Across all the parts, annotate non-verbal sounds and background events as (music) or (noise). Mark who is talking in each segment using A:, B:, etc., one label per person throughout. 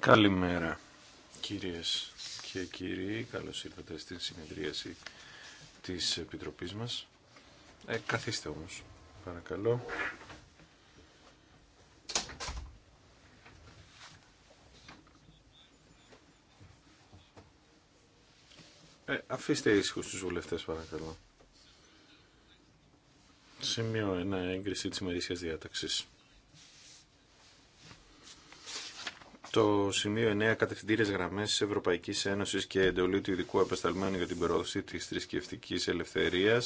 A: Καλημέρα, κυρίες και κύριοι. Καλώς ήρθατε στην συνεδρίαση της Επιτροπής μας. Ε, καθίστε όμως, παρακαλώ. Ε, αφήστε ήσυχους τους βουλευτές, παρακαλώ. Σημείο 1. Έγκριση της ημερήσιας διάταξης. το σημείο 9 κατευθυντήρε γραμμέ τη Ευρωπαϊκή Ένωση και εντολή του ειδικού απεσταλμένου για την πρόωση τη θρησκευτική ελευθερία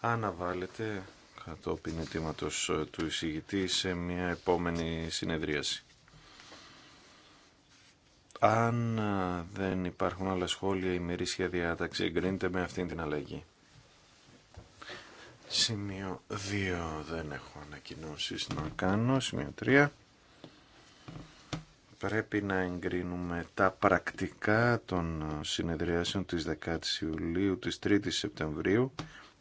A: αναβάλλεται κατόπιν αιτήματο ε, του εισηγητή σε μια επόμενη συνεδρίαση. Αν ε, δεν υπάρχουν άλλα σχόλια, η μερίσια διάταξη εγκρίνεται με αυτήν την αλλαγή. Σημείο 2 δεν έχω ανακοινώσεις να κάνω. Σημείο 3 πρέπει να εγκρίνουμε τα πρακτικά των συνεδριάσεων της 10 Ιουλίου, της 3ης Σεπτεμβρίου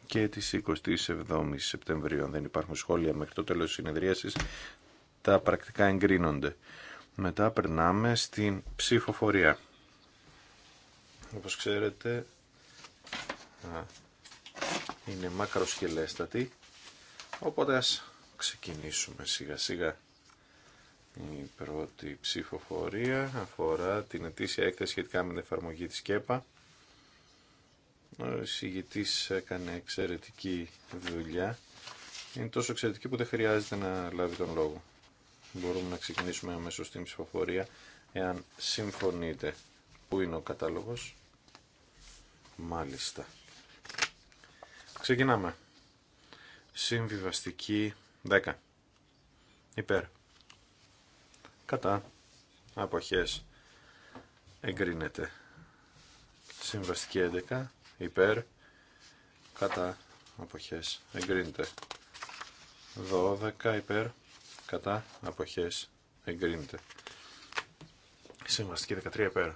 A: και της 27ης Σεπτεμβρίου. Αν δεν υπάρχουν σχόλια μέχρι το τέλος της συνεδρίασης, τα πρακτικά εγκρίνονται. Μετά περνάμε στην ψηφοφορία. Όπως ξέρετε, είναι μακροσχελέστατη. οπότε ας ξεκινήσουμε σιγά σιγά. Η πρώτη ψηφοφορία αφορά την ετήσια έκθεση σχετικά με την εφαρμογή της ΚΕΠΑ. Ο εισηγητής έκανε εξαιρετική δουλειά. Είναι τόσο εξαιρετική που δεν χρειάζεται να λάβει τον λόγο. Μπορούμε να ξεκινήσουμε αμέσω την ψηφοφορία εάν συμφωνείτε. Πού είναι ο κατάλογος. Μάλιστα. Ξεκινάμε. Συμβιβαστική 10. Υπέρ κατά αποχές εγκρίνεται συμβαστική 11 υπέρ κατά αποχές εγκρίνεται 12 υπέρ κατά αποχές εγκρίνεται συμβαστική 13 υπέρ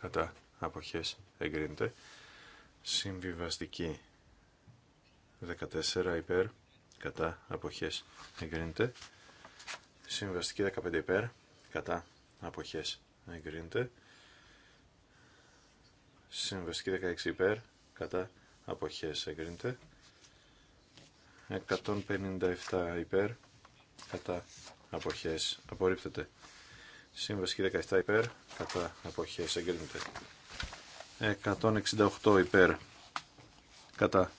A: κατά αποχές εγκρίνεται συμβιβαστική 14 υπέρ κατά αποχές εγκρίνεται συμβαστική 15 υπέρ κατά αποχές εγκρίνεται. Συμβαστική 16 υπέρ κατά αποχές εγκρίνεται. 157 υπέρ κατά αποχές απορρίπτεται. Συμβαστική 17 υπέρ κατά αποχές εγκρίνεται. 168 υπέρ κατά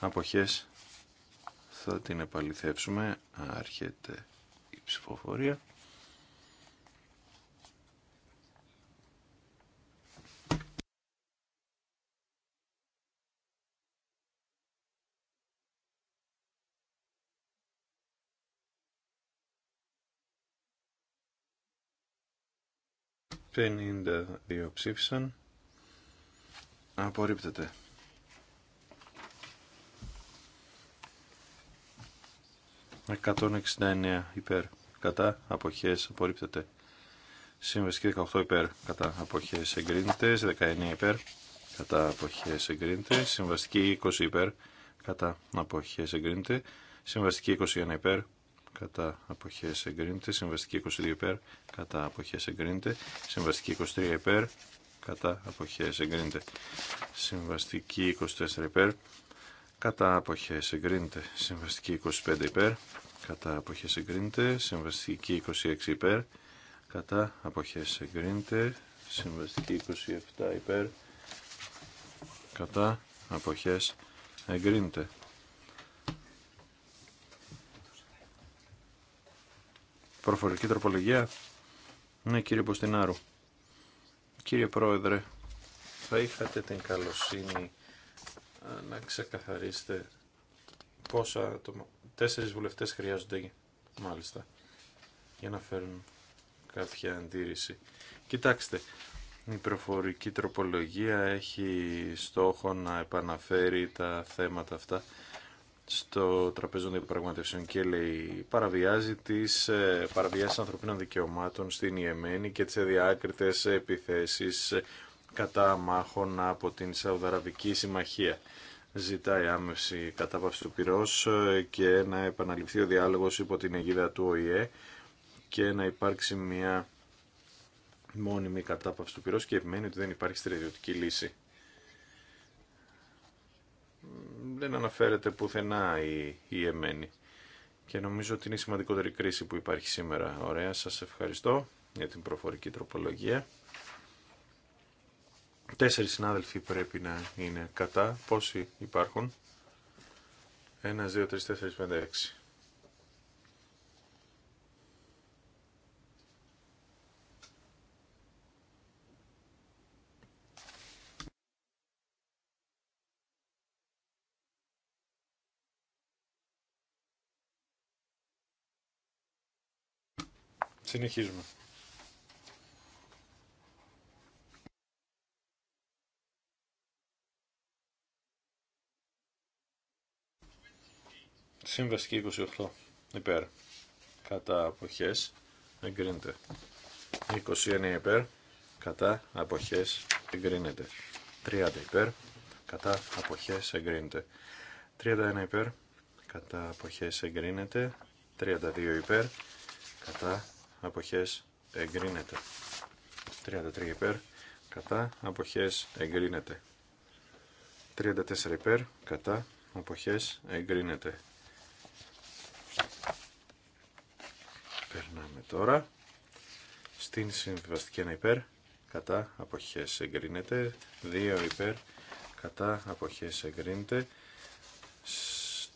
A: αποχές θα την επαληθεύσουμε. Άρχεται η ψηφοφορία. 52 ψήφισαν. Απορρίπτεται. 169 υπέρ κατά αποχές απορρίπτεται. Συμβαστική 18 υπέρ κατά αποχές εγκρίνεται. 19 υπέρ κατά αποχές εγκρίνεται. Συμβαστική 20 υπέρ κατά αποχές εγκρίνεται. Συμβαστική 21 υπέρ κατά αποχές εγκρίνεται, συμβαστική 22 υπέρ, κατά αποχές εγκρίνεται, συμβαστική 23 υπέρ, κατά αποχές εγκρίνεται, συμβαστική 24 υπέρ, κατά αποχές εγκρίνεται, συμβαστική 25 υπέρ, κατά αποχές εγκρίνεται, συμβαστική 26 υπέρ, κατά αποχές εγκρίνεται, συμβαστική 27 υπέρ, κατά αποχές εγκρίνεται. Προφορική τροπολογία. Ναι, κύριε Ποστινάρου. Κύριε Πρόεδρε, θα είχατε την καλοσύνη να ξεκαθαρίσετε πόσα το... τέσσερις βουλευτές χρειάζονται μάλιστα για να φέρουν κάποια αντίρρηση. Κοιτάξτε, η προφορική τροπολογία έχει στόχο να επαναφέρει τα θέματα αυτά στο τραπέζι των διαπραγματεύσεων και λέει παραβιάζει τις ε, παραβιάσεις ανθρωπίνων δικαιωμάτων στην Ιεμένη και τις αδιάκριτες επιθέσεις κατά μάχων από την Σαουδαραβική Συμμαχία. Ζητάει άμεση κατάπαυση του πυρός ε, και να επαναληφθεί ο διάλογος υπό την αιγίδα του ΟΗΕ και να υπάρξει μια μόνιμη κατάπαυση του πυρός και επιμένει ότι δεν υπάρχει στρατιωτική λύση δεν αναφέρεται πουθενά η, η εμένη. Και νομίζω ότι είναι η σημαντικότερη κρίση που υπάρχει σήμερα. Ωραία, σας ευχαριστώ για την προφορική τροπολογία. Τέσσερις συνάδελφοι πρέπει να είναι κατά. Πόσοι υπάρχουν. υπάρχουν. δύο, 3, τέσσερις, πέντε, έξι. Συνεχίζουμε. Σύμβαση 28. Υπέρ. Κατά αποχές. Εγκρίνεται. 29 υπέρ. Κατά αποχές. Εγκρίνεται. 30 υπέρ. Κατά αποχές. Εγκρίνεται. 31 υπέρ. Κατά αποχές. Εγκρίνεται. 32 υπέρ. Κατά αποχές εγκρίνεται. 33 υπέρ, κατά, αποχές εγκρίνεται. 34 υπέρ, κατά, αποχές εγκρίνεται. Περνάμε τώρα στην συμβιβαστική 1 υπέρ, κατά, αποχές εγκρίνεται. 2 υπέρ, κατά, αποχές εγκρίνεται.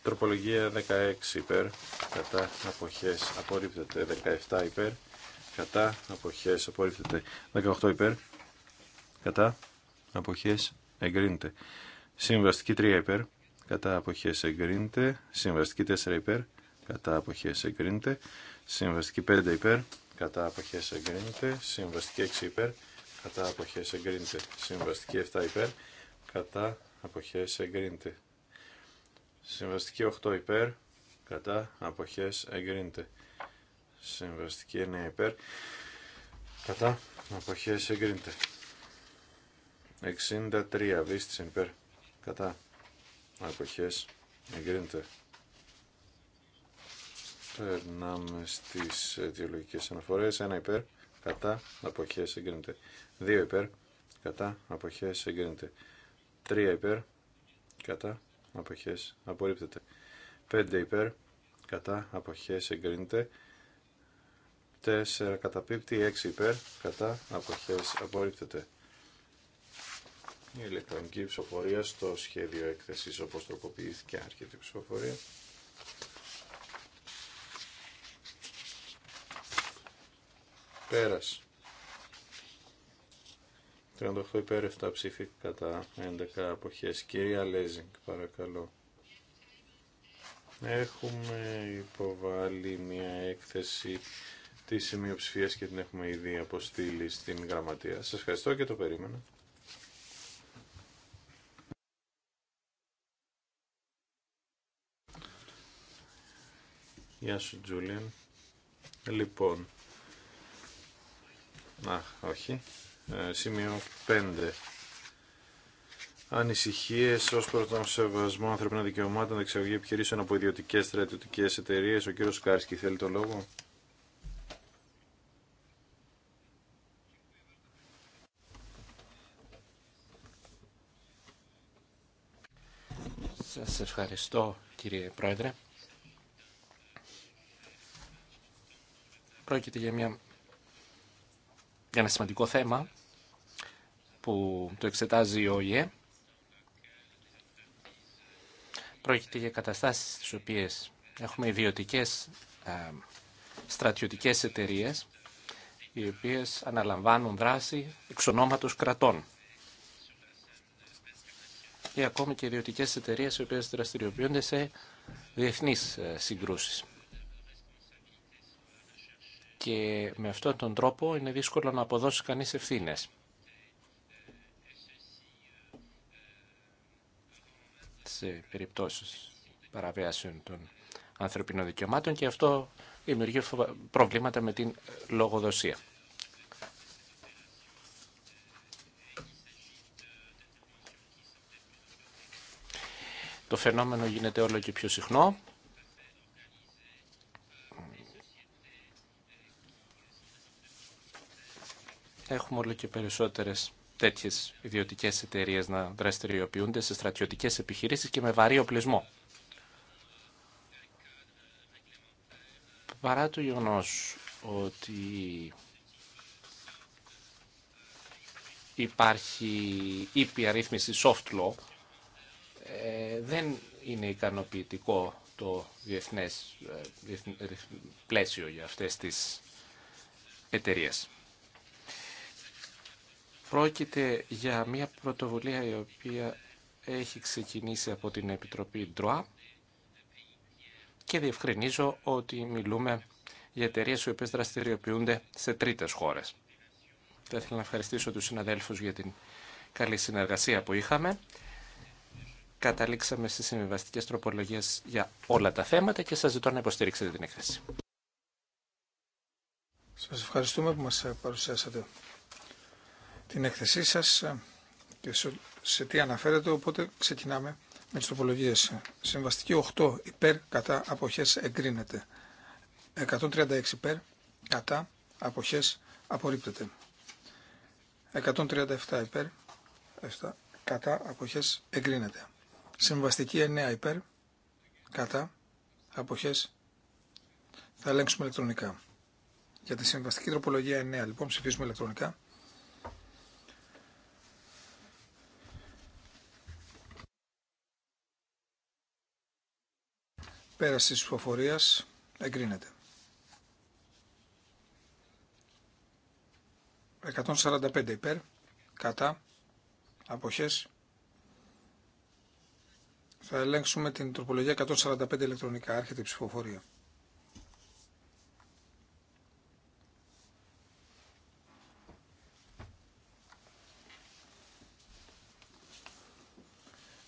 A: Τροπολογία 16 υπέρ, κατά αποχές απορρίπτεται. 17 υπέρ, κατά αποχές απορρίπτεται. 18 υπέρ, κατά αποχές εγκρίνεται. Συμβαστική 3 υπέρ, κατά αποχές εγκρίνεται. Συμβαστική 4 υπέρ, κατά αποχές εγκρίνεται. Συμβαστική 5 υπέρ, κατά αποχές εγκρίνεται. Συμβαστική 6 υπέρ, κατά αποχές εγκρίνεται. Συμβαστική 7 υπέρ, κατά αποχές εγκρίνεται. Συμβαστική 8 υπέρ, κατά αποχές εγκρίνεται. Συμβαστική 9 υπέρ, κατά αποχές εγκρίνεται. 63 βίστης υπέρ, κατά αποχές εγκρίνεται. Περνάμε στις αιτιολογικές αναφορές. 1 υπέρ, κατά αποχές εγκρίνεται. 2 υπέρ, κατά αποχές εγκρίνεται. 3 υπέρ, κατά αποχές απορρίπτεται. 5 υπέρ κατά αποχές εγκρίνεται. 4 καταπίπτει, 6 υπέρ κατά αποχές απορρίπτεται. Η ηλεκτρονική ψηφοφορία στο σχέδιο έκθεσης όπως τροποποιήθηκε άρχεται ψηφοφορία. Πέρας. 38 υπέρ 7 ψήφι κατά 11 αποχές. Κυρία Λέζινγκ, παρακαλώ. Έχουμε υποβάλει μια έκθεση τη σημειοψηφίας και την έχουμε ήδη αποστείλει στην γραμματεία. Σας ευχαριστώ και το περίμενα. Γεια σου Τζούλιαν. Λοιπόν, Αχ, όχι, ε, σημείο 5. Ανησυχίε ω προ τον σεβασμό ανθρωπίνων δικαιωμάτων, δεξαγωγή επιχειρήσεων από ιδιωτικέ στρατιωτικέ εταιρείε. Ο κύριο Κάρσκι θέλει το λόγο.
B: Σας ευχαριστώ κύριε Πρόεδρε. Πρόκειται για μια για ένα σημαντικό θέμα που το εξετάζει η ΟΗΕ. Πρόκειται για καταστάσεις στις οποίες έχουμε ιδιωτικέ ε, στρατιωτικές εταιρείες οι οποίες αναλαμβάνουν δράση εξ ονόματος κρατών ή ακόμη και ιδιωτικέ εταιρείε οι οποίες δραστηριοποιούνται σε διεθνείς ε, συγκρούσεις και με αυτόν τον τρόπο είναι δύσκολο να αποδώσει κανείς ευθύνες. σε περιπτώσεις παραβιάσεων των ανθρωπινών δικαιωμάτων και αυτό δημιουργεί προβλήματα με την λογοδοσία. Το φαινόμενο γίνεται όλο και πιο συχνό έχουμε όλο και περισσότερες τέτοιες ιδιωτικέ εταιρείε να δραστηριοποιούνται σε στρατιωτικέ επιχειρήσεις και με βαρύ οπλισμό. Παρά το γεγονό ότι υπάρχει ήπια ρύθμιση soft law, ε, δεν είναι ικανοποιητικό το διεθνές ε, ε, πλαίσιο για αυτές τις εταιρείες. Πρόκειται για μια πρωτοβουλία η οποία έχει ξεκινήσει από την Επιτροπή Ντροά και διευκρινίζω ότι μιλούμε για εταιρείε οι οποίε δραστηριοποιούνται σε τρίτες χώρες. Θα ήθελα να ευχαριστήσω τους συναδέλφους για την καλή συνεργασία που είχαμε. Καταλήξαμε στις συμβιβαστικέ τροπολογίες για όλα τα θέματα και σας ζητώ να υποστηρίξετε την έκθεση.
C: Σας ευχαριστούμε που μας παρουσιάσατε την έκθεσή σας και σε τι αναφέρεται, οπότε ξεκινάμε με τις τροπολογίες. Συμβαστική 8 υπέρ κατά αποχές εγκρίνεται. 136 υπέρ κατά αποχές απορρίπτεται. 137 υπέρ κατά αποχές εγκρίνεται. Συμβαστική 9 υπέρ κατά αποχές θα ελέγξουμε ηλεκτρονικά. Για τη συμβαστική τροπολογία 9 λοιπόν ψηφίζουμε ηλεκτρονικά. Πέραση της ψηφοφορίας εγκρίνεται. 145 υπέρ, κατά, αποχές. Θα ελέγξουμε την τροπολογία 145 ηλεκτρονικά, άρχεται η ψηφοφορία.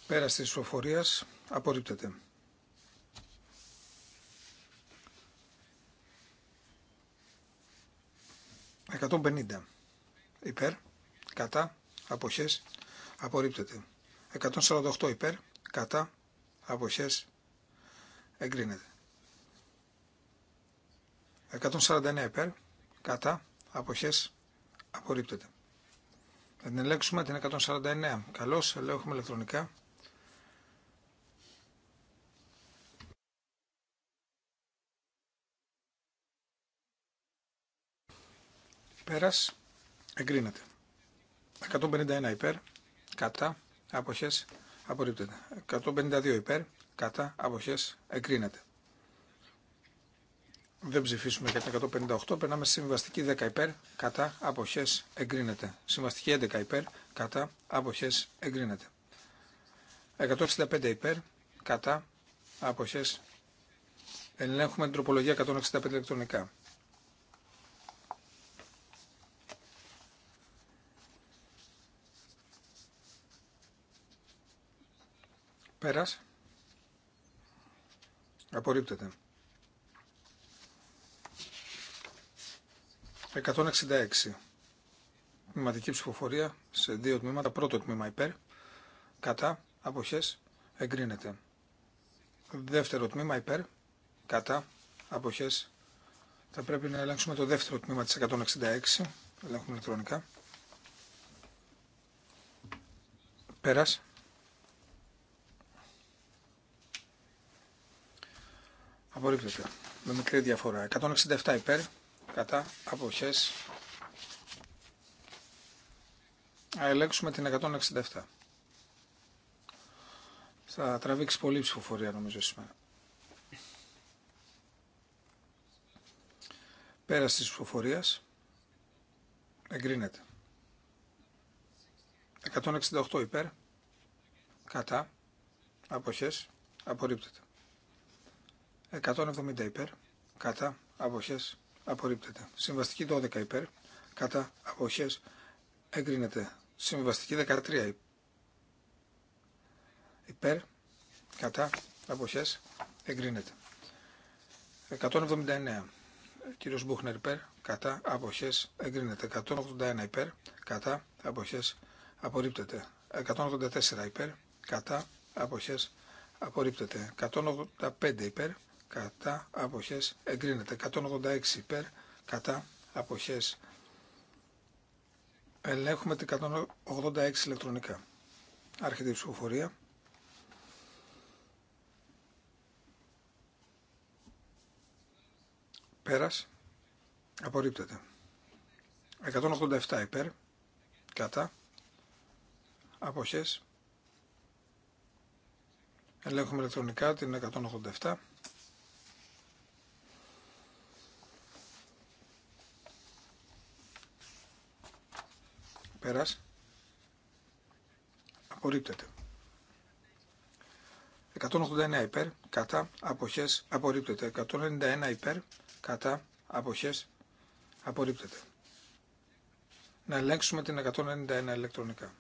C: Πέραση της ψηφοφορίας απορρίπτεται. 150 υπέρ, κατά, αποχές, απορρίπτεται. 148 υπέρ, κατά, αποχές, εγκρίνεται. 149 υπέρ, κατά, αποχές, απορρίπτεται. Θα την ελέγξουμε την 149. Καλώς, ελέγχουμε ηλεκτρονικά. Πέρας. Εγκρίνεται. 151 υπέρ. Κατά. Αποχές. Απορρίπτεται. 152 υπέρ. Κατά. Αποχές. Εγκρίνεται. Δεν ψηφίσουμε για την 158. Περνάμε στη συμβαστική 10 υπέρ. Κατά. Αποχές. Εγκρίνεται. Συμβαστική 11 υπέρ. Κατά. Αποχές. Εγκρίνεται. 165 υπέρ. Κατά. Αποχές. Ελέγχουμε την τροπολογία 165 ηλεκτρονικά. Πέρας. Απορρίπτεται. 166. Τμηματική ψηφοφορία σε δύο τμήματα. Πρώτο τμήμα υπέρ. Κατά. Αποχές. Εγκρίνεται. Δεύτερο τμήμα υπέρ. Κατά. Αποχές. Θα πρέπει να ελέγξουμε το δεύτερο τμήμα της 166. Ελέγχουμε ηλεκτρονικά. Πέρας. Απορρίπτεται. Με μικρή διαφορά. 167 υπέρ. Κατά. Αποχές. Α ελέγξουμε την 167. Θα τραβήξει πολύ ψηφοφορία νομίζω σήμερα. Πέρας της ψηφοφορίας. Εγκρίνεται. 168 υπέρ. Κατά. Αποχές. Απορρίπτεται. 170 υπέρ, κατά, αποχές, απορρίπτεται. Συμβαστική 12 υπέρ, κατά, αποχές, εγκρίνεται. Συμβαστική 13 υπέρ, κατά, αποχές, εγκρίνεται. 179 κύριος Μπούχνερ υπέρ, κατά, αποχές, εγκρίνεται. 181 υπέρ, κατά, αποχές, απορρίπτεται. 184 υπέρ, κατά, αποχές, απορρίπτεται. 185 υπέρ, κατά αποχές εγκρίνεται. 186 υπέρ κατά αποχές ελέγχουμε την 186 ηλεκτρονικά. Άρχεται η ψηφοφορία. Πέρας. Απορρίπτεται. 187 υπέρ. Κατά. Αποχές. Ελέγχουμε ηλεκτρονικά την 187. Πέρας. Απορρίπτεται. 189 υπέρ, κατά, αποχές, απορρίπτεται. 191 υπέρ, κατά, αποχές, απορρίπτεται. Να ελέγξουμε την 191 ηλεκτρονικά.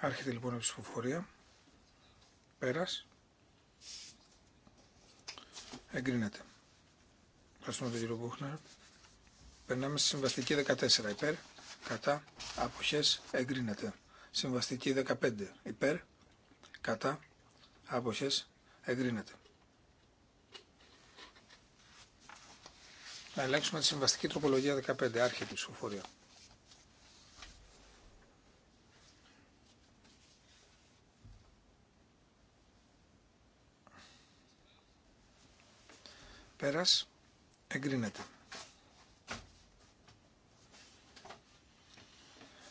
C: Άρχεται λοιπόν η ψηφοφορία. Πέρας. Εγκρίνεται. Ευχαριστούμε τον κύριο Μπούχνερ. Περνάμε στη συμβαστική 14 υπέρ, κατά, αποχές, εγκρίνεται. Συμβαστική 15 υπέρ, κατά, αποχές, εγκρίνεται. Να ελέγξουμε τη συμβαστική τροπολογία 15, άρχη τη ψηφοφορία. Πέρας. Εγκρίνεται.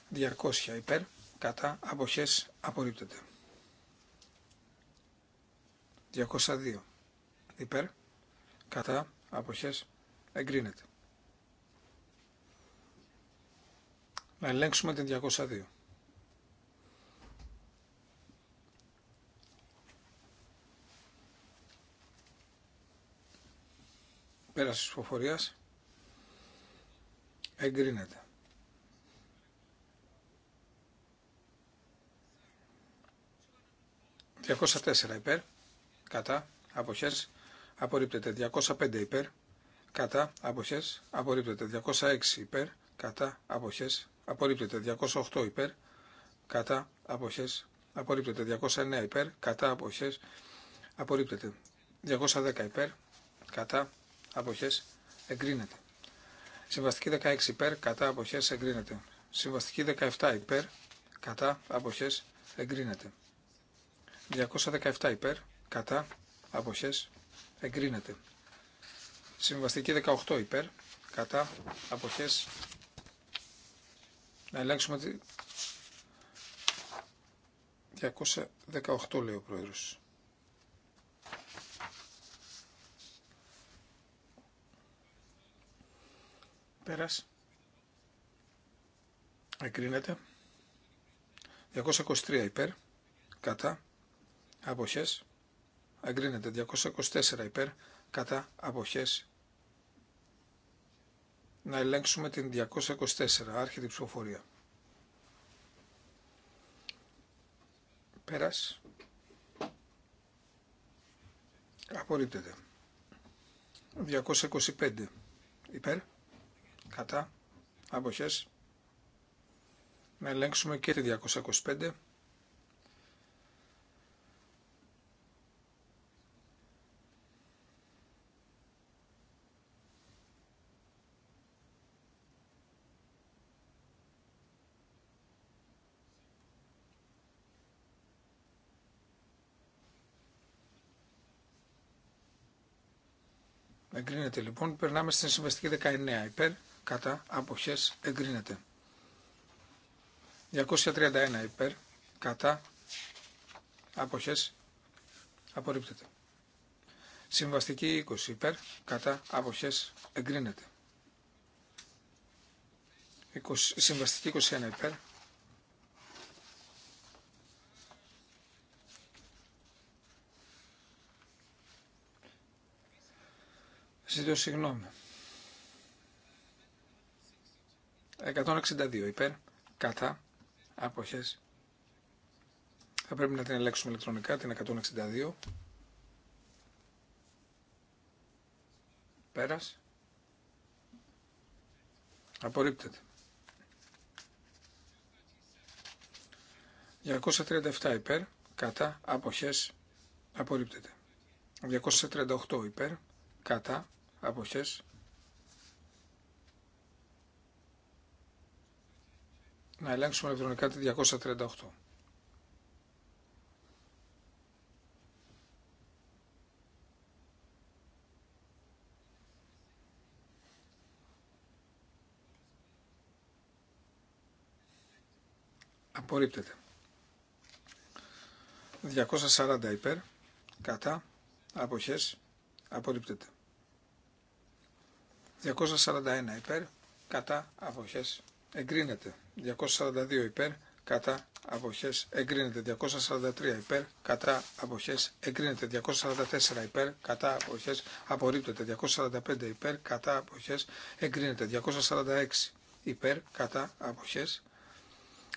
C: 200 υπέρ. Κατά. Αποχές. Απορρίπτεται. 202 υπέρ. Κατά. Αποχές. Εγκρίνεται. Να ελέγξουμε την 202. Πέραση της ψηφοφορίας. Εγκρίνεται. «204 υπέρ, κατά, αποχές, απορρίπτεται. 205 υπέρ, κατά, αποχές, απορρίπτεται. 206 υπέρ, κατά, αποχές, απορρίπτεται. 208 υπέρ, κατά, αποχές, απορρίπτεται. 209 υπέρ, κατά, αποχές, απορρίπτεται. 210 υπέρ, κατά, Αποχέ, εγκρίνεται. Συμβαστική 16 υπέρ, κατά αποχέ εγκρίνεται. Συμβαστική 17 υπέρ, κατά αποχέ εγκρίνεται. 217 υπέρ, κατά αποχέ εγκρίνεται. Συμβαστική 18 υπέρ, κατά απόχέ. να ελέγξουμε τη... 218 λέει ο Πρόεδρος. Πέρας. Εκρίνεται. 223 υπέρ. Κατά. Αποχές. Εγκρίνεται. 224 υπέρ. Κατά. Αποχές. Να ελέγξουμε την 224. άρχιτη ψηφοφορία. Πέρας. Απορρίπτεται. 225 υπέρ κατά αποχές να ελέγξουμε και τη 225 Εγκρίνεται λοιπόν. Περνάμε στην συμβαστική 19 υπέρ κατά αποχές εγκρίνεται. 231 υπέρ κατά αποχές απορρίπτεται. Συμβαστική 20 υπέρ κατά αποχές εγκρίνεται. 20, συμβαστική 21 υπέρ Ζητώ συγγνώμη. 162 υπέρ, κατά, αποχές. Θα πρέπει να την ελέγξουμε ηλεκτρονικά, την 162. Πέρας. Απορρίπτεται. 237 υπέρ, κατά, αποχές, απορρίπτεται. 238 υπέρ, κατά, αποχές, να ελέγξουμε ηλεκτρονικά τη 238. Απορρίπτεται. 240 υπέρ, κατά, αποχές, απορρίπτεται. 241 υπέρ, κατά, αποχές, εγκρίνεται. 242 υπέρ κατά αποχές εγκρίνεται. 243 υπέρ κατά αποχές εγκρίνεται. 244 υπέρ κατά αποχές απορρίπτεται. 245 υπέρ κατά αποχές εγκρίνεται. 246 υπέρ κατά αποχές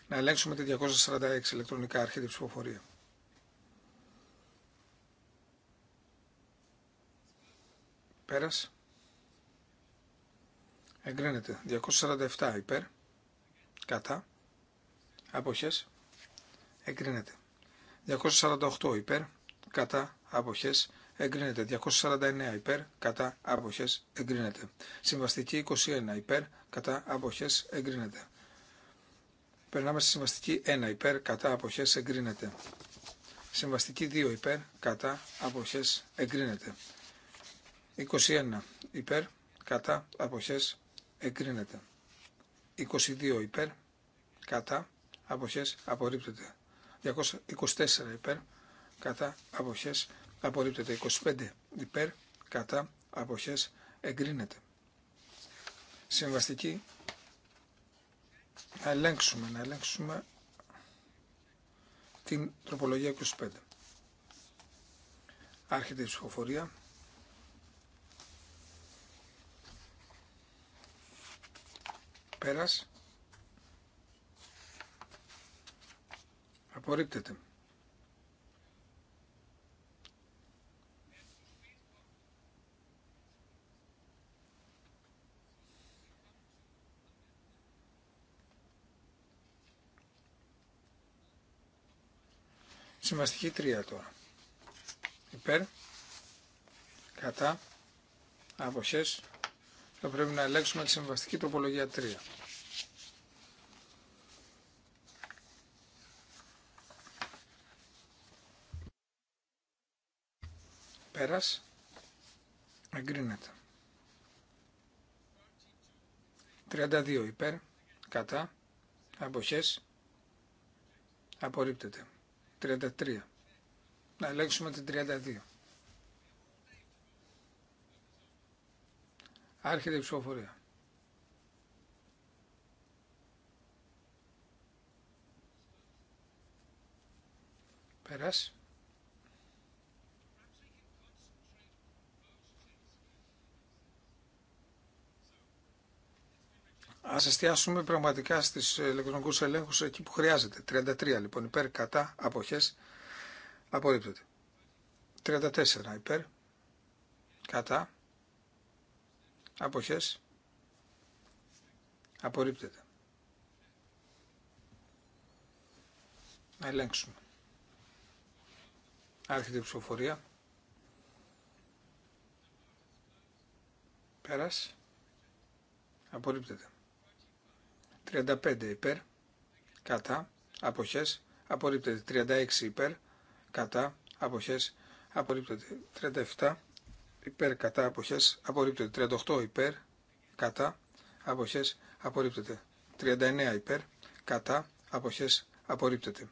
C: να ελέγξουμε τη 246 ηλεκτρονικά αρχή τη ψηφοφορία. Πέρας. Εγκρίνεται. 247 υπέρ κατά, αποχές, εγκρίνεται. 248 υπέρ, κατά, αποχές, εγκρίνεται. 249 υπέρ, κατά, αποχές, εγκρίνεται. Συμβαστική 21 υπέρ, κατά, αποχές, εγκρίνεται. Περνάμε στη συμβαστική 1 υπέρ, κατά, αποχές, εγκρίνεται. Συμβαστική 2 υπέρ, κατά, αποχές, εγκρίνεται. 21 υπέρ, κατά, αποχές, εγκρίνεται. 22 υπέρ, κατά, αποχές, απορρίπτεται. 224 υπέρ, κατά, αποχές, απορρίπτεται. 25 υπέρ, κατά, αποχές, εγκρίνεται. Συμβαστική, να ελέγξουμε, να ελέγξουμε την τροπολογία 25. Άρχεται η ψηφοφορία. Πέρας. Απορρίπτεται. Συμβαστική τρία τώρα. Υπέρ, κατά, αποχές, θα πρέπει να ελέγξουμε τη συμβαστική τροπολογία 3. Πέρας, εγκρίνεται. 32 υπέρ, κατά, αποχές, απορρίπτεται. 33. Να ελέγξουμε την 32. Άρχεται η ψηφοφορία. Πέρας. Ας εστιάσουμε πραγματικά στις ηλεκτρονικούς ελέγχους εκεί που χρειάζεται. 33 λοιπόν υπέρ, κατά, αποχές, απορρίπτεται. 34 υπέρ, κατά, Αποχές. Απορρίπτεται. Να ελέγξουμε. Άρχεται η ψηφοφορία. Πέρας. Απορρίπτεται. 35 υπέρ. Κατά. Αποχές. Απορρίπτεται. 36 υπέρ. Κατά. Αποχές. Απορρίπτεται. 37 υπέρ κατά αποχές απορρίπτεται. 38 υπέρ κατά αποχές απορρίπτεται. 39 υπέρ κατά αποχές απορρίπτεται.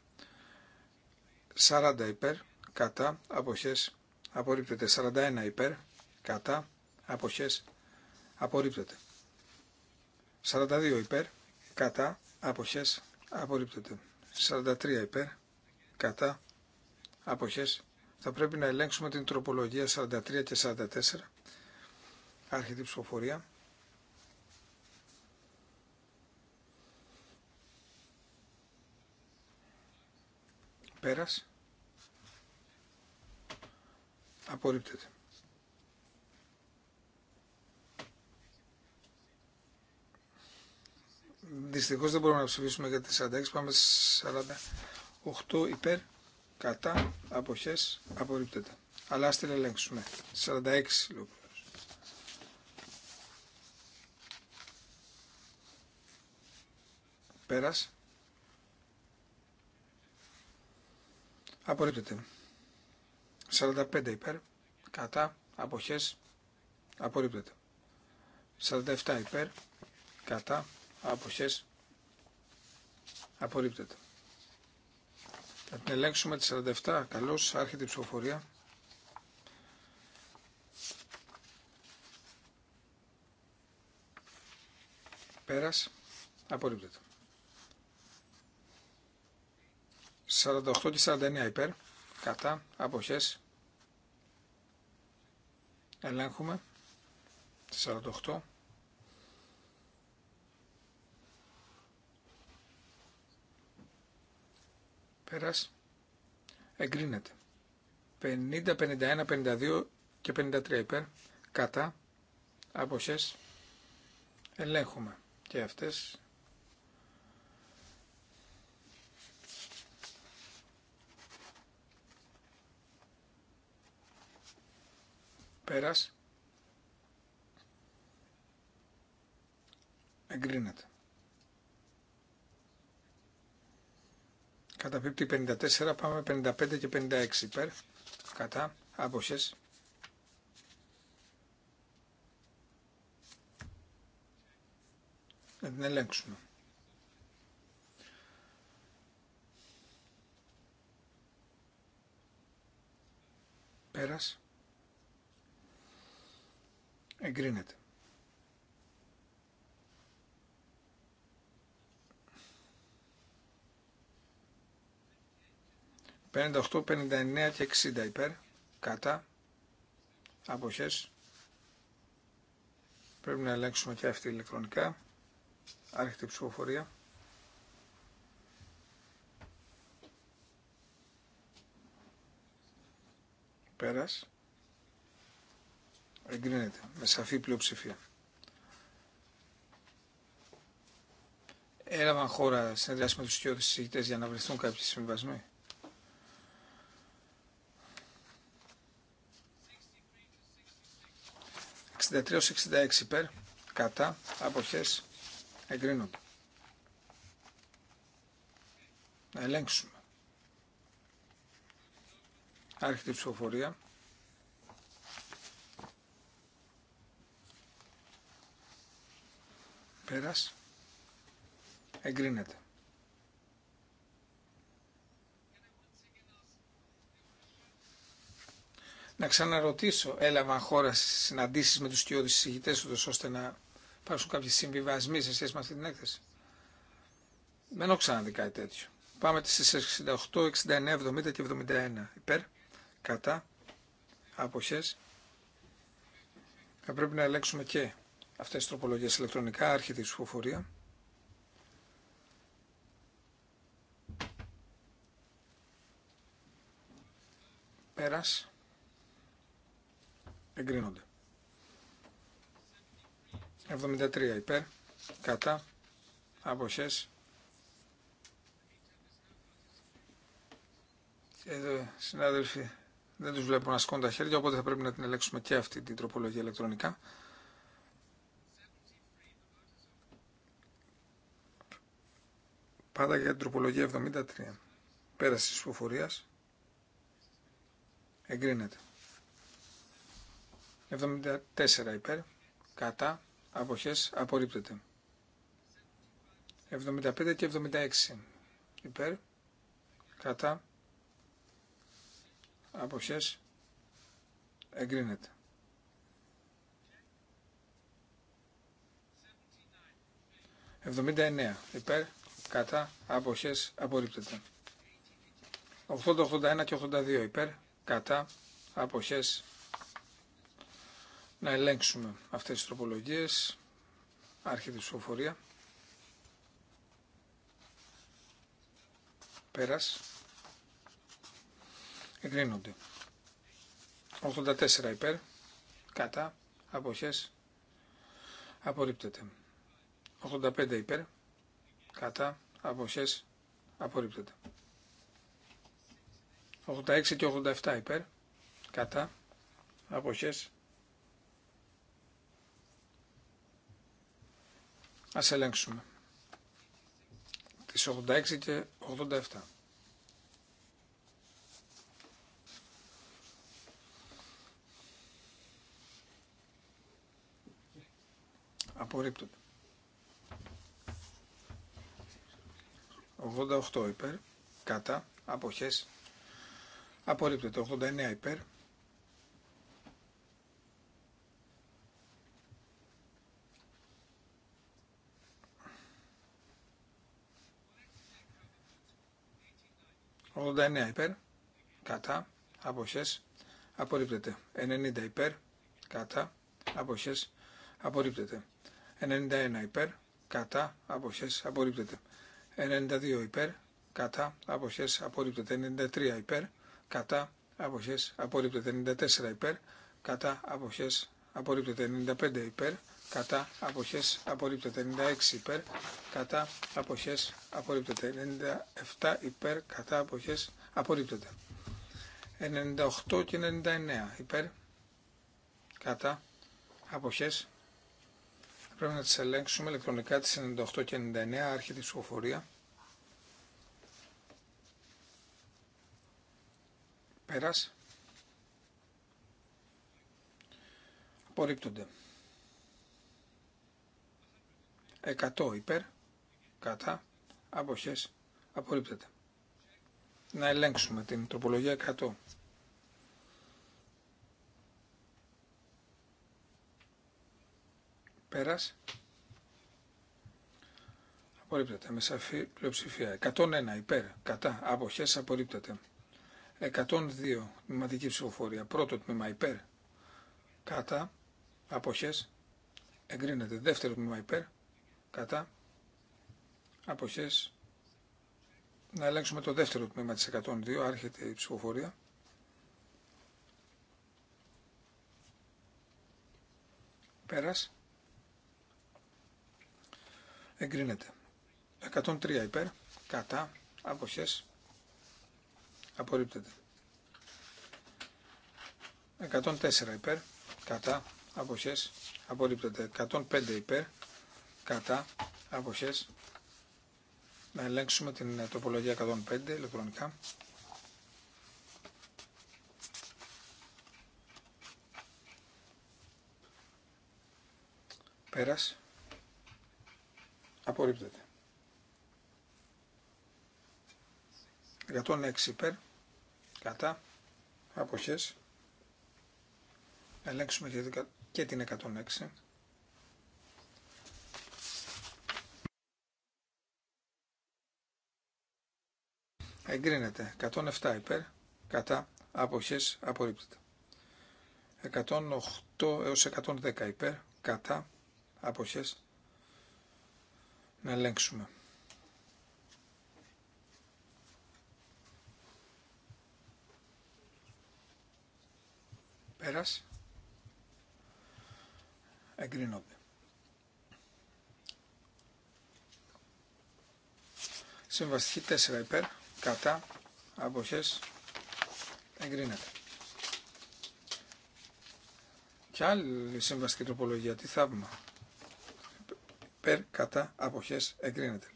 C: 40 υπέρ κατά αποχές απορρίπτεται. 41 υπέρ κατά αποχές απορρίπτεται. 42 υπέρ κατά αποχές απορρίπτεται. 43 υπέρ κατά αποχές θα πρέπει να ελέγξουμε την τροπολογία 43 και 44. άρχιτη η ψηφοφορία. Πέρας. Απορρίπτεται. Δυστυχώς δεν μπορούμε να ψηφίσουμε για τις 46. Πάμε στις 48 υπέρ κατά, αποχές, απορρίπτεται. Αλλά ας την ελέγξουμε. 46 λοιπόν. Πέρας. Απορρίπτεται. 45 υπέρ, κατά, αποχές, απορρίπτεται. 47 υπέρ, κατά, αποχές, απορρίπτεται. Θα την ελέγξουμε τη 47. Καλώς άρχεται η ψηφοφορία. Πέρας. Απορρίπτεται. 48 και 49 υπέρ. Κατά. Αποχές. Ελέγχουμε. 48. Πέρας. Εγκρίνεται. 50, 51, 52 και 53 υπέρ. Κατά. Άποσες, Ελέγχουμε και αυτές. Πέρας. Εγκρίνεται. Καταπίπτει 54, πάμε 55 και 56 υπέρ, κατά, άποχες. Να την ελέγξουμε. Πέρας. Εγκρίνεται. 58, 59 και 60 υπέρ, κατά, αποχές. Πρέπει να ελέγξουμε και αυτή ηλεκτρονικά. Άρχεται η ψηφοφορία. Πέρας. Εγκρίνεται με σαφή πλειοψηφία. Έλαβαν χώρα συνεδριάσει με τους κοιότητες συζητητές για να βρεθούν κάποιοι συμβασμοί. 63-66 υπέρ, κατά, αποχές, εγκρίνονται. Να ελέγξουμε. Άρχεται η ψηφοφορία. Πέρας. Εγκρίνεται. να ξαναρωτήσω, έλαβαν χώρα στι συναντήσει με τους κοιόδη συζητητέ του, ώστε να υπάρξουν κάποιοι συμβιβασμοί σε σχέση με αυτή την έκθεση. Δεν έχω ξαναδεί κάτι τέτοιο. Πάμε στι 68, 69, 70 και 71. Υπέρ, κατά, απόχε. Θα πρέπει να ελέγξουμε και αυτέ τι τροπολογίε ηλεκτρονικά, άρχεται ψηφοφορία. Πέρας εγκρίνονται. 73 υπέρ, κατά, αποχές. Εδώ, συνάδελφοι, δεν τους βλέπω να σηκώνουν τα χέρια, οπότε θα πρέπει να την ελέγξουμε και αυτή την τροπολογία ηλεκτρονικά. Πάντα για την τροπολογία 73. Πέραση της φοφορίας. Εγκρίνεται. 74 υπέρ, κατά, αποχές, απορρίπτεται. 75 και 76 υπέρ, κατά, αποχές, εγκρίνεται. 79 υπέρ, κατά, αποχές, απορρίπτεται. 80, 81 και 82 υπέρ, κατά, αποχές, να ελέγξουμε αυτές τις τροπολογίες. Άρχεται ψηφοφορία. Πέρας. Εγκρίνονται. 84 υπέρ. Κατά. Αποχές. Απορρίπτεται. 85 υπέρ. Κατά. Αποχές. Απορρίπτεται. 86 και 87 υπέρ. Κατά. Αποχές Ας ελέγξουμε. Τις 86 και 87. Απορρίπτονται. 88 υπέρ, κατά, αποχές, το 89 υπέρ, 89 υπέρ, κατά, αποχές, απορρίπτεται. 90 υπέρ, κατά, αποχές, απορρίπτεται. 91 υπέρ, κατά, αποχές, απορρίπτεται. 92 υπέρ, κατά, αποχές, απορρίπτεται. 93 υπέρ, κατά, αποχές, απορρίπτεται. 94 υπέρ, κατά, αποχές, απορρίπτεται. 95 υπέρ, κατά αποχές απορρίπτεται 96 υπέρ κατά αποχές απορρίπτεται 97 υπέρ κατά αποχές απορρίπτεται 98 και 99 υπέρ κατά αποχές πρέπει να τις ελέγξουμε ηλεκτρονικά τις 98 και 99 άρχιτη τη ψηφοφορία πέρας απορρίπτονται 100 υπέρ, κατά, αποχές, απορρίπτεται. Να ελέγξουμε την τροπολογία 100. Πέρας. Απορρίπτεται με σαφή πλειοψηφία. 101 υπέρ, κατά, αποχές, απορρίπτεται. 102 τμηματική ψηφοφορία. Πρώτο τμήμα υπέρ, κατά, αποχές, εγκρίνεται. Δεύτερο τμήμα υπέρ, κατά αποχές να ελέγξουμε το δεύτερο τμήμα της 102 άρχεται η ψηφοφορία πέρας εγκρίνεται 103 υπέρ κατά αποχές απορρίπτεται 104 υπέρ κατά αποχές απορρίπτεται 105 υπέρ κατά αποχές να ελέγξουμε την ε, τοπολογία 105 ηλεκτρονικά. Πέρας. Απορρίπτεται. 106 υπέρ. Κατά. Αποχές. Ελέγξουμε και την 106. εγκρίνεται. 107 υπέρ, κατά αποχές απορρίπτεται. 108 έως 110 υπέρ, κατά αποχές να ελέγξουμε. Πέρας. Εγκρίνονται. Συμβαστική 4 υπέρ, κατά αποχές εγκρίνεται. Και άλλη συμβαστική τροπολογία, τι θαύμα. Περ κατά αποχές εγκρίνεται.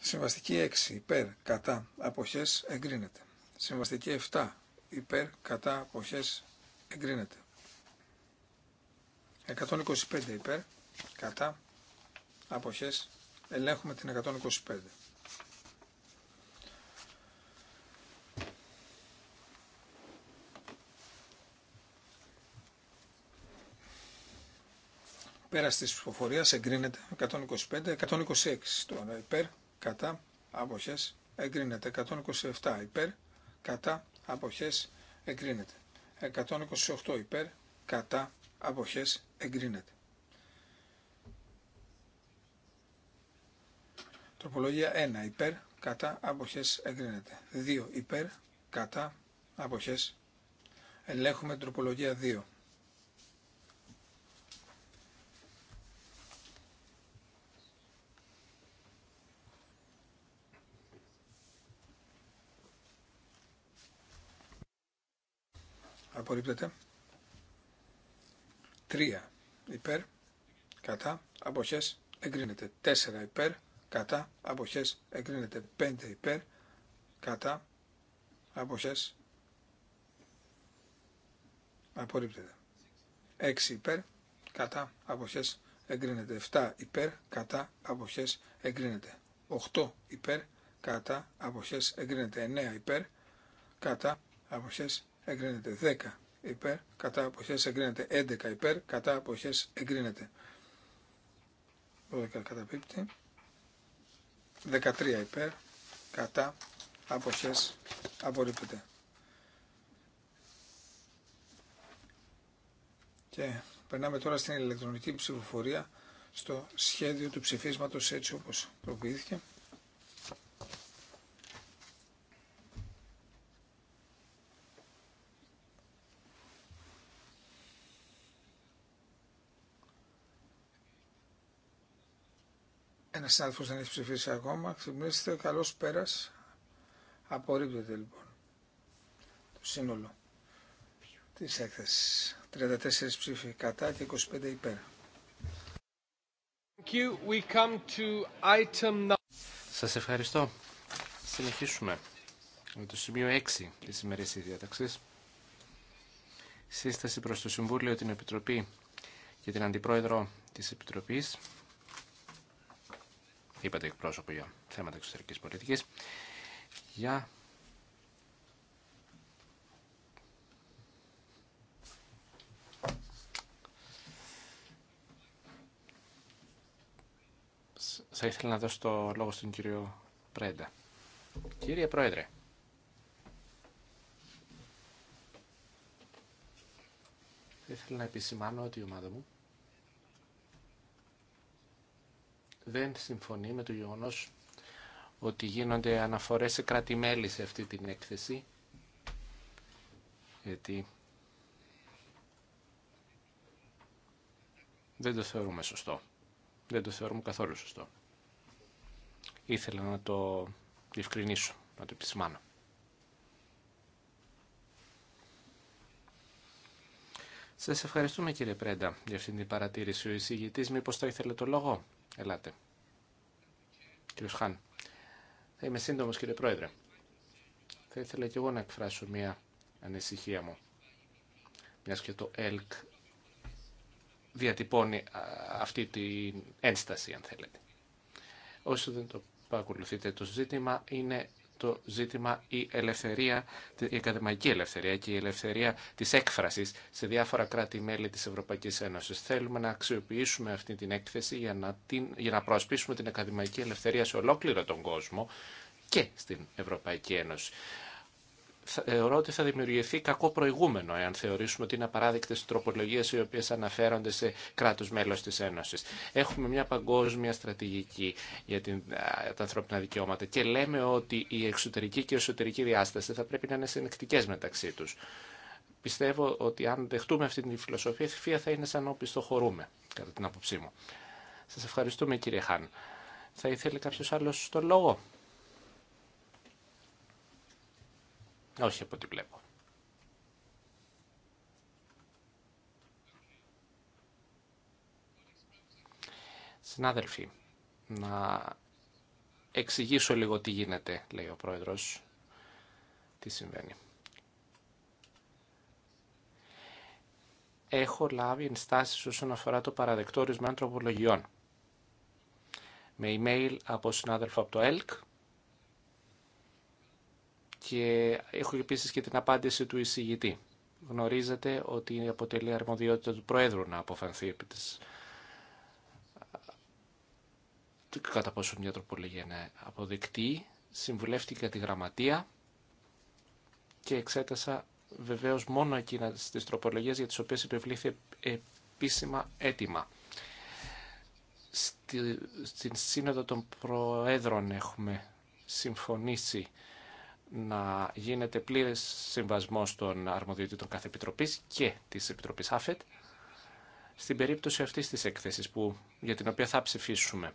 C: Συμβαστική 6 υπέρ κατά αποχές εγκρίνεται. Συμβαστική 7 υπέρ κατά αποχές εγκρίνεται. 125 υπέρ κατά αποχές ελέγχουμε την 125. Πέρα τη ψηφοφορία εγκρίνεται 125, 126 τώρα υπέρ, κατά, αποχέ, εγκρίνεται 127 υπέρ, κατά, αποχέ, εγκρίνεται 128 υπέρ, κατά, αποχέ, εγκρίνεται. Τροπολογία 1 υπέρ, κατά, αποχέ, εγκρίνεται. 2 υπέρ, κατά, αποχέ. Ελέγχουμε τροπολογία 2. απορρίπτεται. 3 υπέρ, κατά, αποχές, εγκρίνεται. 4 υπέρ, κατά, αποχές, εγκρίνεται. 5 υπέρ, κατά, αποχές, απορρίπτεται. 6 υπέρ, κατά, αποχές, εγκρίνεται. 7 υπέρ, κατά, αποχές, εγκρίνεται. 8 υπέρ, κατά, αποχές, εγκρίνεται. 9 υπέρ, κατά, αποχές, εγκρίνεται 10 υπέρ, κατά αποχές εγκρίνεται 11 υπέρ, κατά αποχές εγκρίνεται 12 καταπίπτει 13 υπέρ, κατά αποχές απορρίπτεται και περνάμε τώρα στην ηλεκτρονική ψηφοφορία στο σχέδιο του ψηφίσματος έτσι όπως προποιήθηκε. συνάδελφος δεν έχει ψηφίσει ακόμα. Ξυπνήστε, καλός πέρας. Απορρίπτεται λοιπόν το σύνολο της έκθεσης. 34 ψήφοι κατά και 25 υπέρ.
D: Thank
B: Σας ευχαριστώ. Συνεχίσουμε με το σημείο 6 της ημερήσιας διάταξης. Σύσταση προς το Συμβούλιο, την Επιτροπή και την Αντιπρόεδρο της Επιτροπής είπατε εκπρόσωπο για θέματα εξωτερικής πολιτικής, για θα ήθελα να δώσω το λόγο στον κύριο Πρέντα. Κύριε Πρόεδρε. Θα ήθελα να επισημάνω ότι η ομάδα μου δεν συμφωνεί με το γεγονός ότι γίνονται αναφορές σε κρατη σε αυτή την έκθεση, γιατί δεν το θεωρούμε σωστό. Δεν το θεωρούμε καθόλου σωστό. Ήθελα να το διευκρινίσω, να το επισημάνω. Σας ευχαριστούμε κύριε Πρέντα για αυτήν την παρατήρηση. Ο εισηγητής μήπως θα ήθελε το λόγο. Ελάτε. κύριο Χάν. Θα είμαι σύντομος κύριε Πρόεδρε. Θα ήθελα και εγώ να εκφράσω μια ανησυχία μου. Μιας και το ΕΛΚ διατυπώνει αυτή την ένσταση αν θέλετε. Όσο δεν το παρακολουθείτε, το ζήτημα είναι το ζήτημα η ελευθερία, η ακαδημαϊκή ελευθερία και η ελευθερία της έκφρασης σε διάφορα κράτη-μέλη της Ευρωπαϊκής Ένωσης. Θέλουμε να αξιοποιήσουμε αυτή την έκθεση για να, την, για να προασπίσουμε την ακαδημαϊκή ελευθερία σε ολόκληρο τον κόσμο και στην Ευρωπαϊκή Ένωση θεωρώ ότι θα δημιουργηθεί κακό προηγούμενο εάν θεωρήσουμε ότι είναι απαράδεκτε τροπολογίε οι οποίε αναφέρονται σε κράτο μέλο τη Ένωση. Έχουμε μια παγκόσμια στρατηγική για την, τα ανθρώπινα δικαιώματα και λέμε ότι η εξωτερική και η εσωτερική διάσταση θα πρέπει να είναι συνεκτικέ μεταξύ του. Πιστεύω ότι αν δεχτούμε αυτή τη φιλοσοφία η θα είναι σαν όπιστο χωρούμε, κατά την άποψή μου. Σα ευχαριστούμε κύριε Χάν. Θα ήθελε κάποιο άλλο το λόγο. Όχι από ό,τι βλέπω. Συνάδελφοι, να εξηγήσω λίγο τι γίνεται, λέει ο πρόεδρος. Τι συμβαίνει. Έχω λάβει ενστάσεις όσον αφορά το παραδεκτόρισμα ανθρωπολογιών. Με email από συνάδελφο από το ΕΛΚ, και έχω επίση και την απάντηση του εισηγητή. Γνωρίζετε ότι αποτελεί αρμοδιότητα του Προέδρου να αποφανθεί επί της κατά πόσο μια τροπολογία είναι αποδεκτή. Συμβουλεύτηκα τη γραμματεία και εξέτασα βεβαίως μόνο εκείνα τις τροπολογίες για τι οποίες υπευλήθη επίσημα αίτημα. Στη, στην Σύνοδο των Προέδρων έχουμε συμφωνήσει να γίνεται πλήρες συμβασμός των αρμοδιοτήτων κάθε επιτροπής και της Επιτροπής ΑΦΕΤ στην περίπτωση αυτής της έκθεσης που, για την οποία θα ψηφίσουμε.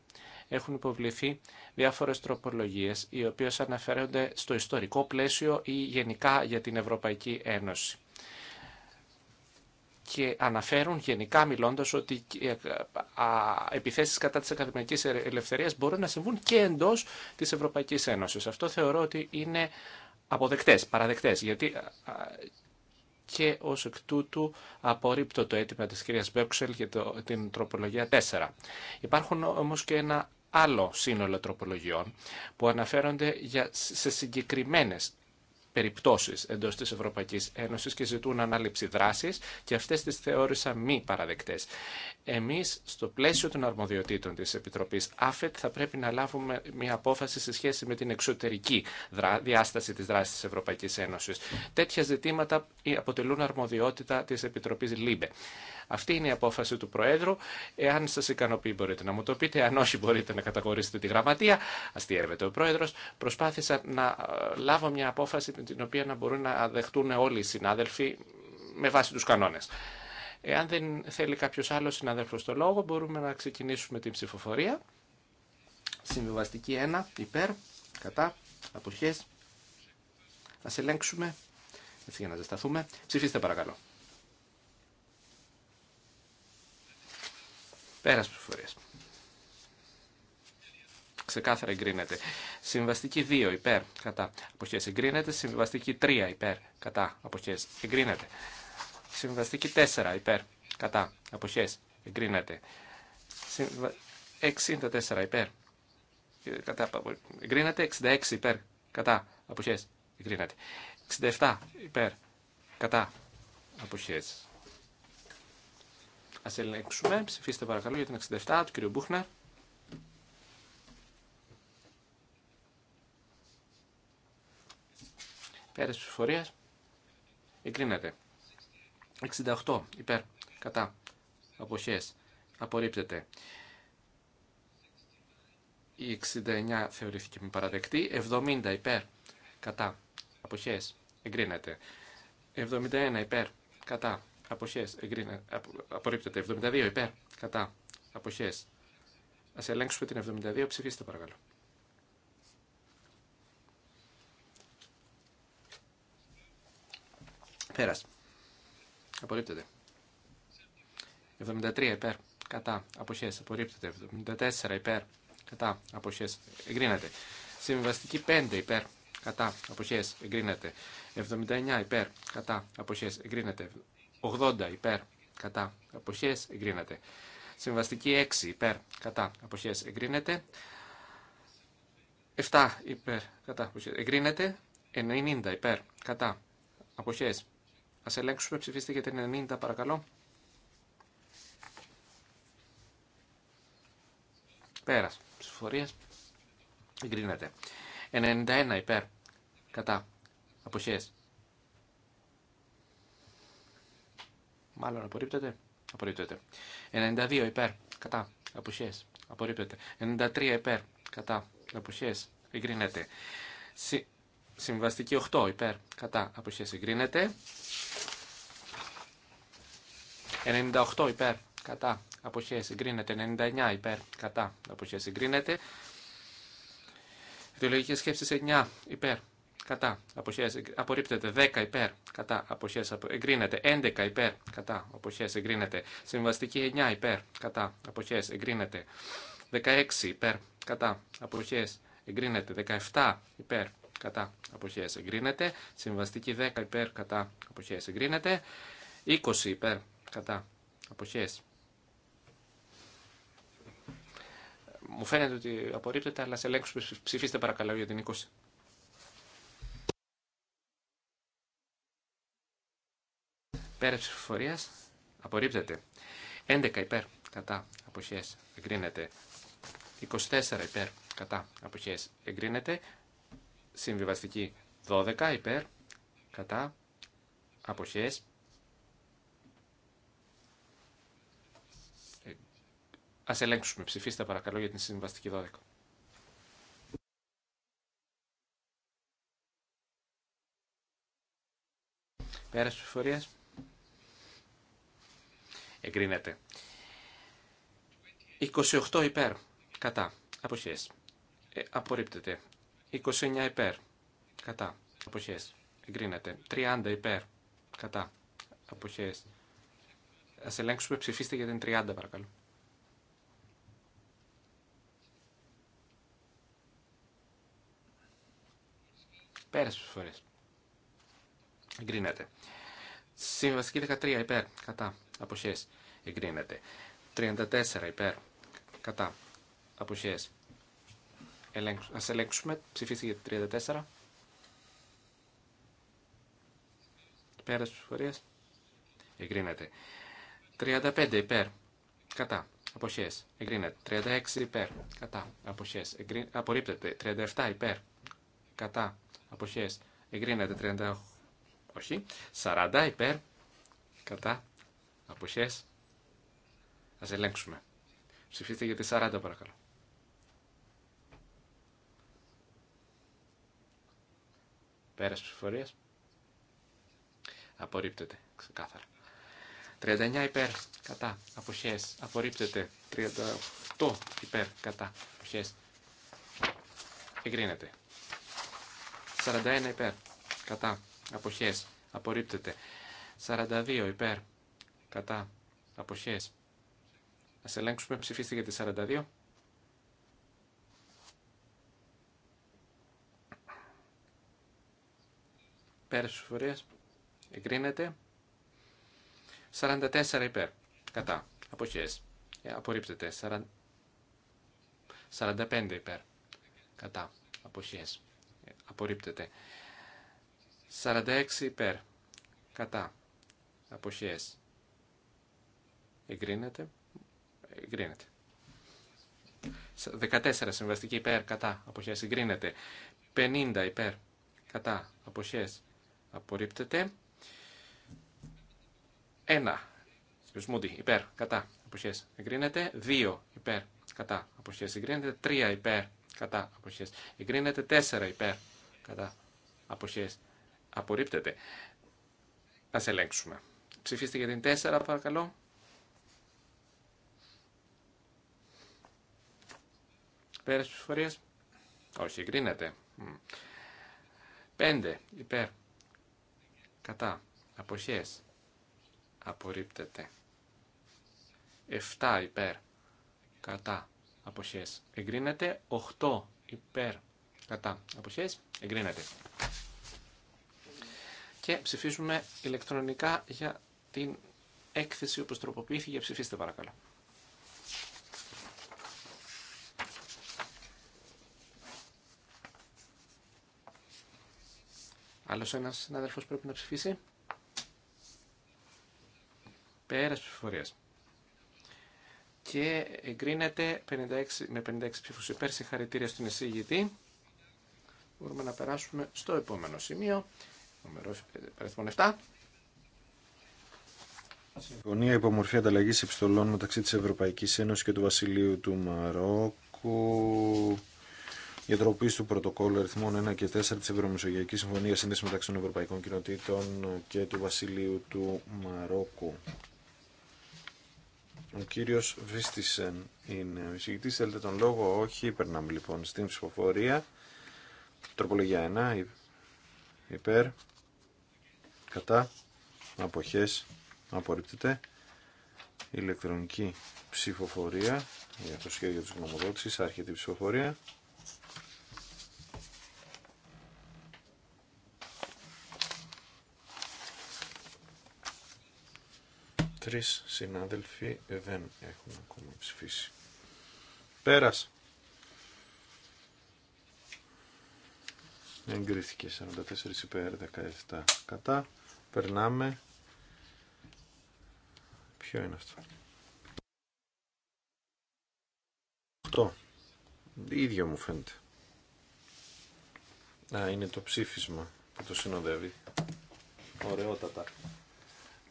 B: Έχουν υποβληθεί διάφορες τροπολογίες οι οποίες αναφέρονται στο ιστορικό πλαίσιο ή γενικά για την Ευρωπαϊκή Ένωση και αναφέρουν γενικά μιλώντας ότι ε, επιθέσεις κατά της ακαδημαϊκής ελευθερίας μπορούν να συμβούν και εντός της Ευρωπαϊκής Ένωσης. Αυτό θεωρώ ότι είναι αποδεκτές, παραδεκτές, γιατί και ως εκ τούτου απορρίπτω το αίτημα της κυρίας Μπέξελ για την τροπολογία 4. Υπάρχουν όμως και ένα άλλο σύνολο τροπολογιών που αναφέρονται για, σε συγκεκριμένες περιπτώσεις εντός της Ευρωπαϊκής Ένωσης και ζητούν ανάληψη δράσης και αυτές τις θεώρησα μη παραδεκτές. Εμείς στο πλαίσιο των αρμοδιοτήτων της Επιτροπής ΑΦΕΤ θα πρέπει να λάβουμε μια απόφαση σε σχέση με την εξωτερική διάσταση της δράσης της Ευρωπαϊκής Ένωσης. Τέτοια ζητήματα αποτελούν αρμοδιότητα της Επιτροπής ΛΥΜΠΕ. Αυτή είναι η απόφαση του Προέδρου. Εάν σα ικανοποιεί, μπορείτε να μου το πείτε. Αν όχι, μπορείτε να καταγορήσετε τη γραμματεία. Αστείευεται ο Πρόεδρο. Προσπάθησα να ε, λάβω μια απόφαση την οποία να μπορούν να δεχτούν όλοι οι συνάδελφοι με βάση του κανόνε. Εάν δεν θέλει κάποιο άλλο συνάδελφο το λόγο, μπορούμε να ξεκινήσουμε την ψηφοφορία. Συμβιβαστική 1, υπέρ, κατά, αποχές. Ας ελέγξουμε, έτσι για να ζεσταθούμε. Ψηφίστε παρακαλώ. Πέρα ψηφοφορίας. Ξεκάθαρα εγκρίνεται. Συμβαστική 2 υπέρ κατά αποχές εγκρίνεται. Συμβαστική 3 υπέρ κατά αποχές εγκρίνεται. Συμβαστική 4 υπέρ κατά αποχές εγκρίνεται. Συμβα... 64 υπέρ κατά εγκρίνεται. 66 υπέρ κατά αποχές εγκρίνεται. 67 υπέρ κατά αποχές Ας ελέγξουμε. Ψηφίστε παρακαλώ για την 67 του κ. Μπούχνερ. της ψηφορίας. Εγκρίνεται. 68 υπέρ. Κατά. Αποχές. Απορρίπτεται. Η 69 θεωρήθηκε μη παραδεκτή. 70 υπέρ. Κατά. Αποχές. Εγκρίνεται. 71 υπέρ. Κατά. Αποχέ. Εγκρίνε. απορρίπτεται. 72 υπέρ, κατά, Αποχέ. Α ελέγξουμε την 72, ψηφίστε παρακαλώ. Πέρας. Απορρίπτεται. 73 υπέρ, κατά, Αποχέ. απορρίπτεται. 74 υπέρ, κατά, Αποχέ. εγκρίνεται. Συμβαστική 5 υπέρ, κατά, Αποχέ. εγκρίνεται. 79 υπέρ, κατά, Αποχέ. εγκρίνεται. 80 υπέρ κατά αποχέ, εγκρίνεται. Συμβαστική 6 υπέρ κατά αποχές εγκρίνεται. 7 υπέρ κατά αποχές εγκρίνεται. 90 υπέρ κατά αποχές. Ας ελέγξουμε ψηφίστε για την 90 παρακαλώ. Πέρας ψηφορίας εγκρίνεται. 91 υπέρ κατά αποχές Μάλλον απορρίπτεται. Απορρίπτεται. 92 υπέρ. Κατά. απουσίε. Απορρίπτεται. 93 υπέρ. Κατά. απουσίε. Εγκρίνεται. Συμβαστική 8 υπέρ. Κατά. απουσίε. Εγκρίνεται. 98 υπέρ. Κατά. απουσίε. Εγκρίνεται. 99 υπέρ. Κατά. απουσίε. Εγκρίνεται. Ιδεολογικέ σκέψει 9 υπέρ κατά αποχές απορρίπτεται 10 υπέρ κατά αποχές εγκρίνεται 11 υπέρ κατά αποχές εγκρίνεται συμβαστική 9 υπέρ κατά αποχές εγκρίνεται 16 υπέρ κατά αποχές εγκρίνεται 17 υπέρ κατά αποχές εγκρίνεται συμβαστική 10 υπέρ κατά αποχές εγκρίνεται 20 υπέρ κατά αποχές μου φαίνεται ότι απορρίπτεται, αλλά σε ελέγξουμε ψηφίστε παρακαλώ για την 20. Πέρα ψηφοφορία. Απορρίπτεται. 11 υπέρ. Κατά. Αποχέ. Εγκρίνεται. 24 υπέρ. Κατά. Αποχέ. Εγκρίνεται. Συμβιβαστική 12 υπέρ. Κατά. Αποχέ. Ε, Α ελέγξουμε. Ψηφίστε παρακαλώ για την συμβαστική 12. Πέρας ψηφορίας εγκρίνεται. 28 υπέρ, κατά, αποχές, ε, απορρίπτεται. 29 υπέρ, κατά, αποχές, εγκρίνεται. 30 υπέρ, κατά, αποχές. Ας ελέγξουμε, ψηφίστε για την 30 παρακαλώ. Πέρασε τις φορές. Εγκρίνεται. Συμβασική 13 υπέρ, κατά, αποχές, εγκρίνεται. 34 υπέρ, κατά, αποχές. Ελέγξ, ας ελέγξουμε, ψηφίστηκε 34. τη εγκρίνεται. 35 υπέρ, κατά, αποχές, εγκρίνεται. 36 υπέρ, κατά, αποχές, εγκρίνεται. Απορρίπτεται. 37 υπέρ, κατά, αποχές, εγκρίνεται. 38 όχι. 40 υπέρ. Κατά. Αποχές. Ας ελέγξουμε. Ψηφίστε για τη 40 παρακαλώ. Πέρας ψηφορίας. Απορρίπτεται. Ξεκάθαρα. 39 υπέρ. Κατά. Αποχές. Απορρίπτεται. 38 υπέρ. Κατά. Αποχές. Εγκρίνεται. 41 υπέρ. Κατά αποχές απορρίπτεται. 42 υπέρ κατά αποχές. Ας ελέγξουμε ψηφίστε για τη 42. Πέρας φορές. εγκρίνεται. 44 υπέρ κατά αποχές. Ε, απορρίπτεται. 45 υπέρ κατά αποχές. Ε, απορρίπτεται. 46 υπέρ. Κατά. Αποχές. Εγκρίνεται. Εγκρίνεται. 14 συμβαστική υπέρ. Κατά. Αποχές. Εγκρίνεται. 50 υπέρ. Κατά. Αποχές. Απορρίπτεται. 1. Υπέρ. Κατά. Αποχές. Εγκρίνεται. 2. Υπέρ. Κατά. Αποχές. Εγκρίνεται. 3. Υπέρ. Κατά. Αποχές. Εγκρίνεται. 4. Υπέρ. Κατά. Αποχές Απορρίπτεται. Να σε ελέγξουμε. Ψηφίστε για την 4 παρακαλώ. Πέρας ψηφοφορίας. Όχι, εγκρίνεται. 5. Υπέρ. Κατά. Αποχές. Απορρίπτεται. 7. Υπέρ. Κατά. Αποχές. Εγκρίνεται. 8. Υπέρ. Κατά. Αποχές. Εγκρίνεται και ψηφίζουμε ηλεκτρονικά για την έκθεση όπως τροποποιήθηκε. Ψηφίστε παρακαλώ. Άλλος ένας συνάδελφος πρέπει να ψηφίσει. Πέρας ψηφοφορίας. Και εγκρίνεται 56, με 56 ψήφους υπέρ συγχαρητήρια στην εισηγητή. Μπορούμε να περάσουμε στο επόμενο σημείο Συμφωνία υπό 7.
A: Συμφωνία υπομορφή ανταλλαγή επιστολών μεταξύ τη Ευρωπαϊκή Ένωση και του Βασιλείου του Μαρόκου για τροποποίηση του πρωτοκόλλου αριθμών 1 και 4 τη Ευρωμεσογειακή Συμφωνία Σύνδεση μεταξύ των Ευρωπαϊκών Κοινοτήτων και του Βασιλείου του Μαρόκου. Ο κύριο Βίστισεν είναι ο εισηγητή. Θέλετε τον λόγο, όχι. Περνάμε λοιπόν στην ψηφοφορία. Τροπολογία 1. Υπέρ κατά αποχές απορρίπτεται ηλεκτρονική ψηφοφορία για το σχέδιο της γνωμοδότησης άρχεται η ψηφοφορία τρεις συνάδελφοι δεν έχουν ακόμα ψηφίσει πέρας εγκρίθηκε 44 υπέρ 17 κατά Περνάμε. Ποιο είναι αυτό. 8. Ίδιο μου φαίνεται. Α, είναι το ψήφισμα που το συνοδεύει. Ωραιότατα.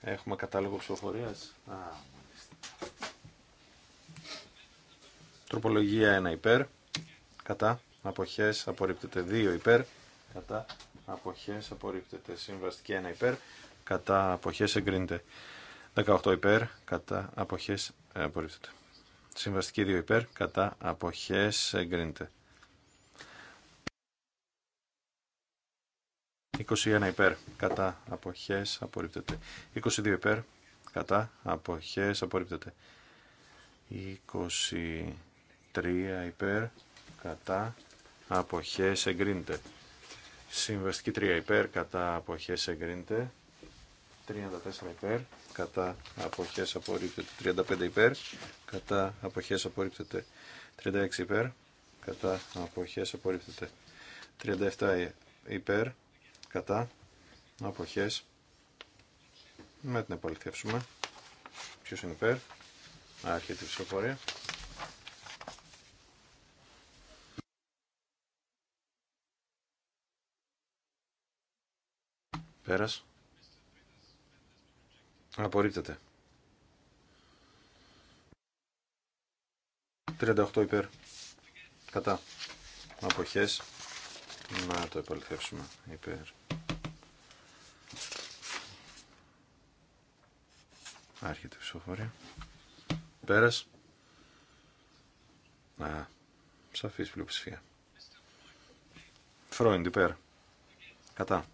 A: Έχουμε κατάλογο ψηφοφορίας. Α, Τροπολογία 1 υπέρ. Κατά. Αποχές απορρίπτεται 2 υπέρ. Κατά αποχές απορρίπτεται. Συμβαστική 1 υπέρ, κατά αποχές εγκρίνεται. 18 ε, υπέρ, κατά αποχές απορρίπτεται. Συμβαστική 2 υπέρ, κατά αποχές εγκρίνεται. 21 υπέρ, κατά αποχές απορρίπτεται. 22 υπέρ, κατά αποχές απορρίπτεται. 23 υπέρ, κατά αποχές εγκρίνεται. Συμβαστική 3 υπέρ κατά αποχές εγκρίνεται. 34 υπέρ κατά αποχές απορρίπτεται. 35 υπέρ κατά αποχές απορρίπτεται. 36 υπέρ κατά αποχές απορρίπτεται. 37 υπέρ κατά αποχές να την επαληθεύσουμε ποιος είναι υπέρ άρχεται η ψηφοφορία Πέρας. Απορρίπτεται. 38 υπέρ. Κατά. Αποχές. Να το επαληθεύσουμε. Υπέρ. Άρχεται η ψηφοφορία. Πέρας. να σαφής πλειοψηφία. Φρόιντ υπέρ. Κατά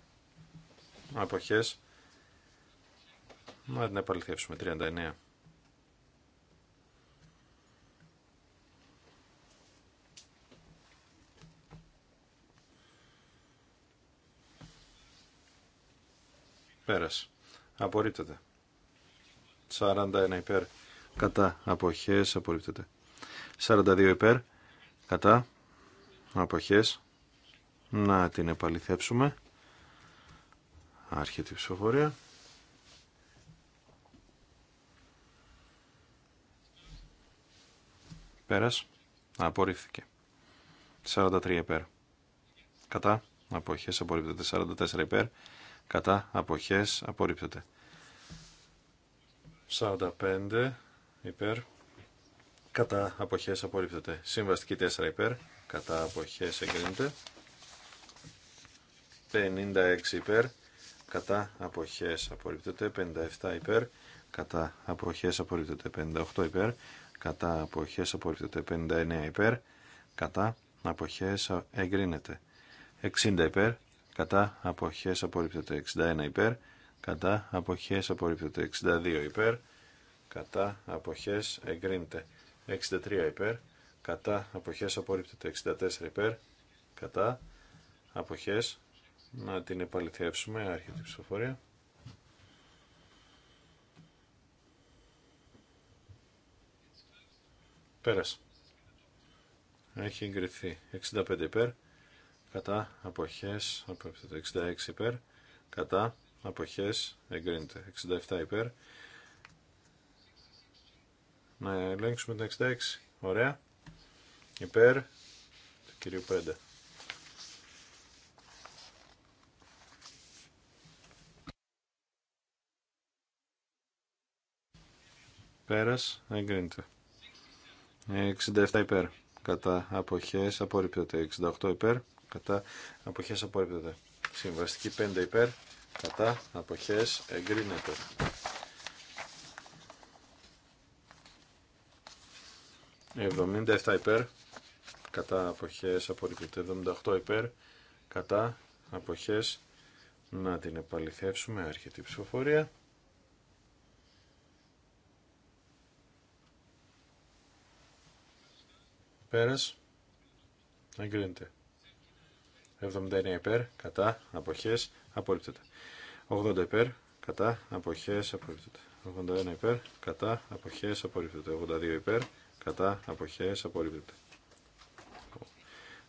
A: αποχές να την επαληθεύσουμε 39 Πέρασε. απορρίπτεται 41 υπέρ κατά αποχές απορρίπτεται 42 υπέρ κατά αποχές να την επαληθεύσουμε Άρχεται η ψηφοφορία. Πέρας. Απορρίφθηκε. 43 υπέρ. Κατά. Αποχές απορρίπτεται. 44 υπέρ. Κατά. Αποχές απορρίπτεται. 45 υπέρ. Κατά. Αποχές απορρίπτεται. Συμβαστική 4 υπέρ. Κατά. Αποχές εγκρίνεται. 56 υπέρ κατά αποχές απορρίπτεται 57 υπέρ κατά αποχές απορρίπτεται 58 υπέρ κατά αποχές απορρίπτεται 59 υπέρ κατά αποχές εγκρίνεται 60 υπέρ κατά αποχές απορρίπτεται 61 υπέρ κατά αποχές απορρίπτεται 62 υπέρ κατά αποχές εγκρίνεται 63 υπέρ κατά αποχές απορρίπτεται 64 υπέρ κατά αποχές να την επαληθεύσουμε, αρχή η ψηφοφορία. Πέρασε. Έχει εγκριθεί 65 υπέρ, κατά αποχές, το 66 υπέρ, κατά αποχές, εγκρίνεται 67 υπέρ. Να ελέγξουμε το 66, ωραία, υπέρ του κυρίου 5. Πέρας, εγκρίνεται. 67 υπέρ. Κατά αποχές απορρίπτεται. 68 υπέρ. Κατά αποχές απορρίπτεται. Συμβαστική 5 υπέρ. Κατά αποχές εγκρίνεται. 77 υπέρ. Κατά αποχές απορρίπτεται. 78 υπέρ. Κατά αποχές να την επαληθεύσουμε. Έρχεται η ψηφοφορία. Πέρας. Εγκρίνεται. 79 υπέρ, κατά, αποχές, απορρίπτεται. 80 υπέρ, κατά, αποχές, απορρίπτεται. 81 υπέρ, κατά, αποχές, απορρίπτεται. 82 υπέρ, κατά, αποχές, απορρίπτεται.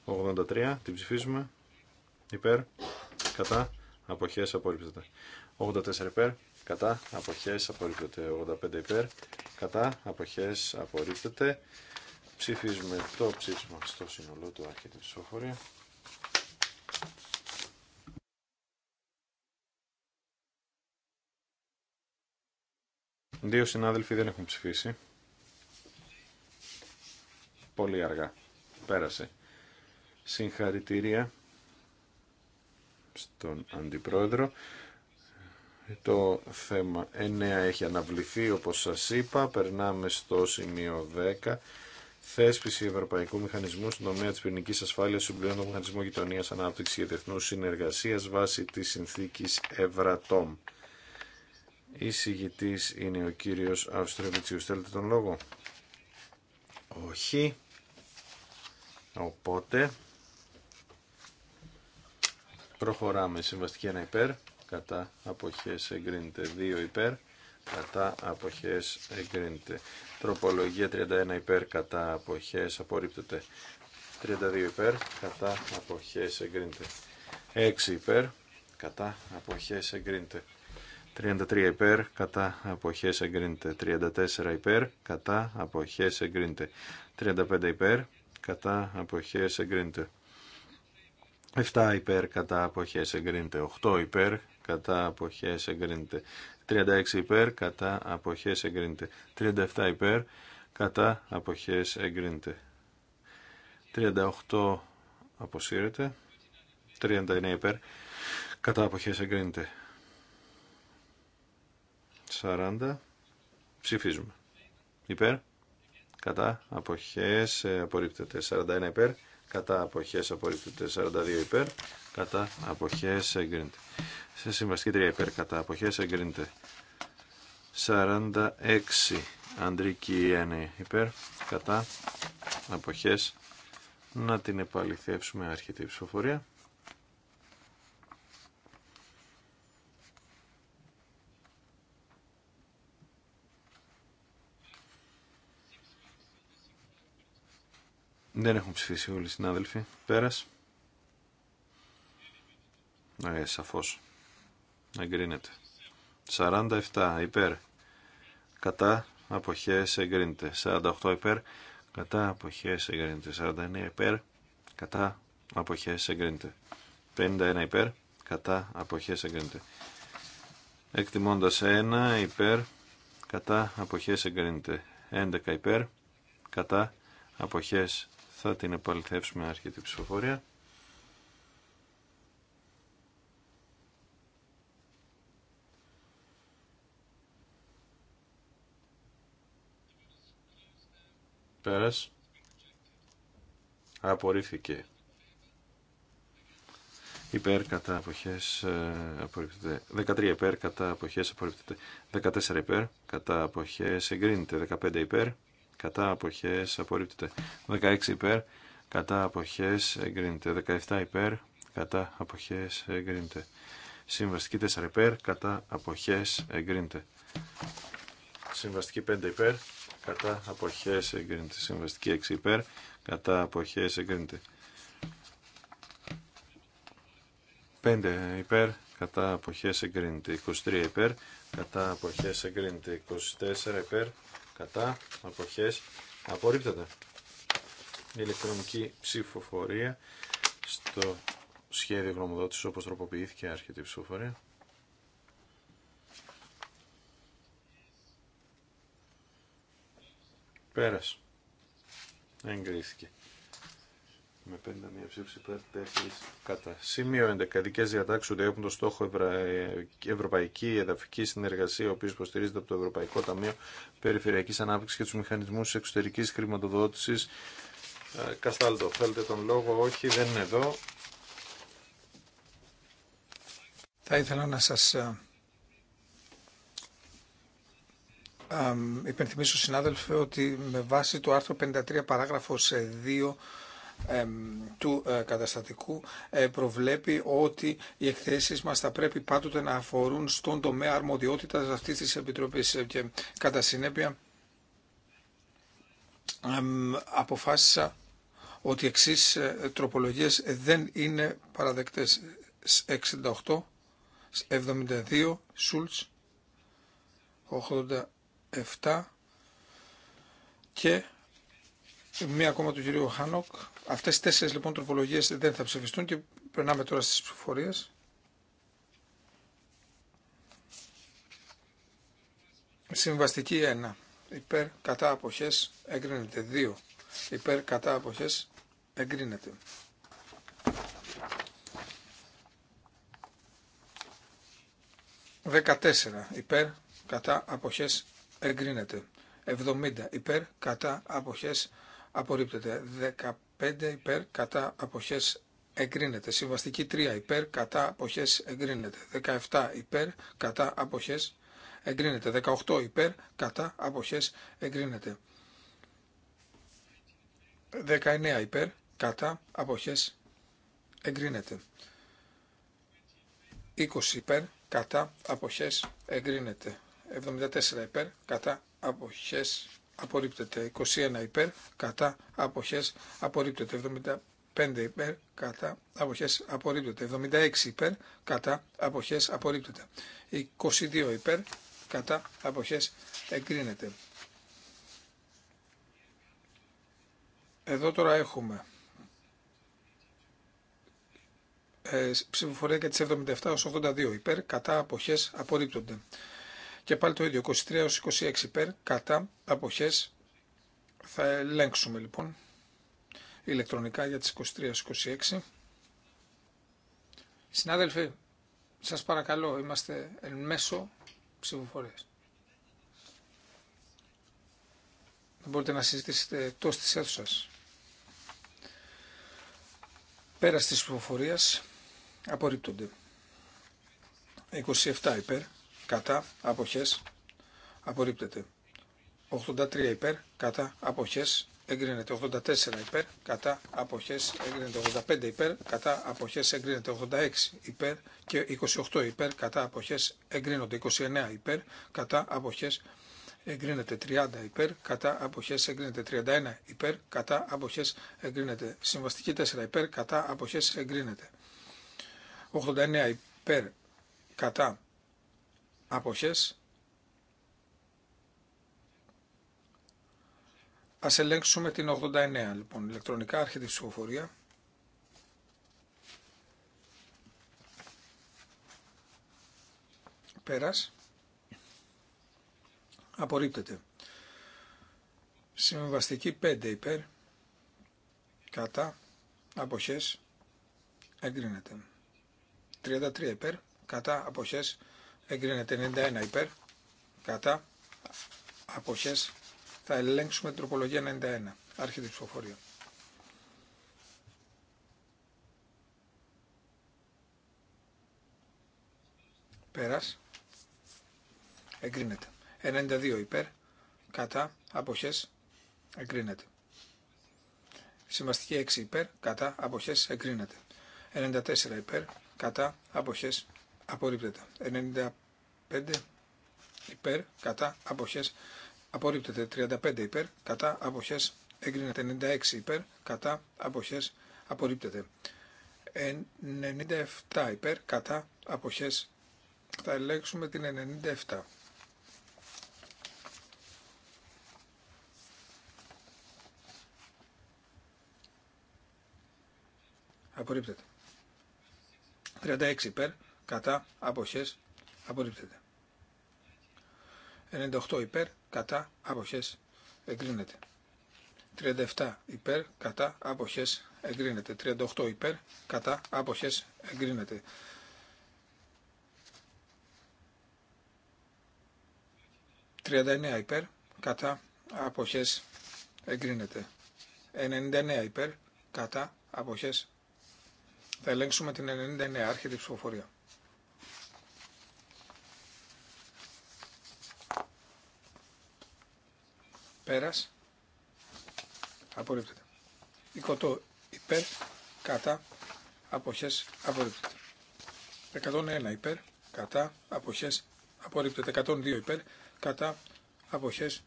A: 83, την ψηφίζουμε. Υπέρ, κατά, αποχές, απορρίπτεται. 84 υπέρ, κατά, αποχές, απορρίπτεται. 85 υπέρ, κατά, αποχές, απορρίπτεται. Ψηφίζουμε το ψήφισμα στο σύνολό του τη ψηφοφορία. Δύο συνάδελφοι δεν έχουν ψηφίσει. Πολύ αργά. Πέρασε. Συγχαρητήρια στον Αντιπρόεδρο. Το θέμα 9 έχει αναβληθεί όπως σας είπα. Περνάμε στο σημείο 10 θέσπιση ευρωπαϊκού μηχανισμού στον τομέα τη πυρηνική ασφάλεια, του μηχανισμού Μηχανισμό Γειτονία Ανάπτυξη και Διεθνού Συνεργασία βάσει τη συνθήκη Ευρατόμ. Εισηγητή είναι ο κύριο Αυστρεβιτσίου. Θέλετε τον λόγο. Όχι. Οπότε προχωράμε. Συμβαστική ένα υπέρ. Κατά αποχές εγκρίνεται δύο υπέρ. Κατά αποχές εγκρίνεται Τροπολογία 31 υπέρ κατά αποχές απορρίπτεται. 32 υπέρ κατά αποχές εγκρίνεται. 6 υπέρ κατά αποχές εγκρίνεται. 33 υπέρ κατά αποχές εγκρίνεται. 34 υπέρ κατά αποχές εγκρίνεται. 35 υπέρ κατά αποχές εγκρίνεται. 7 υπέρ κατά αποχές εγκρίνεται. 8 υπέρ κατά αποχές εγκρίνεται. 36 υπέρ κατά αποχές εγκρίνεται. 37 υπέρ κατά αποχές εγκρίνεται. 38 αποσύρεται. 39 υπέρ κατά αποχές εγκρίνεται. 40 ψηφίζουμε. Υπέρ κατά αποχές ε, απορρίπτεται. 41 υπέρ κατά αποχές απορρίπτεται 42 υπέρ, κατά αποχές εγκρίνεται. Σε συμβαστική 3 υπέρ, κατά αποχές εγκρίνεται 46 αντρική 1 υπέρ, κατά αποχές να την επαληθεύσουμε αρχιτή ψηφοφορία. Δεν έχουν ψηφίσει όλοι οι συνάδελφοι. Πέρας. Ε, σαφώς. Εγκρίνεται. 47 υπέρ. Κατά αποχές εγκρίνεται. 48 υπέρ. Κατά αποχές εγκρίνεται. 49 υπέρ. Κατά αποχές εγκρίνεται. 51 υπέρ. Κατά αποχές εγκρίνεται. Εκτιμώντας 1 υπέρ. Κατά αποχές εγκρίνεται. 11 υπέρ. Κατά αποχές θα την επαληθεύσουμε αρκετή ψηφοφορία. Πέρας. Απορρίφθηκε. Υπέρ κατά αποχές 13 ε, υπέρ κατά αποχές 14 υπέρ κατά αποχές εγκρίνεται. 15 υπέρ κατά αποχές απορρίπτεται 16 υπέρ κατά αποχές εγκρίνεται 17 υπέρ κατά αποχές εγκρίνεται συμβαστική 4 υπέρ κατά αποχές εγκρίνεται συμβαστική 5 υπέρ κατά αποχές εγκρίνεται συμβαστική 6 υπέρ κατά αποχές εγκρίνεται 5 υπέρ κατά αποχές εγκρίνεται 23 υπέρ κατά αποχές εγκρίνεται 24 υπέρ κατά, αποχές, απορρίπτεται. Η ηλεκτρονική ψηφοφορία στο σχέδιο γνωμοδότησης όπως τροποποιήθηκε άρχεται η ψηφοφορία. Πέρασε, Εγκρίθηκε με 51 ψήφου υπέρ κατά. Σημείο 11. Δικέ διατάξει ότι έχουν το στόχο Ευρωπαϊκή Εδαφική Συνεργασία, ο οποίο υποστηρίζεται από το Ευρωπαϊκό Ταμείο Περιφερειακή Ανάπτυξη και του Μηχανισμού Εξωτερική Χρηματοδότηση. Ε, Καστάλτο, θέλετε τον λόγο, όχι, δεν είναι εδώ.
C: Θα ήθελα να σας ε, ε, υπενθυμίσω συνάδελφε ότι με βάση το άρθρο 53 παράγραφος 2 του ε, καταστατικού ε, προβλέπει ότι οι εκθέσεις μας θα πρέπει πάντοτε να αφορούν στον τομέα αρμοδιότητας αυτής της Επιτροπής ε, και κατά συνέπεια αποφάσισα ότι εξή τροπολογίες δεν είναι παραδεκτές 68, 72, 87 και μία ακόμα του κυρίου Χάνοκ Αυτές οι τέσσερις λοιπόν τροπολογίες δεν θα ψηφιστούν και περνάμε τώρα στις ψηφοφορίες. Συμβαστική 1. Υπέρ κατά αποχές εγκρίνεται. 2. Υπέρ κατά αποχές εγκρίνεται. Δεκατέσσερα. Υπέρ κατά αποχές εγκρίνεται. 70. Υπέρ κατά αποχές απορρίπτεται. 15 5 υπέρ κατά αποχές εγκρίνεται. Συμβαστική 3 υπέρ κατά αποχές εγκρίνεται. 17 υπέρ κατά αποχές εγκρίνεται. 18 υπέρ κατά αποχές εγκρίνεται. 19 υπέρ κατά αποχές εγκρίνεται. 20 υπέρ κατά αποχές εγκρίνεται. 74 υπέρ κατά αποχές απορρίπτεται. 21 υπέρ, κατά, αποχές, απορρίπτεται. 75 υπέρ, κατά, αποχές, απορρίπτεται. 76 υπέρ, κατά, αποχές, απορρίπτεται. 22 υπέρ, κατά, αποχές, εγκρίνεται. Εδώ τώρα έχουμε ε, ψηφοφορία και τις 77 ως 82 υπέρ, κατά, αποχές, απορρίπτονται. Και πάλι το ίδιο, 23 ως 26 υπέρ, κατά, αποχές. Θα ελέγξουμε λοιπόν ηλεκτρονικά για τις 23-26. Συνάδελφοι, σας παρακαλώ, είμαστε εν μέσω ψηφοφορίας. Δεν μπορείτε να συζητήσετε τόσο τη αίθουσα. Πέρα τη ψηφοφορίας απορρίπτονται. 27 υπέρ, κατά αποχές απορρίπτεται. 83 υπέρ κατά αποχές εγκρίνεται. 84 υπέρ κατά αποχές εγκρίνεται. 85 υπέρ κατά αποχές εγκρίνεται. 86 υπέρ και 28 υπέρ κατά αποχές εγκρίνονται. 29 υπέρ κατά αποχές εγκρίνεται 30 υπέρ, κατά αποχές εγκρίνεται 31 υπέρ, κατά αποχές εγκρίνεται. Συμβαστική 4 υπέρ, κατά αποχές εγκρίνεται. 89 υπέρ, κατά αποχές. Ας ελέγξουμε την 89 λοιπόν, ηλεκτρονικά άρχεται η ψηφοφορία. Πέρας. Απορρίπτεται. Συμβαστική 5 υπέρ, κατά, αποχές, εγκρίνεται. 33 υπέρ, κατά, αποχές, εγκρίνεται εγκρίνεται 91 υπέρ, κατά, αποχές, θα ελέγξουμε τροπολογία 91, αρχή ψηφοφορία. Πέρας, εγκρίνεται. 92 υπέρ, κατά, αποχές, εγκρίνεται. Συμβαστική 6 υπέρ, κατά, αποχές, εγκρίνεται. 94 υπέρ, κατά, αποχές, απορρίπτεται. 95 υπέρ, κατά, αποχές, απορρίπτεται. 35 υπέρ, κατά, αποχές, εγκρίνεται. 96 υπέρ, κατά, αποχές, απορρίπτεται. 97 υπέρ, κατά, αποχές, θα ελέγξουμε την 97. Απορρίπτεται. 36 υπέρ, κατά αποχές απορρίπτεται. 98 υπέρ κατά αποχές εγκρίνεται. 37 υπέρ κατά αποχές εγκρίνεται. 38 υπέρ κατά αποχές εγκρίνεται. 39 υπέρ κατά αποχές εγκρίνεται. 99 υπέρ κατά αποχές. Θα ελέγξουμε την 99 άρχη ψηφοφορία. Πέρας. Απορρίπτεται. 28 υπέρ. Κατά. Αποχές. Απορρίπτεται. 101 υπέρ. Κατά. Αποχές. Απορρίπτεται. 102 υπέρ. Κατά. Αποχές.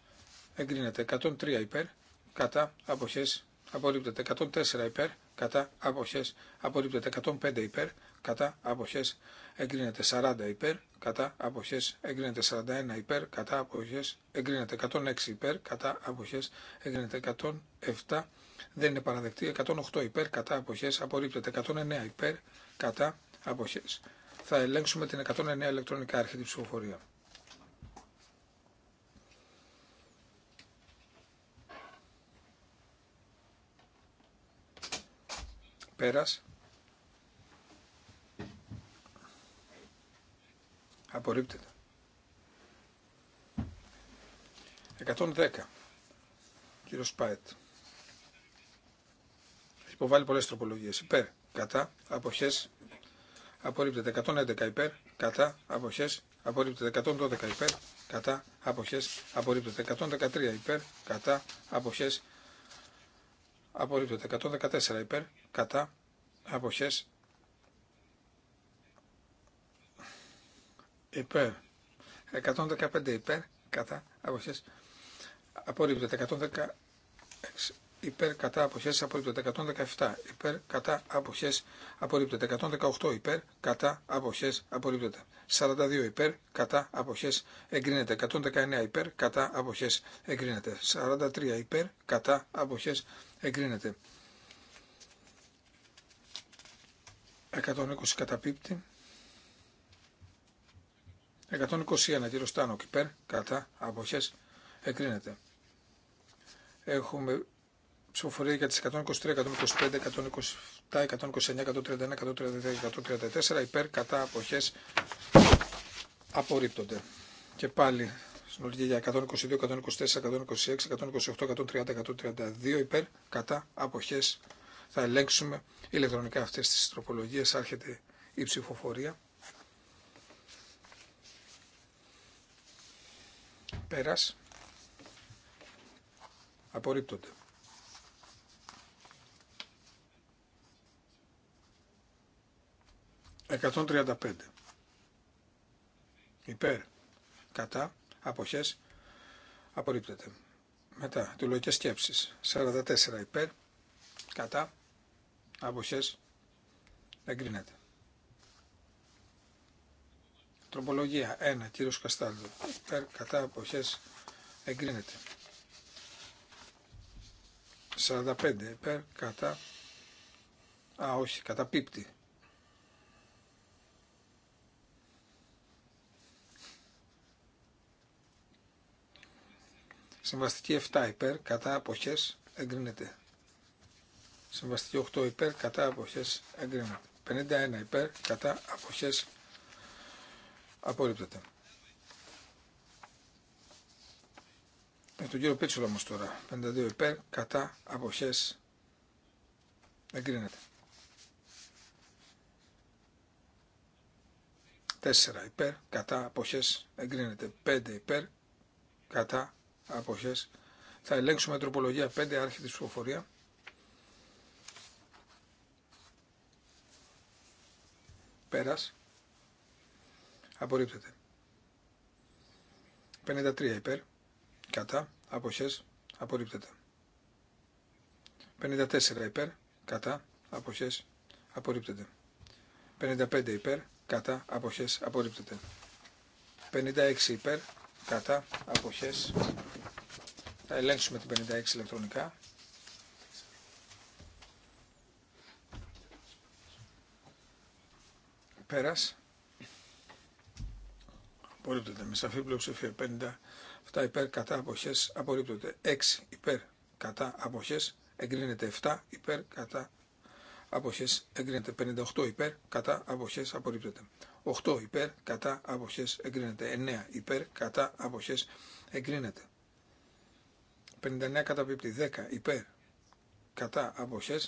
C: Εγκρίνεται. 103 υπέρ. Κατά. Αποχές. Απορρίπτεται. 104 υπέρ. Κατά. Αποχές. Απορρίπτεται. 105 υπέρ κατά αποχές εγκρίνεται 40 υπέρ, κατά αποχές εγκρίνεται 41 υπέρ, κατά αποχές εγκρίνεται 106 υπέρ, κατά αποχές εγκρίνεται 107, δεν είναι παραδεκτή, 108 υπέρ, κατά αποχές απορρίπτεται 109 υπέρ, κατά αποχές. Θα ελέγξουμε την 109 ηλεκτρονικά αρχή ψηφοφορία. Πέρας. Απορρίπτεται. 110. Κύριο Σπάιτ. Έχει υποβάλει πολλές τροπολογίες. Υπέρ, κατά, αποχές, απορρίπτεται. 111 υπέρ, κατά, αποχές, απορρίπτεται. 112 υπέρ, κατά, αποχές, απορρίπτεται. 113 υπέρ, κατά, αποχές, απορρίπτεται. 114 υπέρ, κατά, αποχές, υπέρ. 115 υπέρ κατά αποχές απορρίπτεται. 116 υπέρ κατά αποχές απορρίπτεται. 117 υπέρ κατά αποχές απορρίπτεται. 118 υπέρ κατά αποχές απορρίπτεται. 42 υπέρ κατά αποχές εγκρίνεται. 119 υπέρ κατά αποχές εγκρίνεται. 43 υπέρ κατά αποχές εγκρίνεται. 120 καταπίπτει. 121 κύριο Στάνοκ υπέρ κατά αποχές εκρίνεται. Έχουμε ψηφοφορία για τις 123, 125, 127, 129, 131, 132, 134 υπέρ κατά αποχές απορρίπτονται. Και πάλι συνολική για 122, 124, 126, 128, 130, 132 υπέρ κατά αποχές. Θα ελέγξουμε ηλεκτρονικά αυτές τις τροπολογίες. Άρχεται η ψηφοφορία. Πέρας. Απορρίπτονται. 135 Υπέρ. Κατά. Αποχές. Απορρίπτεται. Μετά. Τηλογικές σκέψεις. 44 υπέρ. Κατά. Αποχές. Εγκρίνεται. Τροπολογία 1. Κύριος Καστάλλου Υπέρ κατά αποχές εγκρίνεται. 45. Υπέρ κατά... Α, όχι. Κατά πίπτη. Συμβαστική 7 υπέρ κατά αποχές εγκρίνεται. Συμβαστική 8 υπέρ κατά αποχές εγκρίνεται. 51 υπέρ κατά αποχές Απορρίπτεται. Με τον κύριο Πίτσολα όμως τώρα. 52 υπέρ, κατά, αποχές. Εγκρίνεται. 4 υπέρ, κατά, αποχές. Εγκρίνεται. 5 υπέρ, κατά, αποχές. Θα ελέγξουμε τροπολογία 5, άρχη της ψηφοφορία. Πέρας απορρίπτεται. 53 υπέρ, κατά, αποχές, απορρίπτεται. 54 υπέρ, κατά, αποχές, απορρίπτεται. 55 υπέρ, κατά, αποχές, απορρίπτεται. 56 υπέρ, κατά, αποχές. Θα ελέγξουμε την 56 ηλεκτρονικά. Πέρας απορρίπτονται με σαφή πλειοψηφία 57 υπέρ κατά αποχέ απορρίπτονται 6 υπέρ κατά αποχέ εγκρίνεται 7 υπέρ κατά αποχέ εγκρίνεται 58 υπέρ κατά αποχέ απορρίπτεται 8 υπέρ κατά αποχέ εγκρίνεται 9 υπέρ κατά αποχέ εγκρίνεται 59 καταπίπτει 10 υπέρ κατά αποχέ.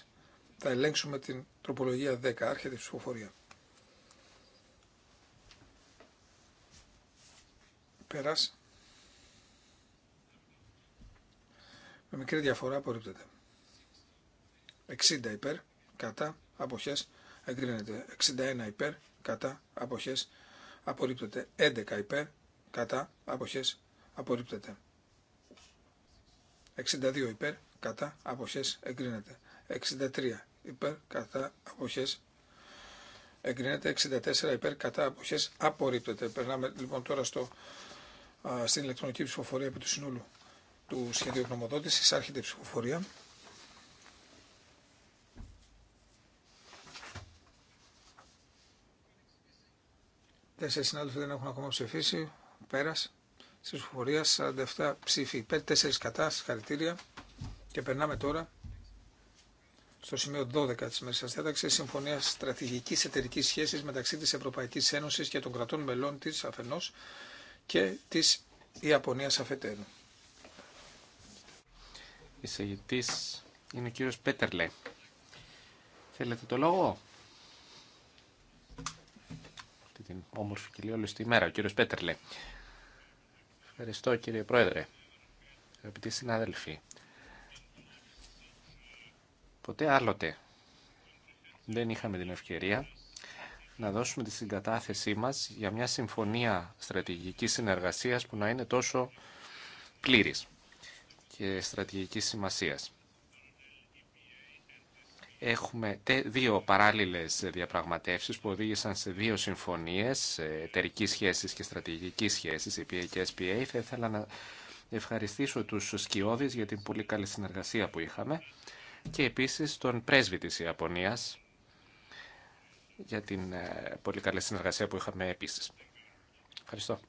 C: θα ελέγξουμε την τροπολογία 10 άρχεται η ψηφοφορία Πέρας. Με μικρή διαφορά απορρίπτεται. 60 υπέρ, κατά, αποχές, εγκρίνεται. 61 υπέρ, κατά, αποχές, απορρίπτεται. 11 υπέρ, κατά, αποχές, απορρίπτεται. 62 υπέρ, κατά, αποχές, εγκρίνεται. 63 υπέρ, κατά, αποχές, εγκρίνεται. 64 υπέρ, κατά, αποχές, απορρίπτεται. Περνάμε λοιπόν τώρα στο στην ηλεκτρονική ψηφοφορία από του συνόλου του σχεδίου γνωμοδότησης. Άρχεται η ψηφοφορία. Τέσσερι συνάδελφοι δεν έχουν ακόμα ψηφίσει. Πέρας τη ψηφοφορία. 47 ψήφοι υπέρ, 4 κατά. Συγχαρητήρια. Και περνάμε τώρα στο σημείο 12 της Μέσης Διάταξης, Συμφωνία Στρατηγικής Εταιρικής Σχέσης μεταξύ της Ευρωπαϊκής Ένωσης και των κρατών μελών της αφενός και της Ιαπωνίας αφετέρου.
B: Εισαγητής είναι ο κύριος Πέτερλε. Θέλετε το λόγο? Αυτή την όμορφη και τη μέρα, ο κύριος Πέτερλε. Ευχαριστώ κύριε Πρόεδρε, αγαπητοί συνάδελφοι. Ποτέ άλλοτε δεν είχαμε την ευκαιρία να δώσουμε τη συγκατάθεσή μας για μια συμφωνία στρατηγικής συνεργασίας που να είναι τόσο πλήρης και στρατηγικής σημασίας. Έχουμε δύο παράλληλες διαπραγματεύσεις που οδήγησαν σε δύο συμφωνίες εταιρική σχέσης και στρατηγικής σχέσης, η και SPA. Θα ήθελα να ευχαριστήσω τους Σκιώδης για την πολύ καλή συνεργασία που είχαμε και επίσης τον πρέσβη της Ιαπωνίας, για την ε, πολύ καλή συνεργασία που είχαμε επίσης. Ευχαριστώ.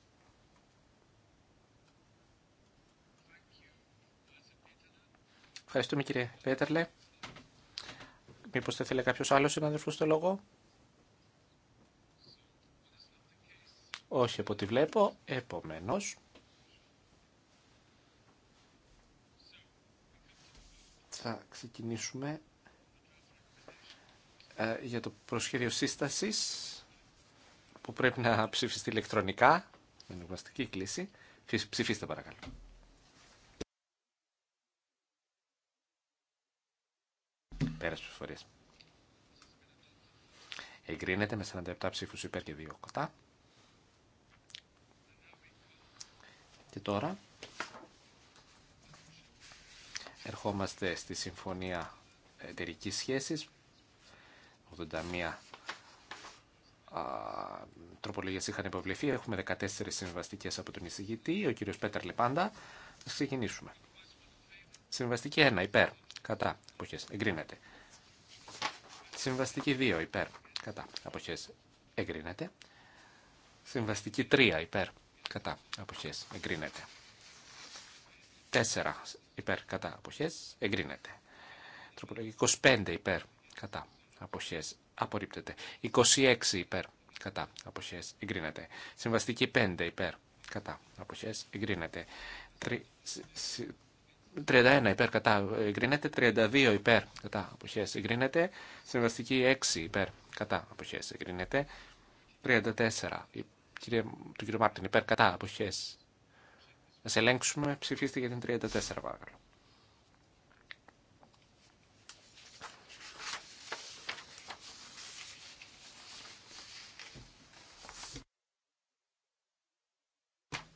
B: Ευχαριστούμε κύριε Πέτερλε. Μήπως θα ήθελε κάποιος άλλος συνάδελφος το λόγο. Όχι από ό,τι βλέπω. Επομένως, θα ξεκινήσουμε ε, για το προσχέδιο σύστασης που πρέπει να ψηφιστεί ηλεκτρονικά με ονομαστική κλίση. Ψηφίστε παρακαλώ. Πέρασε φορές. Εγκρίνεται με 47 ψήφους υπέρ και 2 κοτά. Και τώρα ερχόμαστε στη Συμφωνία Εταιρικής Σχέσης 81 τροπολογίε είχαν υποβληθεί. Έχουμε 14 συμβαστικέ από τον εισηγητή, ο κύριο Πέτερ Λεπάντα. Α ξεκινήσουμε. Συμβαστική 1 υπέρ, κατά, αποχέ, εγκρίνεται. Συμβαστική 2 υπέρ, κατά, αποχέ, εγκρίνεται. Συμβαστική 3 υπέρ, κατά, αποχέ, εγκρίνεται. 4 υπέρ, κατά, αποχέ, εγκρίνεται. 25 υπέρ, κατά, αποχές απορρίπτεται. 26 υπέρ κατά αποχές εγκρίνεται. Συμβαστική 5 υπέρ κατά αποχές εγκρίνεται. 31 υπέρ κατά εγκρίνεται, 32 υπέρ κατά αποχές εγκρίνεται, συμβαστική 6 υπέρ κατά αποχές εγκρίνεται, 34 κύριε, του κ. Μάρτιν υπέρ κατά αποχές. Να σε ελέγξουμε, ψηφίστε για την 34 παρακαλώ.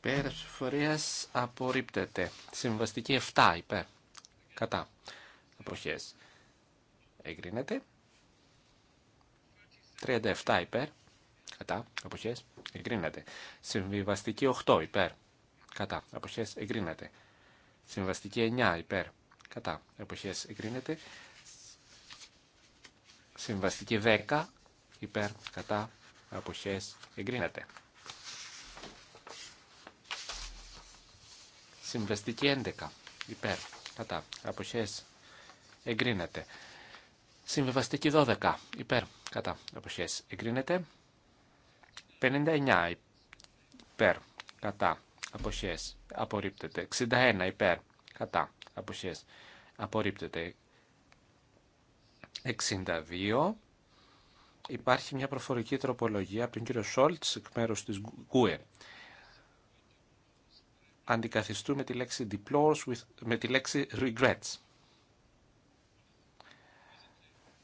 B: Πέρα απορρίπτεται. Συμβαστική 7 υπέρ. Κατά. αποχέ. Εγκρίνεται. 37 υπέρ. Κατά. αποχέ, Εγκρίνεται. Συμβιβαστική 8 υπέρ. Κατά. Αποχές. Εγκρίνεται. Συμβαστική 9 υπέρ. Κατά. Αποχές. Εγκρίνεται. Συμβαστική 10 υπέρ. Κατά. Αποχές. Εγκρίνεται. Συμβαστική 11. Υπέρ. Κατά. Αποχέ. Εγκρίνεται. Συμβεβαστική 12. Υπέρ. Κατά. Αποχέ. Εγκρίνεται. 59. Υπέρ. Κατά. Αποχέ. Απορρίπτεται. 61. Υπέρ. Κατά. Αποχέ. Απορρίπτεται. 62. Υπάρχει μια προφορική τροπολογία από τον κύριο Σόλτς εκ μέρους της Γκουερ αντικαθιστούμε τη λέξη deplores with, με τη λέξη regrets.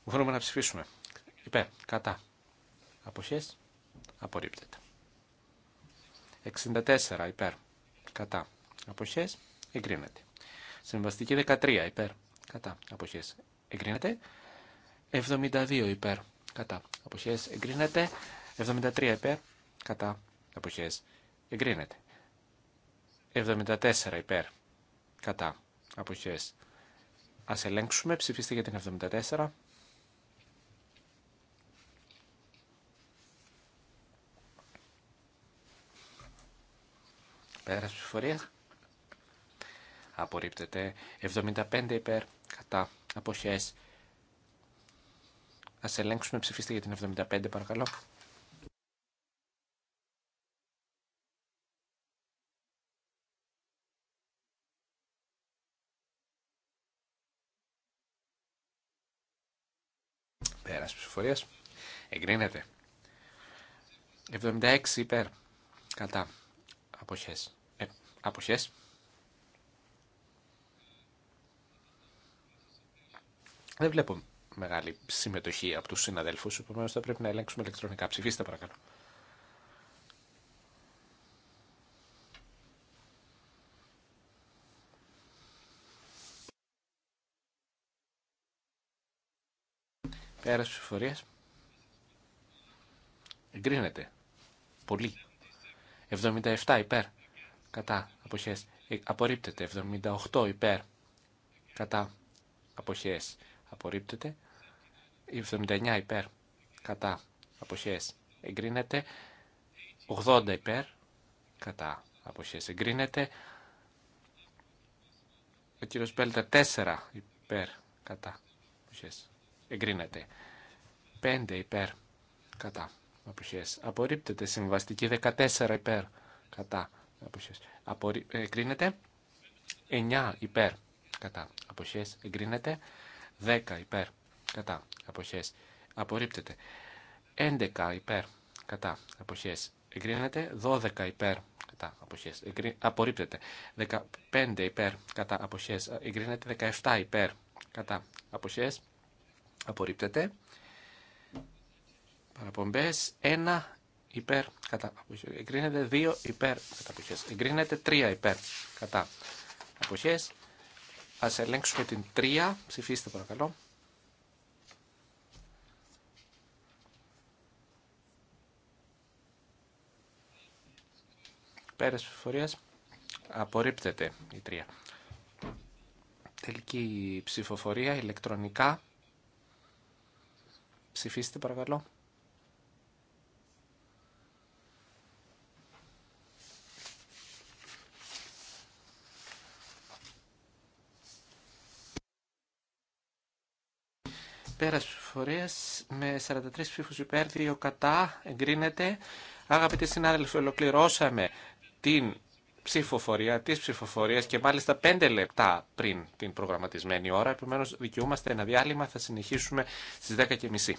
B: Μπορούμε να ψηφίσουμε. Υπέρ, κατά. Αποχές, απορρίπτεται. 64 υπέρ, κατά. Αποχές, εγκρίνεται. Συμβαστική 13 υπέρ, κατά. Αποχές, εγκρίνεται. 72 υπέρ, κατά. Αποχές, εγκρίνεται. 73 υπέρ, κατά. Αποχές, εγκρίνεται. 74 υπέρ. Κατά. Αποχές. Ας ελέγξουμε. Ψηφίστε για την 74. Πέρας ψηφορία. Απορρίπτεται. 75 υπέρ. Κατά. Αποχές. Ας ελέγξουμε. Ψηφίστε για την 75 παρακαλώ. Εγκρίνεται. 76 υπέρ. Κατά. Αποχές. Ε, Δεν βλέπω μεγάλη συμμετοχή από τους συναδέλφου. οπότε θα πρέπει να ελέγξουμε ηλεκτρονικά. Ψηφίστε παρακαλώ. στι ψηφορίας. Εγκρίνεται. Πολύ. 77 υπέρ. Κατά. Αποχέ. Ε, απορρίπτεται. 78 υπέρ. Κατά. Αποχέ. Απορρίπτεται. 79 υπέρ. Κατά. Αποχέ. Εγκρίνεται. 80 υπέρ. Κατά. Αποχέ. Εγκρίνεται. Ο κύριο Πέλτερ 4 υπέρ. Κατά. Αποχέ εγκρίνεται. 5 υπέρ κατά αποχέ. Απορρίπτεται συμβαστική 14 υπέρ κατά αποχέ. Απορρι... Εγκρίνεται 9 υπέρ κατά αποχέ. Εγκρίνεται 10 υπέρ κατά αποχέ. Απορρίπτεται 11 υπέρ κατά αποχέ. Εγκρίνεται 12 υπέρ κατά αποχέ. Εγκρι... Απορρίπτεται 15 υπέρ κατά αποχέ. Εγκρίνεται 17 υπέρ κατά αποχέ απορρίπτεται. Παραπομπές 1 υπέρ κατά αποχές. Εγκρίνεται 2 υπέρ κατά αποχές. Εγκρίνεται 3 υπέρ κατά αποχές. Ας ελέγξουμε την 3. Ψηφίστε παρακαλώ. Πέρες ψηφοφορίας απορρίπτεται η 3. Τελική ψηφοφορία ηλεκτρονικά. Ψηφίστε παρακαλώ. Πέρας φορείες, με 43 ψήφους υπέρ, 2 κατά, εγκρίνεται. Αγαπητοί συνάδελφοι, ολοκληρώσαμε την ψηφοφορία, τη ψηφοφορία και μάλιστα πέντε λεπτά πριν την προγραμματισμένη ώρα. Επομένω, δικαιούμαστε ένα διάλειμμα. Θα συνεχίσουμε στι 10.30.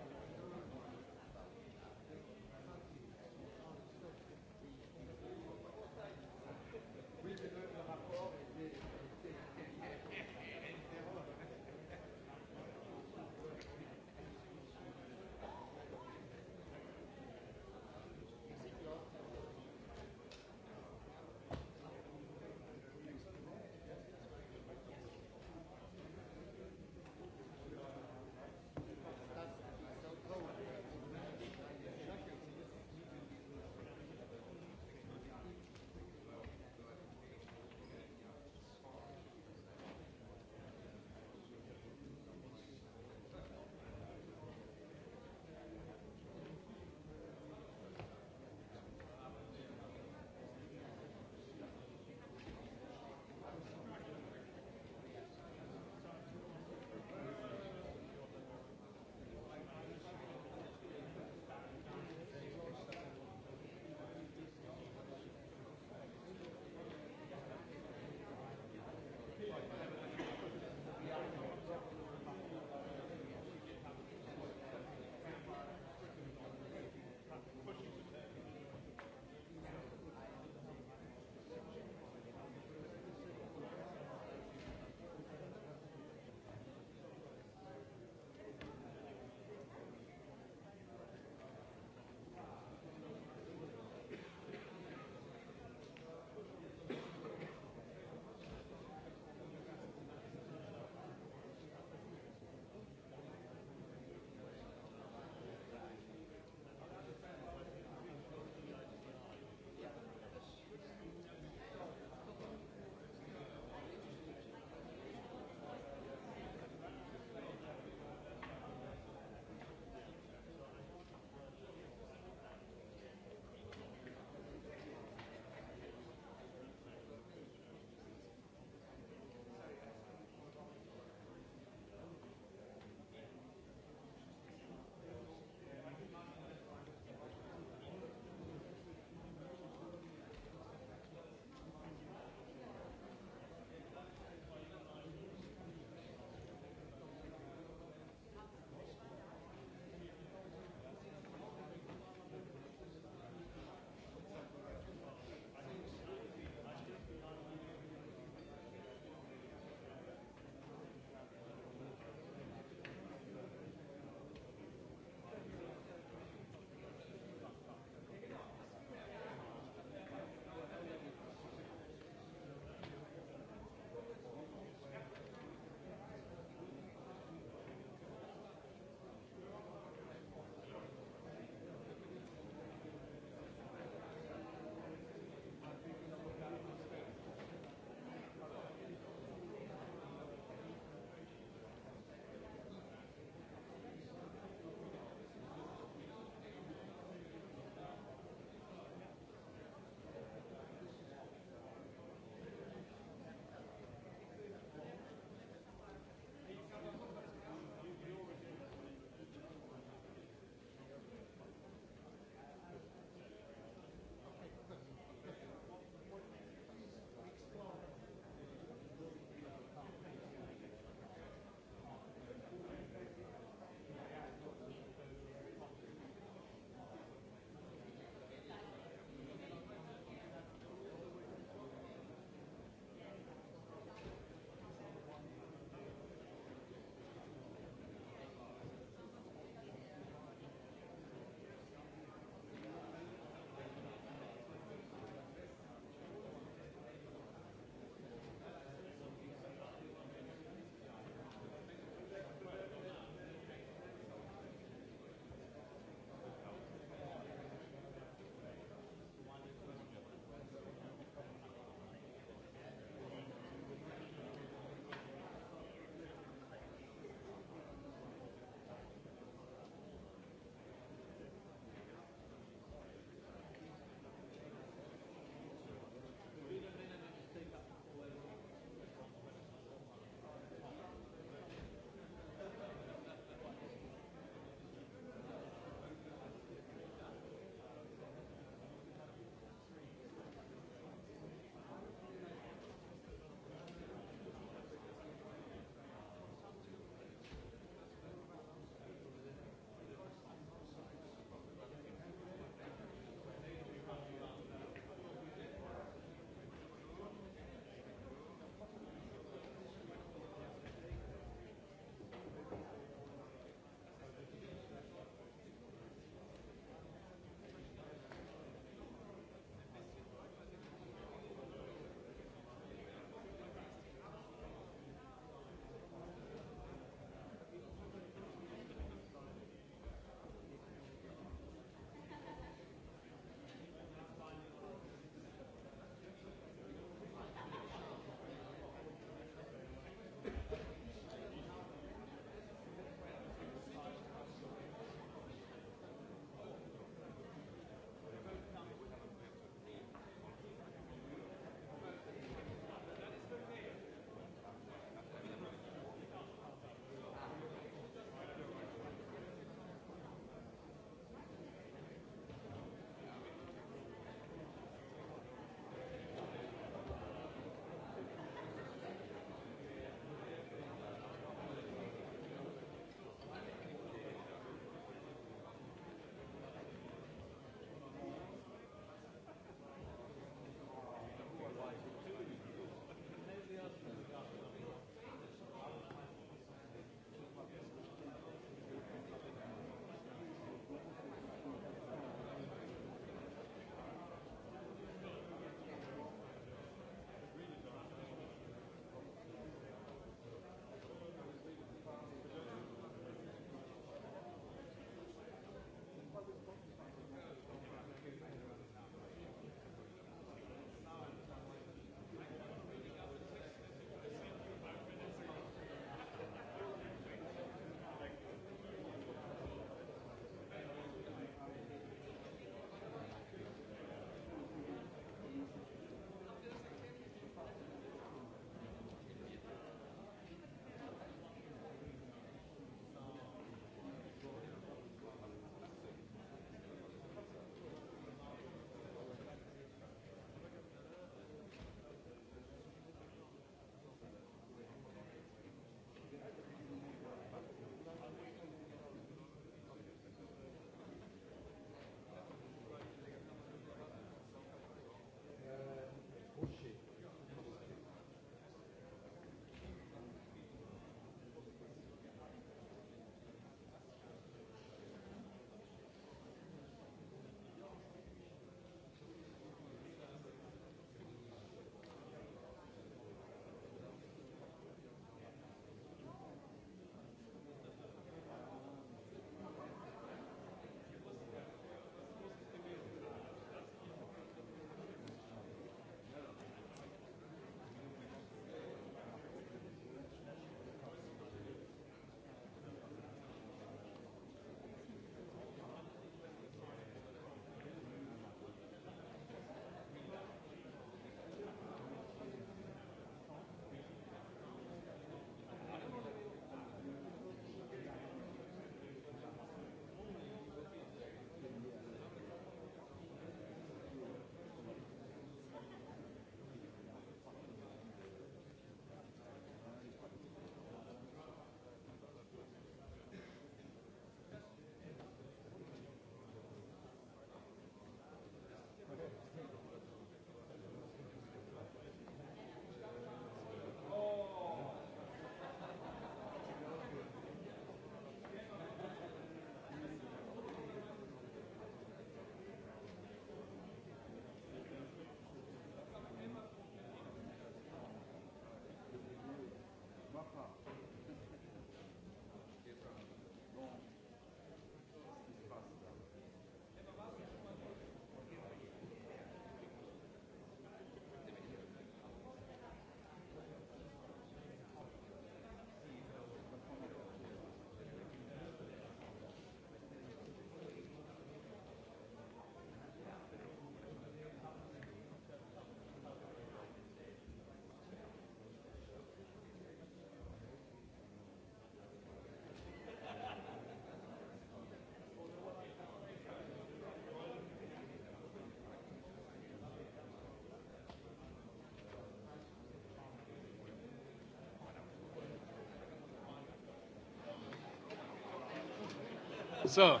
E: So.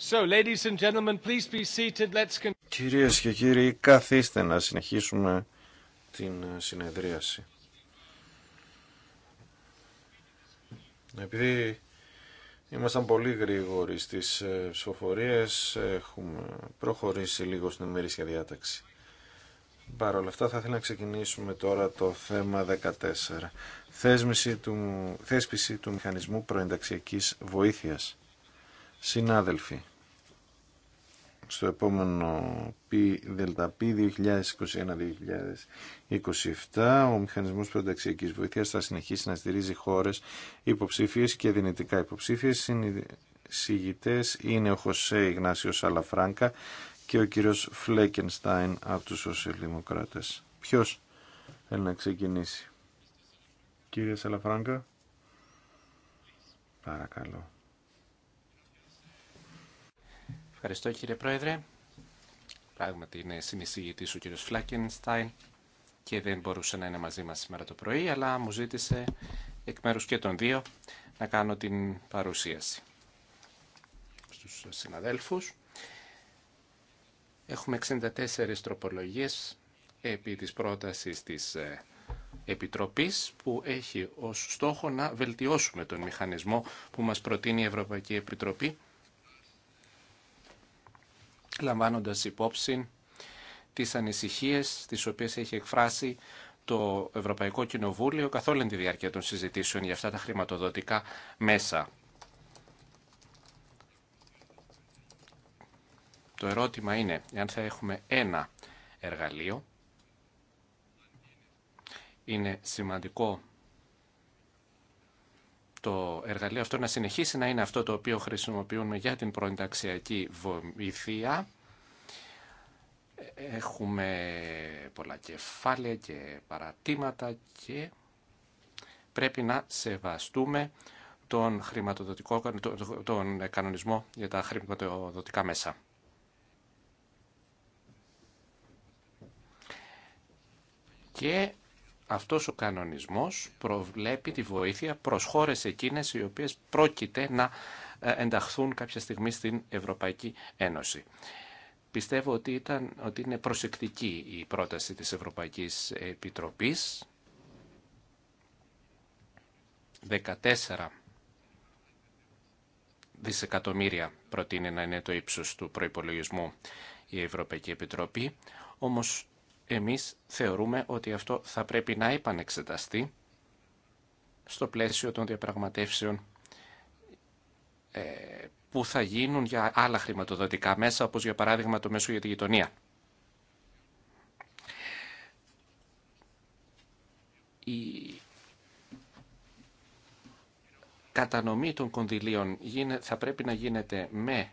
D: So, ladies and gentlemen, please be seated. Let's... continue.
A: Κυρίες και κύριοι, καθίστε να συνεχίσουμε την συνεδρίαση. Επειδή ήμασταν πολύ γρήγοροι στις ε, ψηφοφορίες, έχουμε προχωρήσει λίγο στην ημερήσια διάταξη. Παρ' όλα αυτά θα ήθελα να ξεκινήσουμε τώρα το θέμα 14. Θέσμιση του, θέσπιση του μηχανισμού προενταξιακής βοήθειας. Συνάδελφοι, στο επόμενο ΔΕΛΤΑΠΗ 2021-2027 ο μηχανισμός Προταξιακής βοήθειας θα συνεχίσει να στηρίζει χώρες υποψήφιες και δυνητικά υποψήφιες. Συγητές είναι ο Χωσέ Ιγνάσιο Σαλαφράνκα και ο κύριος Φλέκενστάιν από τους σοσιαλδημοκράτες. Ποιος θέλει να ξεκινήσει. Κύριε Σαλαφράγκα, παρακαλώ.
B: Ευχαριστώ κύριε Πρόεδρε. Πράγματι είναι συνεισηγητή ο κύριος Φλάκενστάιν και δεν μπορούσε να είναι μαζί μας σήμερα το πρωί, αλλά μου ζήτησε εκ μέρους και των δύο να κάνω την παρουσίαση στους συναδέλφους. Έχουμε 64 τροπολογίες επί της πρότασης της ε, Επιτροπής που έχει ως στόχο να βελτιώσουμε τον μηχανισμό που μας προτείνει η Ευρωπαϊκή Επιτροπή λαμβάνοντας υπόψη τις ανησυχίες τις οποίες έχει εκφράσει το Ευρωπαϊκό Κοινοβούλιο καθ' όλη τη διάρκεια των συζητήσεων για αυτά τα χρηματοδοτικά μέσα. Το ερώτημα είναι αν θα έχουμε ένα εργαλείο. Είναι σημαντικό το εργαλείο αυτό να συνεχίσει να είναι αυτό το οποίο χρησιμοποιούμε για την προενταξιακή βοήθεια. Έχουμε πολλά κεφάλαια και παρατήματα και πρέπει να σεβαστούμε τον, χρηματοδοτικό, τον κανονισμό για τα χρηματοδοτικά μέσα. Και αυτός ο κανονισμός προβλέπει τη βοήθεια προς χώρες εκείνες οι οποίες πρόκειται να ε, ενταχθούν κάποια στιγμή στην Ευρωπαϊκή Ένωση. Πιστεύω ότι, ήταν, ότι είναι προσεκτική η πρόταση της Ευρωπαϊκής Επιτροπής. 14 δισεκατομμύρια προτείνει να είναι το ύψος του προϋπολογισμού η Ευρωπαϊκή Επιτροπή, όμως εμείς θεωρούμε ότι αυτό θα πρέπει να επανεξεταστεί στο πλαίσιο των διαπραγματεύσεων ε, που θα γίνουν για άλλα χρηματοδοτικά μέσα, όπως για παράδειγμα το μέσο για τη γειτονία. Η κατανομή των κονδυλίων θα πρέπει να γίνεται με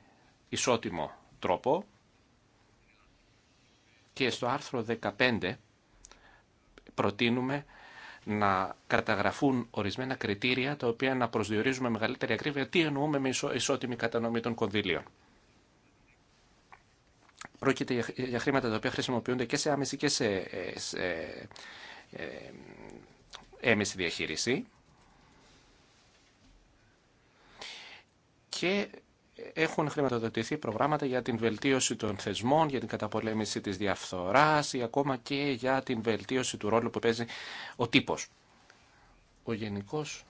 B: ισότιμο τρόπο και στο άρθρο 15 προτείνουμε να καταγραφούν ορισμένα κριτήρια τα οποία να προσδιορίζουμε μεγαλύτερη ακρίβεια τι εννοούμε με ισότιμη κατανομή των κονδύλιων. Πρόκειται για χρήματα τα οποία χρησιμοποιούνται και σε άμεση και σε ε, ε, ε, έμεση διαχείριση και έχουν χρηματοδοτηθεί προγράμματα για την βελτίωση των θεσμών, για την καταπολέμηση της διαφθοράς ή ακόμα και για την βελτίωση του ρόλου που παίζει ο τύπος. Ο γενικός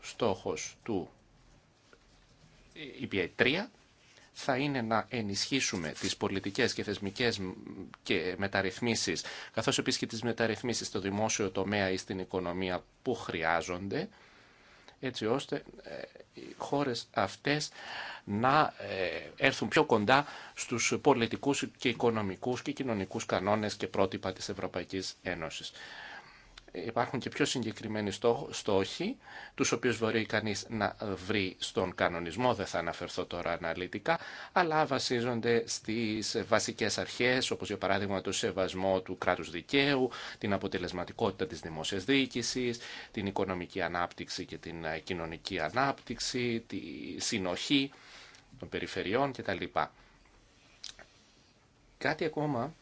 B: στόχος του EPA3 θα είναι να ενισχύσουμε τις πολιτικές και θεσμικές και μεταρρυθμίσεις, καθώς επίσης και τις μεταρρυθμίσεις στο δημόσιο τομέα ή στην οικονομία που χρειάζονται, έτσι ώστε ε, οι χώρες αυτές να ε, έρθουν πιο κοντά στους πολιτικούς και οικονομικούς και κοινωνικούς κανόνες και πρότυπα της Ευρωπαϊκής Ένωσης υπάρχουν και πιο συγκεκριμένοι στόχοι, τους οποίους μπορεί κανείς να βρει στον κανονισμό, δεν θα αναφερθώ τώρα αναλυτικά, αλλά βασίζονται στις βασικές αρχές, όπως για παράδειγμα το σεβασμό του κράτους δικαίου, την αποτελεσματικότητα της δημόσιας διοίκησης, την οικονομική ανάπτυξη και την ε, κοινωνική ανάπτυξη, τη συνοχή των περιφερειών κτλ. Κάτι ακόμα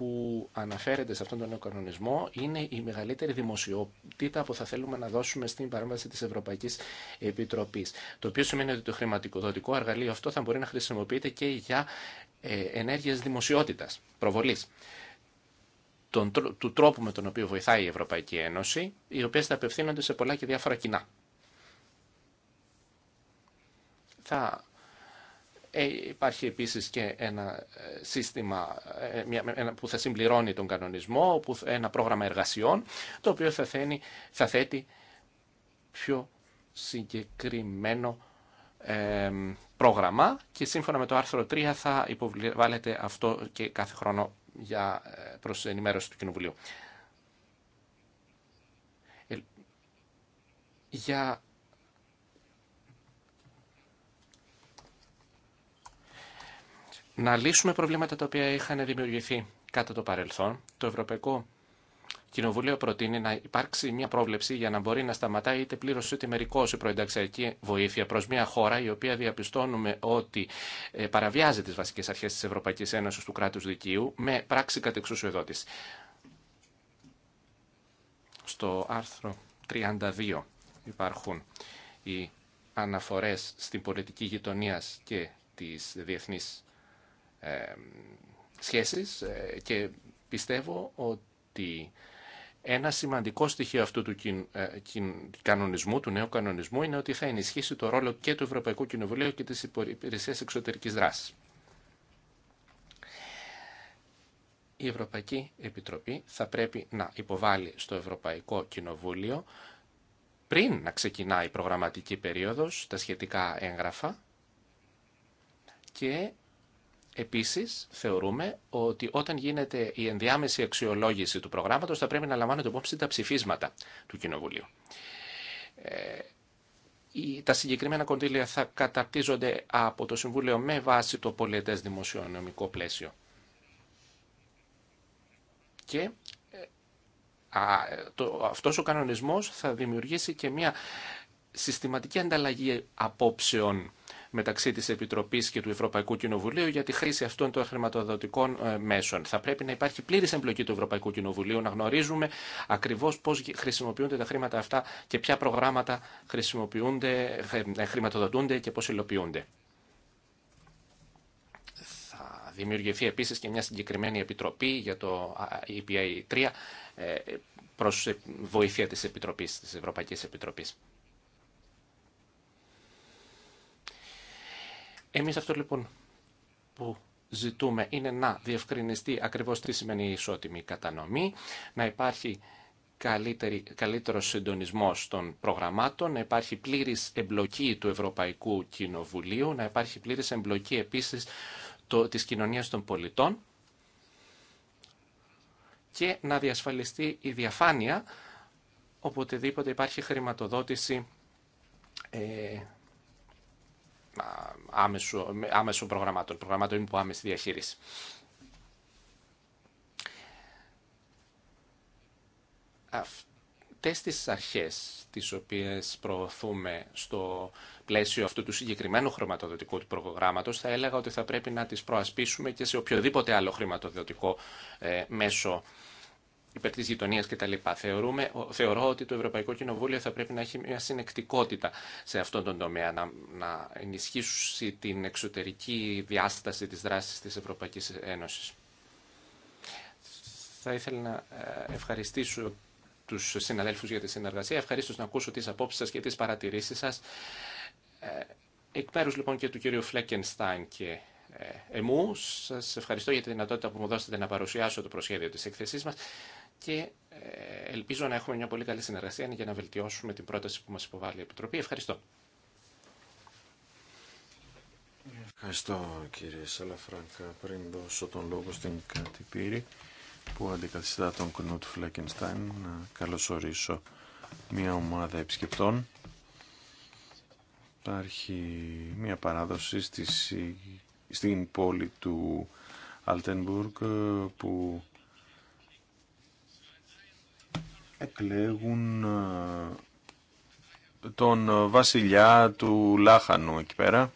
B: που αναφέρεται σε αυτόν τον νέο κανονισμό είναι η μεγαλύτερη δημοσιότητα που θα θέλουμε να δώσουμε στην παρέμβαση της Ευρωπαϊκής Επιτροπής. Το οποίο σημαίνει ότι το χρηματοδοτικό εργαλείο αυτό θα μπορεί να χρησιμοποιείται και για ε, ενέργειες δημοσιότητας, προβολής του τρόπου με τον οποίο βοηθάει η Ευρωπαϊκή Ένωση, οι οποίες θα απευθύνονται σε πολλά και διάφορα κοινά. Θα ε, υπάρχει επίσης και ένα ε, σύστημα ε, που θα συμπληρώνει τον κανονισμό, ένα πρόγραμμα εργασιών, το οποίο θα, θένει, θα θέτει πιο συγκεκριμένο πρόγραμμα και σύμφωνα με το άρθρο 3 θα υποβάλλεται αυτό και κάθε χρόνο για, προς ενημέρωση του Κοινοβουλίου. Για να λύσουμε προβλήματα τα οποία είχαν δημιουργηθεί κατά το παρελθόν. Το Ευρωπαϊκό Κοινοβούλιο προτείνει να υπάρξει μια πρόβλεψη για να μπορεί να σταματάει είτε πλήρω είτε μερικώ η προενταξιακή βοήθεια προ μια χώρα η οποία διαπιστώνουμε ότι ε, παραβιάζει τι βασικέ αρχέ τη Ευρωπαϊκή Ένωση του κράτου δικαίου με πράξη κατεξουσιοδότη. Στο άρθρο 32 υπάρχουν οι αναφορές στην πολιτική γειτονία και τις διεθνείς σχέσεις ε, και πιστεύω ότι ένα σημαντικό στοιχείο αυτού του ε, κανονισμού, του νέου κανονισμού, είναι ότι θα ενισχύσει το ρόλο και του Ευρωπαϊκού Κοινοβουλίου και της Υπηρεσία Εξωτερικής Δράσης. Η Ευρωπαϊκή Επιτροπή θα πρέπει να υποβάλει στο Ευρωπαϊκό Κοινοβούλιο πριν να ξεκινάει η προγραμματική περίοδος τα σχετικά έγγραφα και Επίσης, θεωρούμε ότι όταν γίνεται η ενδιάμεση αξιολόγηση του προγράμματος θα πρέπει να λαμβάνονται υπόψη τα ψηφίσματα του Κοινοβουλίου. Ε, τα συγκεκριμένα κονδύλια θα καταρτίζονται από το Συμβούλιο με βάση το πολιετές δημοσιονομικό πλαίσιο. Και ε, αυτός ο κανονισμός θα δημιουργήσει και μια συστηματική ανταλλαγή απόψεων μεταξύ τη Επιτροπής και του Ευρωπαϊκού Κοινοβουλίου για τη χρήση αυτών των χρηματοδοτικών ε, μέσων. Θα πρέπει να υπάρχει πλήρη εμπλοκή του Ευρωπαϊκού Κοινοβουλίου, να γνωρίζουμε ακριβώ πώ χρησιμοποιούνται τα χρήματα αυτά και ποια προγράμματα χρησιμοποιούνται, ε, ε, χρηματοδοτούνται και πώ υλοποιούνται. Θα δημιουργηθεί επίση και μια συγκεκριμένη επιτροπή για το EPA 3 προς βοήθεια της Επιτροπής, της Ευρωπαϊκής Επιτροπής. Εμείς αυτό λοιπόν που ζητούμε είναι να διευκρινιστεί ακριβώς τι σημαίνει η ισότιμη κατανομή, να υπάρχει καλύτερη, καλύτερος συντονισμός των προγραμμάτων, να υπάρχει πλήρης εμπλοκή του Ευρωπαϊκού Κοινοβουλίου, να υπάρχει πλήρης εμπλοκή επίσης το, της κοινωνίας των πολιτών και να διασφαλιστεί η διαφάνεια οποτεδήποτε υπάρχει χρηματοδότηση ε, άμεσο, άμεσων προγραμμάτων, προγραμμάτων υπό άμεση διαχείριση. Αυτές τις αρχές τις οποίες προωθούμε στο πλαίσιο αυτού του συγκεκριμένου χρηματοδοτικού του προγράμματος θα έλεγα ότι θα πρέπει να τις προασπίσουμε και σε οποιοδήποτε άλλο χρηματοδοτικό ε, μέσο υπέρ τη γειτονία κτλ. θεωρώ ότι το Ευρωπαϊκό Κοινοβούλιο θα πρέπει να έχει μια συνεκτικότητα σε αυτόν τον τομέα, να, να ενισχύσει την εξωτερική διάσταση τη δράση τη Ευρωπαϊκή Ένωση. Θα ήθελα να ε, ευχαριστήσω τους συναδέλφους για τη συνεργασία. Ευχαριστώ να ακούσω τις απόψεις σας και τις παρατηρήσεις σας. Ε, εκ μέρου λοιπόν και του κύριου Φλέκενστάιν και ε, εμού. Σας ευχαριστώ για τη δυνατότητα που μου δώσατε να παρουσιάσω το προσχέδιο τη εκθεσή μα και ε, ελπίζω να έχουμε μια πολύ καλή συνεργασία για να βελτιώσουμε την πρόταση που μας υποβάλλει η Επιτροπή. Ευχαριστώ.
A: Ευχαριστώ κύριε Σαλαφράγκα. Πριν δώσω τον λόγο στην Κατυπήρη που αντικαθιστά τον Κνούτ Φλέκενστάιν να καλωσορίσω μια ομάδα επισκεπτών. Υπάρχει μια παράδοση στην πόλη του Αλτενμπουργκ που εκλέγουν ε, τον ε, βασιλιά του Λάχανου εκεί πέρα.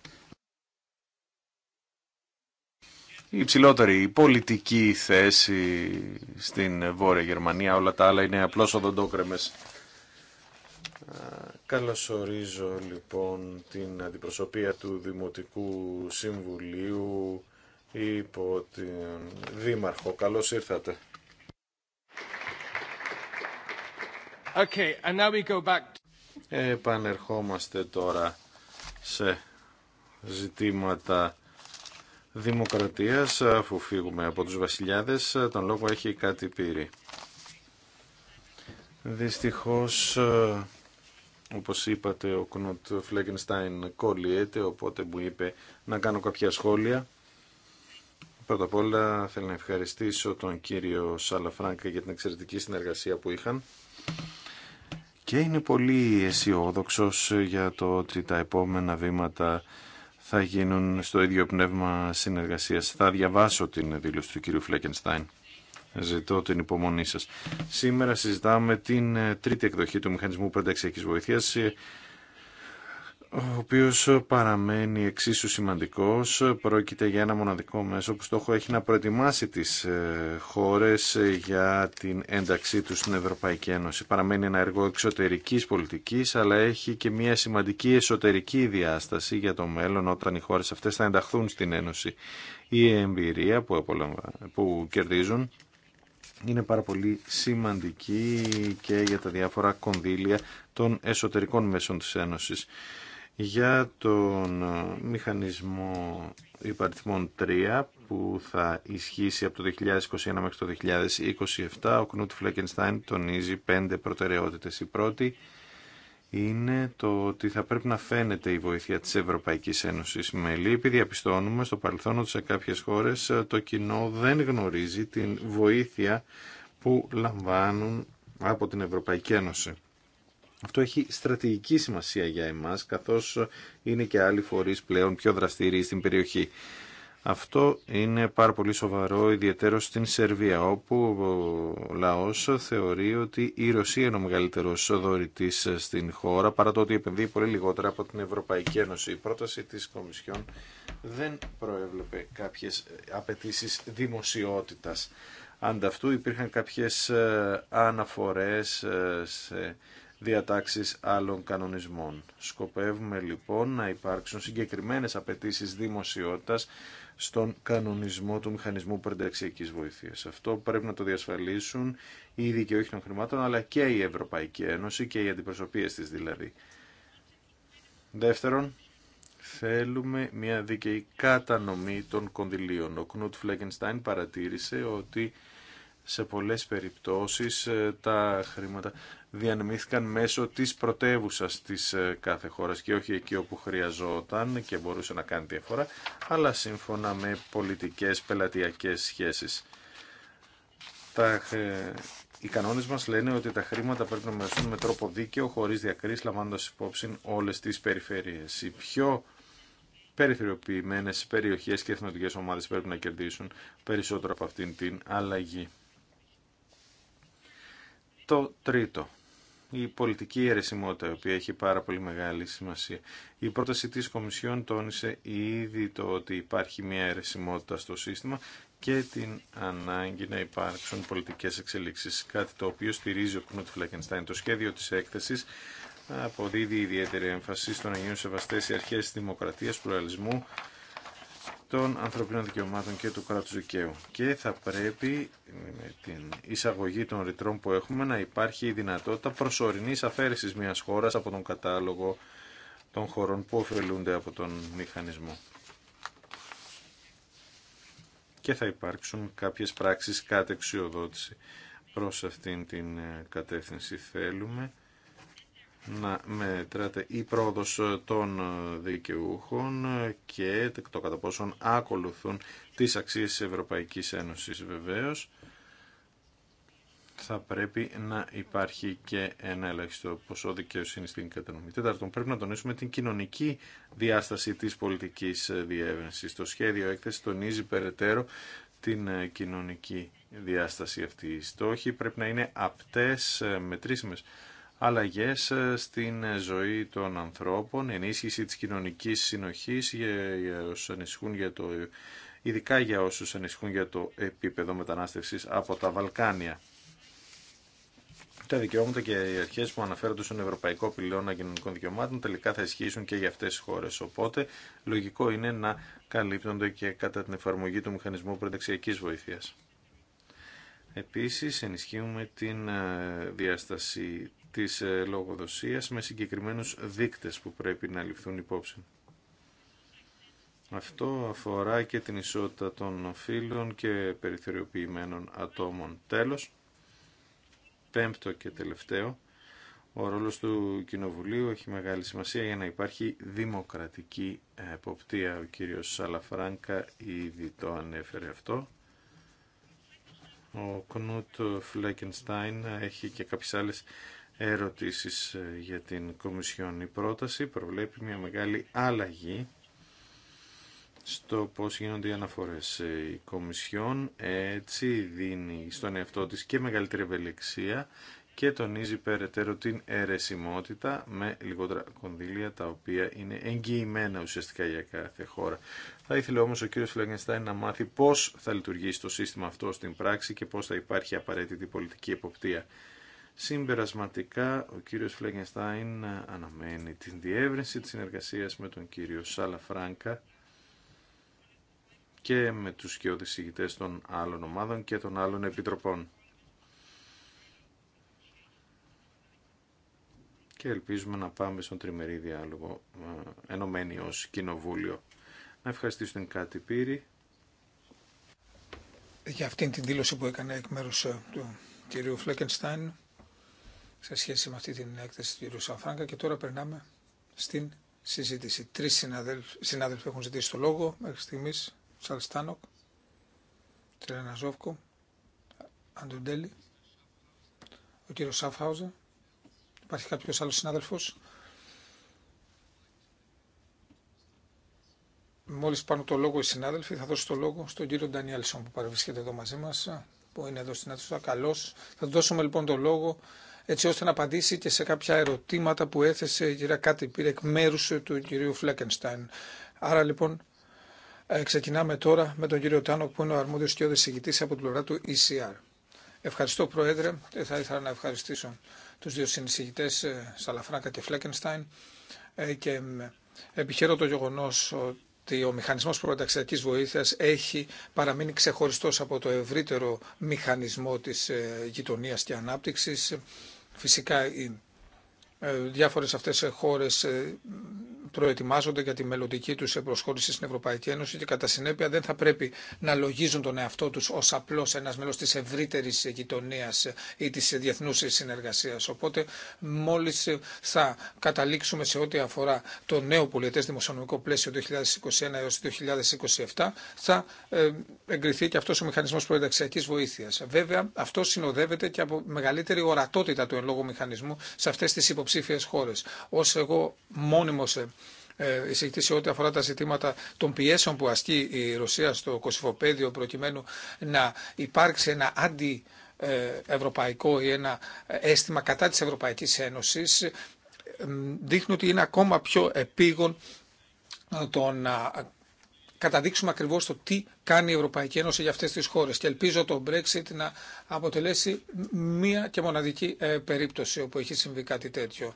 A: Η υψηλότερη πολιτική θέση στην Βόρεια Γερμανία, όλα τα άλλα είναι απλώς οδοντόκρεμες. Ε, καλωσορίζω λοιπόν την αντιπροσωπεία του Δημοτικού Συμβουλίου υπό την Δήμαρχο. Καλώς ήρθατε. Επανερχόμαστε τώρα σε ζητήματα δημοκρατίας, αφού φύγουμε από τους βασιλιάδες, τον λόγο έχει κάτι πυρί. Δυστυχώς, όπως είπατε, ο Κνούτ Φλέγκενστάιν κόλλιέται, οπότε μου είπε να κάνω κάποια σχόλια. Πρώτα απ' όλα θέλω να ευχαριστήσω τον κύριο Σαλαφράγκα για την εξαιρετική συνεργασία που είχαν και είναι πολύ αισιόδοξο για το ότι τα επόμενα βήματα θα γίνουν στο ίδιο πνεύμα συνεργασίας. Θα διαβάσω την δήλωση του κύριου Φλέκενστάιν. Ζητώ την υπομονή σας. Σήμερα συζητάμε την ε, τρίτη εκδοχή του Μηχανισμού Πενταξιακής Βοήθειας ε, ο οποίος παραμένει εξίσου σημαντικός. Πρόκειται για ένα μοναδικό μέσο που στόχο έχει να προετοιμάσει τις ε, χώρες ε, για την ένταξή τους στην Ευρωπαϊκή Ένωση. Παραμένει ένα έργο εξωτερικής πολιτικής, αλλά έχει και μια σημαντική εσωτερική διάσταση για το μέλλον όταν οι χώρες αυτές θα ενταχθούν στην Ένωση. Η εμπειρία που, που κερδίζουν είναι πάρα πολύ σημαντική και για τα διάφορα κονδύλια των εσωτερικών μέσων της Ένωσης για τον ε, μηχανισμό υπαριθμών 3 που θα ισχύσει από το 2021 μέχρι το 2027. Ο Κνούτ Φλέκενστάιν τονίζει πέντε προτεραιότητες. Η πρώτη είναι το ότι θα πρέπει να φαίνεται η βοήθεια της Ευρωπαϊκής Ένωσης Με λύπη διαπιστώνουμε στο παρελθόν ότι σε κάποιες χώρες ε, το κοινό δεν γνωρίζει την βοήθεια που λαμβάνουν από την Ευρωπαϊκή Ένωση. Αυτό έχει στρατηγική σημασία για εμάς, καθώς είναι και άλλοι φορείς πλέον πιο δραστήριοι στην περιοχή. Αυτό είναι πάρα πολύ σοβαρό, ιδιαίτερο στην Σερβία, όπου ο λαός θεωρεί ότι η Ρωσία είναι ο μεγαλύτερος δωρητής στην χώρα, παρά το ότι επενδύει πολύ λιγότερα από την Ευρωπαϊκή Ένωση. Η πρόταση της Κομισιόν δεν προέβλεπε κάποιες απαιτήσει δημοσιότητας. Ανταυτού υπήρχαν κάποιες ε, αναφορές ε, σε διατάξεις άλλων κανονισμών. Σκοπεύουμε λοιπόν να υπάρξουν συγκεκριμένες απαιτήσεις δημοσιότητας στον κανονισμό του μηχανισμού πενταξιακή βοηθείας. Αυτό πρέπει να το διασφαλίσουν οι δικαιούχοι των χρημάτων αλλά και η Ευρωπαϊκή Ένωση και οι αντιπροσωπείες της δηλαδή. Δεύτερον, θέλουμε μια δίκαιη κατανομή των κονδυλίων. Ο Κνούτ Φλέγκενστάιν παρατήρησε ότι σε πολλές περιπτώσεις ε, τα χρήματα διανεμήθηκαν μέσω της πρωτεύουσα της ε, κάθε χώρας και όχι εκεί όπου χρειαζόταν και μπορούσε να κάνει διαφορά, αλλά σύμφωνα με πολιτικές πελατειακές σχέσεις. Τα, οι κανόνες μας λένε ότι τα χρήματα πρέπει να μεταφέρουν με τρόπο δίκαιο, χωρίς διακρίσεις, λαμβάνοντας υπόψη όλες τις περιφέρειες. Οι πιο περιφερειοποιημένες περιοχές και εθνοτικές ομάδες πρέπει να κερδίσουν περισσότερο από αυτήν την αλλαγή. Το τρίτο, η πολιτική αιρεσιμότητα, η οποία έχει πάρα πολύ μεγάλη σημασία. Η πρόταση της Κομισιόν τόνισε ήδη το ότι υπάρχει μια αιρεσιμότητα στο σύστημα και την ανάγκη να υπάρξουν πολιτικές εξελίξεις. Κάτι το οποίο στηρίζει ο Κνούτ Φλακενστάιν. Το σχέδιο της έκθεσης αποδίδει ιδιαίτερη έμφαση στο να γίνουν σεβαστές οι αρχές της δημοκρατίας, πλουραλισμού, των ανθρωπίνων δικαιωμάτων και του κράτους δικαίου. Και θα πρέπει με την εισαγωγή των ρητρών που έχουμε να υπάρχει η δυνατότητα προσωρινής αφαίρεσης μιας χώρας από τον κατάλογο των χωρών που ωφελούνται από τον μηχανισμό. Και θα υπάρξουν κάποιες πράξεις κατεξιοδότηση προς αυτήν την κατεύθυνση θέλουμε να μετράτε η πρόοδος των δικαιούχων και το κατά πόσον ακολουθούν τις αξίες της Ευρωπαϊκής Ένωσης βεβαίως θα πρέπει να υπάρχει και ένα ελάχιστο ποσό δικαιοσύνη στην κατανομή. Τέταρτον, πρέπει να τονίσουμε την κοινωνική διάσταση της πολιτικής διεύρυνσης. Το σχέδιο έκθεση τονίζει περαιτέρω την κοινωνική διάσταση αυτή. Οι στόχοι πρέπει να είναι απτές, μετρήσιμες αλλαγές ε, στην ε, ζωή των ανθρώπων, ενίσχυση της κοινωνικής συνοχής για, για όσους για το, ειδικά για όσους ανησυχούν για το επίπεδο μετανάστευσης από τα Βαλκάνια. Τα δικαιώματα και οι αρχές που αναφέρονται στον Ευρωπαϊκό Πυλώνα Κοινωνικών Δικαιωμάτων τελικά θα ισχύσουν και για αυτές τις χώρες. Οπότε λογικό είναι να καλύπτονται και κατά την εφαρμογή του μηχανισμού προτεξιακή βοήθειας. Επίσης ενισχύουμε την ε, διάσταση της ε, λογοδοσίας με συγκεκριμένους δείκτες που πρέπει να ληφθούν υπόψη. Αυτό αφορά και την ισότητα των φίλων και περιθωριοποιημένων ατόμων. Τέλος, πέμπτο και τελευταίο, ο ρόλος του Κοινοβουλίου έχει μεγάλη σημασία για να υπάρχει δημοκρατική εποπτεία. Ο κύριος Σαλαφράνκα ήδη το ανέφερε αυτό. Ο Κνούτ Φλέκενστάιν έχει και κάποιες άλλες ερωτήσεις ε, για την Κομισιόν. Η πρόταση προβλέπει μια μεγάλη αλλαγή στο πώς γίνονται οι αναφορές. Ε, η Κομισιόν έτσι δίνει στον εαυτό της και μεγαλύτερη ευελιξία και τονίζει περαιτέρω την αιρεσιμότητα με λιγότερα κονδύλια τα οποία είναι εγγυημένα ουσιαστικά για κάθε χώρα. Θα ήθελε όμως ο κύριος Φλεγγενστάιν να μάθει πώς θα λειτουργήσει το σύστημα αυτό στην πράξη και πώς θα υπάρχει απαραίτητη πολιτική εποπτεία. Συμπερασματικά, ο κύριος Φλέγγενστάιν αναμένει την διεύρυνση της συνεργασίας με τον κύριο Φράγκα και με τους σκιώδης των άλλων ομάδων και των άλλων επιτροπών. και ελπίζουμε να πάμε στον τριμερή διάλογο ε, ενωμένοι ως κοινοβούλιο. Να ευχαριστήσω την Κάτι Πύρη.
C: Για αυτήν την δήλωση που έκανε εκ μέρους ε, του κυρίου Φλέκενστάιν σε σχέση με αυτή την έκθεση του κ. Σαφράγκα και τώρα περνάμε στην συζήτηση. Τρει συνάδελφοι, συνάδελφοι έχουν ζητήσει το λόγο μέχρι στιγμής. Τρένα Ζόφκο, Αντουντέλη, ο κ. Σαφχάουζα. Υπάρχει κάποιο άλλο συνάδελφο. Μόλι πάνω το λόγο οι συνάδελφοι, θα δώσω το λόγο στον κύριο Ντανιέλσον που παρευρίσκεται εδώ μαζί μα, που είναι εδώ στην αίθουσα. καλώ. Θα του δώσουμε λοιπόν το λόγο έτσι ώστε να απαντήσει και σε κάποια ερωτήματα που έθεσε η κυρία Κάτι πήρε εκ μέρου του κυρίου Φλέκενστάιν. Άρα λοιπόν ε, ξεκινάμε τώρα με τον κύριο Τάνο που είναι ο αρμόδιος και ο από την πλευρά του ECR. Ευχαριστώ Πρόεδρε, θα ήθελα να ευχαριστήσω τους δύο συνεισηγητές ε, Σαλαφράκα και Φλέκενστάιν ε, και επιχαίρω το γεγονό ότι ο μηχανισμός προενταξιακής βοήθειας έχει παραμείνει ξεχωριστός από το ευρύτερο μηχανισμό της γειτονία και ανάπτυξη. Φυσικά οι ε, διάφορες αυτές ε, χώρες ε, προετοιμάζονται για τη μελλοντική του προσχώρηση στην Ευρωπαϊκή Ένωση και κατά συνέπεια δεν θα πρέπει να λογίζουν τον εαυτό του ω απλώ ένα μέλο τη ευρύτερη γειτονία ή τη διεθνού συνεργασία. Οπότε, μόλι θα καταλήξουμε σε ό,τι αφορά το νέο πολιτέ δημοσιονομικό πλαίσιο 2021 έω 2027, θα ε, εγκριθεί και αυτό ο μηχανισμό προενταξιακή βοήθεια. Βέβαια, αυτό συνοδεύεται και από μεγαλύτερη ορατότητα του εν λόγω μηχανισμού σε αυτέ τι υποψήφιε χώρε. Ω εγώ μόνιμο ε, εισηγητή σε ό,τι αφορά τα ζητήματα των πιέσεων που ασκεί η Ρωσία στο Κωσυφοπαίδιο προκειμένου να υπάρξει ένα αντιευρωπαϊκό ή ένα αίσθημα κατά της Ευρωπαϊκής Ένωσης ε, δείχνει ότι είναι ακόμα πιο επίγον το να καταδείξουμε ακριβώς το τι κάνει η Ευρωπαϊκή Ένωση για αυτές τις χώρες. Και ελπίζω το Brexit να αποτελέσει μία και μοναδική ε, περίπτωση όπου έχει συμβεί κάτι τέτοιο.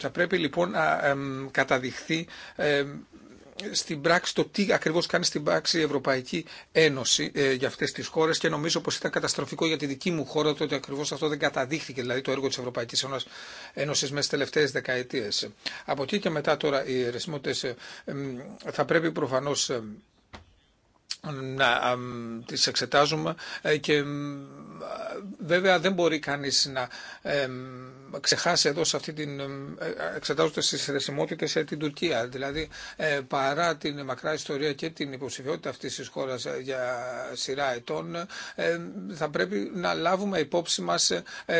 C: Θα πρέπει λοιπόν να καταδειχθεί στην πράξη το τι ακριβώς κάνει στην πράξη η Ευρωπαϊκή Ένωση ε, για αυτές τις χώρες και νομίζω πως ήταν καταστροφικό για τη δική μου χώρα το ότι ακριβώς αυτό δεν καταδείχθηκε, δηλαδή το έργο της Ευρωπαϊκής Ένωσης μέσα στις τελευταίες δεκαετίες. Από εκεί και μετά τώρα οι ερεσιμότητες ε, θα πρέπει προφανώς ε, να τις εξετάζουμε ε, και βέβαια δεν μπορεί κανείς να ξεχάσει εδώ σε αυτή την ε, εξετάζοντας τις θεσιμότητες ε, την Τουρκία. Δηλαδή παρά την μακρά ιστορία και την υποψηφιότητα αυτής της χώρας για σειρά ετών θα πρέπει να λάβουμε υπόψη μας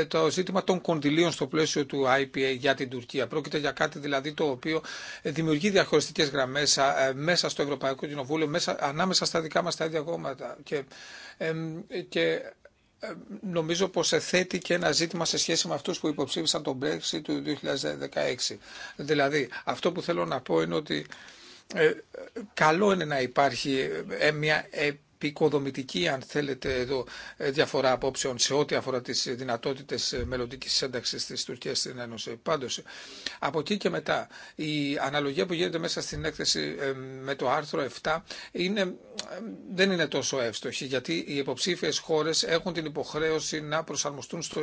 C: το ζήτημα των κοντιλίων στο πλαίσιο του IPA για την Τουρκία. Πρόκειται για κάτι δηλαδή το οποίο δημιουργεί διαχωριστικές γραμμές μέσα στο Ευρωπαϊκό Κοινοβούλιο, μέσα, ανάμεσα στα δικά μας τα ίδια κόμματα. Και, και νομίζω πως θέτει και ένα ζήτημα σε σχέση με αυτούς που υποψήφισαν τον Brexit του 2016. Δηλαδή, αυτό που θέλω να πω είναι ότι ε, καλό είναι να υπάρχει ε, μια ε, επικοδομητική, αν θέλετε, εδώ ε, διαφορά απόψεων σε ό,τι αφορά τις δυνατότητες ε, μελλοντικής ένταξη της Τουρκίας στην Ένωση. Πάντως, από εκεί και μετά, η αναλογία που γίνεται μέσα στην έκθεση ε, με το άρθρο 7 είναι, δεν είναι τόσο εύστοχη, γιατί οι υποψήφιες χώρες έχουν την υποχρέωση να προσαρμοστούν στο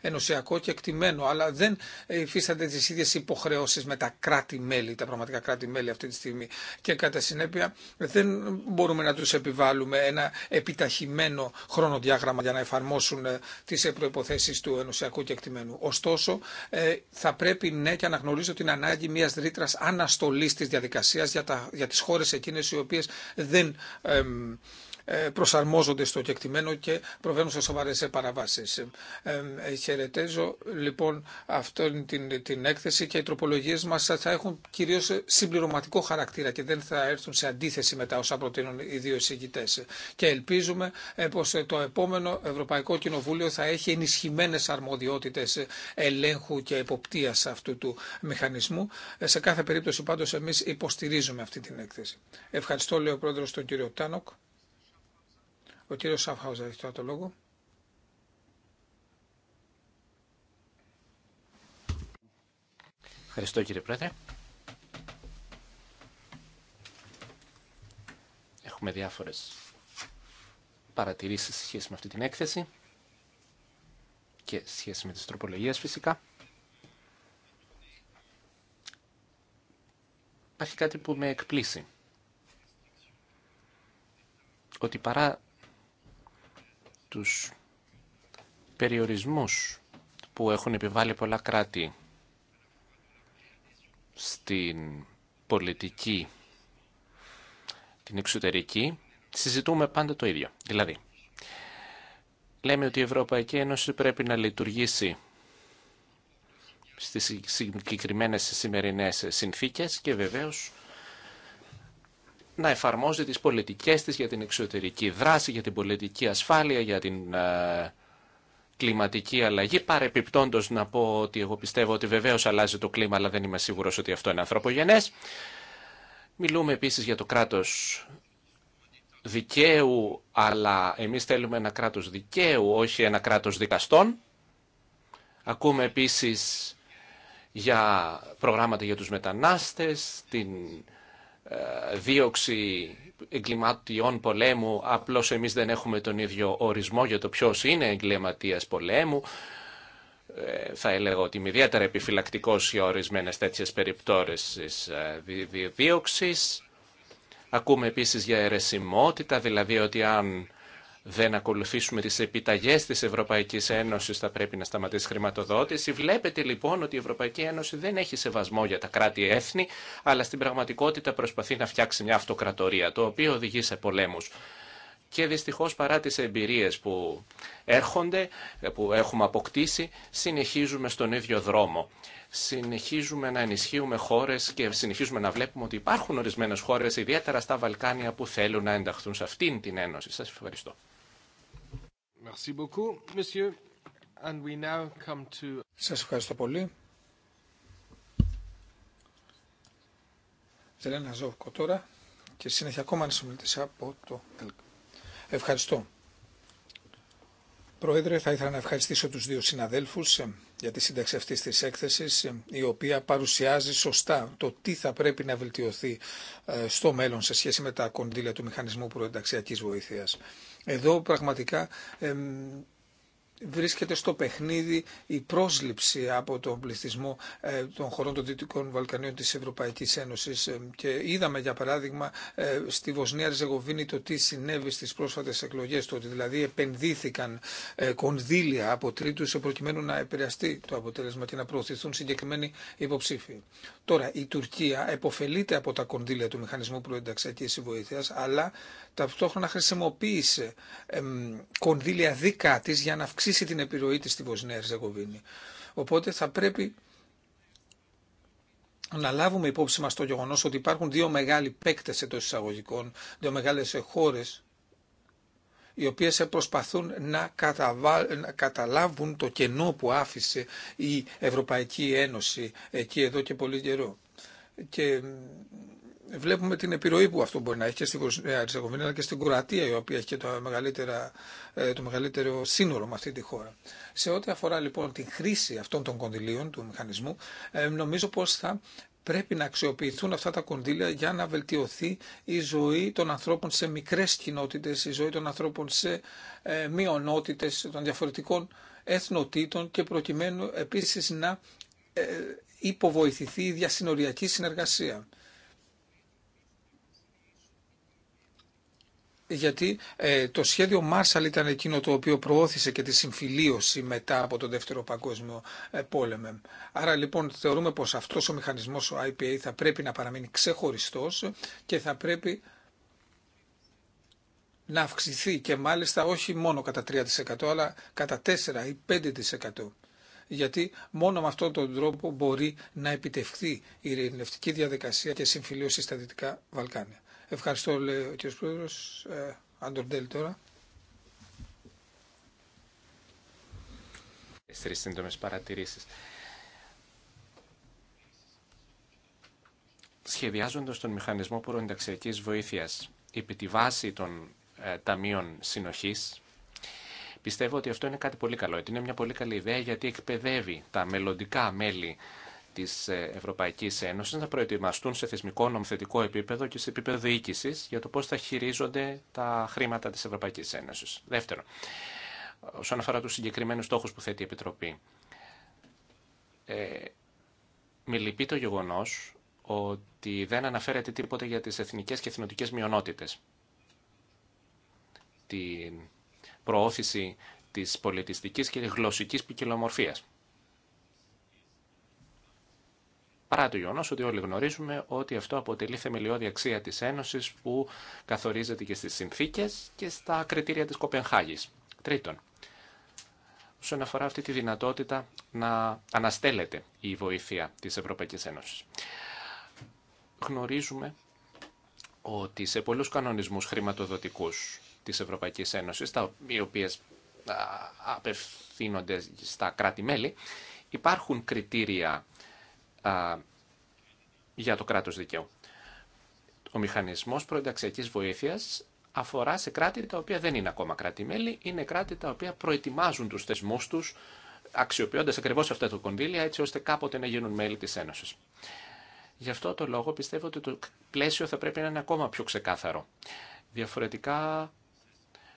C: ενωσιακό και εκτιμένο, αλλά δεν υφίστανται τις ίδιες υποχρεώσεις με τα κράτη-μέλη, τα πραγματικά κράτη-μέλη αυτή τη στιγμή. Και κατά συνέπεια δεν μπορούμε να τους επιβάλλουμε ένα επιταχυμένο χρονοδιάγραμμα για να εφαρμόσουν ε, τις ε, προποθέσει του ενωσιακού κεκτημένου. Ωστόσο, ε, θα πρέπει ναι και αναγνωρίζω την ανάγκη μιας ρήτρα αναστολής τη διαδικασία για, τι για τις χώρες εκείνες οι οποίες δεν... Ε, προσαρμόζονται στο κεκτημένο και προβαίνουν σε σοβαρέ παραβάσει. Ε, ε, χαιρετίζω λοιπόν αυτή την, την έκθεση και οι τροπολογίε μα θα έχουν κυρίω συμπληρωματικό χαρακτήρα και δεν θα έρθουν σε αντίθεση με τα όσα προτείνουν οι δύο εισηγητέ. Και ελπίζουμε πω το επόμενο Ευρωπαϊκό Κοινοβούλιο θα έχει ενισχυμένε αρμοδιότητε ελέγχου και εποπτεία αυτού του μηχανισμού. Σε κάθε περίπτωση πάντω εμεί υποστηρίζουμε αυτή την έκθεση. Ευχαριστώ, λέει ο πρόεδρο, τον κύριο Τάνοκ. Ο κύριος Σαφχάουζα έχει τώρα το λόγο.
B: Ευχαριστώ κύριε Πρόεδρε. Έχουμε διάφορες παρατηρήσεις σχέση με αυτή την έκθεση και σχέση με τις τροπολογίες φυσικά. Υπάρχει κάτι που με εκπλήσει. Ότι παρά τους περιορισμούς που έχουν επιβάλει πολλά κράτη στην πολιτική, την εξωτερική, συζητούμε πάντα το ίδιο. Δηλαδή, λέμε ότι η Ευρωπαϊκή Ένωση πρέπει να λειτουργήσει στις συγκεκριμένες σημερινές συνθήκες και βεβαίως να εφαρμόζει τις πολιτικές της για την εξωτερική δράση, για την πολιτική ασφάλεια, για την ε, κλιματική αλλαγή. Παρεπιπτόντως να πω ότι εγώ πιστεύω ότι βεβαίως αλλάζει το κλίμα, αλλά δεν είμαι σίγουρος ότι αυτό είναι ανθρωπογενές. Μιλούμε επίσης για το κράτος δικαίου, αλλά εμείς θέλουμε ένα κράτος δικαίου, όχι ένα κράτος δικαστών. Ακούμε επίσης για προγράμματα για τους μετανάστες, την ε, δίωξη εγκληματιών πολέμου, απλώς εμείς δεν έχουμε τον ίδιο ορισμό για το ποιος είναι εγκληματίας πολέμου. Ε, θα έλεγα ότι είμαι ιδιαίτερα επιφυλακτικός για ορισμένες τέτοιες περιπτώσεις ε, δίωξης. Ακούμε επίσης για αιρεσιμότητα, δηλαδή ότι αν δεν ακολουθήσουμε τις επιταγές της Ευρωπαϊκής Ένωσης θα πρέπει να σταματήσει χρηματοδότηση. Βλέπετε λοιπόν ότι η Ευρωπαϊκή Ένωση δεν έχει σεβασμό για τα κράτη-έθνη, αλλά στην πραγματικότητα προσπαθεί να φτιάξει μια αυτοκρατορία, το οποίο οδηγεί σε πολέμους. Και δυστυχώς παρά τις εμπειρίες που έρχονται, που έχουμε αποκτήσει, συνεχίζουμε στον ίδιο δρόμο. Συνεχίζουμε να ενισχύουμε χώρες και συνεχίζουμε να βλέπουμε ότι υπάρχουν ορισμένες χώρες, ιδιαίτερα στα Βαλκάνια, που θέλουν να ενταχθούν σε αυτήν την Ένωση. Σας ευχαριστώ.
C: Merci beaucoup, monsieur. And we now come to... Σας ευχαριστώ πολύ. Ζελένα Ζόβκο τώρα και συνέχεια ακόμα ένα από το ΕΛΚ. Ευχαριστώ. Πρόεδρε, θα ήθελα να ευχαριστήσω τους δύο συναδέλφους ε, για τη σύνταξη αυτής της έκθεσης, η οποία παρουσιάζει σωστά το τι θα πρέπει να βελτιωθεί ε, στο μέλλον σε σχέση με τα κονδύλια του Μηχανισμού Προενταξιακή Βοήθειας. Εδώ πραγματικά βρίσκεται στο παιχνίδι η πρόσληψη από τον πληθυσμό ε, των χωρών των Δυτικών Βαλκανίων της Ευρωπαϊκής Ένωσης ε, και είδαμε για παράδειγμα ε, στη Βοσνία Ριζεγοβίνη το τι συνέβη στις πρόσφατες εκλογές το ότι δηλαδή επενδύθηκαν κονδύλια από τρίτους προκειμένου να επηρεαστεί το αποτέλεσμα και να προωθηθούν συγκεκριμένοι υποψήφοι. Τώρα η Τουρκία εποφελείται από τα κονδύλια του Μηχανισμού Προενταξιακής Βοήθειας αλλά ταυτόχρονα χρησιμοποίησε κονδύλια δικά τη για να αυξήσει αυξήσει την επιρροή της στη Βοσνία Ερζεγοβίνη. Οπότε θα πρέπει να λάβουμε υπόψη μας το γεγονός ότι υπάρχουν δύο μεγάλοι παίκτες εντός εισαγωγικών, δύο μεγάλες χώρες οι οποίες προσπαθούν να, να καταλάβουν το κενό που άφησε η Ευρωπαϊκή Ένωση εκεί εδώ και πολύ καιρό. Και βλέπουμε την επιρροή που αυτό μπορεί να έχει και στην ε, Βοσνία και στην Κροατία η οποία έχει και το, ε, το μεγαλύτερο σύνορο με αυτή τη χώρα. Σε ό,τι αφορά λοιπόν την χρήση αυτών των κονδυλίων του μηχανισμού ε, νομίζω πως θα πρέπει να αξιοποιηθούν αυτά τα κονδύλια για να βελτιωθεί η ζωή των ανθρώπων σε μικρές κοινότητες, η ζωή των ανθρώπων σε μειονότητες των διαφορετικών εθνοτήτων και προκειμένου επίσης να υποβοηθηθεί η διασυνοριακή συνεργασία. γιατί ε, το σχέδιο Μάρσαλ ήταν εκείνο το οποίο προώθησε και τη συμφιλίωση μετά από τον Δεύτερο Παγκόσμιο ε, Πόλεμο. Άρα λοιπόν θεωρούμε πως αυτός ο μηχανισμός, ο IPA, θα πρέπει να παραμείνει ξεχωριστός και θα πρέπει να αυξηθεί και μάλιστα όχι μόνο κατά 3% αλλά κατά 4% ή 5% γιατί μόνο με αυτόν τον τρόπο μπορεί να επιτευχθεί η ειρηνευτική διαδικασία και συμφιλίωση στα Δυτικά Βαλκάνια. Ευχαριστώ, λέει ο κ. Πρόεδρος. Αντορντέλ ε, τώρα.
B: Τρει σύντομε παρατηρήσει. Σχεδιάζοντα τον μηχανισμό προενταξιακή βοήθεια επί τη βάση των ε, ταμείων συνοχή, πιστεύω ότι αυτό είναι κάτι πολύ καλό. Είναι μια πολύ καλή ιδέα γιατί εκπαιδεύει τα μελλοντικά μέλη Τη ε, Ευρωπαϊκή Ένωση να προετοιμαστούν σε θεσμικό νομοθετικό επίπεδο και σε επίπεδο διοίκηση για το πώς θα χειρίζονται τα χρήματα της Ευρωπαϊκής Ένωση. Δεύτερον, όσον αφορά του συγκεκριμένου στόχου που θέτει η Επιτροπή, ε, με λυπεί το γεγονό ότι δεν αναφέρεται τίποτα για τις εθνικές και εθνοτικέ μειονότητε, Την προώθηση της πολιτιστικής και γλωσσικής ποικιλομορφίας. Παρά το γεγονό ότι όλοι γνωρίζουμε ότι αυτό αποτελεί θεμελιώδη αξία τη Ένωση που καθορίζεται και στι συνθήκε και στα κριτήρια τη Κοπενχάγη. Τρίτον, όσον αφορά αυτή τη δυνατότητα να αναστέλλεται η βοήθεια της Ευρωπαϊκής Ένωσης. Γνωρίζουμε ότι σε πολλούς κανονισμούς χρηματοδοτικούς της Ευρωπαϊκής Ένωσης, οι οποίες απευθύνονται στα κράτη-μέλη, υπάρχουν κριτήρια για το κράτος δικαίου. Ο μηχανισμός προενταξιακής βοήθειας αφορά σε κράτη τα οποία δεν είναι ακόμα κράτη-μέλη, είναι κράτη τα οποία προετοιμάζουν τους θεσμούς τους, αξιοποιώντας ακριβώς αυτά τα κονδύλια, έτσι ώστε κάποτε να γίνουν μέλη της Ένωσης. Γι' αυτό το λόγο πιστεύω ότι το πλαίσιο θα πρέπει να είναι ακόμα πιο ξεκάθαρο. Διαφορετικά,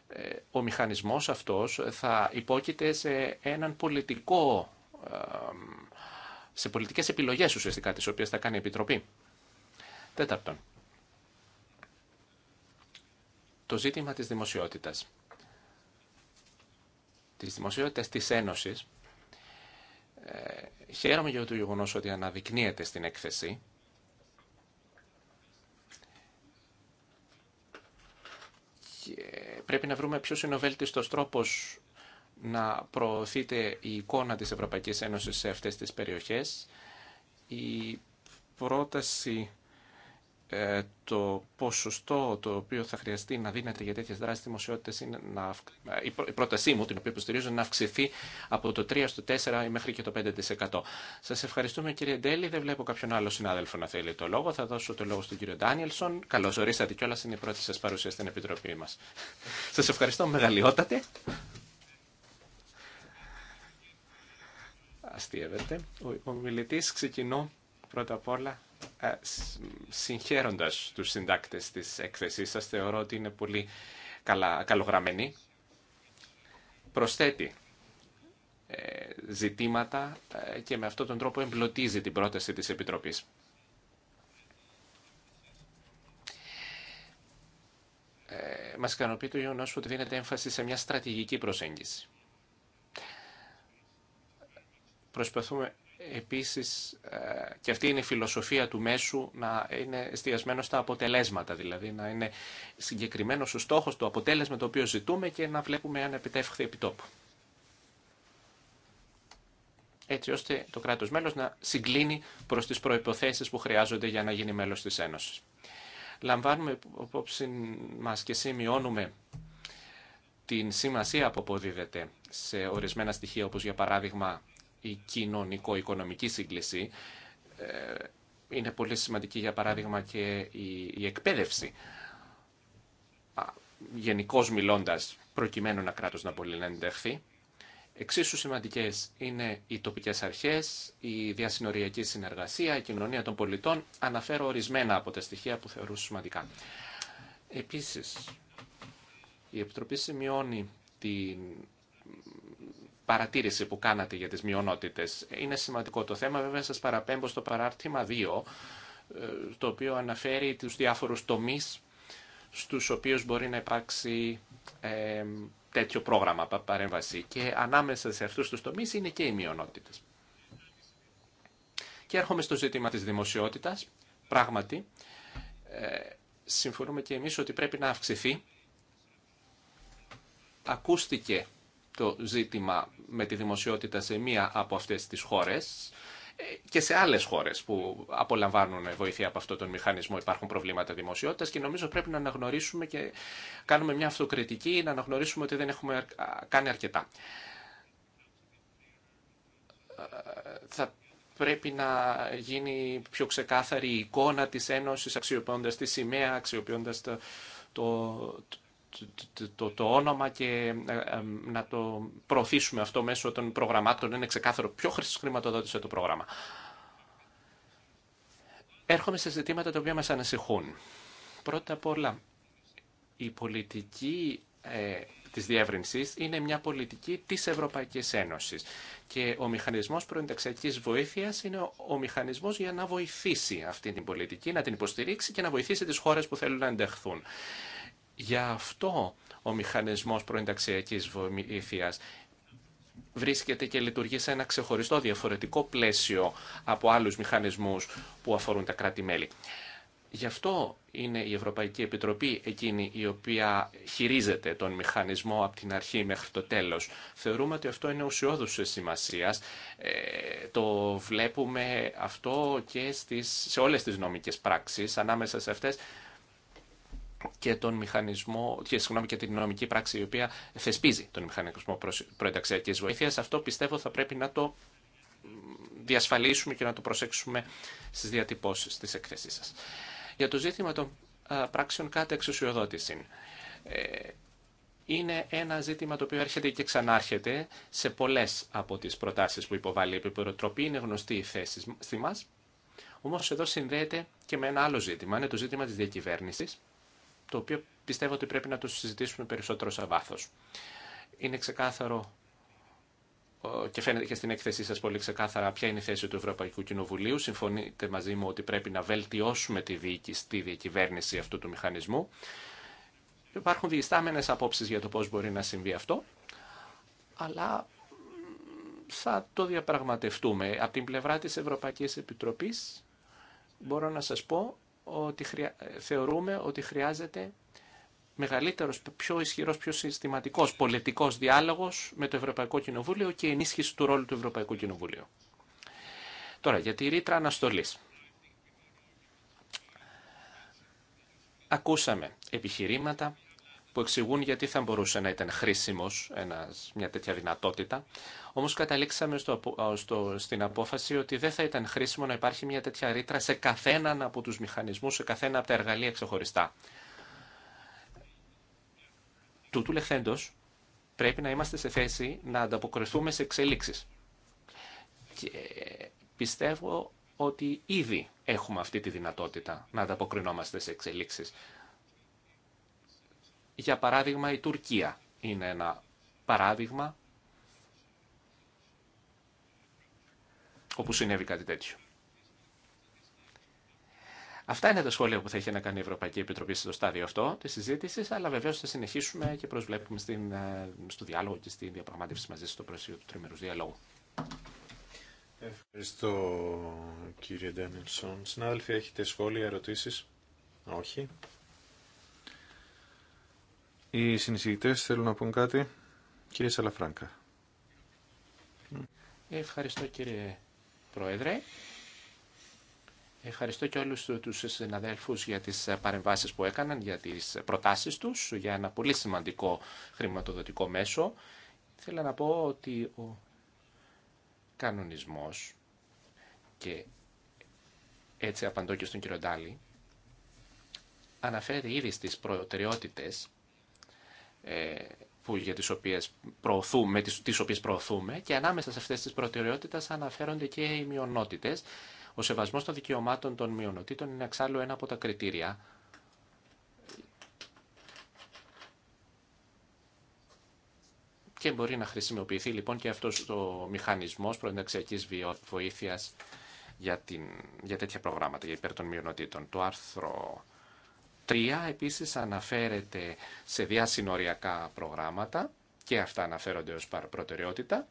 B: ε, ο μηχανισμός αυτός θα υπόκειται σε έναν πολιτικό ε, σε πολιτικές επιλογές ουσιαστικά τις οποίες θα κάνει η Επιτροπή. Τέταρτον, το ζήτημα της δημοσιότητας. Της δημοσιότητας της Ένωσης. Ε, χαίρομαι για το γεγονό ότι αναδεικνύεται στην έκθεση και πρέπει να βρούμε ποιος είναι ο βέλτιστος τρόπος να προωθείται η εικόνα της Ευρωπαϊκής Ένωσης σε αυτές τις περιοχές. Η πρόταση ε, το ποσοστό το οποίο θα χρειαστεί να δίνεται για τέτοιες δράσεις δημοσιότητες είναι να, η πρότασή μου την οποία υποστηρίζω να αυξηθεί από το 3 στο 4 ή μέχρι και το 5%. Σας ευχαριστούμε κύριε Ντέλη, δεν βλέπω κάποιον άλλο συνάδελφο να θέλει το λόγο. Θα δώσω το λόγο στον κύριο Ντάνιελσον. Καλώς ορίσατε κιόλας, είναι η πρώτη σας παρουσία στην Επιτροπή μας. Σας ευχαριστώ μεγαλειότατε. αστείευεται. Ο μιλητή ξεκινώ πρώτα απ' όλα ε, συγχαίροντας τους συντάκτες της έκθεσής σας. Θεωρώ ότι είναι πολύ καλά, καλογραμμένη. Προσθέτει ε, ζητήματα ε, και με αυτόν τον τρόπο εμπλωτίζει την πρόταση της Επιτροπής. Μας ικανοποιεί το γεγονό ότι δίνεται έμφαση σε μια στρατηγική προσέγγιση. Προσπαθούμε επίσης, ε, και αυτή είναι η φιλοσοφία του μέσου, να είναι εστιασμένο στα αποτελέσματα, δηλαδή να είναι συγκεκριμένο ο στόχος, το αποτέλεσμα το οποίο ζητούμε και να βλέπουμε αν επιτεύχθη επιτόπου. Έτσι ώστε το κράτος μέλος να συγκλίνει προς τις προϋποθέσεις που χρειάζονται για να γίνει μέλος της Ένωσης. Λαμβάνουμε απόψη μας και σημειώνουμε την σημασία που αποδίδεται σε ορισμένα στοιχεία όπως για παράδειγμα η κοινωνικο-οικονομική σύγκληση. Ε, είναι πολύ σημαντική, για παράδειγμα, και η εκπαίδευση. Γενικώ μιλώντας, προκειμένου ένα κράτος να μπορεί να εντεχθεί. Εξίσου σημαντικές είναι οι τοπικές αρχές, η διασυνοριακή συνεργασία, η κοινωνία των πολιτών. Αναφέρω ορισμένα από τα στοιχεία που θεωρούν σημαντικά. Επίσης, η Επιτροπή σημειώνει την παρατήρηση που κάνατε για τις μειονότητες. Είναι σημαντικό το θέμα. Βέβαια σας παραπέμπω στο παράρτημα 2, ε, το οποίο αναφέρει τους διάφορους τομείς στους οποίους μπορεί να υπάρξει ε, τέτοιο πρόγραμμα παρέμβαση. Και ανάμεσα σε αυτούς τους τομείς είναι και οι μειονότητες. Και έρχομαι στο ζήτημα της δημοσιότητας. Πράγματι, ε, συμφωνούμε και εμείς ότι πρέπει να αυξηθεί. Ακούστηκε το ζήτημα με τη δημοσιότητα σε μία από αυτές τις χώρες ε, και σε άλλες χώρες που απολαμβάνουν βοήθεια από αυτόν τον μηχανισμό υπάρχουν προβλήματα δημοσιότητας και νομίζω πρέπει να αναγνωρίσουμε και κάνουμε μια αυτοκριτική, να αναγνωρίσουμε ότι δεν έχουμε κάνει αρκετά. Ε, θα πρέπει να γίνει πιο ξεκάθαρη η εικόνα της Ένωσης αξιοποιώντας τη σημαία, αξιοποιώντας το, το, το, το, όνομα και ε, ε, να το προωθήσουμε αυτό μέσω των προγραμμάτων. Είναι ξεκάθαρο ποιο χρηματοδότησε το πρόγραμμα. Έρχομαι σε ζητήματα τα οποία μας ανασυχούν. Πρώτα απ' όλα, η πολιτική ε, της διεύρυνσης είναι μια πολιτική της Ευρωπαϊκής Ένωσης. Και ο μηχανισμός προενταξιακής βοήθειας είναι ο, ο μηχανισμός για να βοηθήσει αυτή την πολιτική, να την υποστηρίξει και να βοηθήσει τις χώρες που θέλουν να εντεχθούν. Γι' αυτό ο μηχανισμός προενταξιακής βοήθειας βρίσκεται και λειτουργεί σε ένα ξεχωριστό διαφορετικό πλαίσιο από άλλους μηχανισμούς που αφορούν τα κράτη-μέλη. Γι' αυτό είναι η Ευρωπαϊκή Επιτροπή εκείνη η οποία χειρίζεται τον μηχανισμό από την αρχή μέχρι το τέλος. Θεωρούμε ότι αυτό είναι ουσιώδους σημασίας. Ε, το βλέπουμε αυτό και στις, σε όλες τις νομικές πράξεις. Ανάμεσα σε αυτές και, τον μηχανισμό, και, συγγνώμη, και την νομική πράξη η οποία θεσπίζει τον μηχανισμό προενταξιακής βοήθειας. Αυτό πιστεύω θα πρέπει να το διασφαλίσουμε και να το προσέξουμε στις διατυπώσεις της εκθέσής σας. Για το ζήτημα των πράξεων κάτω εξουσιοδότηση. Ε, είναι ένα ζήτημα το οποίο έρχεται και ξανάρχεται σε πολλές από τις προτάσεις που υποβάλλει η Επιπεροτροπή. Είναι γνωστή η θέση στη μας. Όμως εδώ συνδέεται και με ένα άλλο ζήτημα. Είναι το ζήτημα της διακυβέρνησης το οποίο πιστεύω ότι πρέπει να το συζητήσουμε περισσότερο σε βάθος. Είναι ξεκάθαρο και φαίνεται και στην έκθεσή σας πολύ ξεκάθαρα ποια είναι η θέση του Ευρωπαϊκού Κοινοβουλίου. Συμφωνείτε μαζί μου ότι πρέπει να βελτιώσουμε τη, διοίκηση, τη διακυβέρνηση αυτού του μηχανισμού. Υπάρχουν διεστάμενες απόψεις για το πώς μπορεί να συμβεί αυτό, αλλά θα το διαπραγματευτούμε. Από την πλευρά της Ευρωπαϊκής Επιτροπής μπορώ να σας πω ότι θεωρούμε ότι χρειάζεται μεγαλύτερος, πιο ισχυρός, πιο συστηματικός πολιτικός διάλογος με το Ευρωπαϊκό Κοινοβούλιο και ενίσχυση του ρόλου του Ευρωπαϊκού Κοινοβουλίου. Τώρα, για τη ρήτρα αναστολής. Ακούσαμε επιχειρήματα που εξηγούν γιατί θα μπορούσε να ήταν χρήσιμος μια τέτοια δυνατότητα. Όμως καταλήξαμε στο, στο, στην απόφαση ότι δεν θα ήταν χρήσιμο να υπάρχει μια τέτοια ρήτρα σε καθέναν από τους μηχανισμούς, σε καθένα από τα εργαλεία ξεχωριστά. Τούτου λεχθέντος πρέπει να είμαστε σε θέση να ανταποκριθούμε σε εξελίξεις. Και ε, πιστεύω ότι ήδη έχουμε αυτή τη δυνατότητα να ανταποκρινόμαστε σε εξελίξεις. Για παράδειγμα η Τουρκία είναι ένα παράδειγμα όπου συνέβη κάτι τέτοιο. Αυτά είναι τα σχόλια που θα είχε να κάνει η Ευρωπαϊκή Επιτροπή στο στάδιο αυτό τη συζήτηση, αλλά βεβαίω θα συνεχίσουμε και προσβλέπουμε στην, ε, στο διάλογο και στη διαπραγμάτευση μαζί στο πλαίσιο του
A: τριμερού διαλόγου. Ευχαριστώ κύριε Ντέμιλσον. Συνάδελφοι, έχετε σχόλια, ερωτήσει. Όχι. Οι συνεισηγητές θέλουν να πούν κάτι. Κύριε Σαλαφράγκα.
B: Ευχαριστώ κύριε Πρόεδρε. Ευχαριστώ και όλους τους συναδέλφους για τις παρεμβάσεις που έκαναν, για τις προτάσεις τους, για ένα πολύ σημαντικό χρηματοδοτικό μέσο. Θέλω να πω ότι ο κανονισμός και έτσι απαντώ και στον κύριο Ντάλη, αναφέρει ήδη στις προτεραιότητες ε, που, για τις οποίες, προωθούμε, τις, τις οποίες προωθούμε και ανάμεσα σε αυτές τις προτεραιότητες αναφέρονται και οι μειονότητες. Ο σεβασμός των δικαιωμάτων των μειονοτήτων είναι εξάλλου ένα από τα κριτήρια και μπορεί να χρησιμοποιηθεί λοιπόν και αυτός ο μηχανισμός προενταξιακής βοήθειας για, την, για τέτοια προγράμματα, για υπέρ των μειονοτήτων. Το άρθρο τριά επίσης αναφέρεται σε διασυνοριακά προγράμματα και αυτά αναφέρονται ως προτεραιότητα.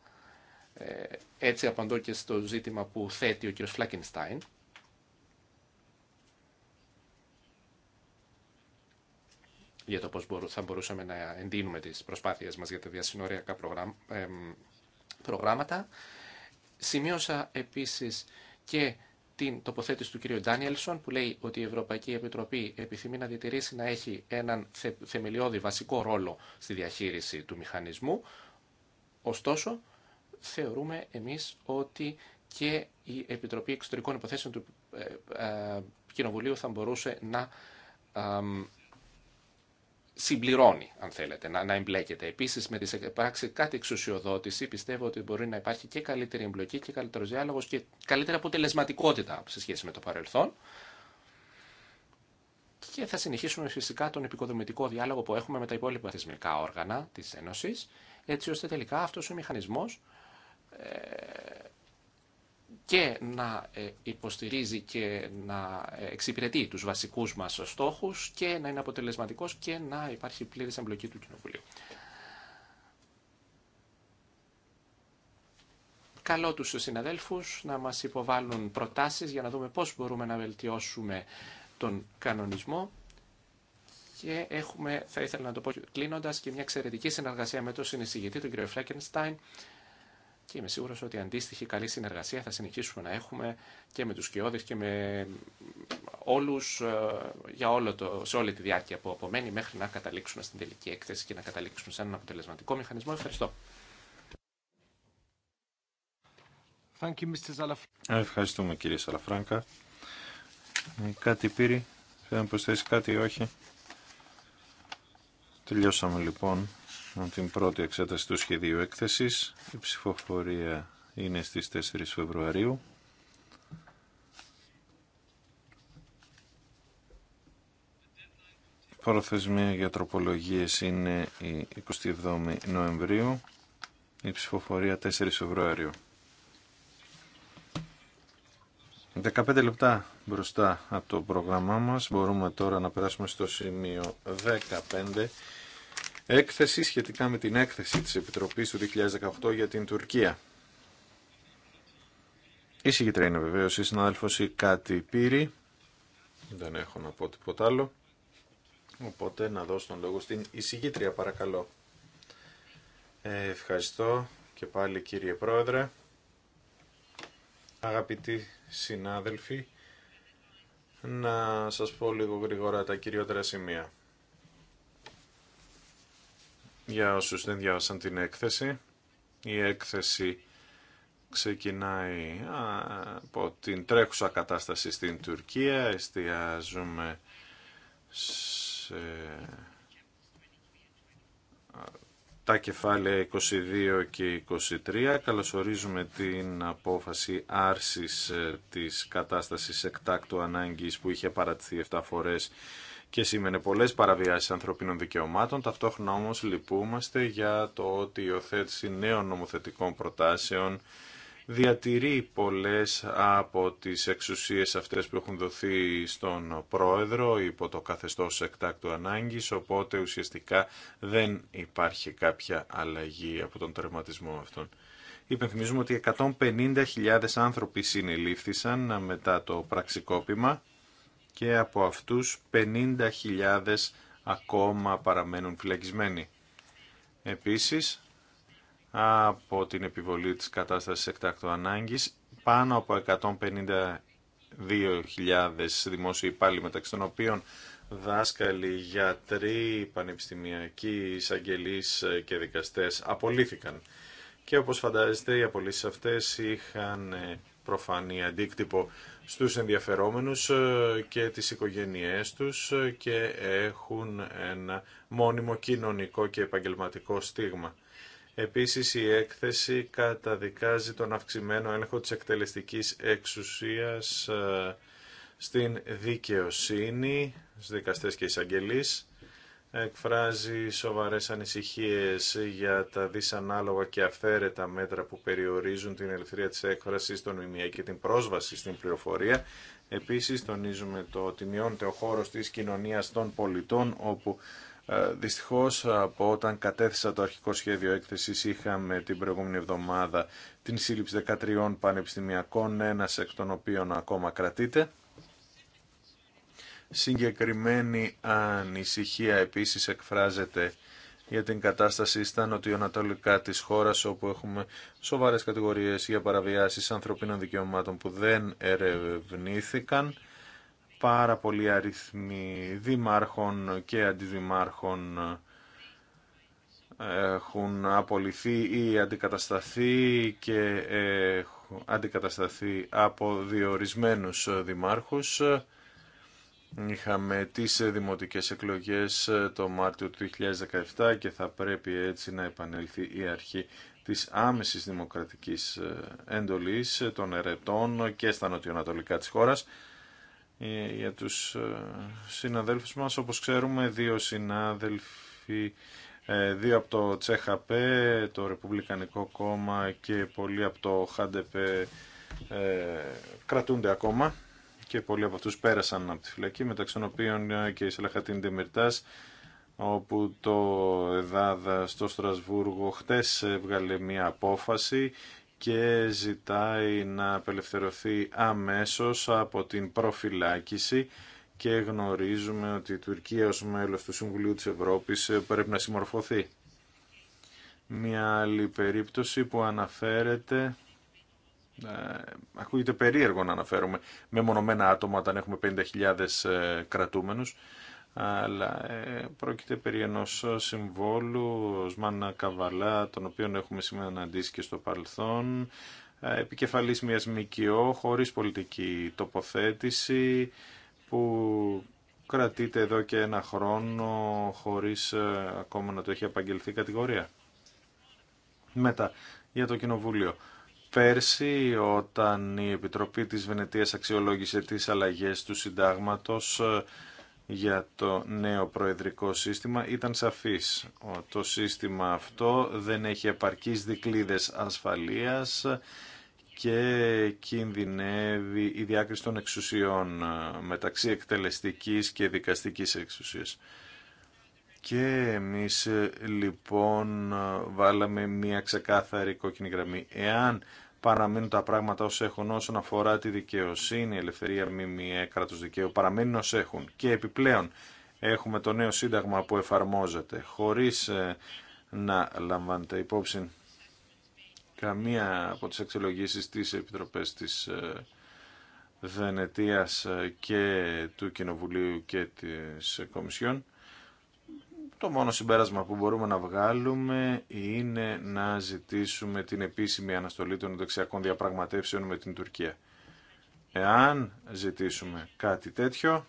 B: Ε, έτσι απαντώ και στο ζήτημα που θέτει ο κ. Φλακενστάιν. για το πώς θα μπορούσαμε να εντείνουμε τις προσπάθειες μας για τα διασυνοριακά προγράμματα. Σημείωσα επίσης και την τοποθέτηση του κ. Ντάνιελσον που λέει ότι η Ευρωπαϊκή Επιτροπή επιθυμεί να διατηρήσει να έχει έναν θεμελιώδη βασικό ρόλο στη διαχείριση του μηχανισμού. Ωστόσο, θεωρούμε εμείς ότι και η Επιτροπή Εξωτερικών Υποθέσεων του ε, ε, Κοινοβουλίου θα μπορούσε να συμπληρώνει, αν θέλετε, να, να εμπλέκεται. Επίση, με τι πράξη κάτι εξουσιοδότηση, πιστεύω ότι μπορεί να υπάρχει και καλύτερη εμπλοκή και καλύτερο διάλογο και καλύτερη αποτελεσματικότητα σε σχέση με το παρελθόν. Και θα συνεχίσουμε φυσικά τον επικοδομητικό διάλογο που έχουμε με τα υπόλοιπα θεσμικά όργανα τη Ένωση, έτσι ώστε τελικά αυτό ο μηχανισμό ε, και να ε, υποστηρίζει και να ε, εξυπηρετεί τους βασικούς μας στόχους και να είναι αποτελεσματικός και να υπάρχει πλήρης εμπλοκή του Κοινοβουλίου. Καλώ τους συναδέλφους να μας υποβάλουν προτάσεις για να δούμε πώς μπορούμε να βελτιώσουμε τον κανονισμό και έχουμε, θα ήθελα να το πω κλείνοντας, και μια εξαιρετική συνεργασία με τον συνεισηγητή, τον κ. Φρέκενστάιν, και είμαι σίγουρο ότι αντίστοιχη καλή συνεργασία θα συνεχίσουμε να έχουμε και με του κοιόδε και με όλου ε, για όλο το, σε όλη τη διάρκεια που απομένει μέχρι να καταλήξουμε στην τελική έκθεση και να καταλήξουμε σε έναν αποτελεσματικό μηχανισμό. Ευχαριστώ.
A: Ευχαριστούμε κύριε Σαλαφράγκα. Ε, κάτι πήρε. Θέλω να προσθέσει κάτι, όχι. Τελειώσαμε λοιπόν την πρώτη εξέταση του σχεδίου έκθεσης. Η ψηφοφορία είναι στις 4 Φεβρουαρίου. Η Προθεσμία για τροπολογίες είναι η 27 Νοεμβρίου, η ψηφοφορία 4 Φεβρουαρίου. 15 λεπτά μπροστά από το πρόγραμμά μας. Μπορούμε τώρα να περάσουμε στο σημείο 15 έκθεση σχετικά με την έκθεση της Επιτροπής του 2018 για την Τουρκία. Η συγκεκριά είναι βεβαίως η συνάδελφος η Κάτι πήρη. Δεν έχω να πω τίποτα άλλο. Οπότε να δώσω τον λόγο στην εισηγήτρια παρακαλώ. Ε, ευχαριστώ και πάλι κύριε Πρόεδρε. Αγαπητοί συνάδελφοι, να σας πω λίγο γρήγορα τα κυριότερα σημεία. Για όσους δεν διάβασαν την έκθεση, η έκθεση ξεκινάει από την τρέχουσα κατάσταση στην Τουρκία, εστιάζουμε σε τα κεφάλαια 22 και 23. Καλωσορίζουμε την απόφαση άρσης ε, της κατάστασης εκτάκτου ανάγκης που είχε παρατηθεί 7 φορές και σήμαινε πολλέ παραβιάσεις ανθρωπίνων δικαιωμάτων. Ταυτόχρονα όμω λυπούμαστε για το ότι η υιοθέτηση νέων νομοθετικών προτάσεων διατηρεί πολλές από τις εξουσίες αυτές που έχουν δοθεί στον πρόεδρο υπό το καθεστώς εκτάκτου ανάγκης, οπότε ουσιαστικά δεν υπάρχει κάποια αλλαγή από τον τερματισμό αυτών. Υπενθυμίζουμε ότι 150.000 άνθρωποι συνελήφθησαν μετά το πραξικόπημα και από αυτούς 50.000 ακόμα παραμένουν φυλακισμένοι. Επίσης, από την επιβολή της κατάστασης εκτάκτου ανάγκης, πάνω από 152.000 δημόσιοι υπάλληλοι, μεταξύ των οποίων δάσκαλοι, γιατροί, πανεπιστημιακοί, εισαγγελείς και δικαστές απολύθηκαν. Και όπως φαντάζεστε οι απολύσεις αυτές είχαν ε, προφανή αντίκτυπο στους ενδιαφερόμενους ε, και τις οικογένειές τους ε, και έχουν ένα μόνιμο κοινωνικό και επαγγελματικό στίγμα. Επίσης η έκθεση καταδικάζει τον αυξημένο έλεγχο της εκτελεστικής εξουσίας ε, στην δικαιοσύνη, στις δικαστές και εισαγγελείς εκφράζει σοβαρές ανησυχίες για τα δυσανάλογα και αυθαίρετα μέτρα που περιορίζουν την ελευθερία της έκφρασης των ΜΜΕ και την πρόσβαση στην πληροφορία. Επίσης τονίζουμε το ότι μειώνεται ο χώρος της κοινωνίας των πολιτών όπου ε, δυστυχώς από όταν κατέθεσα το αρχικό σχέδιο έκθεσης είχαμε την προηγούμενη εβδομάδα την σύλληψη 13 πανεπιστημιακών, ένας εκ των οποίων ακόμα κρατείται Συγκεκριμένη ανησυχία επίσης εκφράζεται για την κατάσταση στα νοτιοανατολικά της χώρας όπου έχουμε σοβαρές κατηγορίες για παραβιάσεις ανθρωπίνων δικαιωμάτων που δεν ερευνήθηκαν πάρα πολλοί αριθμοί δημάρχων και αντιδημάρχων ε, έχουν απολυθεί ή αντικατασταθεί και ε, αντικατασταθεί από διορισμένους δημάρχους Είχαμε τις δημοτικές εκλογές ε, το Μάρτιο του 2017 και θα πρέπει έτσι να επανέλθει η αρχή της άμεσης δημοκρατικής ε, εντολής ε, των ερετών και στα νοτιοανατολικά της χώρας. Για τους συναδέλφους μας, όπως ξέρουμε, δύο συνάδελφοι, δύο από το Τσέχαπέ, το Ρεπουμπλικανικό Κόμμα και πολλοί από το ΧΑΝΤΕΠΕ κρατούνται ακόμα και πολλοί από αυτούς πέρασαν από τη φυλακή, μεταξύ των οποίων ε, και η Σελαχατίν Τεμιρτάς, όπου το Εδάδα στο Στρασβούργο χτες έβγαλε μία απόφαση και ζητάει να απελευθερωθεί αμέσως από την προφυλάκηση και γνωρίζουμε ότι η Τουρκία ως μέλος του Συμβουλίου της Ευρώπης ε, πρέπει να συμμορφωθεί. Μια άλλη περίπτωση που αναφέρεται ε, ακούγεται περίεργο να αναφέρουμε με μονομένα άτομα όταν έχουμε 50.000 ε, κρατούμενους αλλά ε, πρόκειται περί ενός συμβόλου Σμάνα Καβαλά τον οποίο έχουμε σήμερα αντίσει και στο παρελθόν επικεφαλής μιας ΜΚΟ χωρίς πολιτική τοποθέτηση που κρατείται εδώ και ένα χρόνο χωρίς ακόμα να το έχει απαγγελθεί κατηγορία. Μετά για το Κοινοβούλιο πέρσι όταν η Επιτροπή της Βενετίας αξιολόγησε τις αλλαγές του συντάγματος ε, για το νέο προεδρικό σύστημα ήταν σαφής. Το σύστημα αυτό δεν έχει επαρκείς δικλίδες ασφαλείας και κινδυνεύει η διάκριση των εξουσιών ε, μεταξύ εκτελεστικής και δικαστικής εξουσίας. Και εμείς λοιπόν βάλαμε μια ξεκάθαρη κόκκινη γραμμή. Εάν παραμείνουν τα πράγματα ως έχουν όσον αφορά τη δικαιοσύνη, η ελευθερία μίμη, ε, κράτος δικαίου, παραμένουν ως έχουν. Και επιπλέον έχουμε το νέο σύνταγμα που εφαρμόζεται χωρίς ε, να λαμβάνεται υπόψη καμία από τις αξιολογήσεις της Επιτροπές της ε, Βενετίας και του Κοινοβουλίου και της Κομισιόν το μόνο συμπέρασμα που μπορούμε να βγάλουμε είναι να ζητήσουμε την επίσημη αναστολή των ενταξιακών διαπραγματεύσεων με την Τουρκία. Εάν ζητήσουμε κάτι τέτοιο,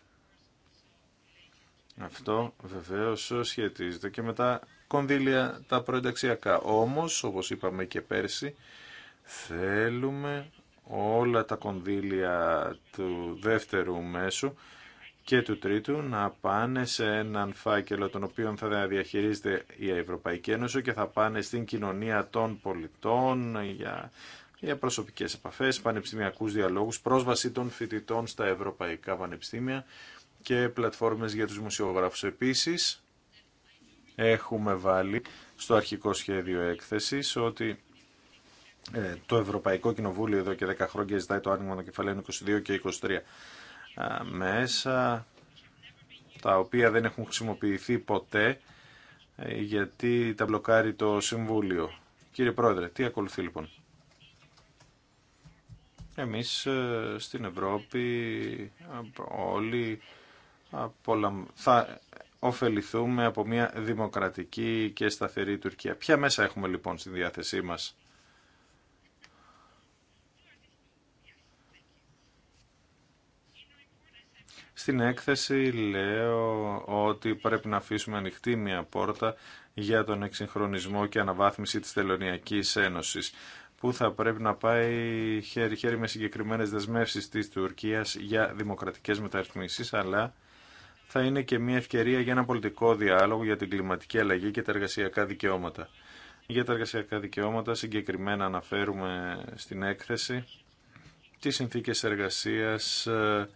A: αυτό βεβαίως σχετίζεται και με τα κονδύλια τα προενταξιακά. Όμως, όπως είπαμε και πέρσι, θέλουμε όλα τα κονδύλια του δεύτερου μέσου και του τρίτου να πάνε σε έναν φάκελο τον οποίο θα διαχειρίζεται η Ευρωπαϊκή Ένωση και θα πάνε στην κοινωνία των πολιτών για, για προσωπικές επαφές, πανεπιστημιακούς διαλόγους, πρόσβαση των φοιτητών στα ευρωπαϊκά πανεπιστήμια και πλατφόρμες για τους μουσιογράφους. Επίσης, έχουμε βάλει στο αρχικό σχέδιο έκθεσης ότι ε, το Ευρωπαϊκό Κοινοβούλιο εδώ και 10 χρόνια ζητάει το άνοιγμα των κεφαλαίων 22 και 23 μέσα τα οποία δεν έχουν χρησιμοποιηθεί ποτέ ε, γιατί τα μπλοκάρει το Συμβούλιο. Κύριε Πρόεδρε, τι ακολουθεί λοιπόν. Εμείς ε, στην Ευρώπη όλοι θα ωφεληθούμε από μια δημοκρατική και σταθερή Τουρκία. Ποια μέσα έχουμε λοιπόν στη διάθεσή μας Στην έκθεση λέω ότι πρέπει να αφήσουμε ανοιχτή μια πόρτα για τον εξυγχρονισμό και αναβάθμιση της Τελωνιακής Ένωσης που θα πρέπει να πάει χέρι-χέρι με συγκεκριμένες δεσμεύσεις της Τουρκίας για δημοκρατικές μεταρρυθμίσεις, αλλά θα είναι και μια ευκαιρία για ένα πολιτικό διάλογο για την κλιματική αλλαγή και τα εργασιακά δικαιώματα. Για τα εργασιακά δικαιώματα συγκεκριμένα αναφέρουμε στην έκθεση τις συνθήκες εργασίας, ε,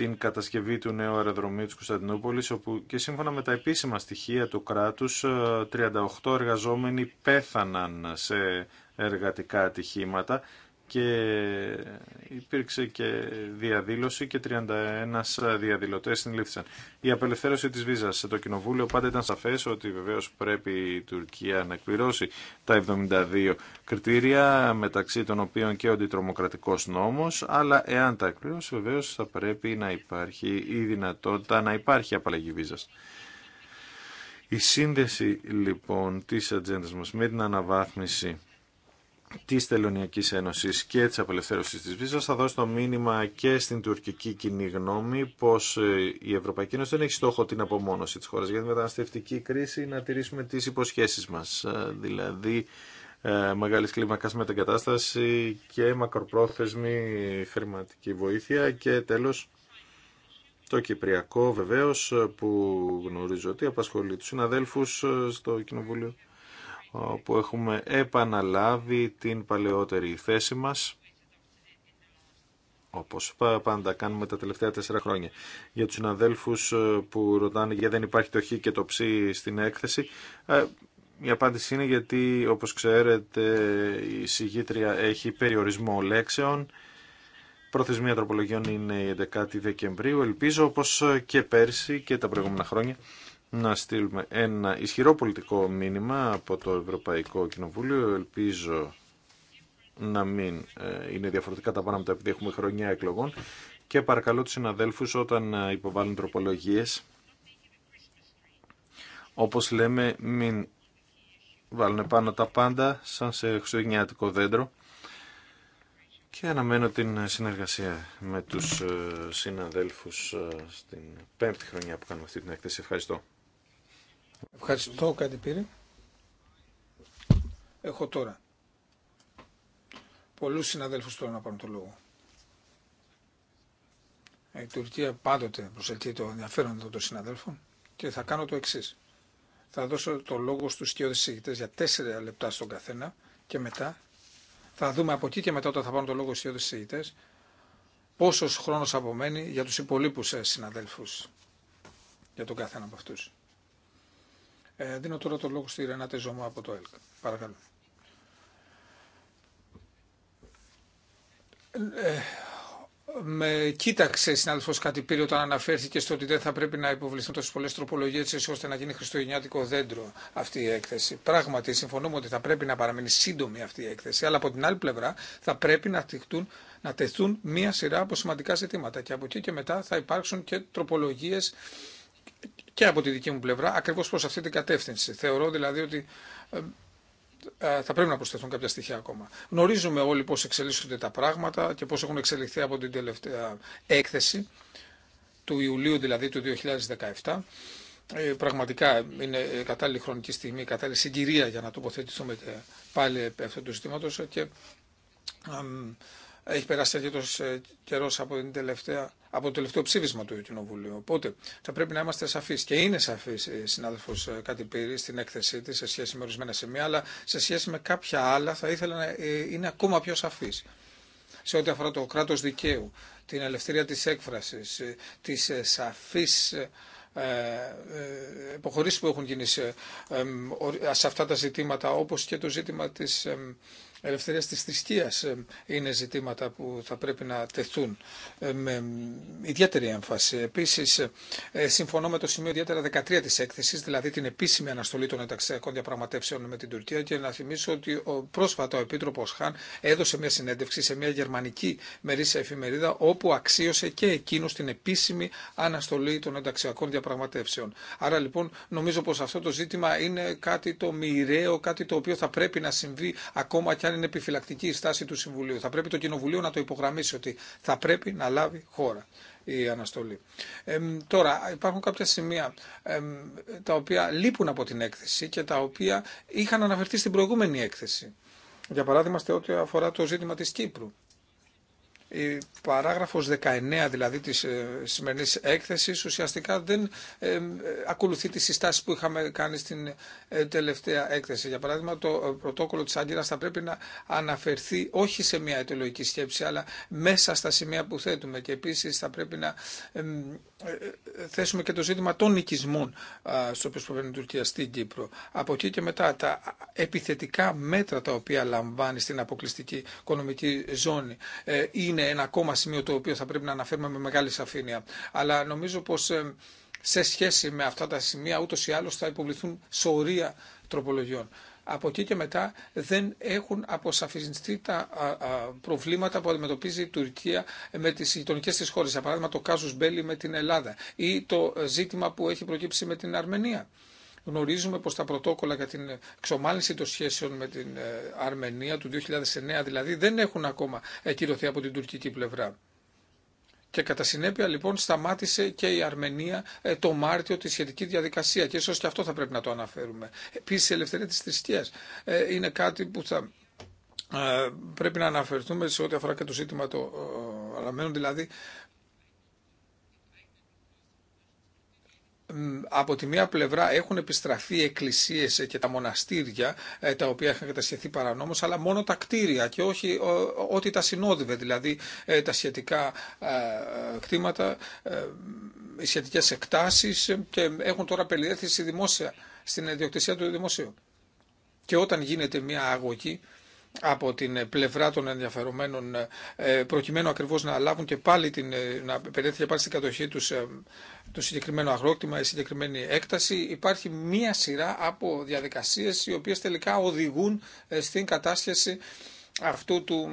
A: την κατασκευή του νέου αεροδρομίου της Κωνσταντινούπολης, όπου και σύμφωνα με τα επίσημα στοιχεία του κράτους, 38 ε, εργαζόμενοι πέθαναν σε εργατικά ατυχήματα και υπήρξε και διαδήλωση και 31 διαδηλωτές συνελήφθησαν. Η απελευθέρωση της βίζας σε το Κοινοβούλιο πάντα ήταν σαφές ότι βεβαίως πρέπει η Τουρκία να εκπληρώσει τα 72 κριτήρια μεταξύ των οποίων και ο αντιτρομοκρατικός νόμος αλλά εάν τα εκπληρώσει βεβαίως θα πρέπει να υπάρχει η δυνατότητα να υπάρχει απαλλαγή βίζας. Η σύνδεση λοιπόν της ατζέντα μας με την αναβάθμιση Τη Τελωνιακή Ένωση και τη απελευθέρωση τη ΒΙΖΑ θα δώσει το μήνυμα και στην τουρκική κοινή γνώμη πω ε, η Ευρωπαϊκή Ένωση δεν έχει στόχο την απομόνωση τη χώρα για την μεταναστευτική κρίση να τηρήσουμε τι υποσχέσει μα. Ε, δηλαδή ε, μεγάλη κλίμακα μεταγκατάσταση και μακροπρόθεσμη χρηματική βοήθεια και τέλο το Κυπριακό βεβαίως που γνωρίζω ότι απασχολεί τους συναδέλφους στο Κοινοβούλιο όπου έχουμε επαναλάβει την παλαιότερη θέση μας όπως πάντα κάνουμε τα τελευταία τέσσερα χρόνια. Για τους συναδέλφους ε, που ρωτάνε γιατί δεν υπάρχει το χ και το ψ στην έκθεση, ε, η απάντηση είναι γιατί, όπως ξέρετε, η συγγήτρια έχει περιορισμό λέξεων. Προθεσμία τροπολογιών είναι η 11η Δεκεμβρίου. Ελπίζω, όπως και πέρσι και τα προηγούμενα χρόνια, να στείλουμε ένα ισχυρό πολιτικό μήνυμα από το Ευρωπαϊκό Κοινοβούλιο. Ελπίζω να μην ε, είναι διαφορετικά τα πράγματα επειδή έχουμε χρονιά εκλογών και παρακαλώ τους συναδέλφους όταν ε, υποβάλλουν τροπολογίες όπως λέμε μην βάλουν πάνω τα πάντα σαν σε χριστουγεννιάτικο δέντρο και αναμένω την συνεργασία με τους ε, συναδέλφους στην πέμπτη χρονιά που κάνουμε αυτή την έκθεση. Ευχαριστώ.
C: Ευχαριστώ, κάτι πήρε. Έχω τώρα πολλούς συναδέλφους τώρα να πάρουν το λόγο. Ε, η Τουρκία πάντοτε προσελκύει το ενδιαφέρον των συναδέλφων και θα κάνω το εξή. Θα δώσω το λόγο στους και συζητητές για τέσσερα λεπτά στον καθένα και μετά θα δούμε από εκεί και μετά όταν θα πάρουν το λόγο στους και συζητητές πόσος χρόνος απομένει για τους υπολείπους ε, συναδέλφους για τον καθένα από αυτούς. Ε, δίνω τώρα το λόγο στη Ρενάτε Ζωμά από το ΕΛΚ. Παρακαλώ. Ε, με κοίταξε συνάδελφο πήρε όταν αναφέρθηκε στο ότι δεν θα πρέπει να υποβληθούν τόσε πολλέ τροπολογίε ώστε να γίνει χριστουγεννιάτικο δέντρο αυτή η έκθεση. Πράγματι, συμφωνούμε ότι θα πρέπει να παραμείνει σύντομη αυτή η έκθεση, αλλά από την άλλη πλευρά θα πρέπει να, να τεθούν μία σειρά από σημαντικά ζητήματα. Και από εκεί και μετά θα υπάρξουν και τροπολογίε και από τη δική μου πλευρά ακριβώς προς αυτή την κατεύθυνση. Θεωρώ δηλαδή ότι ε, ε, θα πρέπει να προσθεθούν κάποια στοιχεία ακόμα. Γνωρίζουμε όλοι πώς εξελίσσονται τα πράγματα και πώς έχουν εξελιχθεί από την τελευταία έκθεση του Ιουλίου δηλαδή του 2017. Ε, πραγματικά είναι κατάλληλη χρονική στιγμή, κατάλληλη συγκυρία για να τοποθετηθούμε πάλι επί αυτού του ζήτηματο. και έχει περάσει αρκετό ε, καιρό από, από το τελευταίο ψήφισμα του Κοινοβουλίου. Οπότε θα πρέπει να είμαστε σαφεί. Και είναι σαφή η ε, συνάδελφο ε, Κατυπήρη στην έκθεσή τη σε σχέση με ορισμένα σημεία, αλλά σε σχέση με κάποια άλλα θα ήθελα να είναι ακόμα πιο σαφή. Σε ό,τι αφορά το κράτο δικαίου, την ελευθερία τη έκφραση, τι σαφεί υποχωρήσει που έχουν γίνει σε, αυτά τα ζητήματα όπως και το ζήτημα της ελευθερίας της θρησκείας ε, είναι ζητήματα που θα πρέπει να τεθούν ε, με ιδιαίτερη έμφαση. Επίσης, ε, συμφωνώ με το σημείο ιδιαίτερα 13 της έκθεσης, δηλαδή την επίσημη αναστολή των ενταξιακών διαπραγματεύσεων με την Τουρκία και να θυμίσω ότι ο πρόσφατα ο Επίτροπος Χαν έδωσε μια συνέντευξη σε μια γερμανική μερίσια εφημερίδα όπου αξίωσε και εκείνο την επίσημη αναστολή των ενταξιακών διαπραγματεύσεων. Άρα λοιπόν νομίζω πως αυτό το ζήτημα είναι κάτι το μοιραίο, κάτι το οποίο θα πρέπει να συμβεί ακόμα και είναι επιφυλακτική η στάση του Συμβουλίου. Θα πρέπει το Κοινοβουλίο να το υπογραμμίσει ότι θα πρέπει να λάβει χώρα η αναστολή. τώρα, υπάρχουν κάποια σημεία ε, τα οποία λείπουν από την έκθεση και τα οποία είχαν αναφερθεί στην προηγούμενη έκθεση. Για παράδειγμα, σε ό,τι αφορά το ζήτημα της Κύπρου η παράγραφος 19 δηλαδή της ε, σημερινής έκθεσης ουσιαστικά δεν ε, ε, ακολουθεί τις συστάσεις που είχαμε κάνει στην ε, τελευταία έκθεση. Για παράδειγμα το ε, πρωτόκολλο της Άγκυρας θα πρέπει να αναφερθεί όχι σε μια αιτιολογική σκέψη αλλά μέσα στα σημεία που θέτουμε και επίσης θα πρέπει να θέσουμε και το ζήτημα των οικισμών στο οποίο προβαίνει η Τουρκία στην Κύπρο. Από εκεί και μετά τα επιθετικά μέτρα τα οποία λαμβάνει στην αποκλειστική οικονομική ζώνη είναι είναι ένα ακόμα σημείο το οποίο θα πρέπει να αναφέρουμε με μεγάλη σαφήνεια. Αλλά νομίζω πως ε, σε σχέση με αυτά τα σημεία ούτως ή άλλως θα υποβληθούν σωρία τροπολογιών. Από εκεί και μετά δεν έχουν αποσαφινιστεί τα προβλήματα που αντιμετωπίζει η αλλως θα υποβληθουν σωρια τροπολογιων απο εκει και μετα δεν εχουν αποσαφιστει τα προβληματα που αντιμετωπιζει η τουρκια με τις γειτονικέ της χώρες. Για παράδειγμα το κάζους Μπέλη με την Ελλάδα ή το ε, ζήτημα που έχει προκύψει με την Αρμενία γνωρίζουμε πως τα πρωτόκολλα για την εξομάλυνση των σχέσεων με την ε, Αρμενία του 2009 δηλαδή δεν έχουν ακόμα κυρωθεί από την τουρκική πλευρά. Και κατά συνέπεια λοιπόν σταμάτησε και η Αρμενία ε, το Μάρτιο τη σχετική διαδικασία και ίσως και αυτό θα πρέπει να το αναφέρουμε. Επίση η ελευθερία της θρησκείας ε, είναι κάτι που θα πρέπει να αναφερθούμε σε ό,τι αφορά και το ζήτημα το αναμένουν δηλαδή από τη μία πλευρά έχουν επιστραφεί οι εκκλησίες και τα μοναστήρια ε, τα οποία είχαν κατασχεθεί παρανόμως αλλά μόνο τα κτίρια και όχι ό,τι τα συνόδευε δηλαδή ε, τα σχετικά ε, κτήματα οι σχετικές εκτάσεις και έχουν τώρα περιέθει στη δημόσια, στην ιδιοκτησία του δημοσίου. Και όταν γίνεται μια αγωγή από την πλευρά των ενδιαφερομένων ε, προκειμένου ακριβώς να λάβουν και πάλι την, ε, να περιέχει πάλι στην κατοχή τους ε, το συγκεκριμένο αγρόκτημα, η συγκεκριμένη έκταση, υπάρχει μία σειρά από διαδικασίες οι οποίες τελικά οδηγούν στην κατάσχεση αυτού του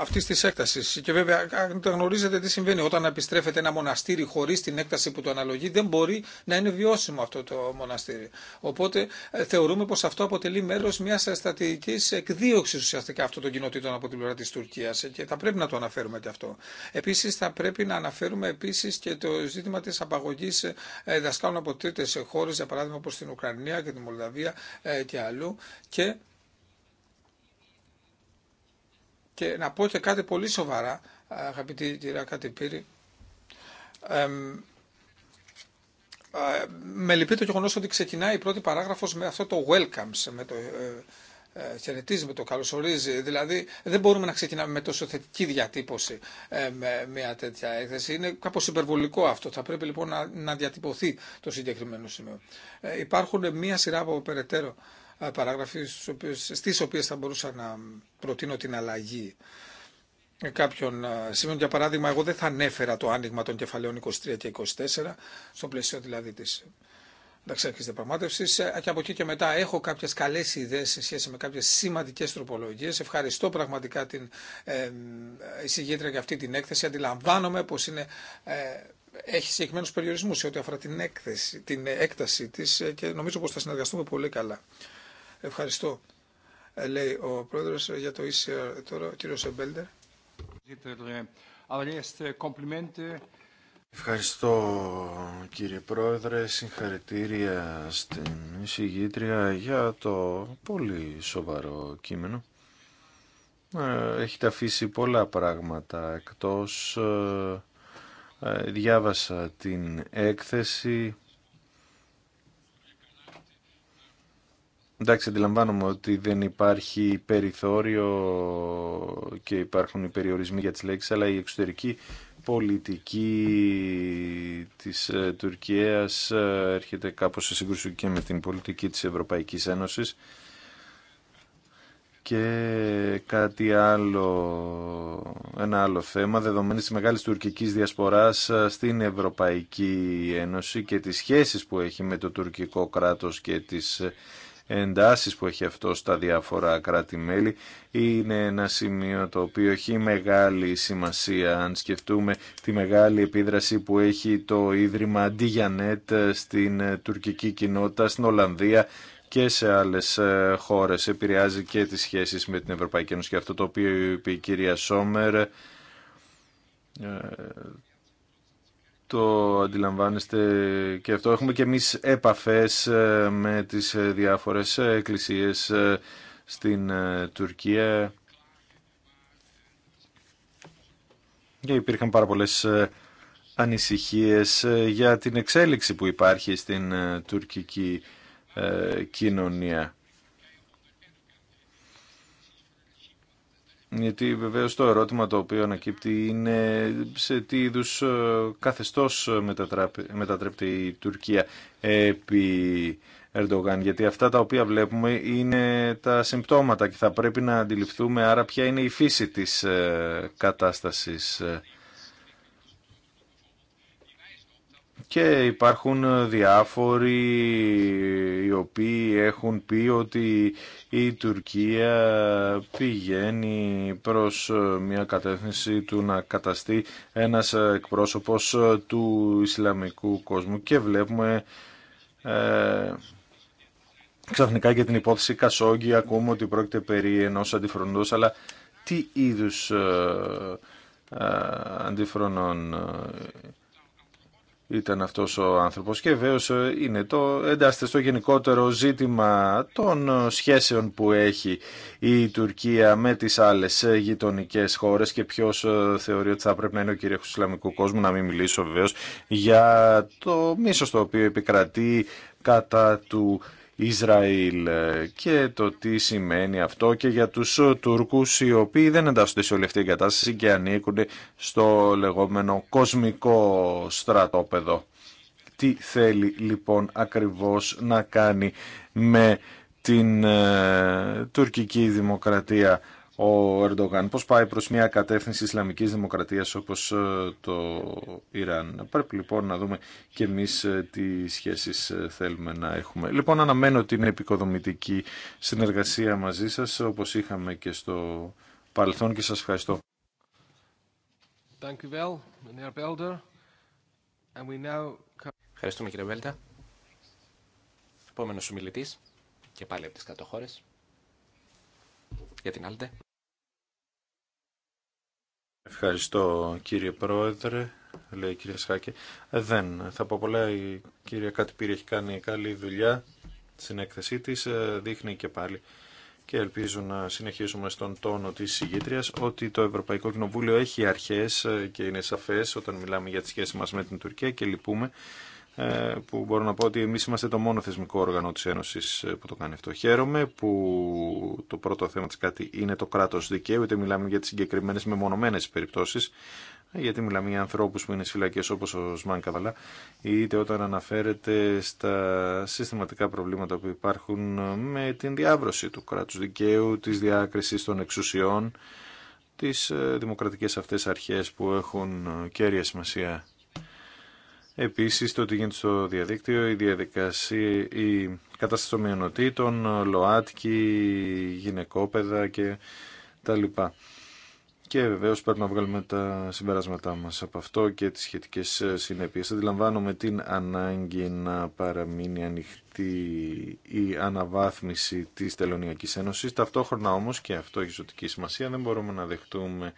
C: αυτή τη έκταση. Και βέβαια, αν το γνωρίζετε τι συμβαίνει, όταν επιστρέφεται ένα μοναστήρι χωρί την έκταση που το αναλογεί, δεν μπορεί να είναι βιώσιμο αυτό το μοναστήρι. Οπότε ε, θεωρούμε πω αυτό αποτελεί μέρο μια στρατηγική εκδίωξη ουσιαστικά αυτών των κοινοτήτων από την πλευρά τη Τουρκία και θα πρέπει να το αναφέρουμε και αυτό. Επίση, θα πρέπει να αναφέρουμε επίση και το ζήτημα τη απαγωγή ε, δασκάλων από τρίτε χώρε, για παράδειγμα όπω την Ουκρανία και την Μολδαβία ε, και αλλού. Και και να πω και κάτι πολύ σοβαρά, αγαπητή κυρία Κατυπήρη. Ε, με λυπεί το γεγονό ότι ξεκινάει η πρώτη παράγραφος με αυτό το welcomes, με το ε, ε χαιρετίζει, με το καλωσορίζει. Δηλαδή δεν μπορούμε να ξεκινάμε με τόσο θετική διατύπωση ε, με μια τέτοια έκθεση. Είναι κάπως υπερβολικό αυτό. Θα πρέπει λοιπόν να, να διατυπωθεί το συγκεκριμένο σημείο. Ε, υπάρχουν μια σειρά από περαιτέρω ε, παράγραφοι στις οποίες θα μπορούσα να προτείνω την αλλαγή κάποιων ε, σημείων. Για παράδειγμα, εγώ δεν θα ανέφερα το άνοιγμα των κεφαλαίων 23 και 24, στο πλαίσιο δηλαδή της ε, ενταξιάρχης διαπραγμάτευση. Και από εκεί και μετά έχω κάποιες καλέ ιδέε σε σχέση με κάποιες σημαντικέ τροπολογίες. Ευχαριστώ πραγματικά την εισηγήτρια για αυτή την έκθεση. Αντιλαμβάνομαι πως είναι. Ε, έχει συγκεκριμένου περιορισμού σε ό,τι αφορά την, έκθεση, την έκταση τη και νομίζω πω θα συνεργαστούμε πολύ καλά. Ευχαριστώ, ε, λέει ο πρόεδρος ε, για το ECR τώρα, ο κύριος
A: Ευχαριστώ κύριε Πρόεδρε, συγχαρητήρια στην εισηγήτρια για το πολύ σοβαρό κείμενο. Ε, έχετε αφήσει πολλά πράγματα εκτός. Διάβασα την έκθεση Εντάξει, αντιλαμβάνομαι ότι δεν υπάρχει περιθώριο και υπάρχουν οι περιορισμοί για τις λέξεις, αλλά η εξωτερική πολιτική της ε, Τουρκίας ε, έρχεται κάπως σε σύγκρουση και με την πολιτική της Ευρωπαϊκής Ένωσης και κάτι άλλο, ένα άλλο θέμα, δεδομένη της μεγάλης τουρκικής διασποράς ε, στην Ευρωπαϊκή Ένωση και τις σχέσεις που έχει με το τουρκικό κράτος και τις εντάσεις που έχει αυτό στα διάφορα κράτη-μέλη είναι ένα σημείο το οποίο έχει μεγάλη σημασία αν σκεφτούμε τη μεγάλη επίδραση που έχει το Ίδρυμα Αντιγιανέτ στην τουρκική κοινότητα, στην Ολλανδία και σε άλλες ε, χώρες. Επηρεάζει και τις σχέσεις με την Ευρωπαϊκή Ένωση και αυτό το οποίο είπε η κυρία Σόμερ ε, το αντιλαμβάνεστε και αυτό. Έχουμε και εμείς επαφές ε, με τις ε, διάφορες εκκλησίες ε, στην Τουρκία. Και υπήρχαν πάρα πολλές ανησυχίες για την εξέλιξη που υπάρχει στην τουρκική κοινωνία. Γιατί βεβαίως το ερώτημα το οποίο ανακύπτει είναι σε τι είδου ε, καθεστώς ε, μετατρέπεται η Τουρκία επί Ερντογάν. Γιατί αυτά τα οποία βλέπουμε είναι τα συμπτώματα και θα πρέπει να αντιληφθούμε άρα ποια είναι η φύση της ε, κατάστασης. Και υπάρχουν ε, διάφοροι οι οποίοι έχουν πει ότι η Τουρκία πηγαίνει προς ε, μια κατεύθυνση του να καταστεί ένας ε, εκπρόσωπος του Ισλαμικού κόσμου και βλέπουμε ε, ξαφνικά για την υπόθεση Κασόγγι ακούμε ότι πρόκειται περί ενός αντιφρονούς αλλά τι είδους ε, αντιφρονών ήταν αυτός ο άνθρωπος και βέβαια ε, είναι το εντάσσεται στο γενικότερο ζήτημα των ε, σχέσεων που έχει η Τουρκία με τις άλλες ε, γειτονικέ χώρες και ποιος θεωρεί ότι θα πρέπει να είναι ο κυρίαρχος Ισλαμικού κόσμου να μην μιλήσω βεβαίω για το μίσος το οποίο επικρατεί κατά του Ισραήλ ε, και το τι σημαίνει αυτό και για τους ε, Τούρκους οι οποίοι δεν εντάσσονται σε όλη αυτή την κατάσταση και ανήκουν στο λεγόμενο κοσμικό στρατόπεδο. Τι θέλει λοιπόν ακριβώς να κάνει με την ε, τουρκική δημοκρατία ο Ερντογάν, πώς πάει προς μια κατεύθυνση Ισλαμικής Δημοκρατίας όπως ε, το Ιράν. Πρέπει λοιπόν να δούμε και εμείς ε, τι σχέσεις ε, θέλουμε να έχουμε. Λοιπόν, αναμένω την επικοδομητική συνεργασία μαζί σας, όπως είχαμε και στο παρελθόν και σας ευχαριστώ.
B: Ευχαριστούμε κύριε Βέλτα. Επόμενος ομιλητής και πάλι από τις χώρες για την άλλη.
A: Ευχαριστώ κύριε Πρόεδρε, λέει η κυρία Σχάκη. Ε, δεν θα πω πολλά, η κυρία Κατυπήρη έχει κάνει καλή δουλειά στην έκθεσή της, ε, δείχνει και πάλι και ελπίζω να συνεχίσουμε στον τόνο της συγγήτριας ότι το Ευρωπαϊκό Κοινοβούλιο έχει αρχές ε, και είναι σαφές όταν μιλάμε για τη σχέση μας με την Τουρκία και λυπούμε ε, που μπορώ να πω ότι εμείς είμαστε το μόνο θεσμικό όργανο της Ένωσης ε, που το κάνει αυτό. Χαίρομαι που το πρώτο θέμα της κάτι είναι το κράτος δικαίου, είτε μιλάμε για τις συγκεκριμένες μεμονωμένες περιπτώσεις, γιατί μιλάμε για ανθρώπους που είναι φυλακέ, όπως ο Σμάν Καβαλά, είτε όταν αναφέρεται στα συστηματικά προβλήματα που υπάρχουν με την διάβρωση του κράτους δικαίου, της διάκρισης των εξουσιών, τις ε, δημοκρατικές αυτές αρχές που έχουν κέρια σημασία Επίσης το ότι γίνεται στο διαδίκτυο, η διαδικασία, η κατάσταση των μειονοτήτων, ΛΟΑΤΚΙ, γυναικόπαιδα και τα λοιπά. Και βεβαίως πρέπει να βγάλουμε τα συμπεράσματά μας από αυτό και τις σχετικές συνέπειες. Αντιλαμβάνομαι την ανάγκη να παραμείνει ανοιχτή η αναβάθμιση της Τελωνιακής Ένωσης. Ταυτόχρονα όμως, και αυτό έχει ζωτική σημασία, δεν μπορούμε να δεχτούμε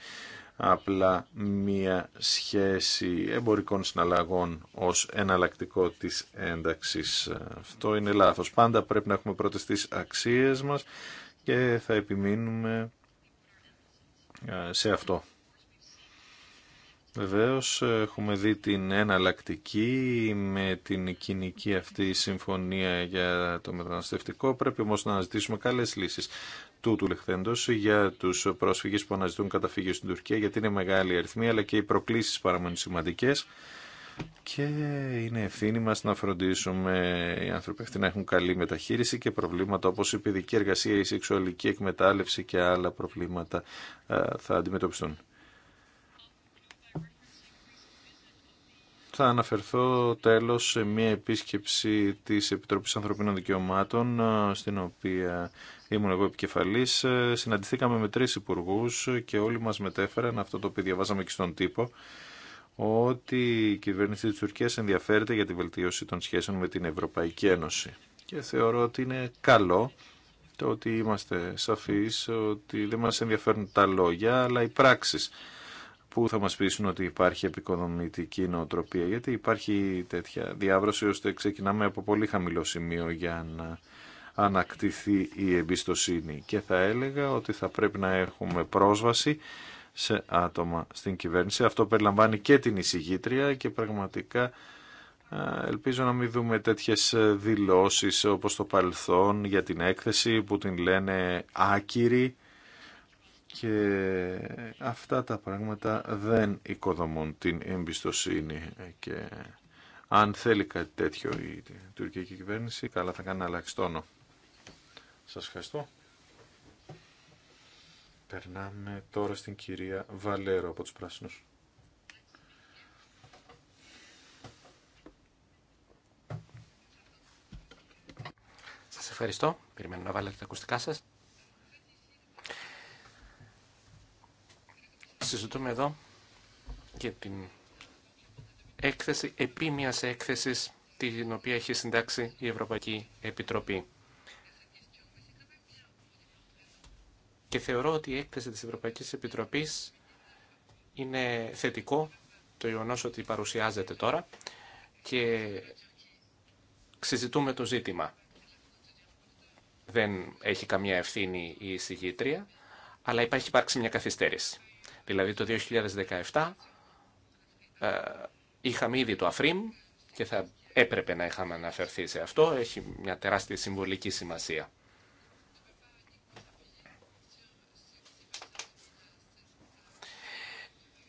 A: απλά μία σχέση εμπορικών συναλλαγών ως εναλλακτικό της ένταξης. Αυτό είναι λάθος. Πάντα πρέπει να έχουμε πρώτες τις αξίες μας και θα επιμείνουμε ε, σε αυτό. Βεβαίως έχουμε δει την εναλλακτική με την κοινική αυτή συμφωνία για το μεταναστευτικό. Πρέπει όμως να αναζητήσουμε καλές λύσεις του λεχθέντος για τους πρόσφυγες που αναζητούν καταφύγιο στην Τουρκία γιατί είναι μεγάλη αριθμή αλλά και οι προκλήσεις παραμένουν σημαντικέ. και είναι ευθύνη μας να φροντίσουμε οι άνθρωποι αυτοί να έχουν καλή μεταχείριση και προβλήματα όπως η παιδική εργασία, η σεξουαλική εκμετάλλευση και άλλα προβλήματα ε, θα αντιμετωπιστούν. Θα αναφερθώ τέλος σε μια επίσκεψη της Επιτροπής Ανθρωπίνων Δικαιωμάτων, ε, στην οποία ήμουν εγώ επικεφαλής. Ε, συναντηθήκαμε με τρεις υπουργούς και όλοι μας μετέφεραν αυτό το οποίο διαβάζαμε και στον τύπο, ότι η κυβέρνηση της Τουρκίας ενδιαφέρεται για τη βελτίωση των σχέσεων με την Ευρωπαϊκή Ένωση. Και θεωρώ ότι είναι καλό το ότι είμαστε σαφείς, ότι δεν μας ενδιαφέρουν τα λόγια, αλλά οι πράξεις που θα μας πείσουν ότι υπάρχει επικοδομητική νοοτροπία, γιατί υπάρχει τέτοια διάβρωση ώστε ξεκινάμε από πολύ χαμηλό σημείο για να ανακτηθεί η εμπιστοσύνη. Και θα έλεγα ότι θα πρέπει να έχουμε πρόσβαση σε άτομα στην κυβέρνηση. Αυτό περιλαμβάνει και την εισηγήτρια και πραγματικά ελπίζω να μην δούμε τέτοιες δηλώσεις όπως το παρελθόν για την έκθεση που την λένε άκυρη και αυτά τα πράγματα δεν οικοδομούν την εμπιστοσύνη και αν θέλει κάτι τέτοιο η τουρκική κυβέρνηση καλά θα κάνει να αλλάξει τόνο. Σας ευχαριστώ. Περνάμε τώρα στην κυρία Βαλέρο από τους Πράσινους.
B: Σας ευχαριστώ. Περιμένω να βάλετε τα ακουστικά σας. συζητούμε εδώ και την έκθεση επί μιας έκθεσης την οποία έχει συντάξει η Ευρωπαϊκή Επιτροπή. Και θεωρώ ότι η έκθεση της Ευρωπαϊκής Επιτροπής είναι θετικό το γεγονό ότι παρουσιάζεται τώρα και συζητούμε το ζήτημα. Δεν έχει καμία ευθύνη η συγγήτρια, αλλά υπάρχει υπάρξει μια καθυστέρηση. Δηλαδή το 2017 ε, είχαμε ήδη το ΑΦΡΙΜ και θα έπρεπε να είχαμε αναφερθεί σε αυτό. Έχει μια τεράστια συμβολική σημασία.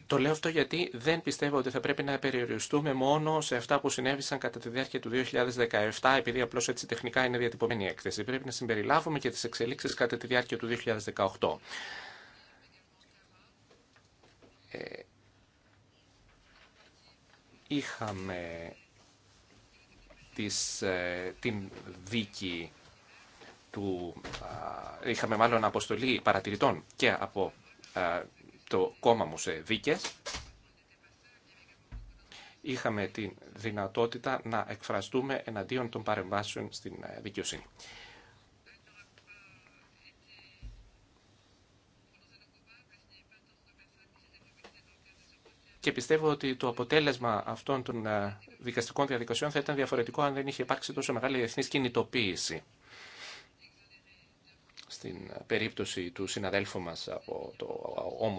B: Το λέω αυτό γιατί δεν πιστεύω ότι θα πρέπει να περιοριστούμε μόνο σε αυτά που συνέβησαν κατά τη διάρκεια του 2017, επειδή απλώς έτσι τεχνικά είναι διατυπωμένη η έκθεση. Πρέπει να συμπεριλάβουμε και τις εξελίξεις κατά τη διάρκεια του 2018. Ε, είχαμε της, ε, την δίκη του, ε, είχαμε μάλλον αποστολή παρατηρητών και από το κόμμα μου σε δίκες. Είχαμε τη δυνατότητα να εκφραστούμε εναντίον των παρεμβάσεων στην δικαιοσύνη. και πιστεύω ότι το αποτέλεσμα αυτών των ε, δικαστικών διαδικασιών θα ήταν διαφορετικό αν δεν είχε υπάρξει τόσο μεγάλη διεθνή κινητοποίηση. Στην περίπτωση του συναδέλφου μας από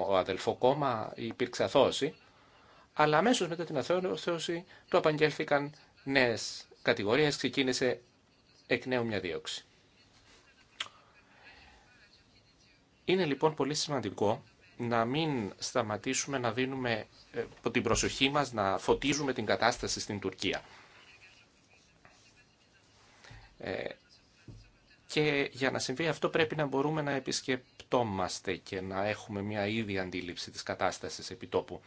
B: το αδελφό κόμμα υπήρξε αθώωση, αλλά αμέσως μετά την αθώωση του απαγγέλθηκαν νέες κατηγορίες, ξεκίνησε εκ νέου μια δίωξη. Είναι λοιπόν πολύ σημαντικό να μην σταματήσουμε να δίνουμε ε, την προσοχή μας να φωτίζουμε την κατάσταση στην Τουρκία. Ε, και για να συμβεί αυτό πρέπει να μπορούμε να επισκεπτόμαστε και να έχουμε μια ίδια αντίληψη της κατάστασης επιτόπου.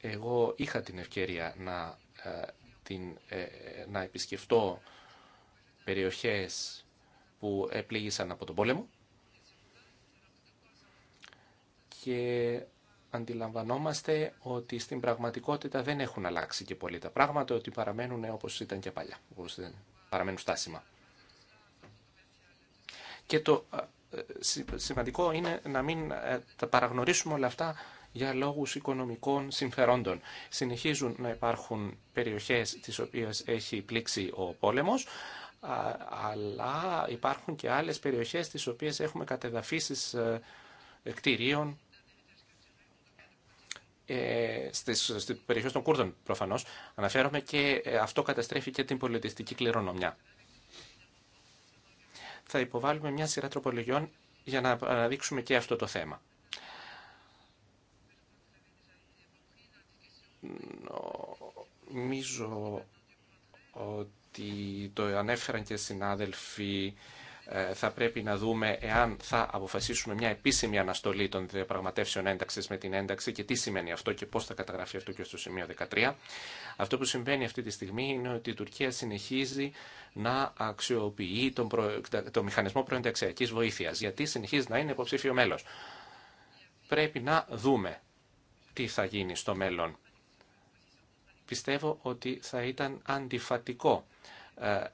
B: Εγώ είχα την ευκαιρία να, ε, την, να επισκεφτώ περιοχές που επλήγησαν από τον πόλεμο και αντιλαμβανόμαστε ότι στην πραγματικότητα δεν έχουν αλλάξει και πολύ τα πράγματα, ότι παραμένουν όπως ήταν και παλιά, όπως παραμένουν στάσιμα. Και το ε, σημαντικό είναι να μην ε, τα παραγνωρίσουμε όλα αυτά για λόγους οικονομικών συμφερόντων. Συνεχίζουν να υπάρχουν περιοχές τις οποίες έχει πλήξει ο πόλεμος, αλλά υπάρχουν και άλλες περιοχές τις οποίες έχουμε κατεδαφίσεις ε, κτηρίων ε, στις, στις περιοχές των Κούρδων προφανώς αναφέρομαι και ε, αυτό καταστρέφει και την πολιτιστική κληρονομιά. Θα υποβάλουμε μια σειρά τροπολογιών για να αναδείξουμε και αυτό το θέμα. Νομίζω ότι το ανέφεραν και συνάδελφοι, ε, θα πρέπει να δούμε εάν θα αποφασίσουμε μια επίσημη αναστολή των διαπραγματεύσεων ένταξης με την ένταξη και τι σημαίνει αυτό και πώς θα καταγραφεί αυτό και στο σημείο 13. Αυτό που συμβαίνει αυτή τη στιγμή είναι ότι η Τουρκία συνεχίζει να αξιοποιεί τον, μηχανισμό προενταξιακής βοήθειας γιατί συνεχίζει να είναι υποψήφιο μέλος. Πρέπει να δούμε τι θα γίνει στο μέλλον πιστεύω ότι θα ήταν αντιφατικό ε, ε,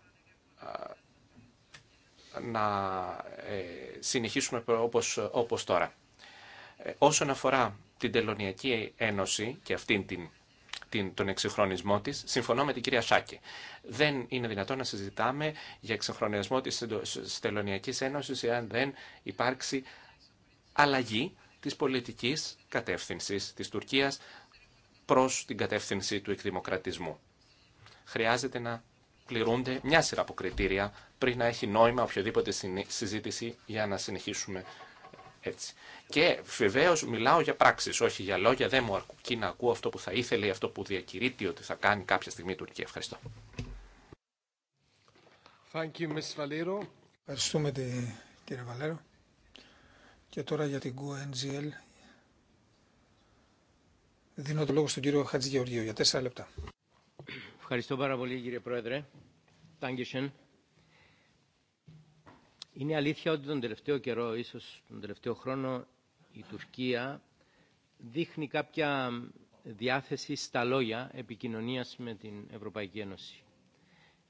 B: να ε, συνεχίσουμε όπως, όπως τώρα. Όσον αφορά την Τελωνιακή Ένωση και αυτήν την, τον εξυγχρονισμό της, συμφωνώ με την κυρία Σάκη. Δεν είναι δυνατόν να συζητάμε για εξυγχρονισμό της Τελωνιακής Ένωσης εάν δεν υπάρξει αλλαγή της πολιτικής κατεύθυνσης της Τουρκίας προς την κατεύθυνση του εκδημοκρατισμού. Χρειάζεται να πληρούνται μια σειρά από κριτήρια πριν να έχει νόημα οποιοδήποτε συζήτηση για να συνεχίσουμε έτσι. Και βεβαίω μιλάω για πράξει, όχι για λόγια. Δεν μου αρκεί να ακούω αυτό που θα ήθελε ή αυτό που διακηρύττει ότι θα κάνει κάποια στιγμή η Τουρκία. Ευχαριστώ.
F: Thank you, Valero.
C: Ευχαριστούμε κύριε Βαλέρο. Και τώρα για την QNGL, Δίνω το λόγο στον κύριο Χατζηγεωργίου για τέσσερα λεπτά.
G: Ευχαριστώ πάρα πολύ κύριε Πρόεδρε. Είναι αλήθεια ότι τον τελευταίο καιρό, ίσως τον τελευταίο χρόνο, η Τουρκία δείχνει κάποια διάθεση στα λόγια επικοινωνίας με την Ευρωπαϊκή Ένωση.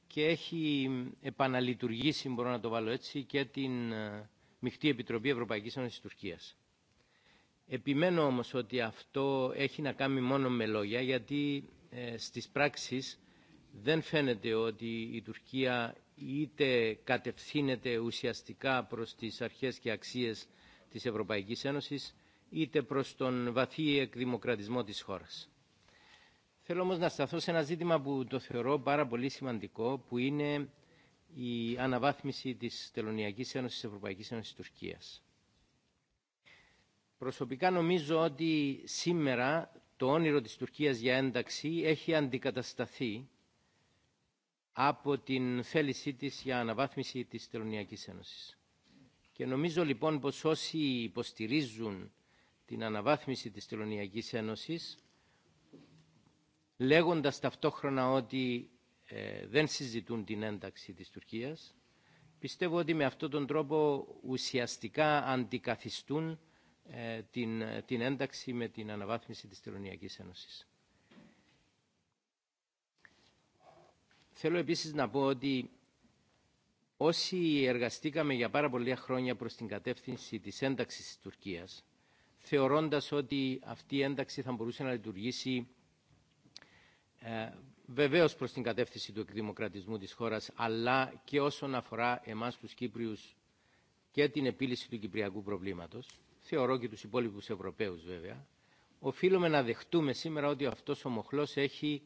G: Και έχει επαναλειτουργήσει, μπορώ να το βάλω έτσι, και την ε, Μιχτή Επιτροπή Ευρωπαϊκής Ένωσης Τουρκίας. Επιμένω όμως ότι αυτό έχει να κάνει μόνο με λόγια γιατί ε, στις πράξεις δεν φαίνεται ότι η Τουρκία είτε κατευθύνεται ουσιαστικά προς τις αρχές και αξίες της Ευρωπαϊκής Ένωσης είτε προς τον βαθύ εκδημοκρατισμό της χώρας. Θέλω όμως να σταθώ σε ένα ζήτημα που το θεωρώ πάρα πολύ σημαντικό που είναι η αναβάθμιση της Τελωνιακής Ένωσης Ευρωπαϊκής Ένωσης Τουρκίας. Προσωπικά νομίζω ότι σήμερα το όνειρο της Τουρκίας για ένταξη έχει αντικατασταθεί από την θέλησή της για αναβάθμιση της Τελωνιακής Ένωσης. Και νομίζω λοιπόν πως όσοι υποστηρίζουν την αναβάθμιση της Τελωνιακής Ένωσης λέγοντας ταυτόχρονα ότι ε, δεν συζητούν την ένταξη της Τουρκίας πιστεύω ότι με αυτόν τον τρόπο ουσιαστικά αντικαθιστούν ε, την, την ένταξη με την αναβάθμιση της Τελωνιακής Ένωσης. Θέλω επίσης να πω ότι όσοι εργαστήκαμε για πάρα πολλά χρόνια προς την κατεύθυνση της ένταξης της Τουρκίας, θεωρώντας ότι αυτή η ένταξη θα μπορούσε να λειτουργήσει ε, βεβαίως προς την κατεύθυνση του εκδημοκρατισμού της χώρας, αλλά και όσον αφορά εμάς τους Κύπριους και την επίλυση του κυπριακού προβλήματος θεωρώ και τους υπόλοιπους Ευρωπαίους βέβαια, οφείλουμε να δεχτούμε σήμερα ότι αυτός ο μοχλός έχει,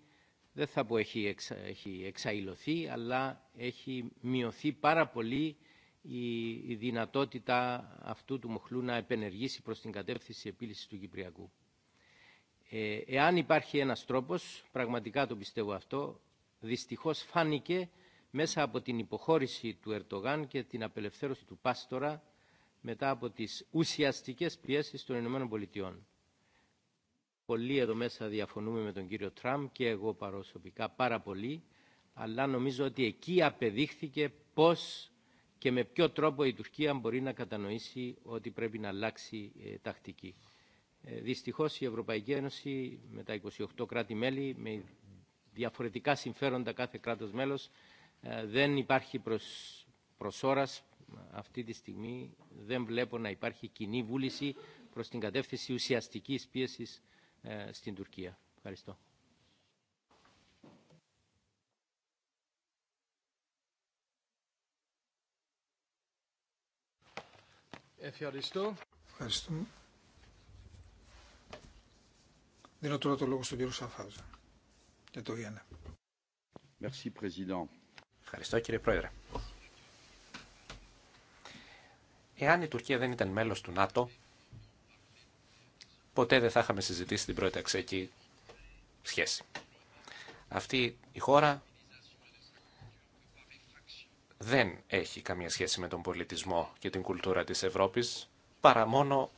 G: δεν θα πω έχει, έχει εξαϊλωθεί, αλλά έχει μειωθεί πάρα πολύ η, δυνατότητα αυτού του μοχλού να επενεργήσει προς την κατεύθυνση επίλυσης του Κυπριακού. Ε, εάν υπάρχει ένας τρόπος, πραγματικά το πιστεύω αυτό, δυστυχώς φάνηκε μέσα από την υποχώρηση του Ερτογάν και την απελευθέρωση του Πάστορα μετά από τις ουσιαστικές πιέσεις των Ηνωμένων Πολιτειών. Πολλοί εδώ μέσα διαφωνούμε με τον κύριο Τραμπ και εγώ παροσωπικά πάρα πολύ, αλλά νομίζω ότι εκεί απεδείχθηκε πώς και με ποιο τρόπο η Τουρκία μπορεί να κατανοήσει ότι πρέπει να αλλάξει ε, τακτική. Ε, δυστυχώς η Ευρωπαϊκή Ένωση με τα 28 κράτη-μέλη, με διαφορετικά συμφέροντα κάθε κράτος μέλος, ε, δεν υπάρχει προς, αυτή τη στιγμή δεν βλέπω να υπάρχει κοινή βούληση προς την κατεύθυνση ουσιαστικής πίεσης ε, στην Τουρκία. Ευχαριστώ.
A: Ευχαριστώ.
C: Ευχαριστούμε. Δίνω τώρα το λόγο στον κύριο Σαφάζα για το ΙΕΝΕ.
B: Ευχαριστώ κύριε Πρόεδρε. Εάν η Τουρκία δεν ήταν μέλος του ΝΑΤΟ, ποτέ δεν θα είχαμε συζητήσει την πρώτη αξιακή σχέση. Αυτή η χώρα δεν έχει καμία σχέση με τον πολιτισμό και την κουλτούρα της Ευρώπης, παρά μόνο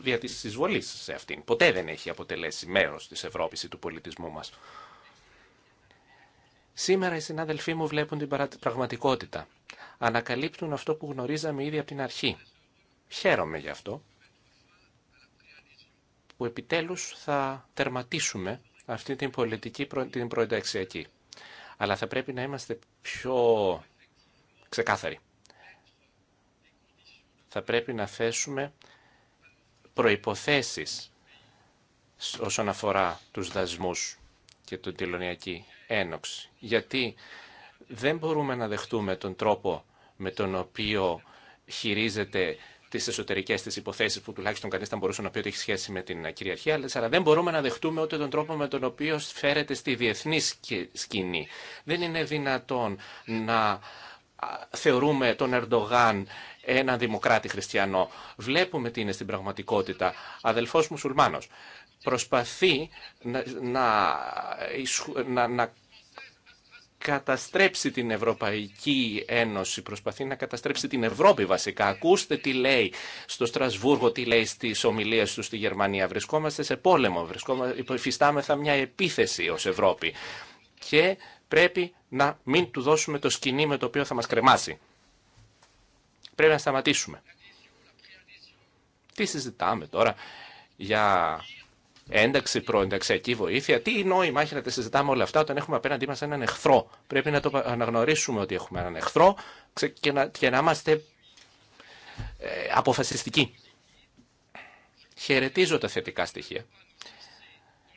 B: δια της εισβολής σε αυτήν. Ποτέ δεν έχει αποτελέσει μέρος της Ευρώπης ή του πολιτισμού μας. Σήμερα οι συνάδελφοί μου βλέπουν την πραγματικότητα ανακαλύπτουν αυτό που γνωρίζαμε ήδη από την αρχή. Χαίρομαι γι' αυτό που επιτέλους θα τερματίσουμε αυτή την πολιτική την προενταξιακή. Αλλά θα πρέπει να είμαστε πιο ξεκάθαροι. Θα πρέπει να θέσουμε προϋποθέσεις όσον αφορά τους δασμούς και την τελωνιακή ένοξη. Γιατί δεν μπορούμε να δεχτούμε τον τρόπο με τον οποίο χειρίζεται τι εσωτερικέ τη υποθέσει που τουλάχιστον κανεί θα μπορούσε να πει ότι έχει σχέση με την κυριαρχία, αλλά δεν μπορούμε να δεχτούμε ούτε τον τρόπο με τον οποίο φέρεται στη διεθνή σκηνή. Δεν είναι δυνατόν να θεωρούμε τον Ερντογάν έναν δημοκράτη χριστιανό. Βλέπουμε τι είναι στην πραγματικότητα. Αδελφός μουσουλμάνος. Προσπαθεί να, να, να καταστρέψει την Ευρωπαϊκή Ένωση, προσπαθεί να καταστρέψει την Ευρώπη βασικά. Ακούστε τι λέει στο Στρασβούργο, τι λέει στις ομιλίες του στη Γερμανία. Βρισκόμαστε σε πόλεμο, βρισκόμαστε, μια επίθεση ως Ευρώπη και πρέπει να μην του δώσουμε το σκηνή με το οποίο θα μας κρεμάσει. Πρέπει να σταματήσουμε. Τι συζητάμε τώρα για ένταξη, προενταξιακή βοήθεια. Τι νόημα έχει να τα συζητάμε όλα αυτά όταν έχουμε απέναντί μα έναν εχθρό. Πρέπει να το αναγνωρίσουμε ότι έχουμε έναν εχθρό και να, και να είμαστε ε, αποφασιστικοί. Χαιρετίζω τα θετικά στοιχεία.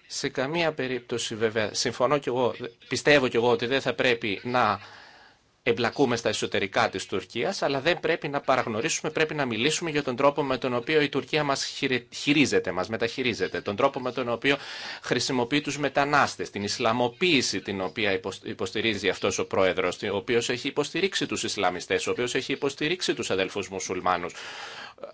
B: Σε καμία περίπτωση βέβαια, συμφωνώ και εγώ, πιστεύω και εγώ ότι δεν θα πρέπει να εμπλακούμε στα εσωτερικά της Τουρκίας, αλλά δεν πρέπει να παραγνωρίσουμε, πρέπει να μιλήσουμε για τον τρόπο με τον οποίο η Τουρκία μας χειρίζεται, μας μεταχειρίζεται, τον τρόπο με τον οποίο χρησιμοποιεί τους μετανάστες, την Ισλαμοποίηση την οποία υποστηρίζει αυτός ο πρόεδρος, ο οποίος έχει υποστηρίξει τους Ισλαμιστές, ο οποίος έχει υποστηρίξει τους αδελφούς μουσουλμάνους.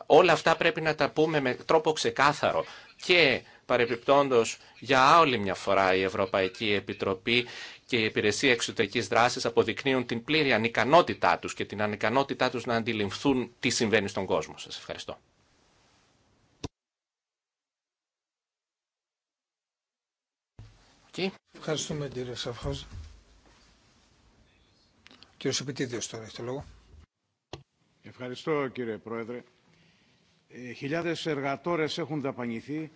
B: Όλα αυτά πρέπει να τα πούμε με τρόπο ξεκάθαρο και παρεπιπτόντως για άλλη μια φορά η Ευρωπαϊκή Επιτροπή και η Υπηρεσία εξωτερική δράση αποδεικνύουν την πλήρη ανικανότητά τους και την ανικανότητά τους να αντιληφθούν τι συμβαίνει στον κόσμο. σα. ευχαριστώ.
C: Ευχαριστούμε κύριε Σαφώ. Κύριος Επιτήδιος τώρα έχει το λόγο.
F: Ευχαριστώ κύριε Πρόεδρε. Ε, χιλιάδες εργατόρες έχουν δαπανηθεί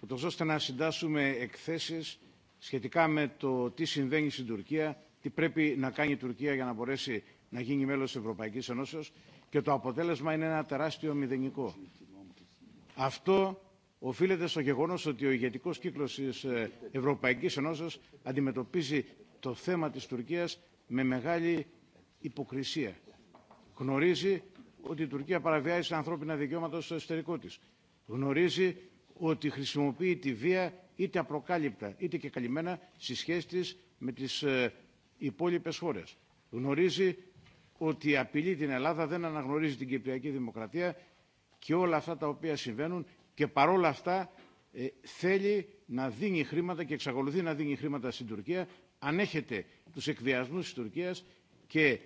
F: ούτως ώστε να συντάσσουμε εκθέσεις σχετικά με το τι συμβαίνει στην Τουρκία, τι πρέπει να κάνει η Τουρκία για να μπορέσει να γίνει μέλο τη Ευρωπαϊκή Ενώσεω και το αποτέλεσμα είναι ένα τεράστιο μηδενικό. Αυτό οφείλεται στο γεγονό ότι ο ηγετικό κύκλο τη ε, Ευρωπαϊκή Ενώσεως αντιμετωπίζει το θέμα τη Τουρκία με μεγάλη υποκρισία. Γνωρίζει ότι η Τουρκία παραβιάζει τα ανθρώπινα δικαιώματα στο εσωτερικό τη. Γνωρίζει ότι χρησιμοποιεί τη βία είτε απροκάλυπτα είτε και καλυμμένα στη σχέση της με τις ε, υπόλοιπες χώρες. Γνωρίζει ότι απειλεί την Ελλάδα, δεν αναγνωρίζει την Κυπριακή Δημοκρατία και όλα αυτά τα οποία συμβαίνουν και παρόλα αυτά ε, θέλει να δίνει χρήματα και εξακολουθεί να δίνει χρήματα στην Τουρκία, ανέχεται τους εκβιασμούς της Τουρκίας και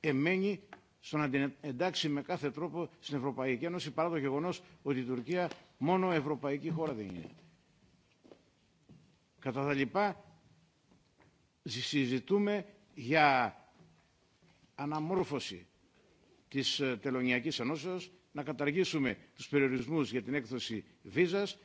F: εμένει στο να την εντάξει με κάθε τρόπο στην Ευρωπαϊκή Ένωση παρά το γεγονός ότι η Τουρκία μόνο ευρωπαϊκή χώρα δεν είναι κατά τα λοιπά συζητούμε για αναμόρφωση της ε, τελωνιακής ενώσεως, να καταργήσουμε τους περιορισμούς για την έκδοση βίζας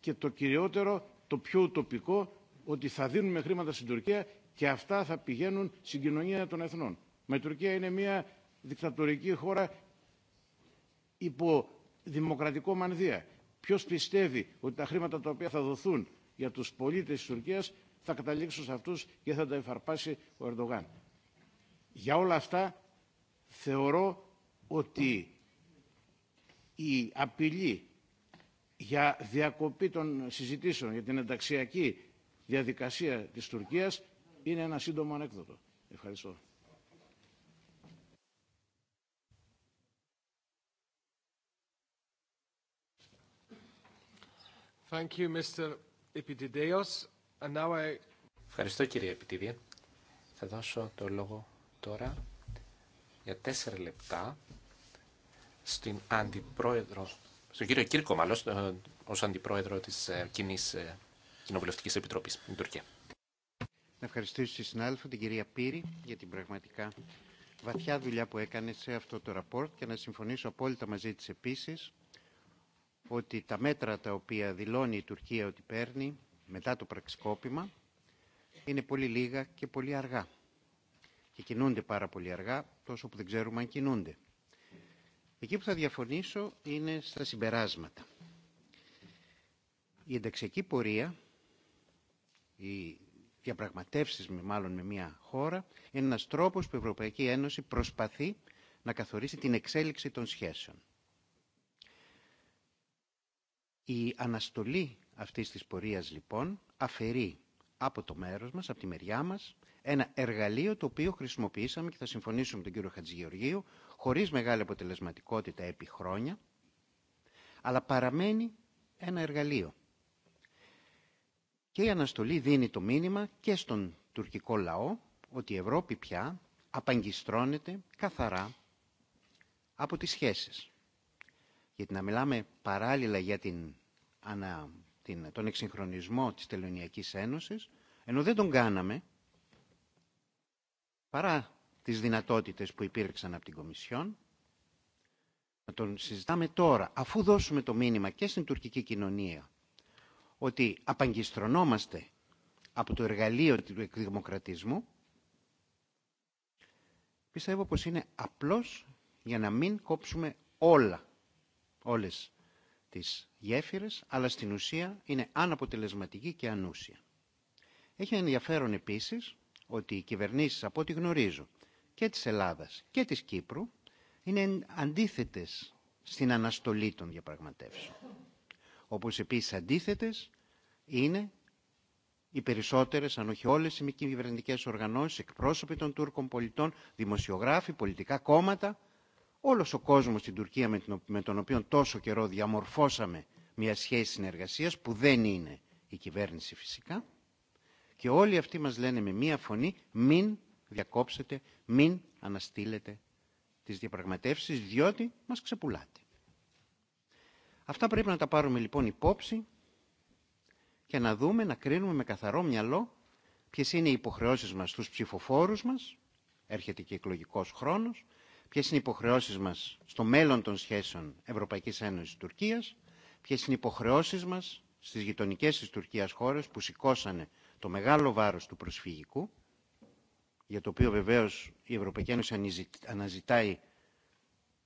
F: και το κυριότερο, το πιο ουτοπικό, ότι θα δίνουμε χρήματα στην Τουρκία και αυτά θα πηγαίνουν στην κοινωνία των εθνών. Μα η Τουρκία είναι μια δικτατορική χώρα υπό δημοκρατικό μανδύα. Ποιος πιστεύει ότι τα χρήματα τα οποία θα δοθούν για τους πολίτες της Τουρκίας θα καταλήξουν σε αυτούς και θα τα εφαρπάσει ο Ερντογάν. Για όλα αυτά θεωρώ ότι η απειλή για διακοπή των συζητήσεων για την ενταξιακή διαδικασία της Τουρκίας είναι ένα σύντομο ανέκδοτο. Ευχαριστώ.
H: Thank you, Mr.
B: Ευχαριστώ κύριε Επιτιδία. Θα δώσω το λόγο τώρα για τέσσερα λεπτά στην αντιπρόεδρο, στον κύριο Κύρκο μάλλον, ως αντιπρόεδρο της ε, κοινή ε, Κοινοβουλευτικής Επιτροπής στην Τουρκία.
I: Να ευχαριστήσω τη συνάδελφο την κυρία Πύρη για την πραγματικά βαθιά δουλειά που έκανε σε αυτό το ραπόρτ και να συμφωνήσω απόλυτα μαζί της επίσης ότι τα μέτρα τα οποία δηλώνει η Τουρκία ότι παίρνει μετά το πραξικόπημα είναι πολύ λίγα και πολύ αργά. Και κινούνται πάρα πολύ αργά, τόσο που δεν ξέρουμε αν κινούνται. Εκεί που θα διαφωνήσω είναι στα συμπεράσματα. Η ενταξιακή πορεία, οι διαπραγματεύσει με μάλλον με μια χώρα, είναι ένας τρόπος που η Ευρωπαϊκή Ένωση προσπαθεί να καθορίσει την εξέλιξη των σχέσεων. Η αναστολή αυτής της πορείας λοιπόν αφαιρεί από το μέρος μας, από τη μεριά μας, ένα εργαλείο το οποίο χρησιμοποιήσαμε και θα συμφωνήσουμε με τον κύριο Χατζηγεωργίου, χωρίς μεγάλη αποτελεσματικότητα επί χρόνια, αλλά παραμένει ένα εργαλείο. Και η αναστολή δίνει το μήνυμα και στον τουρκικό λαό ότι η Ευρώπη πια απαγκιστρώνεται καθαρά από τις σχέσεις γιατί να μιλάμε παράλληλα για την, την, τον εξυγχρονισμό της Τελωνιακής Ένωσης, ενώ δεν τον κάναμε, παρά τις δυνατότητες που υπήρξαν από την Κομισιόν, να τον συζητάμε τώρα, αφού δώσουμε το μήνυμα και στην τουρκική κοινωνία, ότι απαγκιστρωνόμαστε από το εργαλείο του εκδημοκρατισμού, πιστεύω πως είναι απλώς για να μην κόψουμε όλα όλες τις γέφυρες, αλλά στην ουσία είναι αναποτελεσματική και ανούσια. Έχει ενδιαφέρον επίσης ότι οι κυβερνήσεις, από ό,τι γνωρίζω, και της Ελλάδας και της Κύπρου, είναι αντίθετες στην αναστολή των διαπραγματεύσεων. Όπως επίσης αντίθετες είναι οι περισσότερες, αν όχι όλες, οι μη κυβερνητικές οργανώσεις, εκπρόσωποι των Τούρκων πολιτών, δημοσιογράφοι, πολιτικά κόμματα, όλος ο κόσμος στην Τουρκία με τον οποίο τόσο καιρό διαμορφώσαμε μια σχέση συνεργασίας που δεν είναι η κυβέρνηση φυσικά και όλοι αυτοί μας λένε με μία φωνή μην διακόψετε, μην αναστείλετε τις διαπραγματεύσεις διότι μας ξεπουλάτε. Αυτά πρέπει να τα πάρουμε λοιπόν υπόψη και να δούμε, να κρίνουμε με καθαρό μυαλό ποιες είναι οι υποχρεώσεις μας στους ψηφοφόρους μας, έρχεται και εκλογικός χρόνος, ποιε είναι οι υποχρεώσει μα στο μέλλον των σχέσεων Ευρωπαϊκή Ένωση-Τουρκία, ποιε είναι οι υποχρεώσει μα στι γειτονικέ τη Τουρκία χώρε που σηκώσανε το μεγάλο βάρο του προσφυγικού, για το οποίο βεβαίω η Ευρωπαϊκή Ένωση αναζητάει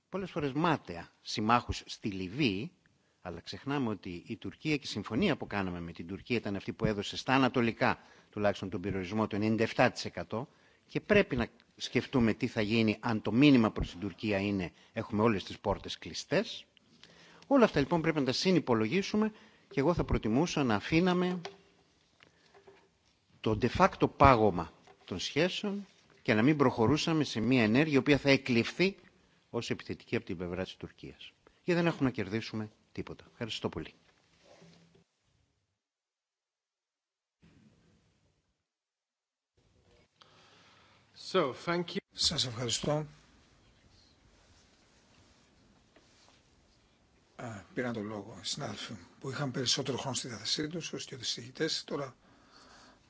I: πολλέ φορέ μάταια συμμάχου στη Λιβύη, αλλά ξεχνάμε ότι η Τουρκία και η συμφωνία που κάναμε με την Τουρκία ήταν αυτή που έδωσε στα ανατολικά τουλάχιστον τον περιορισμό του 97% και πρέπει να σκεφτούμε τι θα γίνει αν το μήνυμα προς την Τουρκία είναι έχουμε όλες τις πόρτες κλειστές. Όλα αυτά λοιπόν πρέπει να τα συνυπολογίσουμε και εγώ θα προτιμούσα να αφήναμε το de facto πάγωμα των σχέσεων και να μην προχωρούσαμε σε μια ενέργεια η οποία θα εκλειφθεί ως επιθετική από την πλευρά της Τουρκίας. γιατί δεν έχουμε να κερδίσουμε τίποτα. Ευχαριστώ πολύ. So, thank
C: you. Σας ευχαριστώ. Α, πήραν τον λόγο οι συνάδελφοι που είχαν περισσότερο χρόνο στη διάθεσή του ω και οι Τώρα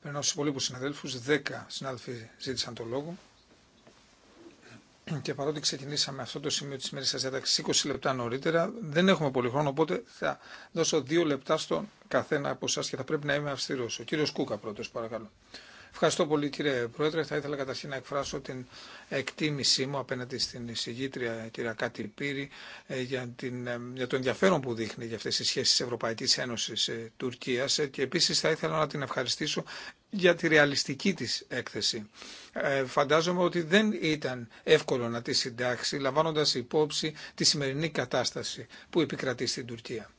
C: περνάω στου υπολείπου συναδέλφου. Δέκα συνάδελφοι ζήτησαν τον λόγο. Και παρότι ξεκινήσαμε αυτό το σημείο τη μέρης σας 20 λεπτά νωρίτερα, δεν έχουμε πολύ χρόνο, οπότε θα δώσω δύο λεπτά στον καθένα από εσά και θα πρέπει να είμαι αυστηρό. Ο κύριο Κούκα πρώτο παρακαλώ. Ευχαριστώ πολύ κύριε Πρόεδρε. Θα ήθελα καταρχήν να εκφράσω την εκτίμησή μου απέναντι στην εισηγήτρια κυρία Κάτι Πύρη ε, για, την, ε, για το ενδιαφέρον που δείχνει για αυτές τις σχέσεις Ευρωπαϊκής Ένωσης ε, Τουρκίας και επίσης θα ήθελα να την ευχαριστήσω για τη ρεαλιστική της έκθεση. φαντάζομαι ότι δεν ήταν εύκολο να τη συντάξει λαμβάνοντας υπόψη τη σημερινή κατάσταση που επικρατεί στην Τουρκία.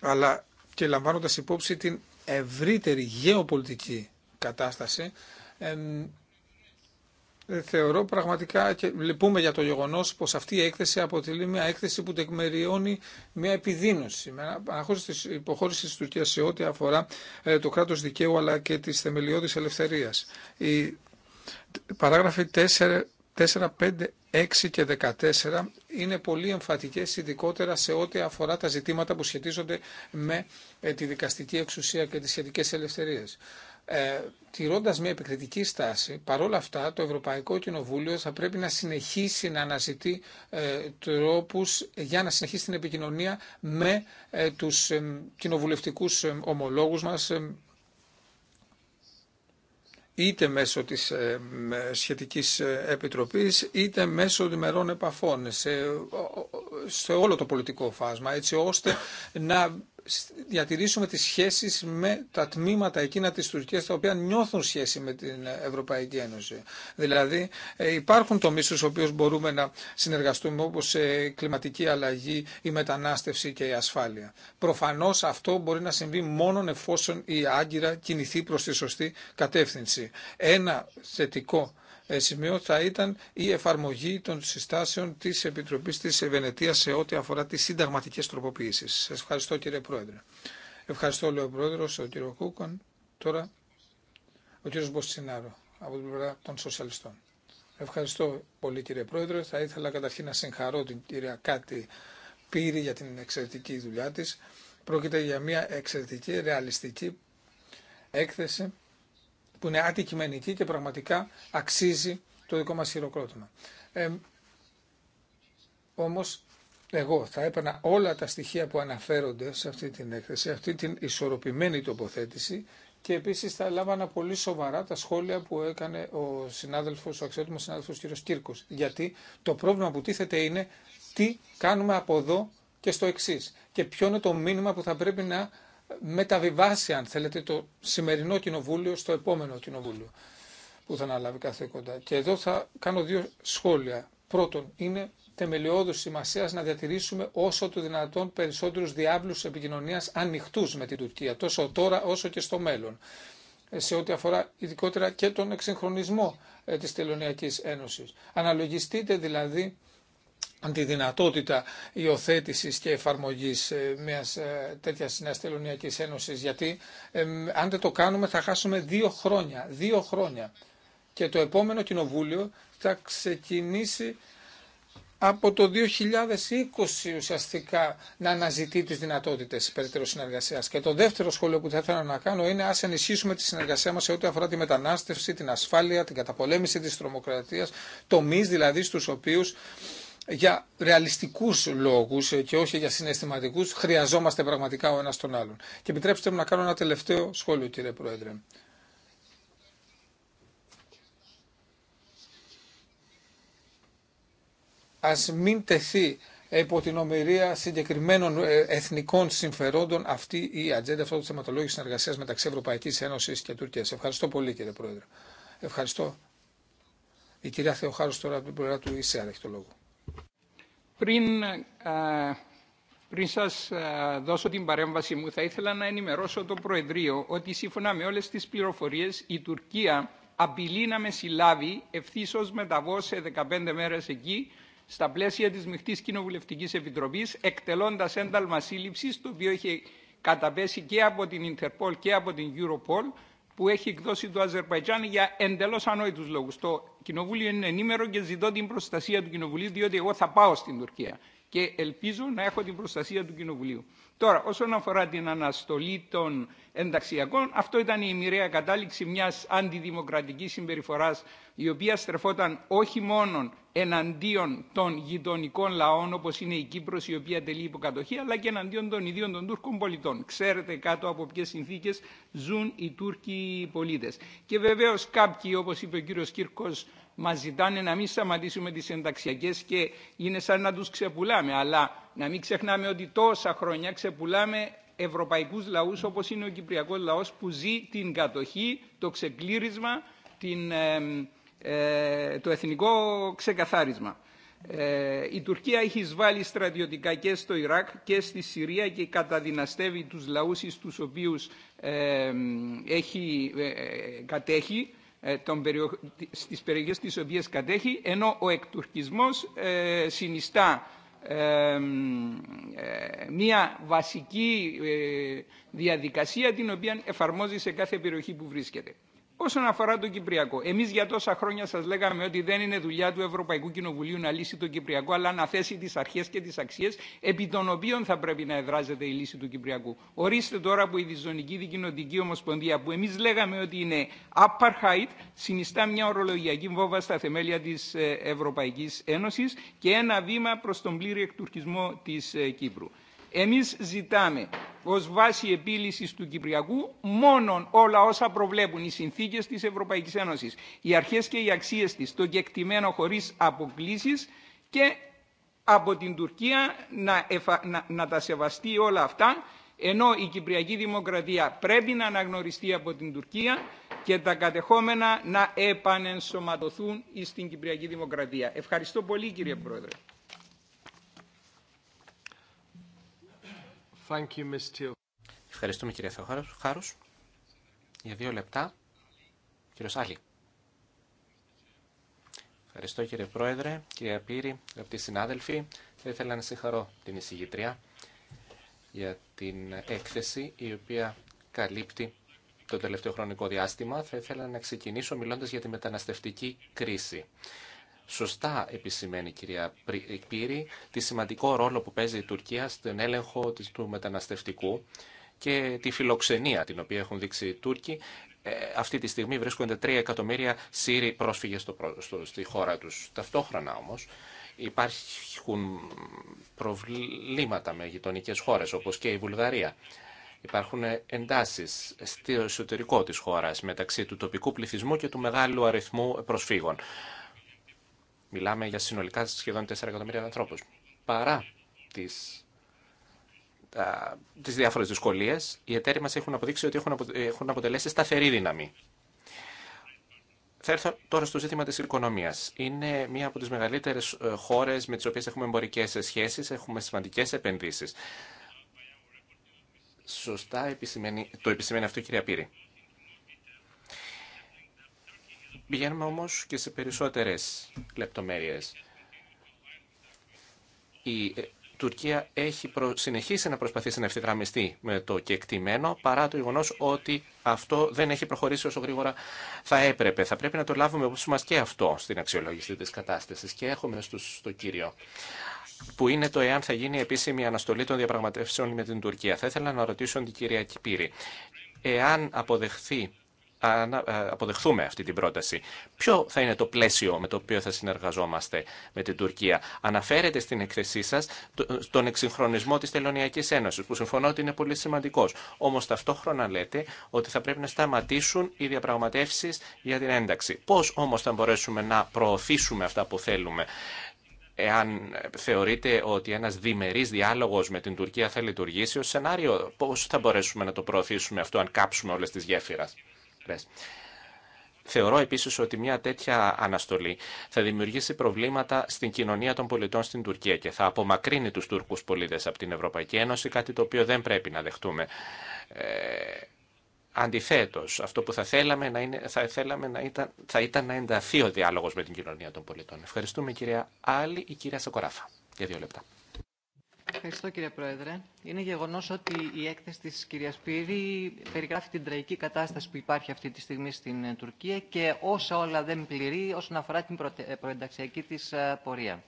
C: Αλλά και λαμβάνοντας υπόψη την ευρύτερη γεωπολιτική κατάσταση. Ε, θεωρώ πραγματικά και λυπούμε για το γεγονός πως αυτή η έκθεση αποτελεί μια έκθεση που τεκμεριώνει μια επιδείνωση, μια αναχώρηση της υποχώρησης της Τουρκίας σε ό,τι αφορά ε, το κράτος δικαίου αλλά και της θεμελιώδης ελευθερίας. Οι παράγραφοι 4, 4, 5, 6 και 14 είναι πολύ εμφατικέ ειδικότερα σε ό,τι αφορά τα ζητήματα που σχετίζονται με ε, τη δικαστική εξουσία και τις σχετικές ελευθερίες ε, τηρώντας μια επικριτική στάση, παρόλα αυτά το Ευρωπαϊκό Κοινοβούλιο θα πρέπει να συνεχίσει να αναζητεί ε, τρόπους για να συνεχίσει την επικοινωνία με ε, τους ε, κοινοβουλευτικούς ε, ομολόγους μας, είτε μέσω της σχετικής επιτροπής, είτε μέσω διμερών επαφών σε, σε όλο το πολιτικό φάσμα, έτσι ώστε να διατηρήσουμε τις σχέσεις με τα τμήματα εκείνα της Τουρκίας τα οποία νιώθουν σχέση με την Ευρωπαϊκή Ένωση. Δηλαδή ε, υπάρχουν τομείς στους οποίους μπορούμε να συνεργαστούμε όπως η ε, κλιματική αλλαγή, η μετανάστευση και η ασφάλεια. Προφανώς αυτό μπορεί να συμβεί μόνο εφόσον η Άγκυρα κινηθεί προς τη σωστή κατεύθυνση. Ένα θετικό ε, σημείο θα ήταν η εφαρμογή των συστάσεων τη επιτροπή τη Βενετίας σε ό,τι αφορά τι συνταγματικέ τροποποίησει. Σα ευχαριστώ κύριε Πρόεδρε. Ευχαριστώ λέει ο Πρόεδρος, ο κύριο Κούκον. Τώρα ο κύριο Μποστινάρο από την πλευρά των Σοσιαλιστών. Ευχαριστώ πολύ κύριε Πρόεδρε. Θα ήθελα καταρχήν να συγχαρώ την κυρία Κάτι Πύρη για την εξαιρετική δουλειά τη. Πρόκειται για μια εξαιρετική, ρεαλιστική έκθεση που είναι αντικειμενική και πραγματικά αξίζει το δικό μας χειροκρότημα. Ε, όμως εγώ θα έπαιρνα όλα τα στοιχεία που αναφέρονται σε αυτή την έκθεση, αυτή την ισορροπημένη τοποθέτηση και επίσης θα λάβανα πολύ σοβαρά τα σχόλια που έκανε ο συνάδελφος, ο αξιότιμος συνάδελφος κ. Κύρκος. Γιατί το πρόβλημα που τίθεται είναι τι κάνουμε από εδώ και στο εξή. Και ποιο είναι το μήνυμα που θα πρέπει να μεταβιβάσει, αν θέλετε, το σημερινό κοινοβούλιο στο επόμενο κοινοβούλιο που θα αναλάβει κοντά. Και εδώ θα κάνω δύο σχόλια. Πρώτον, είναι θεμελιώδους σημασία να διατηρήσουμε όσο το δυνατόν περισσότερους διάβλους επικοινωνία ανοιχτού με την Τουρκία, τόσο τώρα όσο και στο μέλλον σε ό,τι αφορά ειδικότερα και τον εξυγχρονισμό ε, της Τελωνιακής Ένωσης. Αναλογιστείτε δηλαδή τη δυνατότητα υιοθέτηση και εφαρμογή ε, μια ε, τέτοια νέα τελωνιακή ένωση. Γιατί αν δεν το κάνουμε θα χάσουμε δύο χρόνια. Δύο χρόνια. Και το επόμενο κοινοβούλιο θα ξεκινήσει από το 2020 ουσιαστικά να αναζητεί τις δυνατότητες περαιτέρω συνεργασίας. Και το δεύτερο σχόλιο που θα ήθελα να κάνω είναι ας ενισχύσουμε τη συνεργασία μας σε ό,τι αφορά τη μετανάστευση, την ασφάλεια, την καταπολέμηση της τρομοκρατίας, τομείς δηλαδή στους οποίους για ρεαλιστικούς λόγους και όχι για συναισθηματικούς χρειαζόμαστε πραγματικά ο ένας τον άλλον. Και επιτρέψτε μου να κάνω ένα τελευταίο σχόλιο κύριε Πρόεδρε. Ας μην τεθεί υπό την ομοιρία συγκεκριμένων ε, εθνικών συμφερόντων αυτή η ατζέντα, αυτό το θεματολόγιο συνεργασία μεταξύ Ευρωπαϊκή Ένωση και Τουρκία. Ευχαριστώ πολύ, κύριε Πρόεδρε. Ευχαριστώ. Η κυρία Θεοχάρου τώρα από την πλευρά του ΙΣΕΑ έχει το λόγο.
J: Πριν, ε, πριν σας ε, δώσω την παρέμβαση μου, θα ήθελα να ενημερώσω το Προεδρείο ότι σύμφωνα με όλες τις πληροφορίες η Τουρκία απειλεί να με συλλάβει ευθύς ως μεταβώ σε 15 μέρες εκεί στα πλαίσια της Μιχτής Κοινοβουλευτικής Επιτροπής εκτελώντας ένταλμα σύλληψης το οποίο είχε καταπέσει και από την Ιντερπολ και από την Europol που έχει εκδώσει το Αζερβαϊτζάν για εντελώ ανόητου λόγου. Το Κοινοβούλιο είναι ενήμερο και ζητώ την προστασία του Κοινοβουλίου, διότι εγώ θα πάω στην Τουρκία και ελπίζω να έχω την προστασία του Κοινοβουλίου. Τώρα, όσον αφορά την αναστολή των ενταξιακών, αυτό ήταν η μοιραία κατάληξη μιας αντιδημοκρατικής συμπεριφοράς, η οποία στρεφόταν όχι μόνο εναντίον των γειτονικών λαών, όπως είναι η Κύπρος, η οποία τελεί υποκατοχή, αλλά και εναντίον των ιδίων των Τούρκων πολιτών. Ξέρετε κάτω από ποιες συνθήκες ζουν οι Τούρκοι πολίτες. Και βεβαίως κάποιοι, όπως είπε ο κύριος Κύρκος, μας ζητάνε να μην σταματήσουμε τις ενταξιακές και είναι σαν να τους ξεπουλάμε. Αλλά να μην ξεχνάμε ότι τόσα χρόνια ξεπουλάμε ευρωπαϊκούς λαούς όπως είναι ο κυπριακός λαός που ζει την κατοχή, το ξεκλήρισμα, ε, το εθνικό ξεκαθάρισμα. Ε, η Τουρκία έχει εισβάλει στρατιωτικά και στο Ιράκ και στη Συρία και καταδυναστεύει τους λαούς στους οποίους έχει, ε, ε, κατέχει ε, στις περιοχές τις οποίες κατέχει, ενώ ο εκτουρκισμός ε, συνιστά ε, μια βασική διαδικασία την οποία εφαρμόζει σε κάθε περιοχή που βρίσκεται. Όσον αφορά τον Κυπριακό, εμεί για τόσα χρόνια σα λέγαμε ότι δεν είναι δουλειά του Ευρωπαϊκού Κοινοβουλίου να λύσει τον Κυπριακό, αλλά να θέσει τι αρχέ και τι αξίε επί των οποίων θα πρέπει να εδράζεται η λύση του Κυπριακού. Ορίστε τώρα που η Διζωνική Δικοινοτική Ομοσπονδία, που εμεί λέγαμε ότι είναι apartheid, συνιστά μια ορολογιακή βόβα στα θεμέλια τη ε, Ευρωπαϊκή Ένωση και ένα βήμα προ τον πλήρη εκτουρκισμό τη ε, Κύπρου. Εμείς ζητάμε ως βάση επίλυσης του Κυπριακού μόνον όλα όσα προβλέπουν οι συνθήκες της Ευρωπαϊκής Ένωσης, οι αρχές και οι αξίες της, το κεκτημένο χωρίς αποκλήσεις και από την Τουρκία να, να τα σεβαστεί όλα αυτά, ενώ η Κυπριακή Δημοκρατία πρέπει να αναγνωριστεί από την Τουρκία και τα κατεχόμενα να επανενσωματωθούν στην Κυπριακή Δημοκρατία. Ευχαριστώ πολύ κύριε Πρόεδρε.
B: Ευχαριστούμε κύριε Θεοχάρους. Για δύο λεπτά, κύριο Άλλη. Ευχαριστώ κύριε Πρόεδρε, κύριε Πύρη, αγαπητοί συνάδελφοι. Θα ήθελα να συγχαρώ την εισηγητρία για την έκθεση η οποία καλύπτει το τελευταίο χρονικό διάστημα. Θα ήθελα να ξεκινήσω μιλώντας για τη μεταναστευτική κρίση σωστά επισημαίνει η κυρία Πύρη τη σημαντικό ρόλο που παίζει η Τουρκία στον έλεγχο του μεταναστευτικού και τη φιλοξενία την οποία έχουν δείξει οι Τούρκοι. Ε, αυτή τη στιγμή βρίσκονται 3 εκατομμύρια Σύριοι πρόσφυγες στο, στη χώρα τους. Ταυτόχρονα όμως υπάρχουν προβλήματα με γειτονικέ χώρες όπως και η Βουλγαρία. Υπάρχουν εντάσεις στο εσωτερικό της χώρας μεταξύ του τοπικού πληθυσμού και του μεγάλου αριθμού προσφύγων. Μιλάμε για συνολικά σχεδόν 4 εκατομμύρια ανθρώπου. Παρά τις, τις διάφορες δυσκολίες, οι εταίροι μα έχουν αποδείξει ότι έχουν, έχουν αποτελέσει σταθερή δύναμη. Θα έρθω τώρα στο ζήτημα της οικονομίας. Είναι μία από τις μεγαλύτερες ε, χώρες με τις οποίες έχουμε εμπορικές σχέσεις, έχουμε σημαντικές επενδύσεις. Σωστά το επισημαίνει αυτό η κυρία Πύρη. Πηγαίνουμε όμως και σε περισσότερες λεπτομέρειες. Η ε, Τουρκία έχει συνεχίσει να προσπαθήσει να ευθυγραμμιστεί με το κεκτημένο, παρά το γεγονό ότι αυτό δεν έχει προχωρήσει όσο γρήγορα θα έπρεπε. Θα πρέπει να το λάβουμε όπως μα και αυτό στην αξιολόγηση τη κατάσταση. Και έχουμε στο κύριο, που είναι το εάν θα γίνει η επίσημη αναστολή των διαπραγματεύσεων με την Τουρκία. Θα ήθελα να ρωτήσω την κυρία Κυπήρη, εάν αποδεχθεί ε, αποδεχθούμε αυτή την πρόταση. Ποιο θα είναι το πλαίσιο με το οποίο θα συνεργαζόμαστε με την Τουρκία. Αναφέρετε στην εκθεσή σας τον εξυγχρονισμό της Τελωνιακής Ένωσης, που συμφωνώ ότι είναι πολύ σημαντικός. Όμως ταυτόχρονα λέτε ότι θα πρέπει να σταματήσουν οι διαπραγματεύσεις για την ένταξη. Πώς όμως θα μπορέσουμε να προωθήσουμε αυτά που θέλουμε εάν θεωρείτε ότι ένας διμερής διάλογος με την Τουρκία θα λειτουργήσει ως σενάριο, πώς θα μπορέσουμε να το προωθήσουμε αυτό αν κάψουμε όλες τις γέφυρες. Θεωρώ επίση ότι μια τέτοια αναστολή θα δημιουργήσει προβλήματα στην κοινωνία των πολιτών στην Τουρκία και θα απομακρύνει του Τούρκου πολίτε από την Ευρωπαϊκή Ένωση, κάτι το οποίο δεν πρέπει να δεχτούμε. Ε, Αντιθέτω, αυτό που θα θέλαμε να, είναι, θα θέλαμε να ήταν, θα ήταν να ενταθεί ο διάλογο με την κοινωνία των πολιτών. Ευχαριστούμε κυρία Άλλη ή κυρία Σακοράφα για δύο λεπτά.
E: Ευχαριστώ κύριε Πρόεδρε. Είναι γεγονός ότι η έκθεση της κυρίας Πύρη περιγράφει την τραγική κατάσταση που υπάρχει αυτή τη στιγμή στην ε, Τουρκία και όσα όλα δεν πληρεί όσον αφορά την ε, προενταξιακή της ε, πορεία.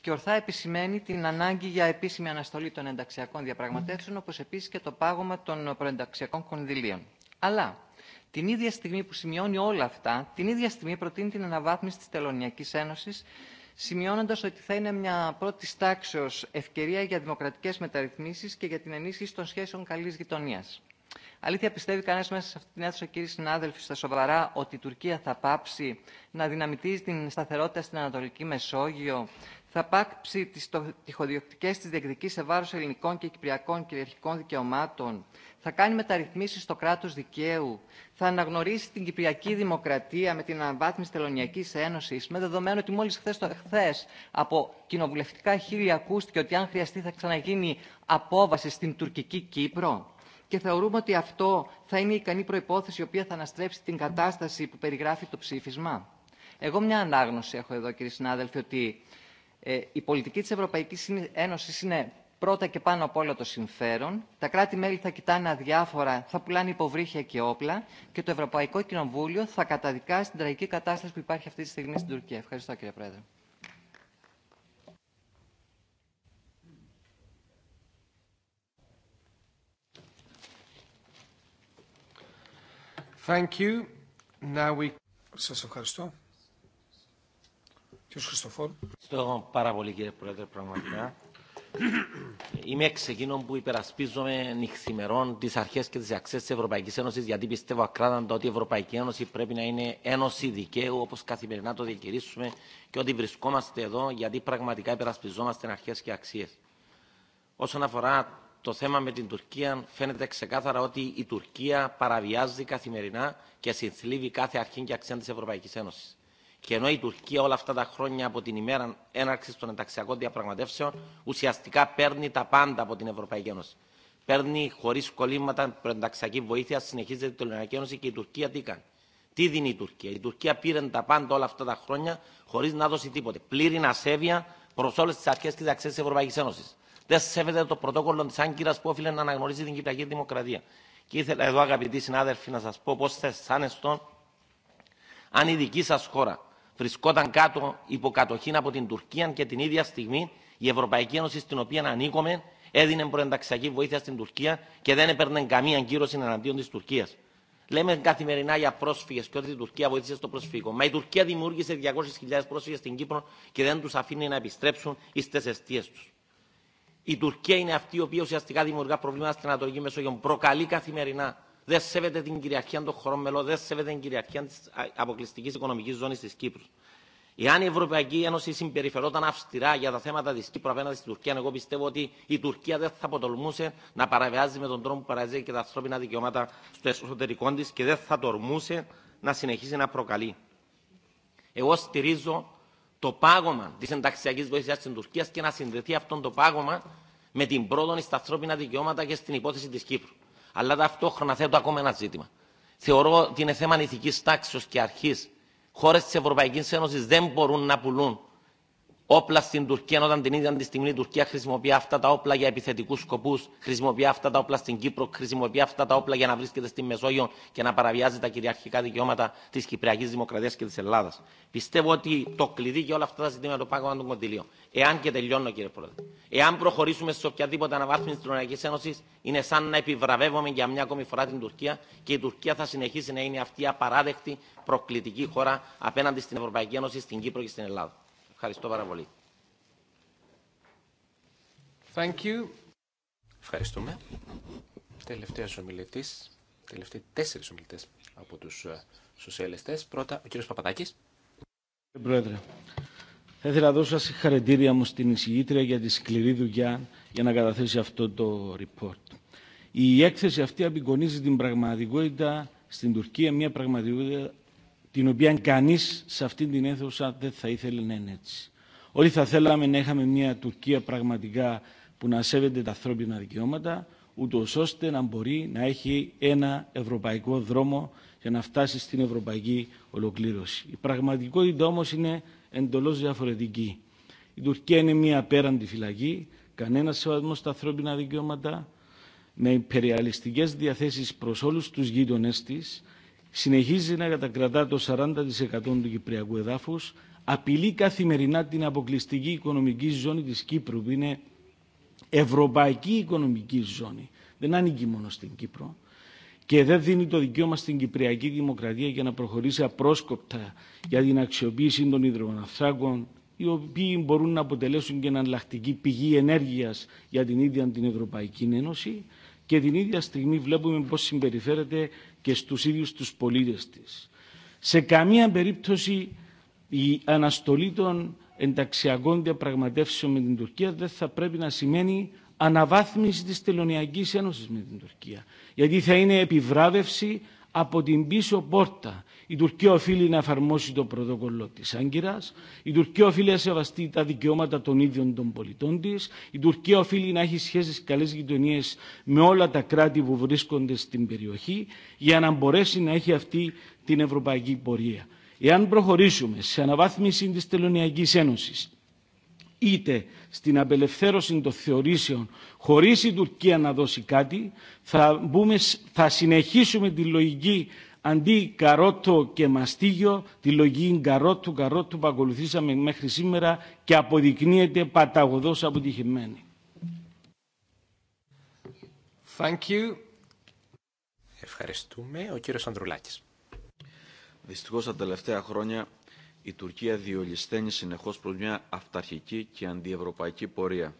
E: Και ορθά επισημαίνει την ανάγκη για επίσημη αναστολή των ενταξιακών διαπραγματεύσεων, όπως επίσης και το πάγωμα των προενταξιακών κονδυλίων. Αλλά την ίδια στιγμή που σημειώνει όλα αυτά, την ίδια στιγμή προτείνει την αναβάθμιση της Τελωνιακής Ένωσης σημειώνοντας ότι θα είναι μια πρώτη τάξεω ευκαιρία για δημοκρατικέ μεταρρυθμίσει και για την ενίσχυση των σχέσεων καλή γειτονία. Αλήθεια, πιστεύει κανένα μέσα σε αυτή την αίθουσα, κύριοι συνάδελφοι, στα σοβαρά, ότι η Τουρκία θα πάψει να δυναμητίζει την σταθερότητα στην Ανατολική Μεσόγειο, θα πάψει τι τυχοδιοκτικέ τη διεκδικήσει σε βάρο ελληνικών και κυπριακών κυριαρχικών δικαιωμάτων, θα κάνει μεταρρυθμίσεις στο κράτος δικαίου, θα αναγνωρίσει την Κυπριακή Δημοκρατία με την αναβάθμιση Τελωνιακής Ένωσης, με δεδομένο ότι μόλις χθες, το, χθες από κοινοβουλευτικά χίλια ακούστηκε ότι αν χρειαστεί θα ξαναγίνει απόβαση στην τουρκική Κύπρο. Και θεωρούμε ότι αυτό θα είναι η ικανή προϋπόθεση η οποία θα αναστρέψει την κατάσταση που περιγράφει το ψήφισμα. Εγώ μια ανάγνωση έχω εδώ, κύριοι συνάδελφοι, ότι ε, η πολιτική της Ευρωπαϊκής Ένωσης είναι πρώτα και πάνω από όλα το συμφέρον, τα κράτη-μέλη θα κοιτάνε αδιάφορα, θα πουλάνε υποβρύχια και όπλα και το Ευρωπαϊκό Κοινοβούλιο θα καταδικάσει την τραγική κατάσταση που υπάρχει αυτή τη στιγμή στην Τουρκία. Ευχαριστώ κύριε Πρόεδρε.
C: Thank you. Now we... Σας ευχαριστώ. Κύριος Χριστοφόρ.
K: Ευχαριστώ πάρα πολύ κύριε Πρόεδρε πραγματικά. Είμαι εξ εκείνων που υπερασπίζομαι νυχθημερών τι αρχέ και τι αξίε τη Ευρωπαϊκή Ένωση, γιατί πιστεύω ακράδαντα ότι η Ευρωπαϊκή Ένωση πρέπει να είναι ένωση δικαίου, όπω καθημερινά το διακηρύσουμε, και ότι βρισκόμαστε εδώ γιατί πραγματικά υπερασπιζόμαστε αρχέ και αξίε. Όσον αφορά το θέμα με την Τουρκία, φαίνεται ξεκάθαρα ότι η Τουρκία παραβιάζει καθημερινά και συνθλίβει κάθε αρχή και αξία τη Ευρωπαϊκή Ένωση. Και ενώ η Τουρκία όλα αυτά τα χρόνια από την ημέρα έναρξη των ενταξιακών διαπραγματεύσεων ουσιαστικά παίρνει τα πάντα από την Ευρωπαϊκή Ένωση. Παίρνει χωρί κολλήματα προενταξιακή βοήθεια, συνεχίζεται η Ελληνική Ένωση και η Τουρκία τι κάνει. Τι δίνει η Τουρκία. Η Τουρκία πήρε τα πάντα όλα αυτά τα χρόνια χωρί να δώσει τίποτε. Πλήρη ασέβεια προ όλε τι αρχέ και τι αξίε τη Ευρωπαϊκή Ένωση. Δεν σέβεται το πρωτόκολλο τη Άγκυρα που όφιλε να αναγνωρίζει την Κυπριακή Δημοκρατία. Και ήθελα εδώ, αγαπητοί συνάδελφοι, να σα πω πώ θα αισθάνεστον αν η δική σα χώρα βρισκόταν κάτω υποκατοχή από την Τουρκία και την ίδια στιγμή η Ευρωπαϊκή Ένωση, στην οποία ανήκουμε, έδινε προενταξιακή βοήθεια στην Τουρκία και δεν έπαιρνε καμία κύρωση εναντίον τη Τουρκία. Λέμε καθημερινά για πρόσφυγε και ότι η Τουρκία βοήθησε στο προσφύγο. Μα η Τουρκία δημιούργησε 200.000 πρόσφυγε στην Κύπρο και δεν του αφήνει να επιστρέψουν στι αιστείε του. Η Τουρκία είναι αυτή η οποία ουσιαστικά δημιουργά προβλήματα στην Ανατολική Μεσόγειο. Προκαλεί καθημερινά δεν σέβεται την κυριαρχία των χωρών μελών, δεν σέβεται την κυριαρχία τη αποκλειστική οικονομική ζώνη τη Κύπρου. Εάν η Ευρωπαϊκή Ένωση συμπεριφερόταν αυστηρά για τα θέματα τη Κύπρου απέναντι στην Τουρκία, εγώ πιστεύω ότι η Τουρκία δεν θα αποτολμούσε να παραβιάζει με τον τρόπο που παραβιάζει και τα ανθρώπινα δικαιώματα στο εσωτερικό τη και δεν θα τορμούσε να συνεχίσει να προκαλεί. Εγώ στηρίζω το πάγωμα τη ενταξιακή βοήθεια τη Τουρκία και να συνδεθεί αυτό το πάγωμα με την πρόοδο στα ανθρώπινα δικαιώματα και στην υπόθεση τη Κύπρου. Αλλά ταυτόχρονα θέτω ακόμα ένα ζήτημα. Θεωρώ ότι είναι θέμα ηθική τάξη και αρχή. Χώρε τη Ευρωπαϊκή Ένωση δεν μπορούν να πουλούν όπλα στην Τουρκία όταν την ίδια τη στιγμή η Τουρκία χρησιμοποιεί αυτά τα όπλα για επιθετικού σκοπού, χρησιμοποιεί αυτά τα όπλα στην Κύπρο, χρησιμοποιεί αυτά τα όπλα για να βρίσκεται στη Μεσόγειο και να παραβιάζει τα κυριαρχικά δικαιώματα τη Κυπριακή Δημοκρατία και τη Ελλάδα. Πιστεύω ότι το κλειδί για όλα αυτά τα ζητήματα το πάγωμα των κοντιλίων. Εάν και τελειώνω, κύριε Πρόεδρε, εάν προχωρήσουμε σε οποιαδήποτε αναβάθμιση τη Ευρωπαϊκή Ένωση, είναι σαν να επιβραβεύουμε για μια ακόμη φορά την Τουρκία και η Τουρκία θα συνεχίσει να είναι αυτή η απαράδεκτη προκλητική χώρα απέναντι στην Ευρωπαϊκή Ένωση, στην Κύπρο και στην Ελλάδα. Ευχαριστώ πάρα πολύ.
B: Ευχαριστούμε. Τελευταίος ομιλητής, τελευταίοι τέσσερις ομιλητές από τους ε, σοσιαλιστές. Πρώτα ο κύριος Παπατάκης. Κύριε Πρόεδρε,
H: θα ήθελα να δώσω συγχαρητήρια μου στην εισηγήτρια για τη σκληρή δουλειά για να καταθέσει αυτό το report. Η έκθεση αυτή απεικονίζει την πραγματικότητα στην Τουρκία, μια πραγματικότητα την οποία κανείς σε αυτή την αίθουσα δεν θα ήθελε να είναι έτσι. Όλοι θα θέλαμε να είχαμε μια Τουρκία πραγματικά που να σέβεται τα ανθρώπινα δικαιώματα, ούτω ώστε να μπορεί να έχει ένα ευρωπαϊκό δρόμο για να φτάσει στην ευρωπαϊκή ολοκλήρωση. Η πραγματικότητα όμω είναι εντελώ διαφορετική. Η Τουρκία είναι μια απέραντη φυλακή, κανένα σεβασμό στα ανθρώπινα δικαιώματα, με υπεριαλιστικέ διαθέσει προ όλου του γείτονέ τη, συνεχίζει να κατακρατά το 40% του κυπριακού εδάφους, απειλεί καθημερινά την αποκλειστική οικονομική ζώνη της Κύπρου, που είναι ευρωπαϊκή οικονομική ζώνη. Δεν ανήκει μόνο στην Κύπρο. Και δεν δίνει το δικαίωμα στην Κυπριακή Δημοκρατία για να προχωρήσει απρόσκοπτα για την αξιοποίηση των υδρογοναθράκων, οι οποίοι μπορούν να αποτελέσουν και εναλλακτική πηγή ενέργειας για την ίδια την Ευρωπαϊκή Ένωση. Και την ίδια στιγμή βλέπουμε πώ συμπεριφέρεται και στους ίδιους τους πολίτες της. Σε καμία περίπτωση η αναστολή των ενταξιακών διαπραγματεύσεων με την Τουρκία δεν θα πρέπει να σημαίνει αναβάθμιση της Τελωνιακής Ένωσης με την Τουρκία. Γιατί θα είναι επιβράβευση από την πίσω πόρτα. Η Τουρκία οφείλει να εφαρμόσει το πρωτόκολλο τη Άγκυρα. Η Τουρκία οφείλει να σεβαστεί τα δικαιώματα των ίδιων των πολιτών τη. Η Τουρκία οφείλει να έχει σχέσει καλέ γειτονίε με όλα τα κράτη που βρίσκονται στην περιοχή για να μπορέσει να έχει αυτή την ευρωπαϊκή πορεία. Εάν προχωρήσουμε σε αναβάθμιση τη Τελωνιακή Ένωση, είτε στην απελευθέρωση των θεωρήσεων χωρίς η Τουρκία να δώσει κάτι, θα, μπούμε, θα συνεχίσουμε τη λογική αντί καρότο και μαστίγιο, τη λογή καρότου, καρότου που ακολουθήσαμε μέχρι σήμερα και αποδεικνύεται παταγωδός αποτυχημένη.
L: Thank you. Ευχαριστούμε. Ο κύριος Ανδρουλάκης. Δυστυχώς τα τελευταία χρόνια η Τουρκία διολυσταίνει συνεχώς προς μια αυταρχική και αντιευρωπαϊκή πορεία.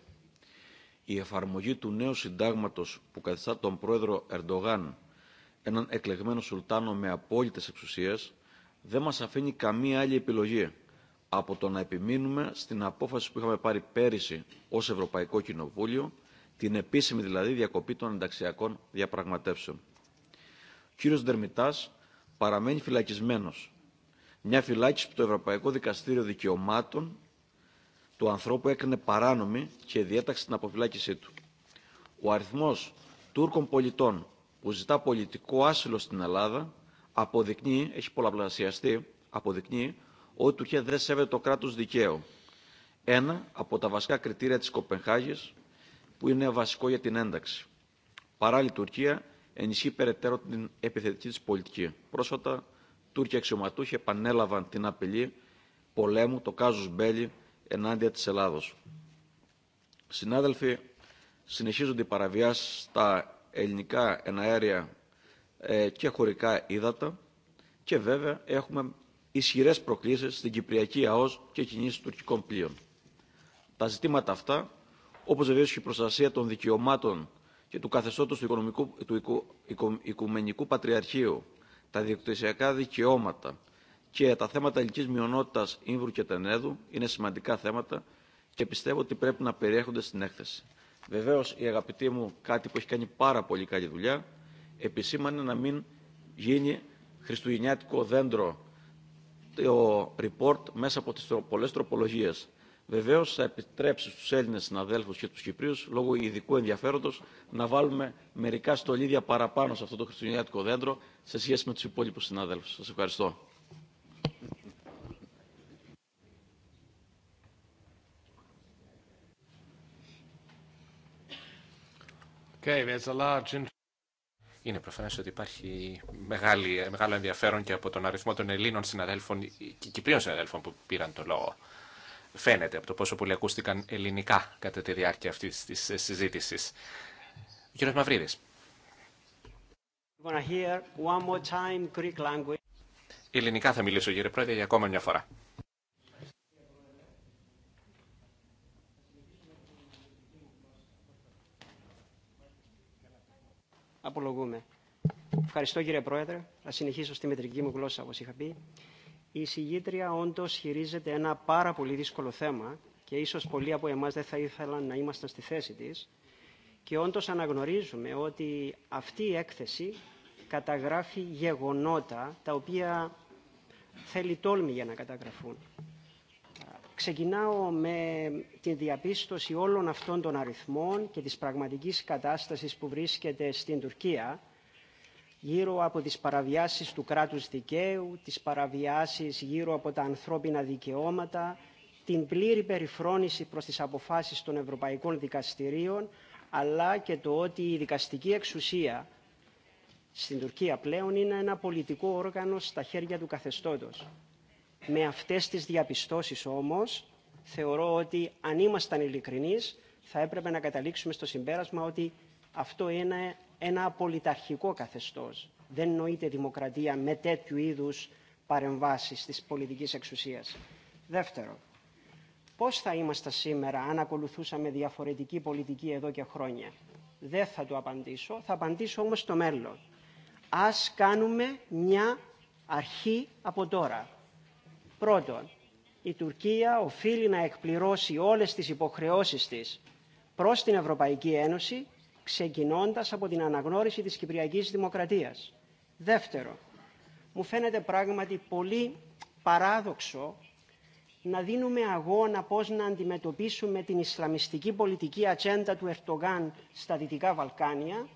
L: Η εφαρμογή του νέου συντάγματος που καθιστά τον πρόεδρο Ερντογάν έναν εκλεγμένο σουλτάνο με απόλυτες εξουσίες, δεν μας αφήνει καμία άλλη επιλογή από το να επιμείνουμε στην απόφαση που είχαμε πάρει πέρυσι ως Ευρωπαϊκό Κοινοβούλιο, την επίσημη δηλαδή διακοπή των ενταξιακών διαπραγματεύσεων. Ο κύριος Δερμητάς παραμένει φυλακισμένος. Μια φυλάκιση που το Ευρωπαϊκό Δικαστήριο Δικαιωμάτων του ανθρώπου έκανε παράνομη και διέταξε την αποφυλάκησή του. Ο αριθμός Τούρκων πολιτών που ζητά πολιτικό άσυλο στην Ελλάδα αποδεικνύει, έχει πολλαπλασιαστεί, αποδεικνύει ότι η Τουρκία δεν σέβεται το κράτος δικαίου. Ένα από τα βασικά κριτήρια της Κοπενχάγης που είναι βασικό για την ένταξη. Παράλληλη Τουρκία ενισχύει περαιτέρω την επιθετική της πολιτική. Πρόσφατα, Τούρκοι αξιωματούχοι επανέλαβαν την απειλή πολέμου, το κάζους Μπέλη, ενάντια της Ελλάδος. Συνάδελφοι, συνεχίζονται οι παραβιάσεις στα ελληνικά εναέρια ε, και χωρικά ύδατα και βέβαια έχουμε ισχυρές προκλήσεις στην Κυπριακή ΑΟΣ και κινήσεις τουρκικών πλοίων. Τα ζητήματα αυτά, όπως βεβαίω και η προστασία των δικαιωμάτων και του καθεστώτος του, οικονομικού, του Οικουμενικού Πατριαρχείου, τα διοκτησιακά δικαιώματα και τα θέματα ελληνικής μειονότητας Ήμβρου και Τενέδου είναι σημαντικά θέματα και πιστεύω ότι πρέπει να περιέχονται στην έκθεση. Βεβαίω, η αγαπητή μου, κάτι που έχει κάνει πάρα πολύ καλή δουλειά, επισήμανε να μην γίνει χριστουγεννιάτικο δέντρο το report μέσα από τις πολλέ τροπολογίε. Βεβαίω θα επιτρέψει στου Έλληνε συναδέλφου και του Κυπρίου, λόγω ειδικού ενδιαφέροντο, να βάλουμε μερικά στολίδια παραπάνω σε αυτό το χριστουγεννιάτικο δέντρο σε σχέση με του υπόλοιπου συναδέλφου. Σα ευχαριστώ.
B: Είναι προφανές ότι υπάρχει μεγάλη, μεγάλο ενδιαφέρον και από τον αριθμό των Ελλήνων συναδέλφων και Κυπρίων συναδέλφων που πήραν το λόγο. Φαίνεται από το πόσο πολύ ακούστηκαν ελληνικά κατά τη διάρκεια αυτής της συζήτησης. Ο κύριος Μαυρίδης. Ελληνικά θα μιλήσω κύριε Πρόεδρε για ακόμα μια φορά.
M: απολογούμε. Ευχαριστώ κύριε Πρόεδρε. Θα συνεχίσω στη μετρική μου γλώσσα όπως είχα πει. Η συγγήτρια όντω χειρίζεται ένα πάρα πολύ δύσκολο θέμα και ίσως πολλοί από εμάς δεν θα ήθελαν να ήμασταν στη θέση της. Και όντω αναγνωρίζουμε ότι αυτή η έκθεση καταγράφει γεγονότα τα οποία θέλει τόλμη για να καταγραφούν. Ξεκινάω με τη διαπίστωση όλων αυτών των αριθμών και της πραγματικής κατάστασης που βρίσκεται στην Τουρκία γύρω από τις παραβιάσεις του κράτους δικαίου, τις παραβιάσεις γύρω από τα ανθρώπινα δικαιώματα, την πλήρη περιφρόνηση προς τις αποφάσεις των ευρωπαϊκών δικαστηρίων, αλλά και το ότι η δικαστική εξουσία στην Τουρκία πλέον είναι ένα πολιτικό όργανο στα χέρια του καθεστώτος. Με αυτές τις διαπιστώσεις όμως, θεωρώ ότι αν ήμασταν ειλικρινείς, θα έπρεπε να καταλήξουμε στο συμπέρασμα ότι αυτό είναι ένα απολυταρχικό καθεστώς. Δεν νοείται δημοκρατία με τέτοιου είδους παρεμβάσεις της πολιτικής εξουσίας. Δεύτερο, πώς θα ήμασταν σήμερα αν ακολουθούσαμε διαφορετική πολιτική εδώ και χρόνια. Δεν θα το απαντήσω, θα απαντήσω όμως στο μέλλον. Ας κάνουμε μια αρχή από τώρα. Πρώτον, η Τουρκία οφείλει να εκπληρώσει όλες τις υποχρεώσεις της προς την Ευρωπαϊκή Ένωση, ξεκινώντας από την αναγνώριση της Κυπριακής Δημοκρατίας. Δεύτερο, μου φαίνεται πράγματι πολύ παράδοξο να δίνουμε αγώνα πώς να αντιμετωπίσουμε την ισλαμιστική πολιτική ατζέντα του Ερτογάν στα Δυτικά Βαλκάνια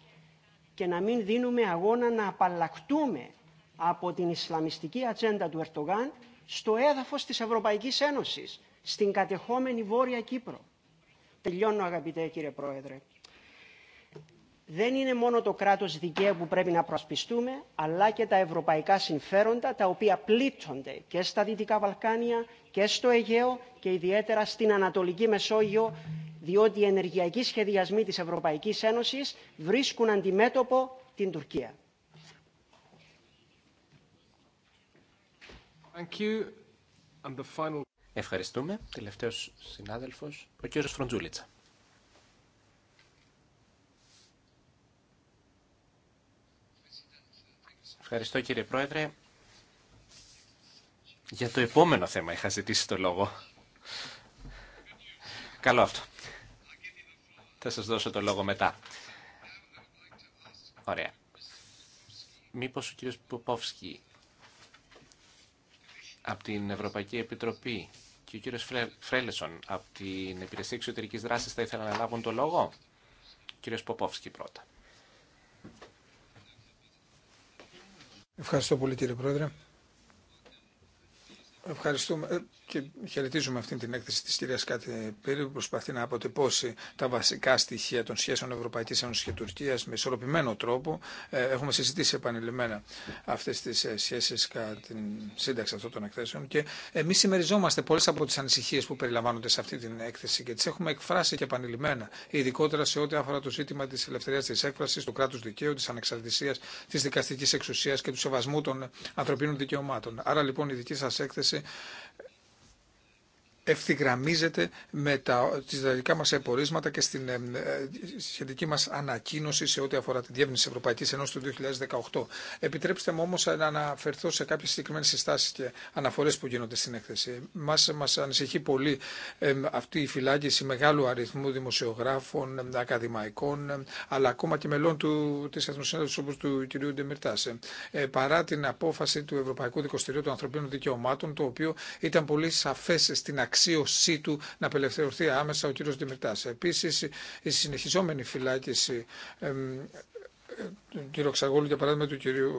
M: και να μην δίνουμε αγώνα να απαλλακτούμε από την ισλαμιστική ατζέντα του Ερτογάν στο έδαφος της Ευρωπαϊκής Ένωσης, στην κατεχόμενη Βόρεια Κύπρο. Τελειώνω αγαπητέ κύριε Πρόεδρε. Δεν είναι μόνο το κράτος δικαίου που πρέπει να προσπιστούμε, αλλά και τα ευρωπαϊκά συμφέροντα τα οποία πλήττονται και στα Δυτικά Βαλκάνια και στο Αιγαίο και ιδιαίτερα στην Ανατολική Μεσόγειο, διότι οι ενεργειακοί σχεδιασμοί της Ευρωπαϊκής Ένωσης βρίσκουν αντιμέτωπο την Τουρκία.
D: Thank you. And the final...
B: Ευχαριστούμε. Τελευταίος συνάδελφος, ο κύριος Φροντζούλητσα. Ευχαριστώ κύριε Πρόεδρε. Για το επόμενο θέμα είχα ζητήσει το λόγο. Καλό αυτό. Θα σας δώσω το λόγο μετά. Ωραία. Μήπως ο κύριος Ποπόφσκι από την Ευρωπαϊκή Επιτροπή και ο κύριο Φρέλεσον από την Υπηρεσία Εξωτερικής δράση θα ήθελαν να λάβουν το λόγο. κύριο κύριος Ποπόφσκι πρώτα.
C: Ευχαριστώ πολύ κύριε Πρόεδρε. Ευχαριστούμε. Ε, και χαιρετίζουμε αυτή την έκθεση της κυρίας Κάτι Πύρη που προσπαθεί να αποτυπώσει τα βασικά στοιχεία των σχέσεων Ευρωπαϊκής Ένωσης και Τουρκίας με ισορροπημένο τρόπο. Ε, έχουμε συζητήσει επανειλημμένα αυτές τις ε, σχέσεις κατά την σύνταξη αυτών των εκθέσεων και εμείς συμμεριζόμαστε πολλές από τις ανησυχίες που περιλαμβάνονται σε αυτή την έκθεση και τις έχουμε εκφράσει και επανειλημμένα, ειδικότερα σε ό,τι αφορά το ζήτημα της ελευθερίας της έκφρασης, του κράτους δικαίου, της ανεξαρτησίας, της δικαστικής εξουσίας και του σεβασμού των ανθρωπίνων δικαιωμάτων. Άρα λοιπόν η δική σας έκθεση ευθυγραμμίζεται με τα, τις δυτικά μας επορίσματα και στην ε, ε, σχετική μας ανακοίνωση σε ό,τι αφορά τη διεύνηση Ευρωπαϊκής Ενώσης του 2018. Επιτρέψτε μου όμως να αναφερθώ σε κάποιες συγκεκριμένες συστάσεις και αναφορές που γίνονται στην έκθεση. Μας, μας ανησυχεί πολύ ε, αυτή η φυλάκηση μεγάλου αριθμού δημοσιογράφων, ακαδημαϊκών, αλλά ακόμα και μελών του, της Εθνοσύνδεσης όπως του κ. Ντεμιρτάσε. παρά την απόφαση του Ευρωπαϊκού Δικαστηρίου των Ανθρωπίνων Δικαιωμάτων, το οποίο ήταν πολύ σαφές στην αξίωσή του να απελευθερωθεί άμεσα ο κύριος Δημητάς. Επίσης, η συνεχιζόμενη φυλάκιση ε, του κύριου Ξαγόλου, για παράδειγμα, του κυρίου,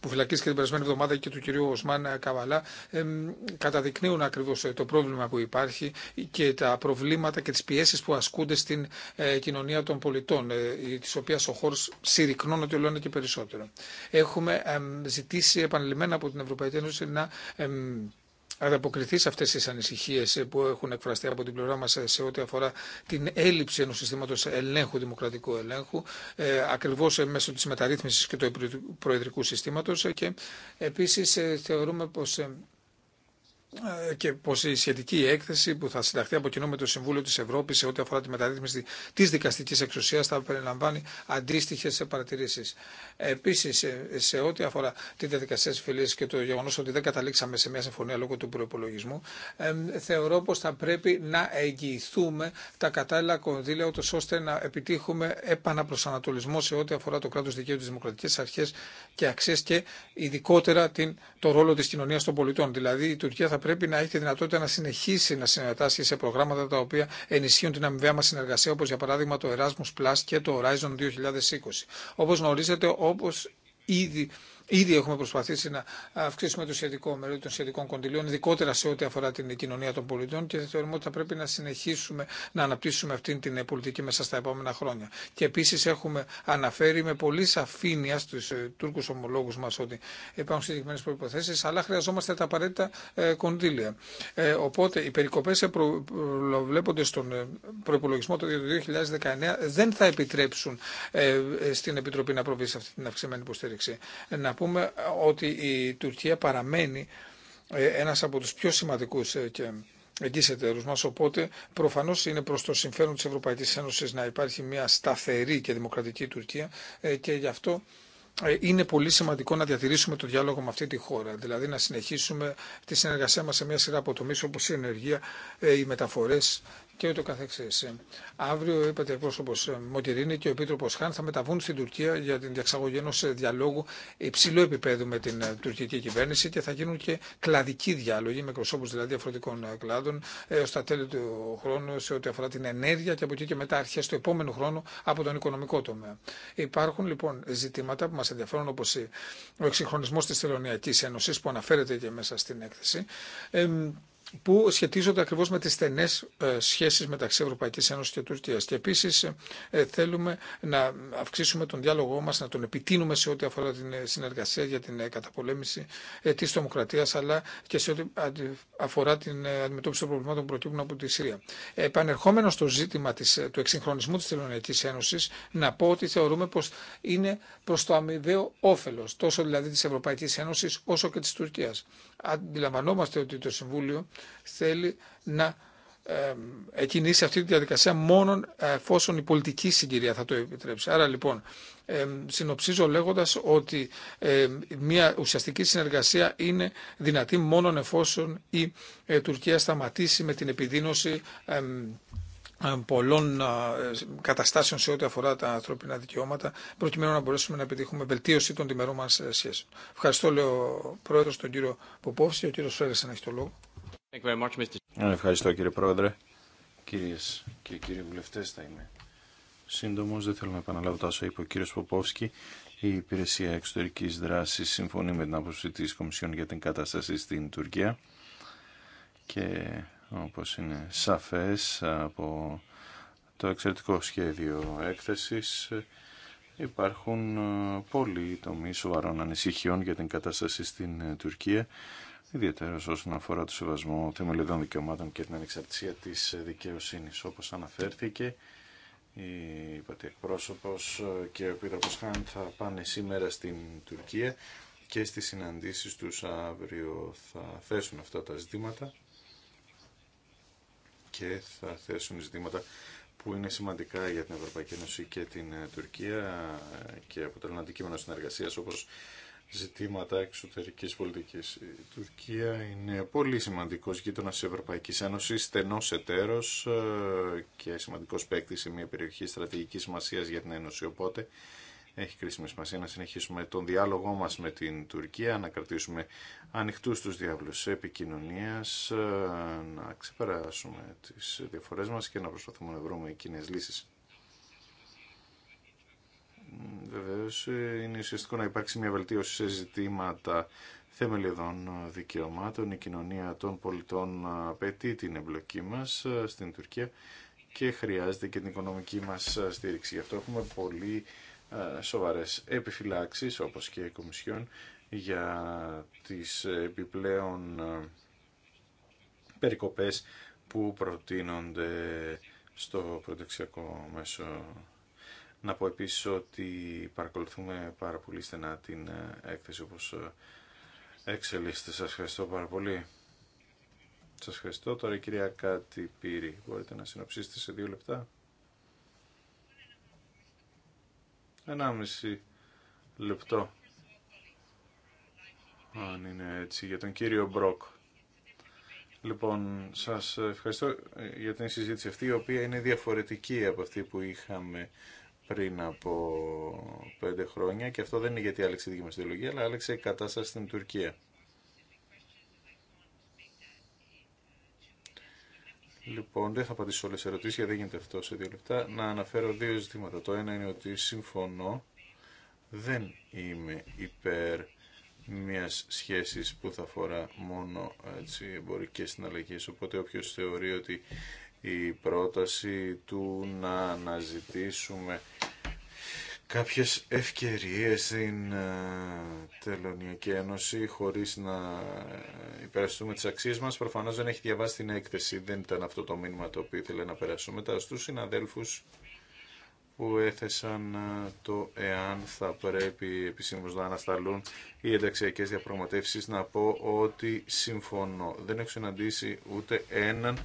C: που φυλακίστηκε την περασμένη εβδομάδα και του κυρίου Οσμάν Καβαλά, καταδεικνύουν ακριβώς ε, το πρόβλημα που υπάρχει και τα προβλήματα και τις πιέσεις που ασκούνται στην ε, κοινωνία των πολιτών, ε, της οποίας ο χώρος συρρυκνώνεται όλο και περισσότερο. Έχουμε ζητήσει επανειλημμένα από την Ευρωπαϊκή Ένωση να ανταποκριθεί σε αυτές τι ανησυχίε που έχουν εκφραστεί από την πλευρά μα σε ό,τι αφορά την έλλειψη ενός συστήματος ελέγχου, δημοκρατικού ελέγχου, ε, ακριβώς ε, μέσω τη μεταρρύθμισης και του προεδρικού συστήματος ε, και επίσης θεωρούμε πως ε, και πω η σχετική έκθεση που θα συνταχθεί από κοινό με το Συμβούλιο τη Ευρώπη σε ό,τι αφορά τη μεταρρύθμιση τη δικαστική εξουσία θα περιλαμβάνει αντίστοιχε παρατηρήσει. Επίση, σε ό,τι αφορά τη διαδικασία τη φιλία και το γεγονό ότι δεν καταλήξαμε σε μια συμφωνία λόγω του προπολογισμού, θεωρώ πω θα πρέπει να εγγυηθούμε τα κατάλληλα κονδύλια, ούτω ώστε να επιτύχουμε επαναπροσανατολισμό σε ό,τι αφορά το κράτο δικαίου, τι δημοκρατικέ αρχέ και αξίε και ειδικότερα το ρόλο τη κοινωνία των πολιτών. Δηλαδή, η Τουρκία πρέπει να έχει τη δυνατότητα να συνεχίσει να συμμετάσχει σε προγράμματα τα οποία ενισχύουν την αμοιβαία μα συνεργασία, όπω για παράδειγμα το Erasmus Plus και το Horizon 2020. Όπω γνωρίζετε, όπω ήδη Ήδη έχουμε προσπαθήσει να αυξήσουμε το σχετικό μέρο των σχετικών κοντιλίων, ειδικότερα σε ό,τι αφορά την κοινωνία των πολιτών και θεωρούμε ότι θα πρέπει να συνεχίσουμε να αναπτύσσουμε αυτή την ε, πολιτική μέσα στα επόμενα χρόνια. Και επίση έχουμε αναφέρει με πολύ σαφήνεια στου ε, Τούρκου ομολόγου μα ότι υπάρχουν συγκεκριμένε προποθέσει, αλλά χρειαζόμαστε τα απαραίτητα ε, κονδύλια. Οπότε οι περικοπέ προβλέπονται στον προπολογισμό το 2019 δεν θα επιτρέψουν στην Επιτροπή να προβεί αυτή την αυξημένη υποστήριξη. Να να πούμε ότι η Τουρκία παραμένει ε, ένας από τους πιο σημαντικούς ε, και εγγύς εταίρους μας, οπότε προφανώς είναι προς το συμφέρον της Ευρωπαϊκής Ένωσης να υπάρχει μια σταθερή και δημοκρατική Τουρκία ε, και γι' αυτό είναι πολύ σημαντικό να διατηρήσουμε το διάλογο με αυτή τη χώρα. Δηλαδή να συνεχίσουμε τη συνεργασία μας σε μια σειρά από τομείς όπως η ενεργεία, οι μεταφορές, και ούτω καθεξής. Αύριο, είπατε, ο εκπρόσωπο ε, και ο επίτροπο Χάν θα μεταβούν στην Τουρκία για την διαξαγωγή ενό ε, διαλόγου υψηλού επίπεδου με την ε, τουρκική κυβέρνηση και θα γίνουν και κλαδικοί διάλογοι με προσώπου δηλαδή διαφορετικών κλάδων έω τα τέλη του χρόνου σε ό,τι αφορά την ενέργεια και από εκεί και μετά αρχέ του επόμενου χρόνου από τον οικονομικό τομέα. Υπάρχουν λοιπόν ζητήματα που μα ενδιαφέρουν όπω ο εξυγχρονισμό τη Θελωνιακή Ένωση που αναφέρεται και μέσα στην έκθεση που σχετίζονται ακριβώς με τις στενές ε, σχέσεις μεταξύ Ευρωπαϊκής Ένωσης και Τουρκίας. Και επίσης ε, ε, θέλουμε να αυξήσουμε τον διάλογό μας, να τον επιτείνουμε σε ό,τι αφορά την συνεργασία για την καταπολέμηση της τρομοκρατίας, αλλά και σε ό,τι αφορά την αντιμετώπιση των προβλημάτων που προκύπτουν από τη Συρία. Επανερχόμενο στο ζήτημα της, του εξυγχρονισμού της Τελωνιακής Ένωσης, να πω ότι θεωρούμε πως είναι προς το αμοιβαίο όφελος, τόσο δηλαδή της Ευρωπαϊκής Ένωσης όσο και της Τουρκίας. Αντιλαμβανόμαστε ότι το Συμβούλιο θέλει να εκινήσει αυτή τη διαδικασία μόνο ε, εφόσον η πολιτική συγκυρία θα το επιτρέψει. Άρα λοιπόν συνοψίζω λέγοντας ότι μια ουσιαστική συνεργασία είναι δυνατή μόνο εφόσον η ε, Τουρκία σταματήσει με την επιδείνωση πολλών ε, καταστάσεων σε ό,τι αφορά τα ανθρώπινα δικαιώματα, προκειμένου να μπορέσουμε να επιτύχουμε βελτίωση των τιμερών μα σχέσεων. Ευχαριστώ, λέω ο Πρόεδρο, τον κύριο Ποπόφση ο κύριο Φέρεσεν έχει το λόγο.
B: Ε,
A: ευχαριστώ κύριε Πρόεδρε. κύριε και κύριοι βουλευτές θα είμαι σύντομο. Δεν θέλω να επαναλάβω τα είπε ο κύριο Ποπόφσκι. Η Υπηρεσία εξωτερική δράση συμφωνεί με την άποψη τη Κομισιόν για την κατάσταση στην Τουρκία και όπω είναι σαφέ, από το εξαιρετικό σχέδιο έκθεση, υπάρχουν πολλοί τομεί σοβαρών ανησυχιών για την κατάσταση στην Τουρκία ιδιαίτερα όσον αφορά το σεβασμό θεμελιωδών δικαιωμάτων και την ανεξαρτησία της δικαιοσύνης. Όπως αναφέρθηκε, η Εκπρόσωπος και ο Επίτροπος Χάν θα πάνε σήμερα στην Τουρκία και στις συναντήσεις τους αύριο θα θέσουν αυτά τα ζητήματα και θα θέσουν ζητήματα που είναι σημαντικά για την Ευρωπαϊκή Ένωση και την Τουρκία και αποτελούν αντικείμενο συνεργασία όπως ζητήματα εξωτερικής πολιτική. Η Τουρκία είναι πολύ σημαντικός γείτονα τη Ευρωπαϊκή Ένωση, στενός εταίρο ε, και σημαντικό παίκτη σε μια περιοχή στρατηγικής σημασίας για την Ένωση. Οπότε έχει κρίσιμη σημασία να συνεχίσουμε τον διάλογό μας με την Τουρκία, να κρατήσουμε ανοιχτούς τους διάβλου επικοινωνία, ε, να ξεπεράσουμε τι διαφορέ μα και να προσπαθούμε να βρούμε κοινέ λύσει. Βεβαίω, είναι ουσιαστικό να υπάρξει μια βελτίωση σε ζητήματα θεμελιωδών δικαιωμάτων. Η κοινωνία των πολιτών απαιτεί την εμπλοκή μας στην Τουρκία και χρειάζεται και την οικονομική μας στήριξη. Γι' αυτό έχουμε πολύ σοβαρές επιφυλάξεις, όπως και η Κομισιόν, για τις επιπλέον περικοπές που προτείνονται στο προτεξιακό μέσο να πω επίσης ότι παρακολουθούμε πάρα πολύ στενά την ε, έκθεση όπως ε, εξελίσσεται. Σας ευχαριστώ πάρα πολύ. Σας ευχαριστώ. Τώρα η κυρία Πύρη Μπορείτε να συνοψίσετε σε δύο λεπτά. μισή λεπτό. Αν είναι έτσι για τον κύριο Μπρόκ. Λοιπόν, σας ευχαριστώ για την συζήτηση αυτή, η οποία είναι διαφορετική από αυτή που είχαμε πριν από πέντε χρόνια και αυτό δεν είναι γιατί άλλαξε η δική μας ιδεολογία, αλλά άλλαξε η κατάσταση στην Τουρκία. Λοιπόν, δεν θα απαντήσω όλες τις ερωτήσεις γιατί δεν γίνεται αυτό σε δύο λεπτά. Να αναφέρω δύο ζητήματα. Το ένα είναι ότι συμφωνώ, δεν είμαι υπέρ μιας σχέσης που θα αφορά μόνο έτσι, εμπορικές συναλλαγές. Οπότε όποιος θεωρεί ότι η πρόταση του να αναζητήσουμε κάποιες ευκαιρίες στην ε, Τελωνιακή Ένωση χωρίς να υπεραστούμε τις αξίες μας. Προφανώς δεν έχει διαβάσει την έκθεση, δεν ήταν αυτό το μήνυμα το οποίο ήθελε να περάσουμε. Τα στους συναδέλφους που έθεσαν ε, το εάν θα πρέπει επισήμως να ανασταλούν οι ενταξιακές διαπραγματεύσεις να πω ότι συμφωνώ. Δεν έχω συναντήσει ούτε έναν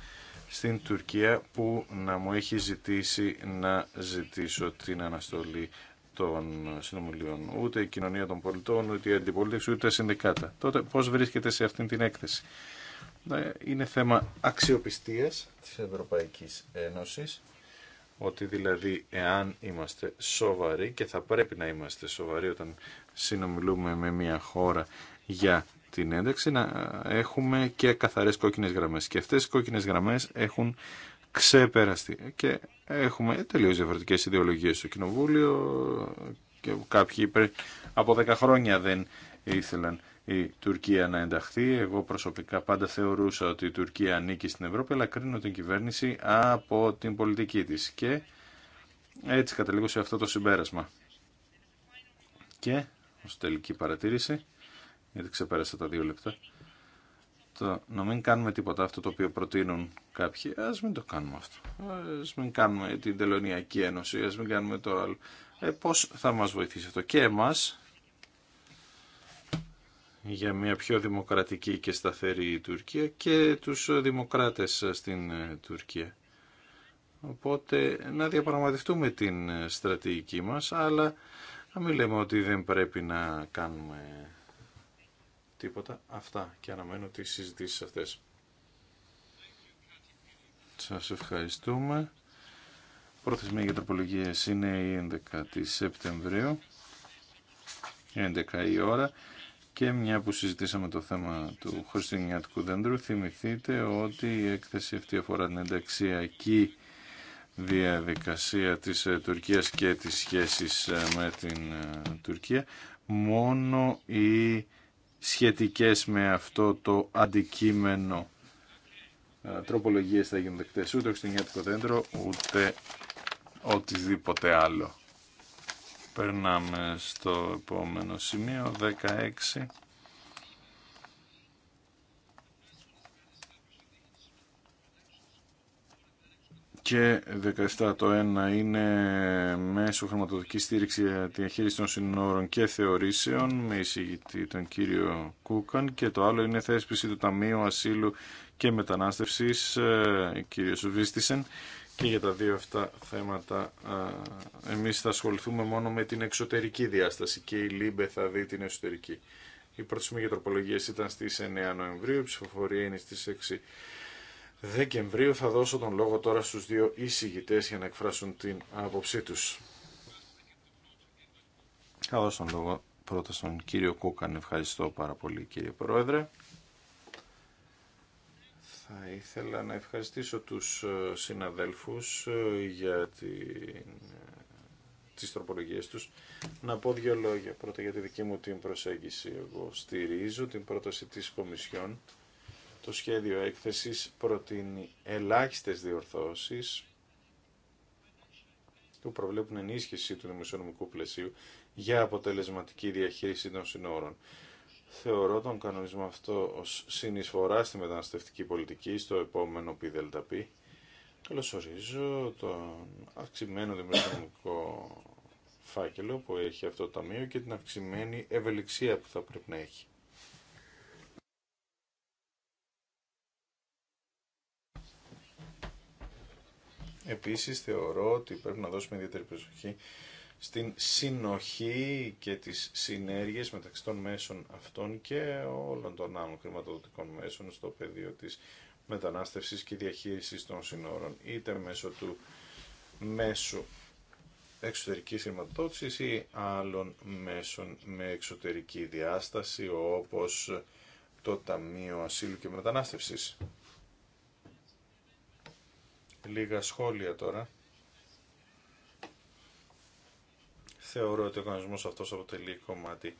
A: στην Τουρκία που να μου έχει ζητήσει να ζητήσω την αναστολή των συνομιλίων. Ούτε η κοινωνία των πολιτών, ούτε η αντιπολίτευση, ούτε συνδικάτα. Τότε πώς βρίσκεται σε αυτήν την έκθεση. Ε, είναι θέμα αξιοπιστίας της Ευρωπαϊκής Ένωσης ότι δηλαδή εάν είμαστε σοβαροί και θα πρέπει να είμαστε σοβαροί όταν συνομιλούμε με μια χώρα για την ένταξη να έχουμε και καθαρές κόκκινες γραμμές. Και αυτές οι κόκκινες γραμμές έχουν ξεπεραστεί. Και έχουμε τελείως διαφορετικές ιδεολογίες στο Κοινοβούλιο και κάποιοι από 10 χρόνια δεν ήθελαν η Τουρκία να ενταχθεί. Εγώ προσωπικά πάντα θεωρούσα ότι η Τουρκία ανήκει στην Ευρώπη, αλλά κρίνω την κυβέρνηση από την πολιτική της. Και έτσι καταλήγω σε αυτό το συμπέρασμα. Και ως τελική παρατήρηση γιατί ξεπέρασα τα δύο λεπτά. Το να μην κάνουμε τίποτα αυτό το οποίο προτείνουν κάποιοι, Α μην το κάνουμε αυτό.
F: Α μην
A: κάνουμε την τελωνιακή ένωση, α μην κάνουμε το άλλο. Ε, πώς θα μας βοηθήσει αυτό και εμάς για μια πιο δημοκρατική και σταθερή Τουρκία και τους δημοκράτες στην ε, Τουρκία. Οπότε να διαπραγματευτούμε την ε, στρατηγική μας, αλλά να μην λέμε ότι δεν πρέπει να κάνουμε τίποτα. Αυτά και αναμένω τι συζητήσεις αυτές. Σας ευχαριστούμε. Πρόθεσμια για τροπολογίες είναι η 11η Σεπτεμβρίου, 11 η ώρα. Και μια που συζητήσαμε το θέμα του χριστουγεννιάτικου δέντρου, θυμηθείτε ότι η έκθεση αυτή αφορά την ενταξιακή διαδικασία της ε, Τουρκίας και τις σχέσεις ε, με την ε, Τουρκία. Μόνο η σχετικές με αυτό το αντικείμενο ε, τροπολογίες θα γίνουν δεκτές ούτε οξυγενειατικό δέντρο ούτε οτιδήποτε άλλο περνάμε στο επόμενο σημείο 16 και 17 το ένα είναι μέσω χρηματοδοτική στήριξη για τη διαχείριση των συνόρων και θεωρήσεων με εισηγητή τον κύριο Κούκαν και το άλλο είναι θέσπιση του Ταμείου Ασύλου και Μετανάστευσης ε, κύριο Σουβίστησεν και για τα δύο αυτά θέματα ε, εμείς θα ασχοληθούμε μόνο με την εξωτερική διάσταση και η ΛΥΜΠΕ θα δει την εσωτερική. Η πρώτη για τροπολογίες ήταν στις 9 Νοεμβρίου, η ψηφοφορία είναι στις 6 Δεκεμβρίου θα δώσω τον λόγο τώρα στους δύο εισηγητές για να εκφράσουν την άποψή τους. Θα δώσω τον λόγο πρώτα στον κύριο Κούκαν. Ευχαριστώ πάρα πολύ κύριε Πρόεδρε. Θα ήθελα να ευχαριστήσω τους ε, συναδέλφους ε, για την... Ε, τις τροπολογίες τους. Να πω δύο λόγια πρώτα για τη δική μου την προσέγγιση. Εγώ στηρίζω την πρόταση της Κομισιόν το σχέδιο έκθεσης προτείνει ελάχιστες διορθώσεις που προβλέπουν ενίσχυση του δημοσιονομικού πλαισίου για αποτελεσματική διαχείριση των συνόρων. Θεωρώ τον κανονισμό αυτό ως συνεισφορά στη μεταναστευτική πολιτική στο επόμενο ΠΔΠ. Καλωσορίζω τον αυξημένο δημοσιονομικό φάκελο που έχει αυτό το ταμείο και την αυξημένη ευελιξία που θα πρέπει να έχει. Επίσης θεωρώ ότι πρέπει να δώσουμε ιδιαίτερη προσοχή στην συνοχή και τις συνέργειες μεταξύ των μέσων αυτών και όλων των άλλων χρηματοδοτικών μέσων στο πεδίο της μετανάστευσης και διαχείρισης των συνόρων, είτε μέσω του μέσου εξωτερικής χρηματοδότησης ή άλλων μέσων με εξωτερική διάσταση, όπως το Ταμείο Ασύλου και Μετανάστευσης λίγα σχόλια τώρα. Θεωρώ ότι ο οργανισμός αυτός αποτελεί κομμάτι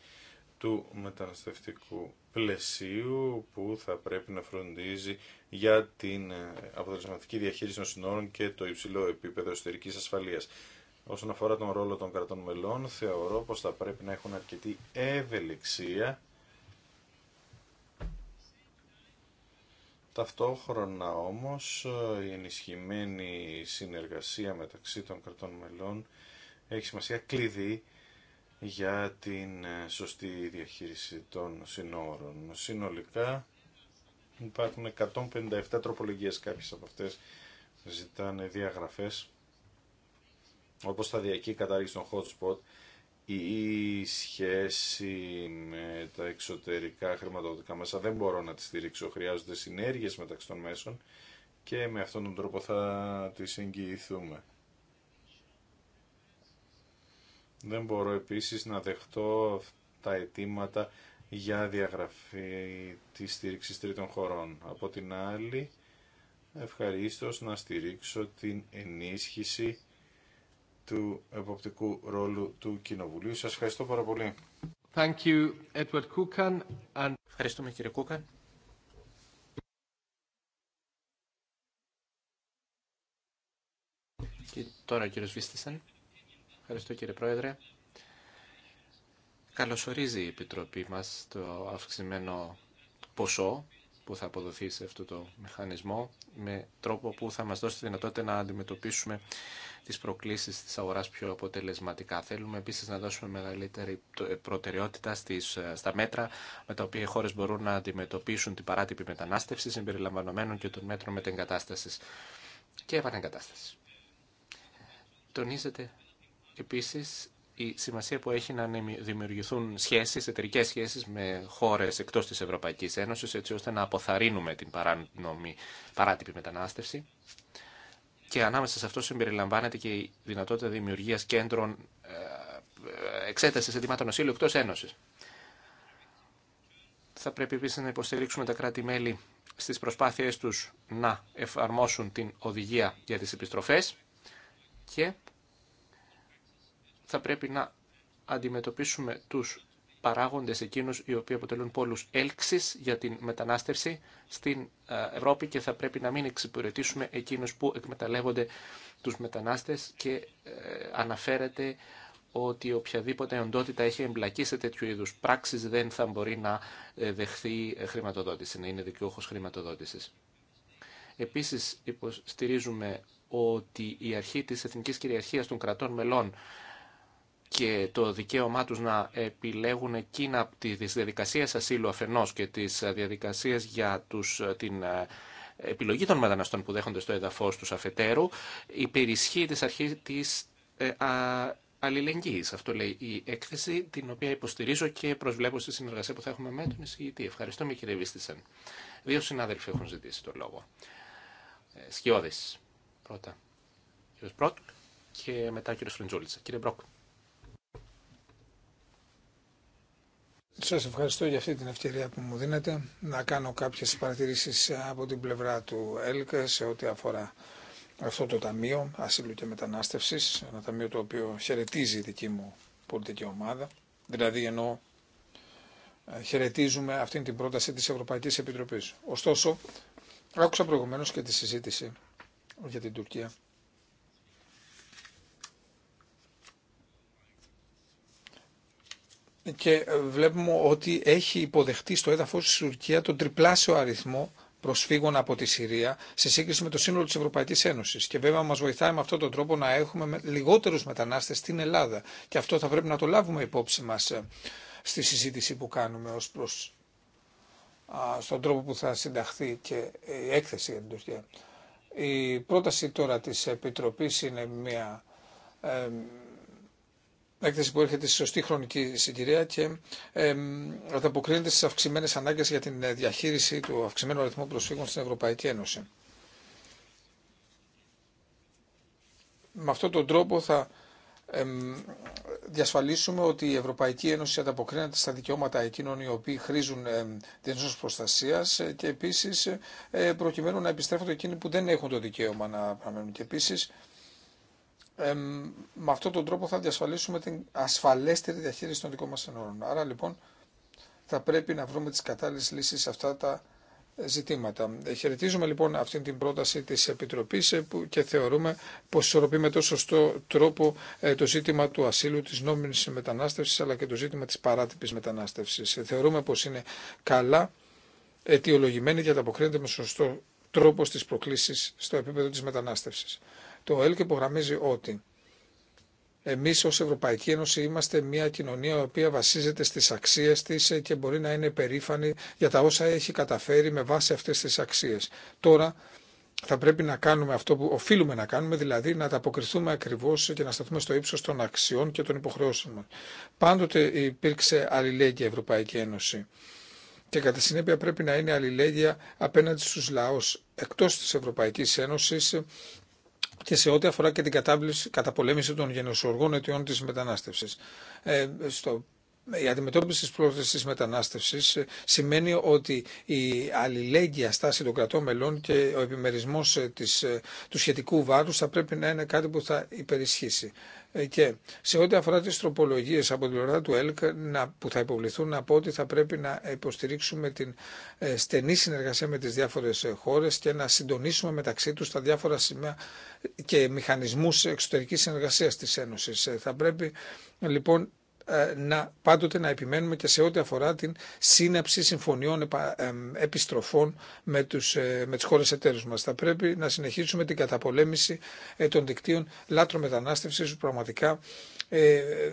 A: του μεταναστευτικού πλαισίου που θα πρέπει να φροντίζει για την ε, αποτελεσματική διαχείριση των συνόρων και το υψηλό επίπεδο εσωτερικής ασφαλείας. Όσον αφορά τον ρόλο των κρατών μελών, θεωρώ πως θα πρέπει να έχουν αρκετή ευελιξία Ταυτόχρονα όμως ε, η ενισχυμένη συνεργασία μεταξύ των κρατών μελών έχει σημασία κλειδί για την ε, σωστή διαχείριση των συνόρων. Συνολικά υπάρχουν 157 τροπολογίες κάποιες από αυτές ζητάνε διαγραφές όπως σταδιακή κατάργηση των hotspot η σχέση με τα εξωτερικά χρηματοδοτικά μέσα δεν μπορώ να τη στηρίξω. Χρειάζονται συνέργειες μεταξύ των μέσων και με αυτόν τον τρόπο θα τις εγγυηθούμε. Δεν μπορώ επίσης να δεχτώ τα αιτήματα για διαγραφή της στήριξης τρίτων χωρών. Από την άλλη, ευχαρίστως να στηρίξω την ενίσχυση του εποπτικού ρόλου του Κοινοβουλίου. Σας ευχαριστώ πάρα πολύ.
B: Thank you, Edward Kukan and... Ευχαριστούμε κύριε Κούκαν. Και τώρα ο κύριος Ευχαριστώ κύριε Πρόεδρε. Καλωσορίζει η Επιτροπή μας το αυξημένο ποσό που θα αποδοθεί σε αυτό το μηχανισμό με τρόπο που θα μας δώσει τη δυνατότητα να αντιμετωπίσουμε τις προκλήσεις της αγοράς πιο αποτελεσματικά. Θέλουμε επίσης να δώσουμε μεγαλύτερη ε, προτεραιότητα στις, ε, στα μέτρα με τα οποία οι χώρες μπορούν να αντιμετωπίσουν την παράτυπη μετανάστευση συμπεριλαμβανομένων και των μέτρων μετεγκατάστασης και επανεγκατάστασης. Τονίζεται επίσης η σημασία που έχει να δημιουργηθούν σχέσεις, εταιρικές σχέσεις με χώρες εκτός της Ευρωπαϊκής Ένωσης, έτσι ώστε να αποθαρρύνουμε την παράνομη, παράτυπη μετανάστευση. Και ανάμεσα σε αυτό συμπεριλαμβάνεται και η δυνατότητα δημιουργίας κέντρων ε, εξέτασης ετοιμάτων ασύλου εκτός Ένωσης. Θα πρέπει επίση να υποστηρίξουμε τα κράτη-μέλη στις προσπάθειές τους να εφαρμόσουν την οδηγία για τις επιστροφές και θα πρέπει να αντιμετωπίσουμε τους παράγοντες εκείνους οι οποίοι αποτελούν πόλους έλξης για την μετανάστευση στην ε, Ευρώπη και θα πρέπει να μην εξυπηρετήσουμε εκείνους που εκμεταλλεύονται τους μετανάστες και ε, αναφέρεται ότι οποιαδήποτε οντότητα έχει εμπλακεί σε τέτοιου είδους πράξεις δεν θα μπορεί να ε, δεχθεί χρηματοδότηση, να είναι δικαιούχος χρηματοδότησης. Επίσης υποστηρίζουμε ότι η αρχή της εθνικής κυριαρχίας των κρατών μελών και το δικαίωμά τους να επιλέγουν εκείνα από τις διαδικασίες ασύλου αφενός και τις διαδικασίες για τους, την ε, επιλογή των μεταναστών που δέχονται στο έδαφος τους αφετέρου, υπερισχύει της αρχής της ε, αλληλεγγύης. Αυτό λέει η έκθεση, την οποία υποστηρίζω και προσβλέπω στη συνεργασία που θα έχουμε με τον εισηγητή. Ευχαριστούμε κύριε Βίστησεν. Δύο συνάδελφοι έχουν ζητήσει το λόγο. Ε, Σκιώδης. Πρώτα. Κύριος Μπρόκ και μετά κύριος Κύριε Μπρόκ.
C: Σας ευχαριστώ για αυτή την ευκαιρία που μου δίνετε να κάνω κάποιες παρατηρήσεις από την πλευρά του ΕΛΚΑ σε ό,τι αφορά αυτό το Ταμείο Ασύλου και Μετανάστευσης, ένα ταμείο το οποίο χαιρετίζει η δική μου πολιτική ομάδα. Δηλαδή ενώ ε, χαιρετίζουμε αυτή την πρόταση της Ευρωπαϊκής Επιτροπής. Ωστόσο, άκουσα προηγουμένως και τη συζήτηση για την Τουρκία και ε, βλέπουμε ότι έχει υποδεχτεί στο έδαφος της Τουρκία τον τριπλάσιο αριθμό προσφύγων από τη Συρία σε σύγκριση με το σύνολο της Ευρωπαϊκής Ένωσης. Και βέβαια μας βοηθάει με αυτόν τον τρόπο να έχουμε λιγότερους μετανάστες στην Ελλάδα. Και αυτό θα πρέπει να το λάβουμε υπόψη μας ε, στη συζήτηση που κάνουμε ως προς στον τρόπο που θα συνταχθεί και ε, η έκθεση για την Τουρκία. Η πρόταση τώρα της Επιτροπής είναι μια έκθεση που έρχεται στη σωστή χρονική συγκυρία και ε, ανταποκρίνεται στι αυξημένε ανάγκε για την ε, διαχείριση του αυξημένου αριθμού προσφύγων στην Ευρωπαϊκή Ένωση. Με αυτόν τον τρόπο θα ε, διασφαλίσουμε ότι η Ευρωπαϊκή Ένωση ανταποκρίνεται στα δικαιώματα εκείνων οι οποίοι χρήζουν ε, διεθνούς προστασία και επίσης ε, προκειμένου να επιστρέφονται εκείνοι που δεν έχουν το δικαίωμα να παραμένουν με αυτόν τον τρόπο θα διασφαλίσουμε την ασφαλέστερη διαχείριση των δικών μας ενόρων. Άρα λοιπόν θα πρέπει να βρούμε τις κατάλληλες λύσεις σε αυτά τα ζητήματα. Ε, χαιρετίζουμε λοιπόν αυτή την πρόταση της Επιτροπής ε, και θεωρούμε πως ισορροπεί με το σωστό τρόπο ε, το ζήτημα του ασύλου, της νόμιμης μετανάστευσης αλλά και το ζήτημα της παράτυπης μετανάστευσης. Θεωρούμε πως είναι καλά αιτιολογημένη και ανταποκρίνεται με σωστό τρόπο στις προκλήσεις στο επίπεδο της μετανάστευσης. Το ΕΛΚ υπογραμμίζει ότι Εμεί ω Ευρωπαϊκή Ένωση είμαστε μια κοινωνία η οποία βασίζεται στι αξίε τη και μπορεί να είναι περήφανη για τα όσα έχει καταφέρει με βάση αυτέ τι αξίε. Τώρα θα πρέπει να κάνουμε αυτό που οφείλουμε να κάνουμε, δηλαδή να τα αποκριθούμε ακριβώ και να σταθούμε στο ύψο των αξιών και των υποχρεώσεων. Πάντοτε υπήρξε αλληλέγγυα Ευρωπαϊκή Ένωση. Και κατά συνέπεια πρέπει να είναι αλληλέγγυα απέναντι στους λαούς εκτός της Ευρωπαϊκής Ένωσης και σε ό,τι αφορά και την καταπολέμηση των γενεσιουργών αιτιών της μετανάστευσης. Ε, στο ε, η αντιμετώπιση της πρόθεσης της μετανάστευσης ε, σημαίνει ότι η αλληλέγγυα στάση των κρατών μελών και ο επιμερισμός ε, του σχετικού βάρους θα πρέπει να είναι κάτι που θα υπερισχύσει. Και σε ό,τι αφορά τι τροπολογίε από την πλευρά του ΕΛΚ που θα υποβληθούν, να πω ότι θα πρέπει να υποστηρίξουμε την στενή συνεργασία με τις διάφορες χώρε και να συντονίσουμε μεταξύ του τα διάφορα σημεία και μηχανισμούς εξωτερικής συνεργασίας τη Ένωση. Θα πρέπει λοιπόν ε, να, πάντοτε να επιμένουμε και σε ό,τι αφορά την σύναψη συμφωνιών επιστροφών με, τους, ε, με τις χώρες εταίρους μας. Θα πρέπει να συνεχίσουμε την καταπολέμηση ε, των δικτύων λάτρων μετανάστευσης που πραγματικά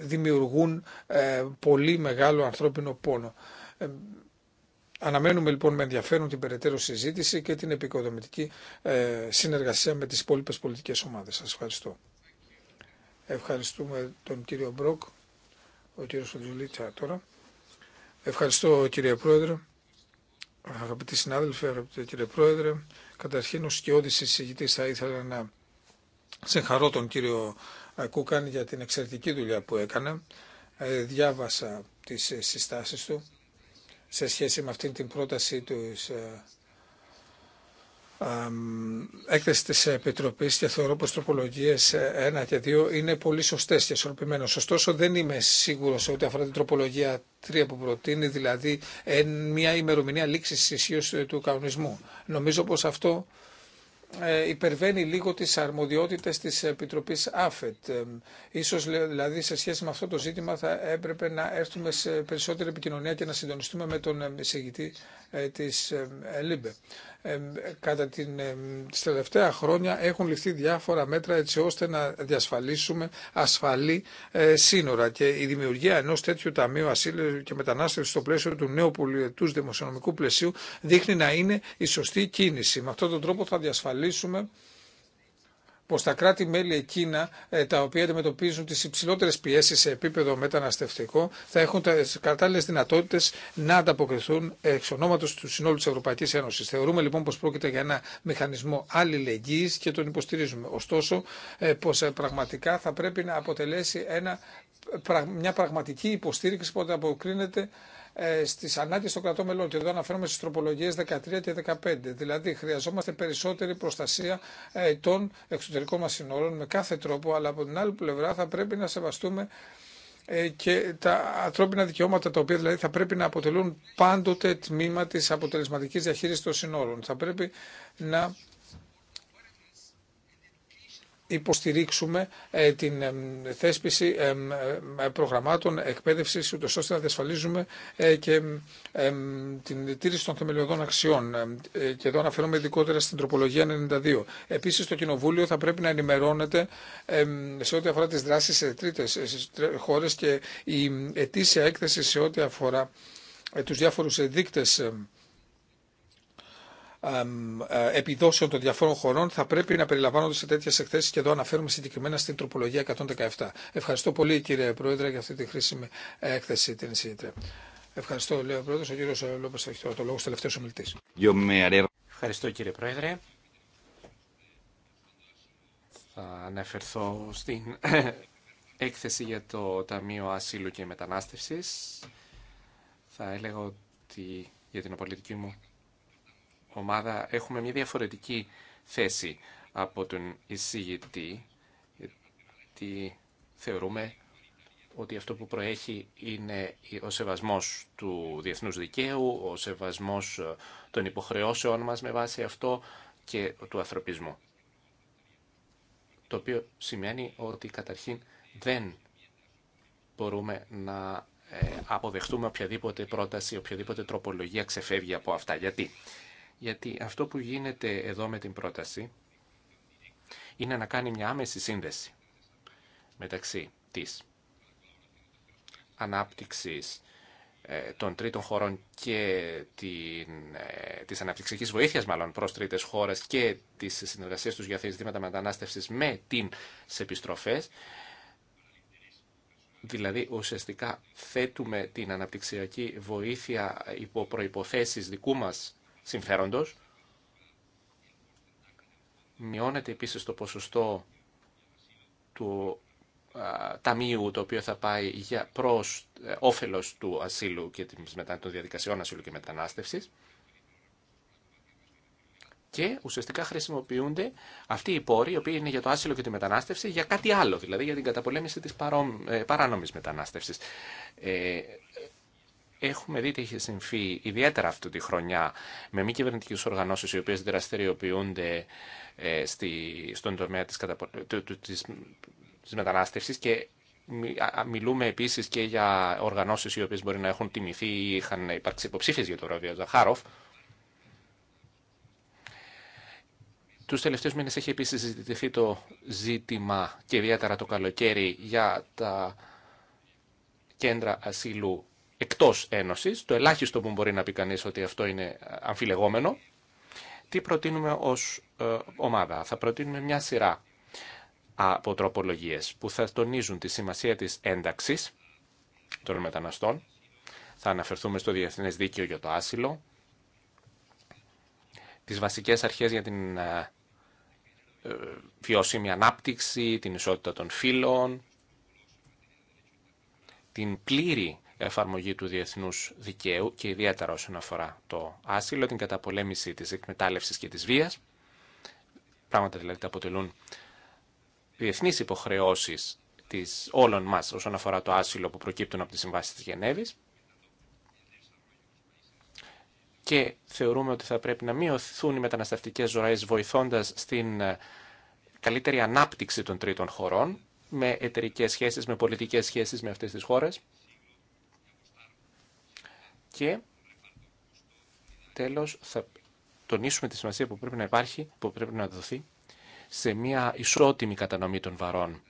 C: δημιουργούν πολύ μεγάλο ανθρώπινο πόνο. Αναμένουμε λοιπόν με ενδιαφέρον την περαιτέρω συζήτηση και την επικοδομητική συνεργασία με τις υπόλοιπε πολιτικές ομάδες. Σας ευχαριστώ. Ευχαριστούμε τον κύριο Μπρόκ. Ο κύριος Οντζουλίτσα τώρα. Ευχαριστώ κύριε Πρόεδρε. Αγαπητοί συνάδελφοι, αγαπητοί κύριε Πρόεδρε, καταρχήν ως σκιώδης εισηγητής θα ήθελα να συγχαρώ τον κύριο ε, Κούκαν για την εξαιρετική δουλειά που έκανε. Ε, διάβασα τις συστάσεις του σε σχέση με αυτήν την πρόταση του έκθεση της Επιτροπής και θεωρώ πως τροπολογίες 1 ε, και 2 είναι πολύ σωστές και ισορροπημένες. Ωστόσο δεν είμαι σίγουρος ό,τι αφορά την τροπολογία 3 που προτείνει, δηλαδή μια ημερομηνία λήξης ισχύωσης ε, του κανονισμού. Νομίζω πως αυτό ε, υπερβαίνει λίγο τις αρμοδιότητες της Επιτροπής ΑΦΕΤ. Ίσως δηλαδή σε σχέση με αυτό το ζήτημα θα έπρεπε να έρθουμε σε περισσότερη επικοινωνία και να συντονιστούμε με τον εισηγητή της ΛΥΜΠΕ κατά την, τις τελευταία χρόνια έχουν ληφθεί διάφορα μέτρα έτσι ώστε να διασφαλίσουμε ασφαλή ε, σύνορα και η δημιουργία ενός τέτοιου ταμείου ασύλου και μετανάστευση στο πλαίσιο του νέου πολιετούς δημοσιονομικού πλαισίου δείχνει να είναι η σωστή κίνηση. Με αυτόν τον τρόπο θα διασφαλίσουμε πως τα κράτη-μέλη εκείνα ε, τα οποία αντιμετωπίζουν τις υψηλότερες πιέσεις σε επίπεδο μεταναστευτικό θα έχουν τις κατάλληλες δυνατότητες να ανταποκριθούν εξ ονόματος του συνόλου της Ευρωπαϊκής Ένωσης. Θεωρούμε λοιπόν πως πρόκειται για ένα μηχανισμό αλληλεγγύης και τον υποστηρίζουμε. Ωστόσο ε, πως ε, πραγματικά θα πρέπει να αποτελέσει μια πραγματική υποστήριξη που ανταποκρίνεται ε, στι ανάγκε των κρατών μελών. Και εδώ αναφέρομαι στι τροπολογίε 13 και 15. Δηλαδή, χρειαζόμαστε περισσότερη προστασία ε, των εξωτερικών μα συνόρων με κάθε τρόπο, αλλά από την άλλη πλευρά θα πρέπει να σεβαστούμε ε, και τα ανθρώπινα δικαιώματα τα οποία δηλαδή θα πρέπει να αποτελούν πάντοτε τμήμα της αποτελεσματικής διαχείρισης των συνόρων. Θα πρέπει να υποστηρίξουμε ε, την ε, θέσπιση ε, προγραμμάτων εκπαίδευσης ούτως ώστε να διασφαλίζουμε και την τήρηση των θεμελιωδών αξιών. Και εδώ αναφέρομαι ειδικότερα στην τροπολογία 92. Επίσης το Κοινοβούλιο θα πρέπει να ενημερώνεται σε ό,τι αφορά τις δράσεις σε τρίτες χώρες και η ετήσια έκθεση σε ό,τι αφορά τους διάφορους δείκτες ε, επιδόσεων των διαφόρων χωρών θα πρέπει να περιλαμβάνονται σε τέτοιε εκθέσει και εδώ αναφέρουμε συγκεκριμένα στην τροπολογία 117. Ευχαριστώ πολύ κύριε Πρόεδρε για αυτή τη χρήσιμη έκθεση την ΣΥΤΡΕ. Ευχαριστώ, λέει ο Πρόεδρος. Ο κύριος ε, Λόπες έχει τώρα το λόγο, τελευταίο ομιλητή. Ευχαριστώ κύριε Πρόεδρε. Θα αναφερθώ στην (coughs)
B: έκθεση για το Ταμείο Ασύλου και Μετανάστευσης. Θα έλεγα ότι για την πολιτική μου ομάδα έχουμε μια διαφορετική θέση από τον εισηγητή, γιατί θεωρούμε ότι αυτό που προέχει είναι ο σεβασμός του διεθνούς δικαίου, ο σεβασμός ε, των υποχρεώσεων μας με βάση αυτό και του ανθρωπισμού. Το οποίο σημαίνει ότι καταρχήν δεν μπορούμε να ε, αποδεχτούμε οποιαδήποτε πρόταση, οποιαδήποτε τροπολογία ξεφεύγει από αυτά. Γιατί γιατί αυτό που γίνεται εδώ με την πρόταση είναι να κάνει μια άμεση σύνδεση μεταξύ της ανάπτυξης ε, των τρίτων χωρών και την, ε, της αναπτυξιακής βοήθειας μάλλον προς τρίτες χώρες και της συνεργασίας τους για ζητήματα μετανάστευσης με την επιστροφέ, επιστροφές. Δηλαδή ουσιαστικά θέτουμε την αναπτυξιακή βοήθεια υπό προϋποθέσεις δικού μας συμφέροντος. Μειώνεται επίσης το ποσοστό του ταμείου το οποίο θα πάει για, προς ε, όφελος του ασύλου και της, μετα, των διαδικασιών ασύλου και μετανάστευσης. Και ουσιαστικά χρησιμοποιούνται αυτοί οι πόροι, οι οποίοι είναι για το άσυλο και τη μετανάστευση, για κάτι άλλο, δηλαδή για την καταπολέμηση της ε, παράνομης μετανάστευσης. Ε, έχουμε δει τι έχει συμφεί, ιδιαίτερα αυτή τη χρονιά, με μη κυβερνητικέ οργανώσει οι οποίες δραστηριοποιούνται ε, στη, στον τομέα της, καταπο... της, και μιλούμε επίσης και για οργανώσεις οι οποίες μπορεί να έχουν τιμηθεί ή είχαν υπάρξει υποψήφιε για το βραβείο Ζαχάροφ. Τους τελευταίους μήνε έχει επίση συζητηθεί το ζήτημα και ιδιαίτερα το καλοκαίρι για τα κέντρα ασύλου εκτός ένωσης, το ελάχιστο που μπορεί να πει κανείς ότι αυτό είναι ε, αμφιλεγόμενο, τι προτείνουμε ως ε, ομάδα. Θα προτείνουμε μια σειρά από τροπολογίες που θα τονίζουν τη σημασία της ένταξης των μεταναστών. Θα αναφερθούμε στο Διεθνές Δίκαιο για το Άσυλο, τις βασικές αρχές για την ε, βιώσιμη ανάπτυξη, την ισότητα των φύλων, την πλήρη εφαρμογή του διεθνού δικαίου και ιδιαίτερα όσον αφορά το άσυλο, την καταπολέμηση τη εκμετάλλευση και τη βία. πράγματα δηλαδή τα αποτελούν διεθνεί υποχρεώσει της όλων μας όσον αφορά το άσυλο που προκύπτουν από τη συμβάση της Γενέβης και θεωρούμε ότι θα πρέπει να μειωθούν οι μεταναστευτικές ζωές βοηθώντας στην ε, καλύτερη ανάπτυξη των τρίτων χωρών με εταιρικές σχέσεις, με πολιτικές σχέσεις με αυτές τις χώρες και τέλος θα τονίσουμε τη σημασία που πρέπει να υπάρχει, που πρέπει να δοθεί σε μια ισότιμη κατανομή των βαρών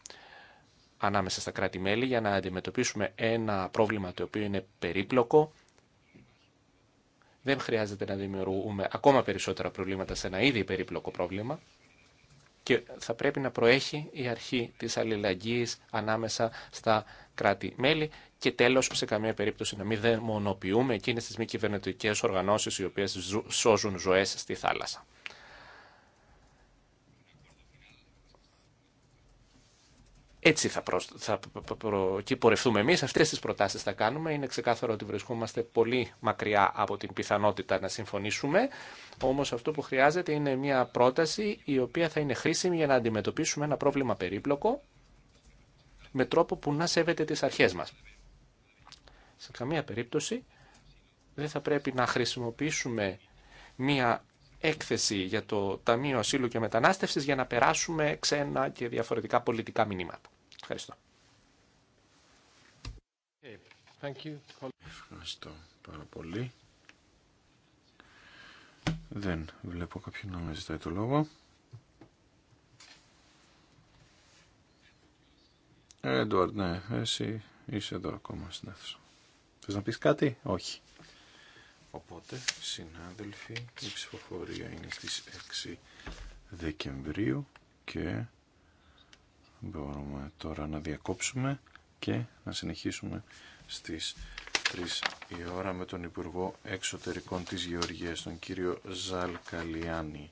B: ανάμεσα στα κράτη-μέλη για να αντιμετωπίσουμε ένα πρόβλημα το οποίο είναι περίπλοκο. Δεν χρειάζεται να δημιουργούμε ακόμα περισσότερα προβλήματα σε ένα ήδη περίπλοκο πρόβλημα και θα πρέπει να προέχει η αρχή της αλληλεγγύης ανάμεσα στα κράτη-μέλη και τέλο, σε καμία περίπτωση να μην δαιμονοποιούμε εκείνε τι μη κυβερνητικέ οργανώσει οι οποίε σώζουν ζωέ στη θάλασσα. Έτσι θα, προ... θα προ... Και πορευτούμε εμείς, αυτές τις προτάσεις θα κάνουμε. Είναι ξεκάθαρο ότι βρισκόμαστε πολύ μακριά από την πιθανότητα να συμφωνήσουμε. Όμως αυτό που χρειάζεται είναι μια πρόταση η οποία θα είναι χρήσιμη για να αντιμετωπίσουμε ένα πρόβλημα περίπλοκο με τρόπο που να σέβεται τις αρχές μας. Σε καμία περίπτωση δεν θα πρέπει να χρησιμοποιήσουμε μία έκθεση για το Ταμείο Ασύλου και Μετανάστευσης για να περάσουμε ξένα και διαφορετικά πολιτικά μηνύματα. Ευχαριστώ.
A: Ευχαριστώ πάρα πολύ. Δεν βλέπω κάποιον να ζητάει το λόγο. Έντουαρντ, ναι, εσύ είσαι εδώ ακόμα στην αίθουσα. Θες να κάτι? Όχι. Οπότε, συνάδελφοι, η ψηφοφορία είναι στις 6 Δεκεμβρίου και μπορούμε τώρα να διακόψουμε και να συνεχίσουμε στις 3 η ώρα με τον Υπουργό Εξωτερικών της Γεωργίας, τον κύριο Ζαλκαλιάνη.